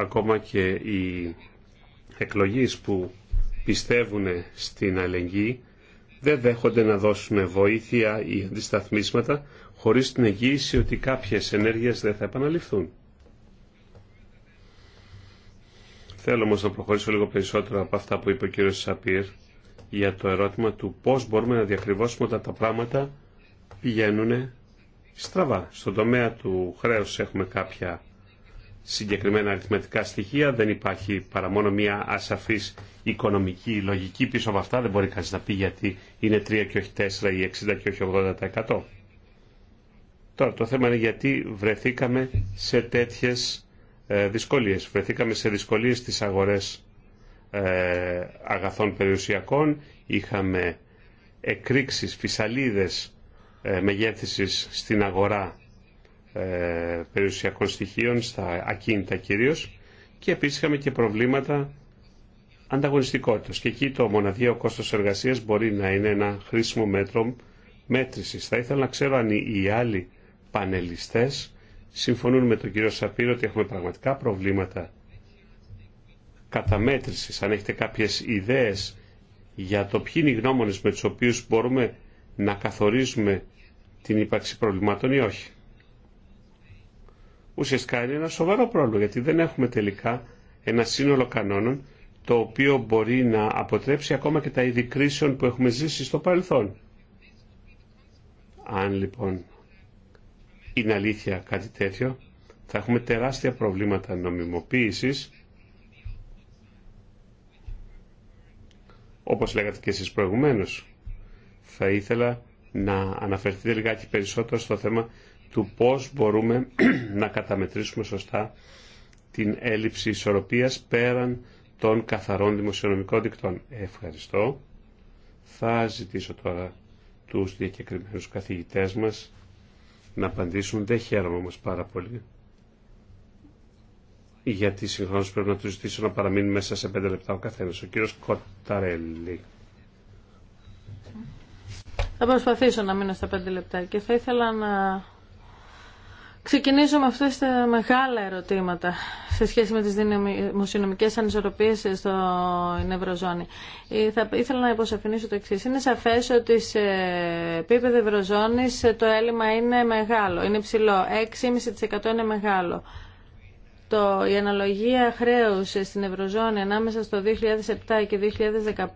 ακόμα και οι εκλογείς που πιστεύουν στην αλληλεγγύη δεν δέχονται να δώσουν βοήθεια ή αντισταθμίσματα χωρίς την εγγύηση ότι κάποιες ενέργειες δεν θα επαναληφθούν. Θέλω όμως να προχωρήσω λίγο περισσότερο από αυτά που είπε ο κύριος Σαπίρ για το ερώτημα του πώς μπορούμε να διακριβώσουμε όταν τα πράγματα πηγαίνουν στραβά. Στον τομέα του χρέους έχουμε κάποια συγκεκριμένα αριθμητικά στοιχεία, δεν υπάρχει παρά μόνο μια ασαφής οικονομική λογική πίσω από αυτά, δεν μπορεί κανείς να πει γιατί είναι 3 και όχι 4 ή 60 και όχι 80%. Τώρα το θέμα είναι γιατί βρεθήκαμε σε τέτοιες ε, δυσκολίες. Βρεθήκαμε σε δυσκολίες στις αγορές ε, αγαθών περιουσιακών, είχαμε εκρήξεις, φυσαλίδες ε, μεγέθησης στην αγορά ε, περιουσιακών στοιχείων, στα ακίνητα κυρίως και επίσης είχαμε και προβλήματα ανταγωνιστικότητας και εκεί το μοναδιαίο κόστος εργασίας μπορεί να είναι ένα χρήσιμο μέτρο μέτρησης. Θα ήθελα να ξέρω αν οι άλλοι πανελιστές συμφωνούν με τον κύριο Σαπύρο ότι έχουμε πραγματικά προβλήματα καταμέτρησης, αν έχετε κάποιες ιδέες για το ποιοι είναι οι γνώμονες με τους οποίους μπορούμε να καθορίζουμε την ύπαρξη προβλημάτων ή όχι ουσιαστικά είναι ένα σοβαρό πρόβλημα γιατί δεν έχουμε τελικά ένα σύνολο κανόνων το οποίο μπορεί να αποτρέψει ακόμα και τα είδη κρίσεων που έχουμε ζήσει στο παρελθόν. Αν λοιπόν είναι αλήθεια κάτι τέτοιο, θα έχουμε τεράστια προβλήματα νομιμοποίησης, όπως λέγατε και εσείς προηγουμένως. Θα ήθελα να αναφερθείτε λιγάκι περισσότερο στο θέμα του πώς μπορούμε να καταμετρήσουμε σωστά την έλλειψη ισορροπίας πέραν των καθαρών δημοσιονομικών δικτών. Ευχαριστώ. Θα ζητήσω τώρα τους διακεκριμένους καθηγητές μας να απαντήσουν. Δεν χαίρομαι όμως πάρα πολύ. Γιατί συγχρόνως πρέπει να τους ζητήσω να παραμείνουν μέσα σε πέντε λεπτά ο καθένας. Ο κύριος Κοταρέλη. Θα προσπαθήσω να μείνω στα πέντε λεπτά και θα ήθελα να Ξεκινήσω με αυτές τα μεγάλα ερωτήματα σε σχέση με τις δημοσιονομικές ανισορροπίες στο Ευρωζώνη. Ε, θα ήθελα να υποσαφηνήσω το εξής. Είναι σαφές ότι σε επίπεδο Ευρωζώνης το έλλειμμα είναι μεγάλο, είναι ψηλό. 6,5% είναι μεγάλο. Το, η αναλογία χρέους στην Ευρωζώνη ανάμεσα στο 2007 και 2015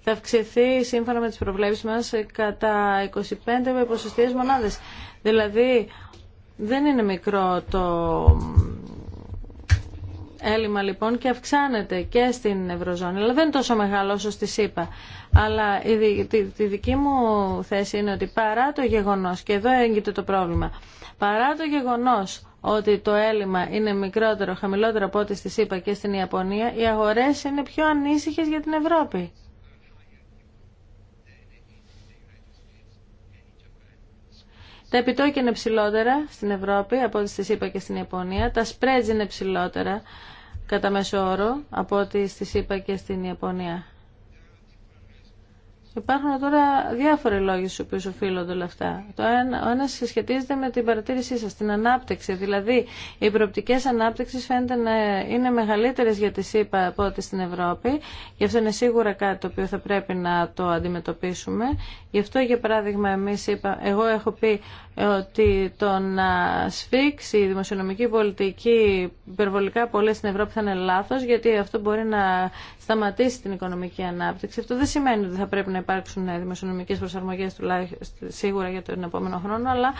θα αυξηθεί σύμφωνα με τις προβλέψεις μας κατά 25 ποσοστίες μονάδες. Δηλαδή δεν είναι μικρό το έλλειμμα λοιπόν και αυξάνεται και στην Ευρωζώνη, αλλά δεν είναι τόσο μεγάλο όσο στη ΣΥΠΑ. Αλλά τη δική μου θέση είναι ότι παρά το γεγονός, και εδώ έγκυται το πρόβλημα, παρά το γεγονός ότι το έλλειμμα είναι μικρότερο, χαμηλότερο από ό,τι στη ΣΥΠΑ και στην Ιαπωνία, οι αγορές είναι πιο ανήσυχες για την Ευρώπη. Τα επιτόκια είναι ψηλότερα στην Ευρώπη από ό,τι στις ΗΠΑ και στην Ιαπωνία. Τα σπρέτζ είναι ψηλότερα κατά μέσο όρο από ό,τι στις είπα και στην Ιαπωνία. Υπάρχουν τώρα διάφοροι λόγοι στους οποίους οφείλονται όλα αυτά. Το ένα, ο σχετίζεται με την παρατήρησή σας, την ανάπτυξη. Δηλαδή, οι προοπτικές ανάπτυξη φαίνεται να είναι μεγαλύτερες για τη ΣΥΠΑ από ό,τι στην Ευρώπη. Γι' αυτό είναι σίγουρα κάτι το οποίο θα πρέπει να το αντιμετωπίσουμε. Γι' αυτό, για παράδειγμα, εμείς είπα, εγώ έχω πει ότι το να σφίξει η δημοσιονομική πολιτική υπερβολικά πολλέ στην Ευρώπη θα είναι λάθος, γιατί αυτό μπορεί να σταματήσει την οικονομική ανάπτυξη. Αυτό δεν σημαίνει ότι θα πρέπει να υπάρξουν δημοσιονομικές προσαρμογές τουλάχιστον σίγουρα για τον επόμενο χρόνο, αλλά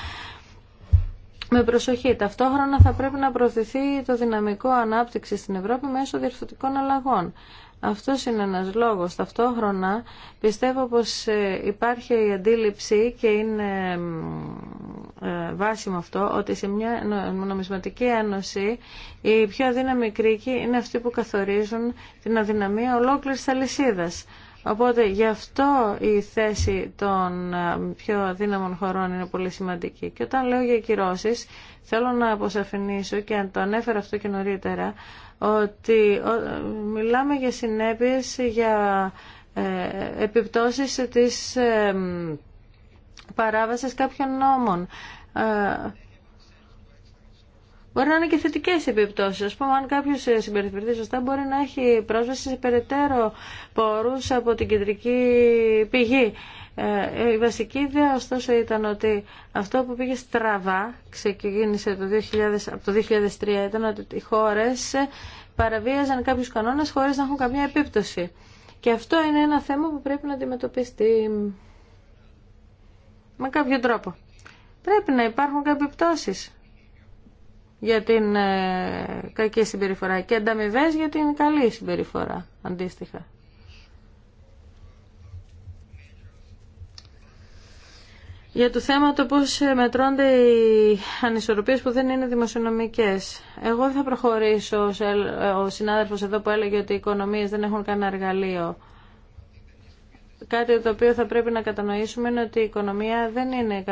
με προσοχή. Ταυτόχρονα θα πρέπει να προωθηθεί το δυναμικό ανάπτυξη στην Ευρώπη μέσω διευθυντικών αλλαγών. Αυτό είναι ένας λόγος. Ταυτόχρονα πιστεύω πως ε, υπάρχει η αντίληψη και είναι ε, βάσιμο αυτό ότι σε μια νομισματική ένωση οι πιο αδύναμοι κρίκοι είναι αυτοί που καθορίζουν την αδυναμία ολόκληρης αλυσίδας. Οπότε γι' αυτό η θέση των ε, πιο αδύναμων χωρών είναι πολύ σημαντική. Και όταν λέω για κυρώσεις, θέλω να αποσαφηνίσω και αν το ανέφερα αυτό και νωρίτερα, ότι μιλάμε για συνέπειες, για ε, επιπτώσεις της παράβασης κάποιων νόμων. Ε, Μπορεί να είναι και θετικέ επιπτώσει. Α πούμε, αν κάποιο συμπεριφερθεί σωστά, μπορεί να έχει πρόσβαση σε περαιτέρω πόρου από την κεντρική πηγή. Ε, ε, η βασική ιδέα ωστόσο ήταν ότι αυτό που πήγε στραβά, ξεκίνησε το 2000, από το 2003, ήταν ότι οι χώρες παραβίαζαν κάποιους κανόνες χωρίς να έχουν καμία επίπτωση. Και αυτό είναι ένα θέμα που πρέπει να αντιμετωπιστεί με κάποιο τρόπο. Πρέπει να υπάρχουν κάποιε πτώσει για την ε, κακή συμπεριφορά και ανταμοιβέ για την καλή συμπεριφορά, αντίστοιχα. Για το θέμα το πώς ε, μετρώνται οι ανισορροπίες που δεν είναι δημοσιονομικές. Εγώ θα προχωρήσω ε, ο συνάδελφος εδώ που έλεγε ότι οι οικονομίες δεν έχουν κανένα εργαλείο κάτι το οποίο θα πρέπει να κατανοήσουμε είναι ότι η οικονομία δεν είναι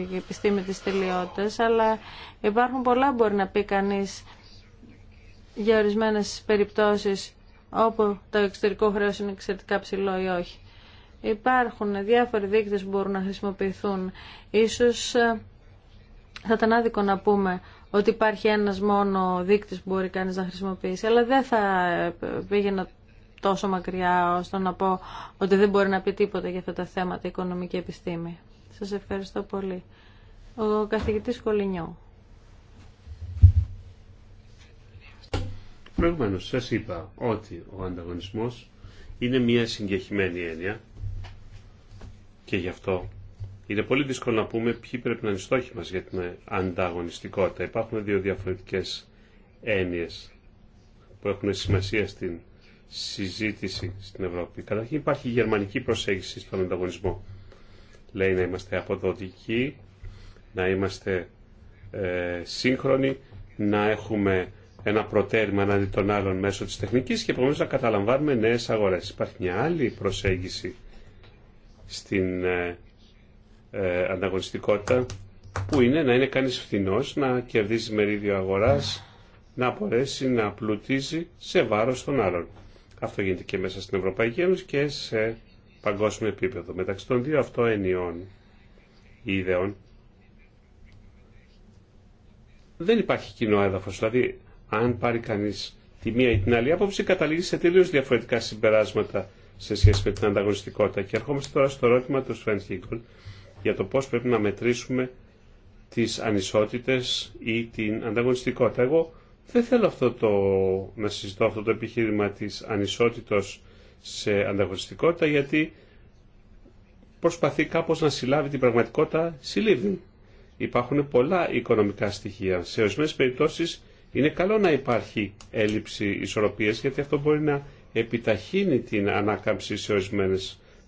η επιστήμη της τελειότητας, αλλά υπάρχουν πολλά μπορεί να πει κανείς για ορισμένες περιπτώσεις όπου το εξωτερικό χρέος είναι εξαιρετικά ψηλό ή όχι. Υπάρχουν διάφοροι δείκτες που μπορούν να χρησιμοποιηθούν. Ίσως ε, θα ήταν άδικο να πούμε ότι υπάρχει ένας μόνο δείκτης που μπορεί κανείς να χρησιμοποιήσει, αλλά δεν θα ε, πήγαινα τόσο μακριά ώστε να πω ότι δεν μπορεί να πει τίποτα για αυτά τα θέματα οικονομική επιστήμη. Σας ευχαριστώ πολύ. Ο καθηγητής Κολυνιό. Προηγουμένως σας είπα ότι ο ανταγωνισμός είναι μια συγκεχημένη έννοια και γι' αυτό είναι πολύ δύσκολο να πούμε ποιοι πρέπει να είναι στόχοι μας για την ανταγωνιστικότητα. Υπάρχουν δύο διαφορετικές έννοιες που έχουν σημασία στην συζήτηση στην Ευρώπη. Καταρχήν υπάρχει η γερμανική προσέγγιση στον ανταγωνισμό. Λέει να είμαστε αποδοτικοί, να είμαστε ε, σύγχρονοι, να έχουμε ένα προτέρημα εναντί των άλλων μέσω της τεχνικής και επομένως να καταλαμβάνουμε νέες αγορές. Υπάρχει μια άλλη προσέγγιση στην ε, ε, ανταγωνιστικότητα που είναι να είναι κανείς φθηνός, να κερδίζει μερίδιο αγοράς, να μπορέσει να πλουτίζει σε βάρος των άλλων. Αυτό γίνεται και μέσα στην Ευρωπαϊκή Ένωση και σε παγκόσμιο επίπεδο. Μεταξύ των δύο αυτό ενιών ή ιδεών δεν υπάρχει κοινό έδαφο. Δηλαδή, αν πάρει κανεί τη μία ή την άλλη άποψη, καταλήγει σε τελείω διαφορετικά συμπεράσματα σε σχέση με την ανταγωνιστικότητα. Και ερχόμαστε τώρα στο ερώτημα του Σφεν Χίγκολ για το πώ πρέπει να μετρήσουμε τι ανισότητε ή την ανταγωνιστικότητα. Εγώ δεν θέλω αυτό το, να συζητώ αυτό το επιχείρημα της ανισότητος σε ανταγωνιστικότητα γιατί προσπαθεί κάπως να συλλάβει την πραγματικότητα συλλήβδη. Υπάρχουν πολλά οικονομικά στοιχεία. Σε ορισμένε περιπτώσεις είναι καλό να υπάρχει έλλειψη ισορροπίας γιατί αυτό μπορεί να επιταχύνει την ανάκαμψη σε ορισμένε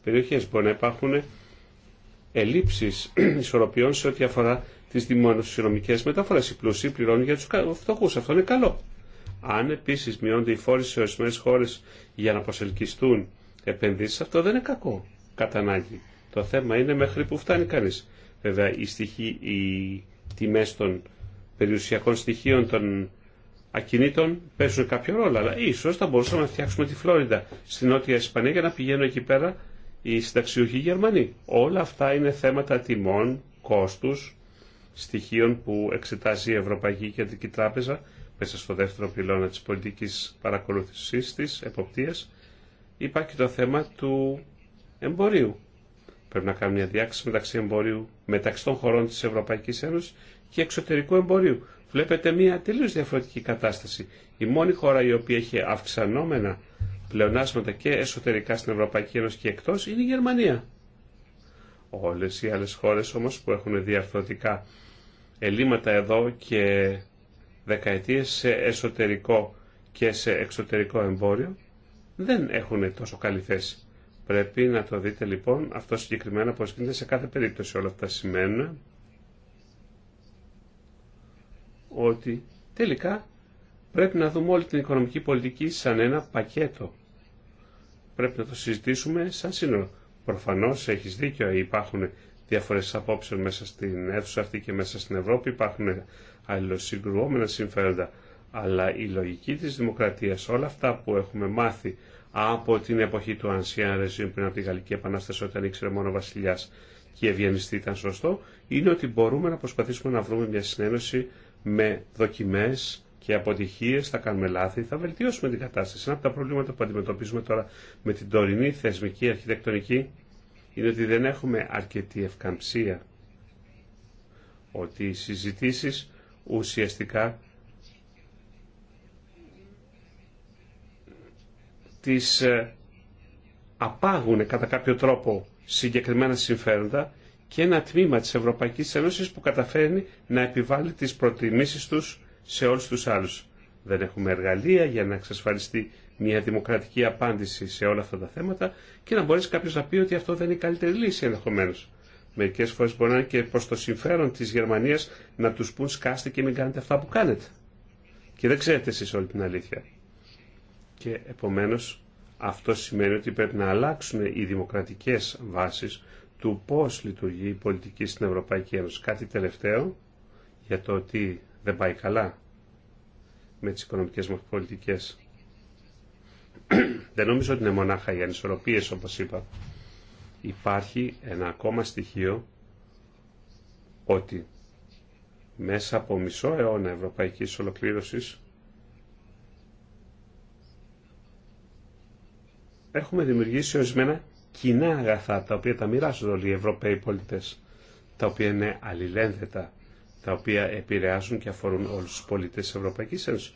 περιοχές. Μπορεί να υπάρχουν ελλείψεις ισορροπιών σε ό,τι αφορά τις δημοσιονομικές μεταφορές. Οι πλούσιοι πληρώνουν για τους φτωχούς. Αυτό είναι καλό. Αν επίσης μειώνται οι φόρες σε ορισμένε χώρες για να προσελκυστούν επενδύσεις, αυτό δεν είναι κακό κατά ανάγκη. Το θέμα είναι μέχρι που φτάνει κανείς. Βέβαια, οι, στοιχοί, οι τιμές των περιουσιακών στοιχείων των ακινήτων παίζουν κάποιο ρόλο, αλλά ίσως θα μπορούσαμε να φτιάξουμε τη Φλόριντα στην Νότια Ισπανία για να πηγαίνουν εκεί πέρα οι συνταξιούχοι Γερμανοί. Όλα αυτά είναι θέματα τιμών, κόστου στοιχείων που εξετάζει η Ευρωπαϊκή Κεντρική Τράπεζα μέσα στο δεύτερο πυλώνα της πολιτικής παρακολούθησης της, εποπτείας, υπάρχει το θέμα του εμπορίου. Πρέπει να κάνουμε μια διάκριση μεταξύ εμπορίου μεταξύ των χωρών της Ευρωπαϊκής Ένωσης και εξωτερικού εμπορίου. Βλέπετε μια τελείως διαφορετική κατάσταση. Η μόνη χώρα η οποία έχει αυξανόμενα πλεονάσματα και εσωτερικά στην Ευρωπαϊκή Ένωση και εκτός είναι η Γερμανία. Όλες οι άλλες χώρες όμως που έχουν διαφορετικά ελλείμματα εδώ και δεκαετίες σε εσωτερικό και σε εξωτερικό εμπόριο δεν έχουν τόσο καλή θέση. Πρέπει να το δείτε λοιπόν αυτό συγκεκριμένα πώς γίνεται σε κάθε περίπτωση. Όλα αυτά σημαίνουν ότι τελικά πρέπει να δούμε όλη την οικονομική πολιτική σαν ένα πακέτο. Πρέπει να το συζητήσουμε σαν σύνολο. Προφανώς έχεις δίκιο, υπάρχουν διάφορε απόψεων μέσα στην αίθουσα αυτή και μέσα στην Ευρώπη. Υπάρχουν αλληλοσυγκρουόμενα συμφέροντα. Αλλά η λογική τη δημοκρατία, όλα αυτά που έχουμε μάθει από την εποχή του Ancien Regime πριν από τη Γαλλική Επανάσταση όταν ήξερε μόνο ο βασιλιάς και ευγενιστή ήταν σωστό, είναι ότι μπορούμε να προσπαθήσουμε να βρούμε μια συνένωση με δοκιμέ και αποτυχίε, θα κάνουμε λάθη, θα βελτιώσουμε την κατάσταση. Ένα από τα προβλήματα που αντιμετωπίζουμε τώρα με την τωρινή θεσμική αρχιτεκτονική είναι ότι δεν έχουμε αρκετή ευκαμψία ότι οι συζητήσεις ουσιαστικά τις ε, απάγουν κατά κάποιο τρόπο συγκεκριμένα συμφέροντα και ένα τμήμα της Ευρωπαϊκής Ένωσης που καταφέρνει να επιβάλλει τις προτιμήσεις τους σε όλους τους άλλους. Δεν έχουμε εργαλεία για να εξασφαλιστεί μια δημοκρατική απάντηση σε όλα αυτά τα θέματα και να μπορέσει κάποιο να πει ότι αυτό δεν είναι η καλύτερη λύση ενδεχομένω. Μερικέ φορέ μπορεί να είναι και προ το συμφέρον τη Γερμανία να του πούν σκάστε και μην κάνετε αυτά που κάνετε. Και δεν ξέρετε εσεί όλη την αλήθεια. Και επομένω αυτό σημαίνει ότι πρέπει να αλλάξουν οι δημοκρατικέ βάσει του πώ λειτουργεί η πολιτική στην Ευρωπαϊκή Ένωση. Κάτι τελευταίο για το ότι δεν πάει καλά με τις οικονομικές μα πολιτικέ. Δεν νομίζω ότι είναι μονάχα οι ανισορροπίες όπως είπα. Υπάρχει ένα ακόμα στοιχείο ότι μέσα από μισό αιώνα ευρωπαϊκής ολοκλήρωσης έχουμε δημιουργήσει ορισμένα κοινά αγαθά τα οποία τα μοιράζονται όλοι οι Ευρωπαίοι πολίτες τα οποία είναι αλληλένθετα τα οποία επηρεάζουν και αφορούν όλους τους πολίτες της Ευρωπαϊκής Ένωσης.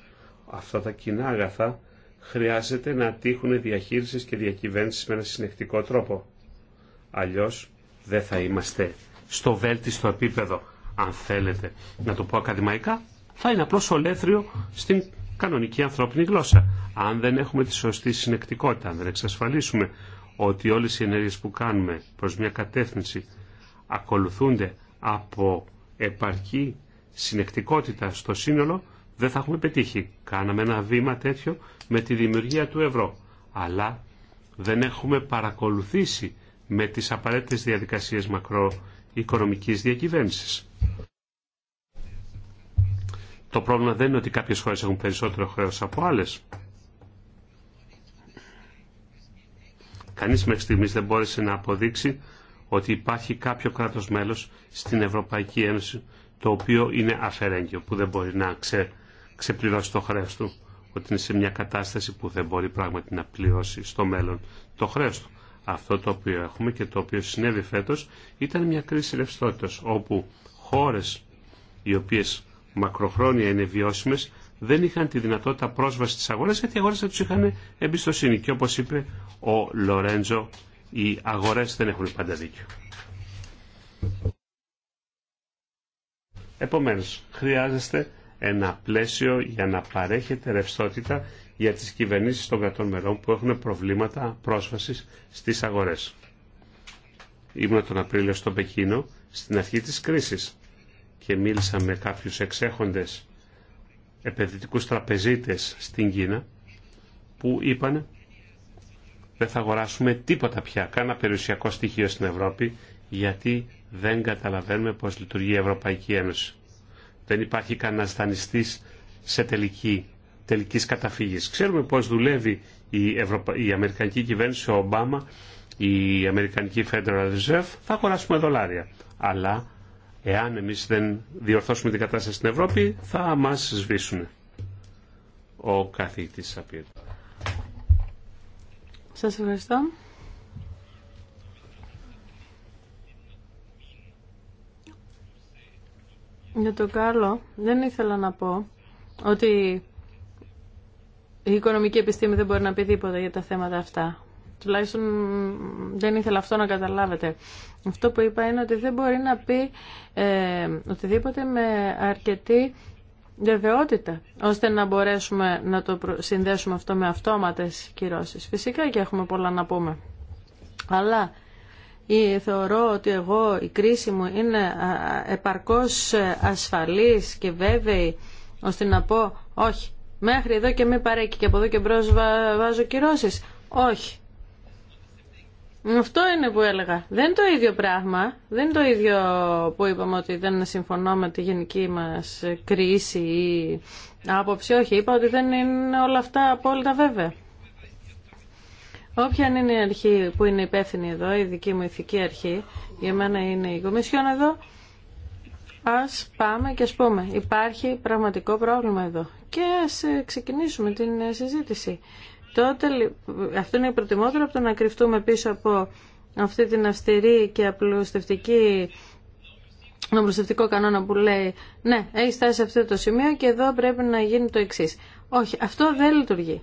Αυτά τα κοινά αγαθά χρειάζεται να τύχουν διαχείρισης και διακυβέρνηση με ένα συνεκτικό τρόπο. Αλλιώς δεν θα είμαστε στο βέλτιστο επίπεδο, αν θέλετε να το πω ακαδημαϊκά, θα είναι απλώς ολέθριο στην κανονική ανθρώπινη γλώσσα. Αν δεν έχουμε τη σωστή συνεκτικότητα, αν δεν εξασφαλίσουμε ότι όλες οι ενέργειες που κάνουμε προς μια κατεύθυνση ακολουθούνται από επαρκή συνεκτικότητα στο σύνολο, δεν θα έχουμε πετύχει. Κάναμε ένα βήμα τέτοιο με τη δημιουργία του ευρώ. Αλλά δεν έχουμε παρακολουθήσει με τις απαραίτητες διαδικασίες μακροοικονομικής διακυβέρνησης. Το πρόβλημα δεν είναι ότι κάποιες χώρες έχουν περισσότερο χρέος από άλλες. Κανείς μέχρι στιγμής δεν μπόρεσε να αποδείξει ότι υπάρχει κάποιο κράτος μέλος στην Ευρωπαϊκή Ένωση το οποίο είναι αφαιρέγγιο, που δεν μπορεί να, ξέρει ξεπληρώσει το χρέο του, ότι είναι σε μια κατάσταση που δεν μπορεί πράγματι να πληρώσει στο μέλλον το χρέος του. Αυτό το οποίο έχουμε και το οποίο συνέβη φέτος ήταν μια κρίση ρευστότητα, όπου χώρε οι οποίες μακροχρόνια είναι βιώσιμε δεν είχαν τη δυνατότητα πρόσβαση στι αγορές γιατί οι αγορέ δεν του είχαν εμπιστοσύνη. Και όπω είπε ο Λορέντζο, οι αγορέ δεν έχουν πάντα δίκιο. Επομένως, χρειάζεστε ένα πλαίσιο για να παρέχεται ρευστότητα για τις κυβερνήσεις των κρατών μερών που έχουν προβλήματα πρόσβασης στις αγορές. Ήμουν τον Απρίλιο στο Πεκίνο στην αρχή της κρίσης και μίλησα με κάποιους εξέχοντες επενδυτικούς τραπεζίτες στην Κίνα που είπαν δεν θα αγοράσουμε τίποτα πια, κάνα περιουσιακό στοιχείο στην Ευρώπη γιατί δεν καταλαβαίνουμε πώς λειτουργεί η Ευρωπαϊκή Ένωση. Δεν υπάρχει κανένα δανειστή σε τελική, τελικής καταφύγης. Ξέρουμε πώς δουλεύει η, η Αμερικανική κυβέρνηση, ο Ομπάμα, η Αμερικανική Federal Reserve, θα αγοράσουμε δολάρια. Αλλά εάν εμεί δεν διορθώσουμε την κατάσταση στην Ευρώπη, θα μας σβήσουν. Ο καθηγητή Σαπίρ. Σας ευχαριστώ. Για τον Κάρλο δεν ήθελα να πω ότι η οικονομική επιστήμη δεν μπορεί να πει τίποτα για τα θέματα αυτά. Τουλάχιστον δεν ήθελα αυτό να καταλάβετε. Αυτό που είπα είναι ότι δεν μπορεί να πει ε, οτιδήποτε με αρκετή βεβαιότητα, ώστε να μπορέσουμε να το συνδέσουμε αυτό με αυτόματες κυρώσεις. Φυσικά και έχουμε πολλά να πούμε. Αλλά ή θεωρώ ότι εγώ η κρίση μου είναι επαρκώς ασφαλής και βέβαιη ώστε να πω όχι, μέχρι εδώ και μη παρέκει και από εδώ και μπρος βάζω κυρώσεις. Όχι. Αυτό είναι που έλεγα. Δεν είναι το ίδιο πράγμα. Δεν είναι το ίδιο που είπαμε ότι δεν συμφωνώ με τη γενική μας κρίση ή άποψη. Όχι, είπα ότι δεν είναι όλα αυτά απόλυτα βέβαια. Όποια είναι η αρχή που είναι υπεύθυνη εδώ, η δική μου ηθική αρχή, για μένα είναι η Κομισιόν εδώ, ας πάμε και ας πούμε υπάρχει πραγματικό πρόβλημα εδώ και ας ε, ξεκινήσουμε την ε, συζήτηση. Τότε, αυτό είναι προτιμότερο από το να κρυφτούμε πίσω από αυτή την αυστηρή και απλουστευτική νομοστευτικό κανόνα που λέει ναι, έχει στάσει σε αυτό το σημείο και εδώ πρέπει να γίνει το εξή. Όχι, αυτό δεν λειτουργεί.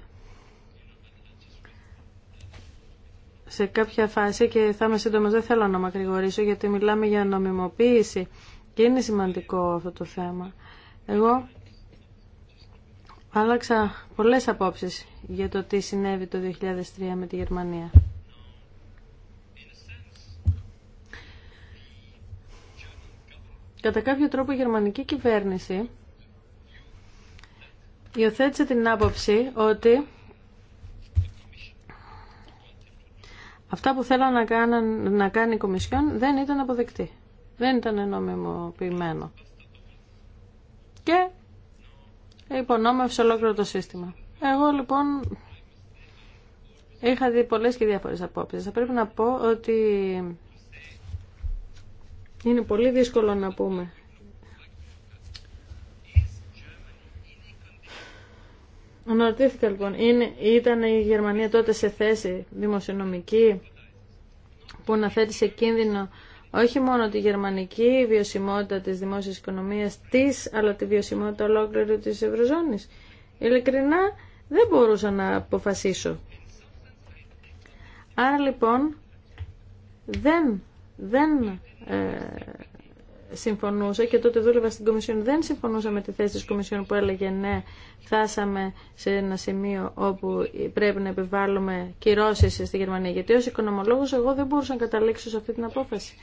σε κάποια φάση και θα είμαι σύντομος, δεν θέλω να μακρηγορήσω γιατί μιλάμε για νομιμοποίηση και είναι σημαντικό αυτό το θέμα. Εγώ άλλαξα πολλές απόψεις για το τι συνέβη το 2003 με τη Γερμανία. Κατά κάποιο τρόπο η γερμανική κυβέρνηση υιοθέτησε την άποψη ότι Αυτά που θέλαν να, να κάνει η Κομισιόν δεν ήταν αποδεκτή. Δεν ήταν νομιμοποιημένο. Και υπονόμευσε ολόκληρο το σύστημα. Εγώ λοιπόν είχα δει πολλές και διάφορες απόψεις. Θα πρέπει να πω ότι είναι πολύ δύσκολο να πούμε Αναρωτήθηκα λοιπόν, είναι, ήταν η Γερμανία τότε σε θέση δημοσιονομική που να θέτει σε κίνδυνο όχι μόνο τη γερμανική βιωσιμότητα της δημόσιας οικονομίας της, αλλά τη βιωσιμότητα ολόκληρη της Ευρωζώνης. Ειλικρινά δεν μπορούσα να αποφασίσω. Άρα λοιπόν δεν, δεν ε, συμφωνούσα και τότε δούλευα στην Κομισιόν. Δεν συμφωνούσα με τη θέση της Κομισιόν που έλεγε ναι, φτάσαμε σε ένα σημείο όπου πρέπει να επιβάλλουμε κυρώσεις στη Γερμανία. Γιατί ως οικονομολόγος εγώ δεν μπορούσα να καταλήξω σε αυτή την απόφαση.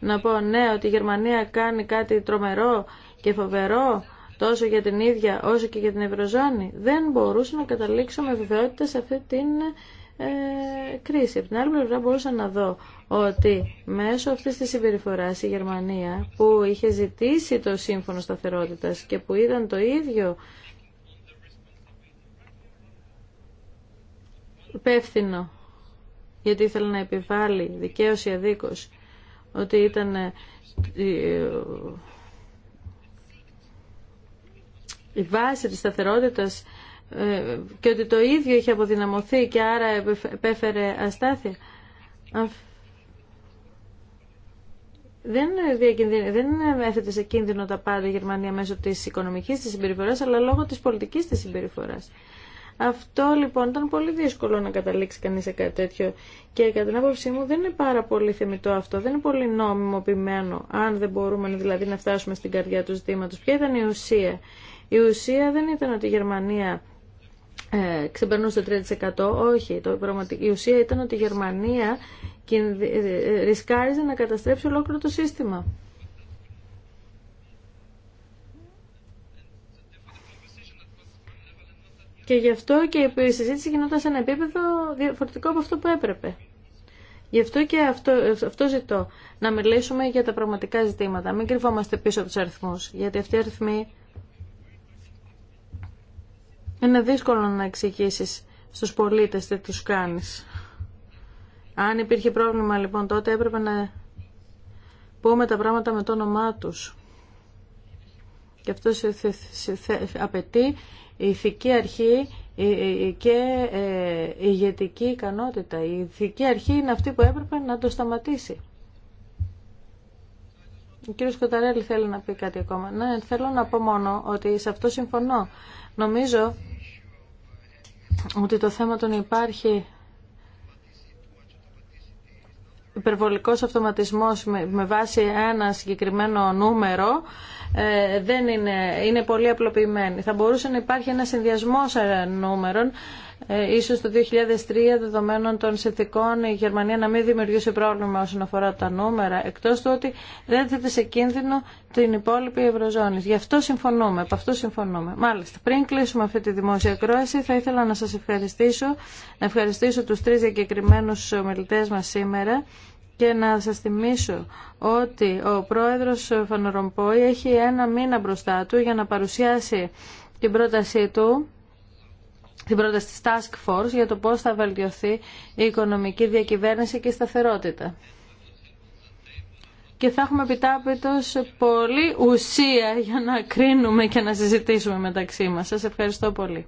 Να πω ναι, ότι η Γερμανία κάνει κάτι τρομερό και φοβερό τόσο για την ίδια όσο και για την Ευρωζώνη. Δεν μπορούσα να καταλήξω με βεβαιότητα σε αυτή την ε, κρίση. Από την άλλη πλευρά μπορούσα να δω ότι μέσω αυτής της συμπεριφοράς η Γερμανία που είχε ζητήσει το σύμφωνο σταθερότητας και που ήταν το ίδιο υπεύθυνο γιατί ήθελε να επιβάλλει δικαίως ή αδίκως ότι ήταν ε, η βάση της σταθερότητας ε, και ότι το ίδιο είχε αποδυναμωθεί και άρα επέφερε αστάθεια δεν, δεν έθετε σε κίνδυνο τα πάντα η Γερμανία μέσω τη οικονομική τη συμπεριφορά, αλλά λόγω τη πολιτική τη συμπεριφορά. Αυτό λοιπόν ήταν πολύ δύσκολο να καταλήξει κανεί σε κάτι τέτοιο και κατά την άποψή μου δεν είναι πάρα πολύ θεμητό αυτό, δεν είναι πολύ νόμιμοποιημένο αν δεν μπορούμε δηλαδή να φτάσουμε στην καρδιά του ζήτηματο. Ποια ήταν η ουσία. Η ουσία δεν ήταν ότι η Γερμανία ε, ξεπερνούσε το 3%. Όχι, το, η ουσία ήταν ότι η Γερμανία ε, ε, ρισκάριζε να καταστρέψει ολόκληρο το σύστημα. Και γι' αυτό και η συζήτηση γινόταν σε ένα επίπεδο διαφορετικό από αυτό που έπρεπε. Γι' αυτό και αυτό, αυτό ζητώ, να μιλήσουμε για τα πραγματικά ζητήματα. Μην κρυφόμαστε πίσω από τους αριθμούς, γιατί αυτοί οι αριθμοί είναι δύσκολο να εξηγήσει στους πολίτες τι τους κάνεις. Αν υπήρχε πρόβλημα λοιπόν τότε έπρεπε να πούμε τα πράγματα με το όνομά τους. Και αυτό απαιτεί η ηθική αρχή και ε, η ηγετική ικανότητα. Η ηθική αρχή είναι αυτή που έπρεπε να το σταματήσει. Ο κύριο Κοταρέλη θέλει να πει κάτι ακόμα. Ναι, θέλω να πω μόνο ότι σε αυτό συμφωνώ. Νομίζω ότι το θέμα των υπάρχει υπερβολικός αυτοματισμός με, βάση ένα συγκεκριμένο νούμερο ε, δεν είναι, είναι πολύ απλοποιημένη. Θα μπορούσε να υπάρχει ένα συνδυασμός ε, νούμερων ε, ίσως το 2003 δεδομένων των συνθηκών η Γερμανία να μην δημιουργήσει πρόβλημα όσον αφορά τα νούμερα εκτός του ότι δεν θέτει σε κίνδυνο την υπόλοιπη Ευρωζώνη. Γι' αυτό συμφωνούμε, από συμφωνούμε. Μάλιστα, πριν κλείσουμε αυτή τη δημόσια κρόαση θα ήθελα να σας ευχαριστήσω, να ευχαριστήσω τους τρεις διακεκριμένους ομιλητές μας σήμερα και να σας θυμίσω ότι ο πρόεδρος Φανορομπόη έχει ένα μήνα μπροστά του για να παρουσιάσει την πρότασή του την πρόταση της Task Force για το πώς θα βελτιωθεί η οικονομική διακυβέρνηση και η σταθερότητα. Και θα έχουμε επιτάπητος πολύ ουσία για να κρίνουμε και να συζητήσουμε μεταξύ μας. Σας ευχαριστώ πολύ.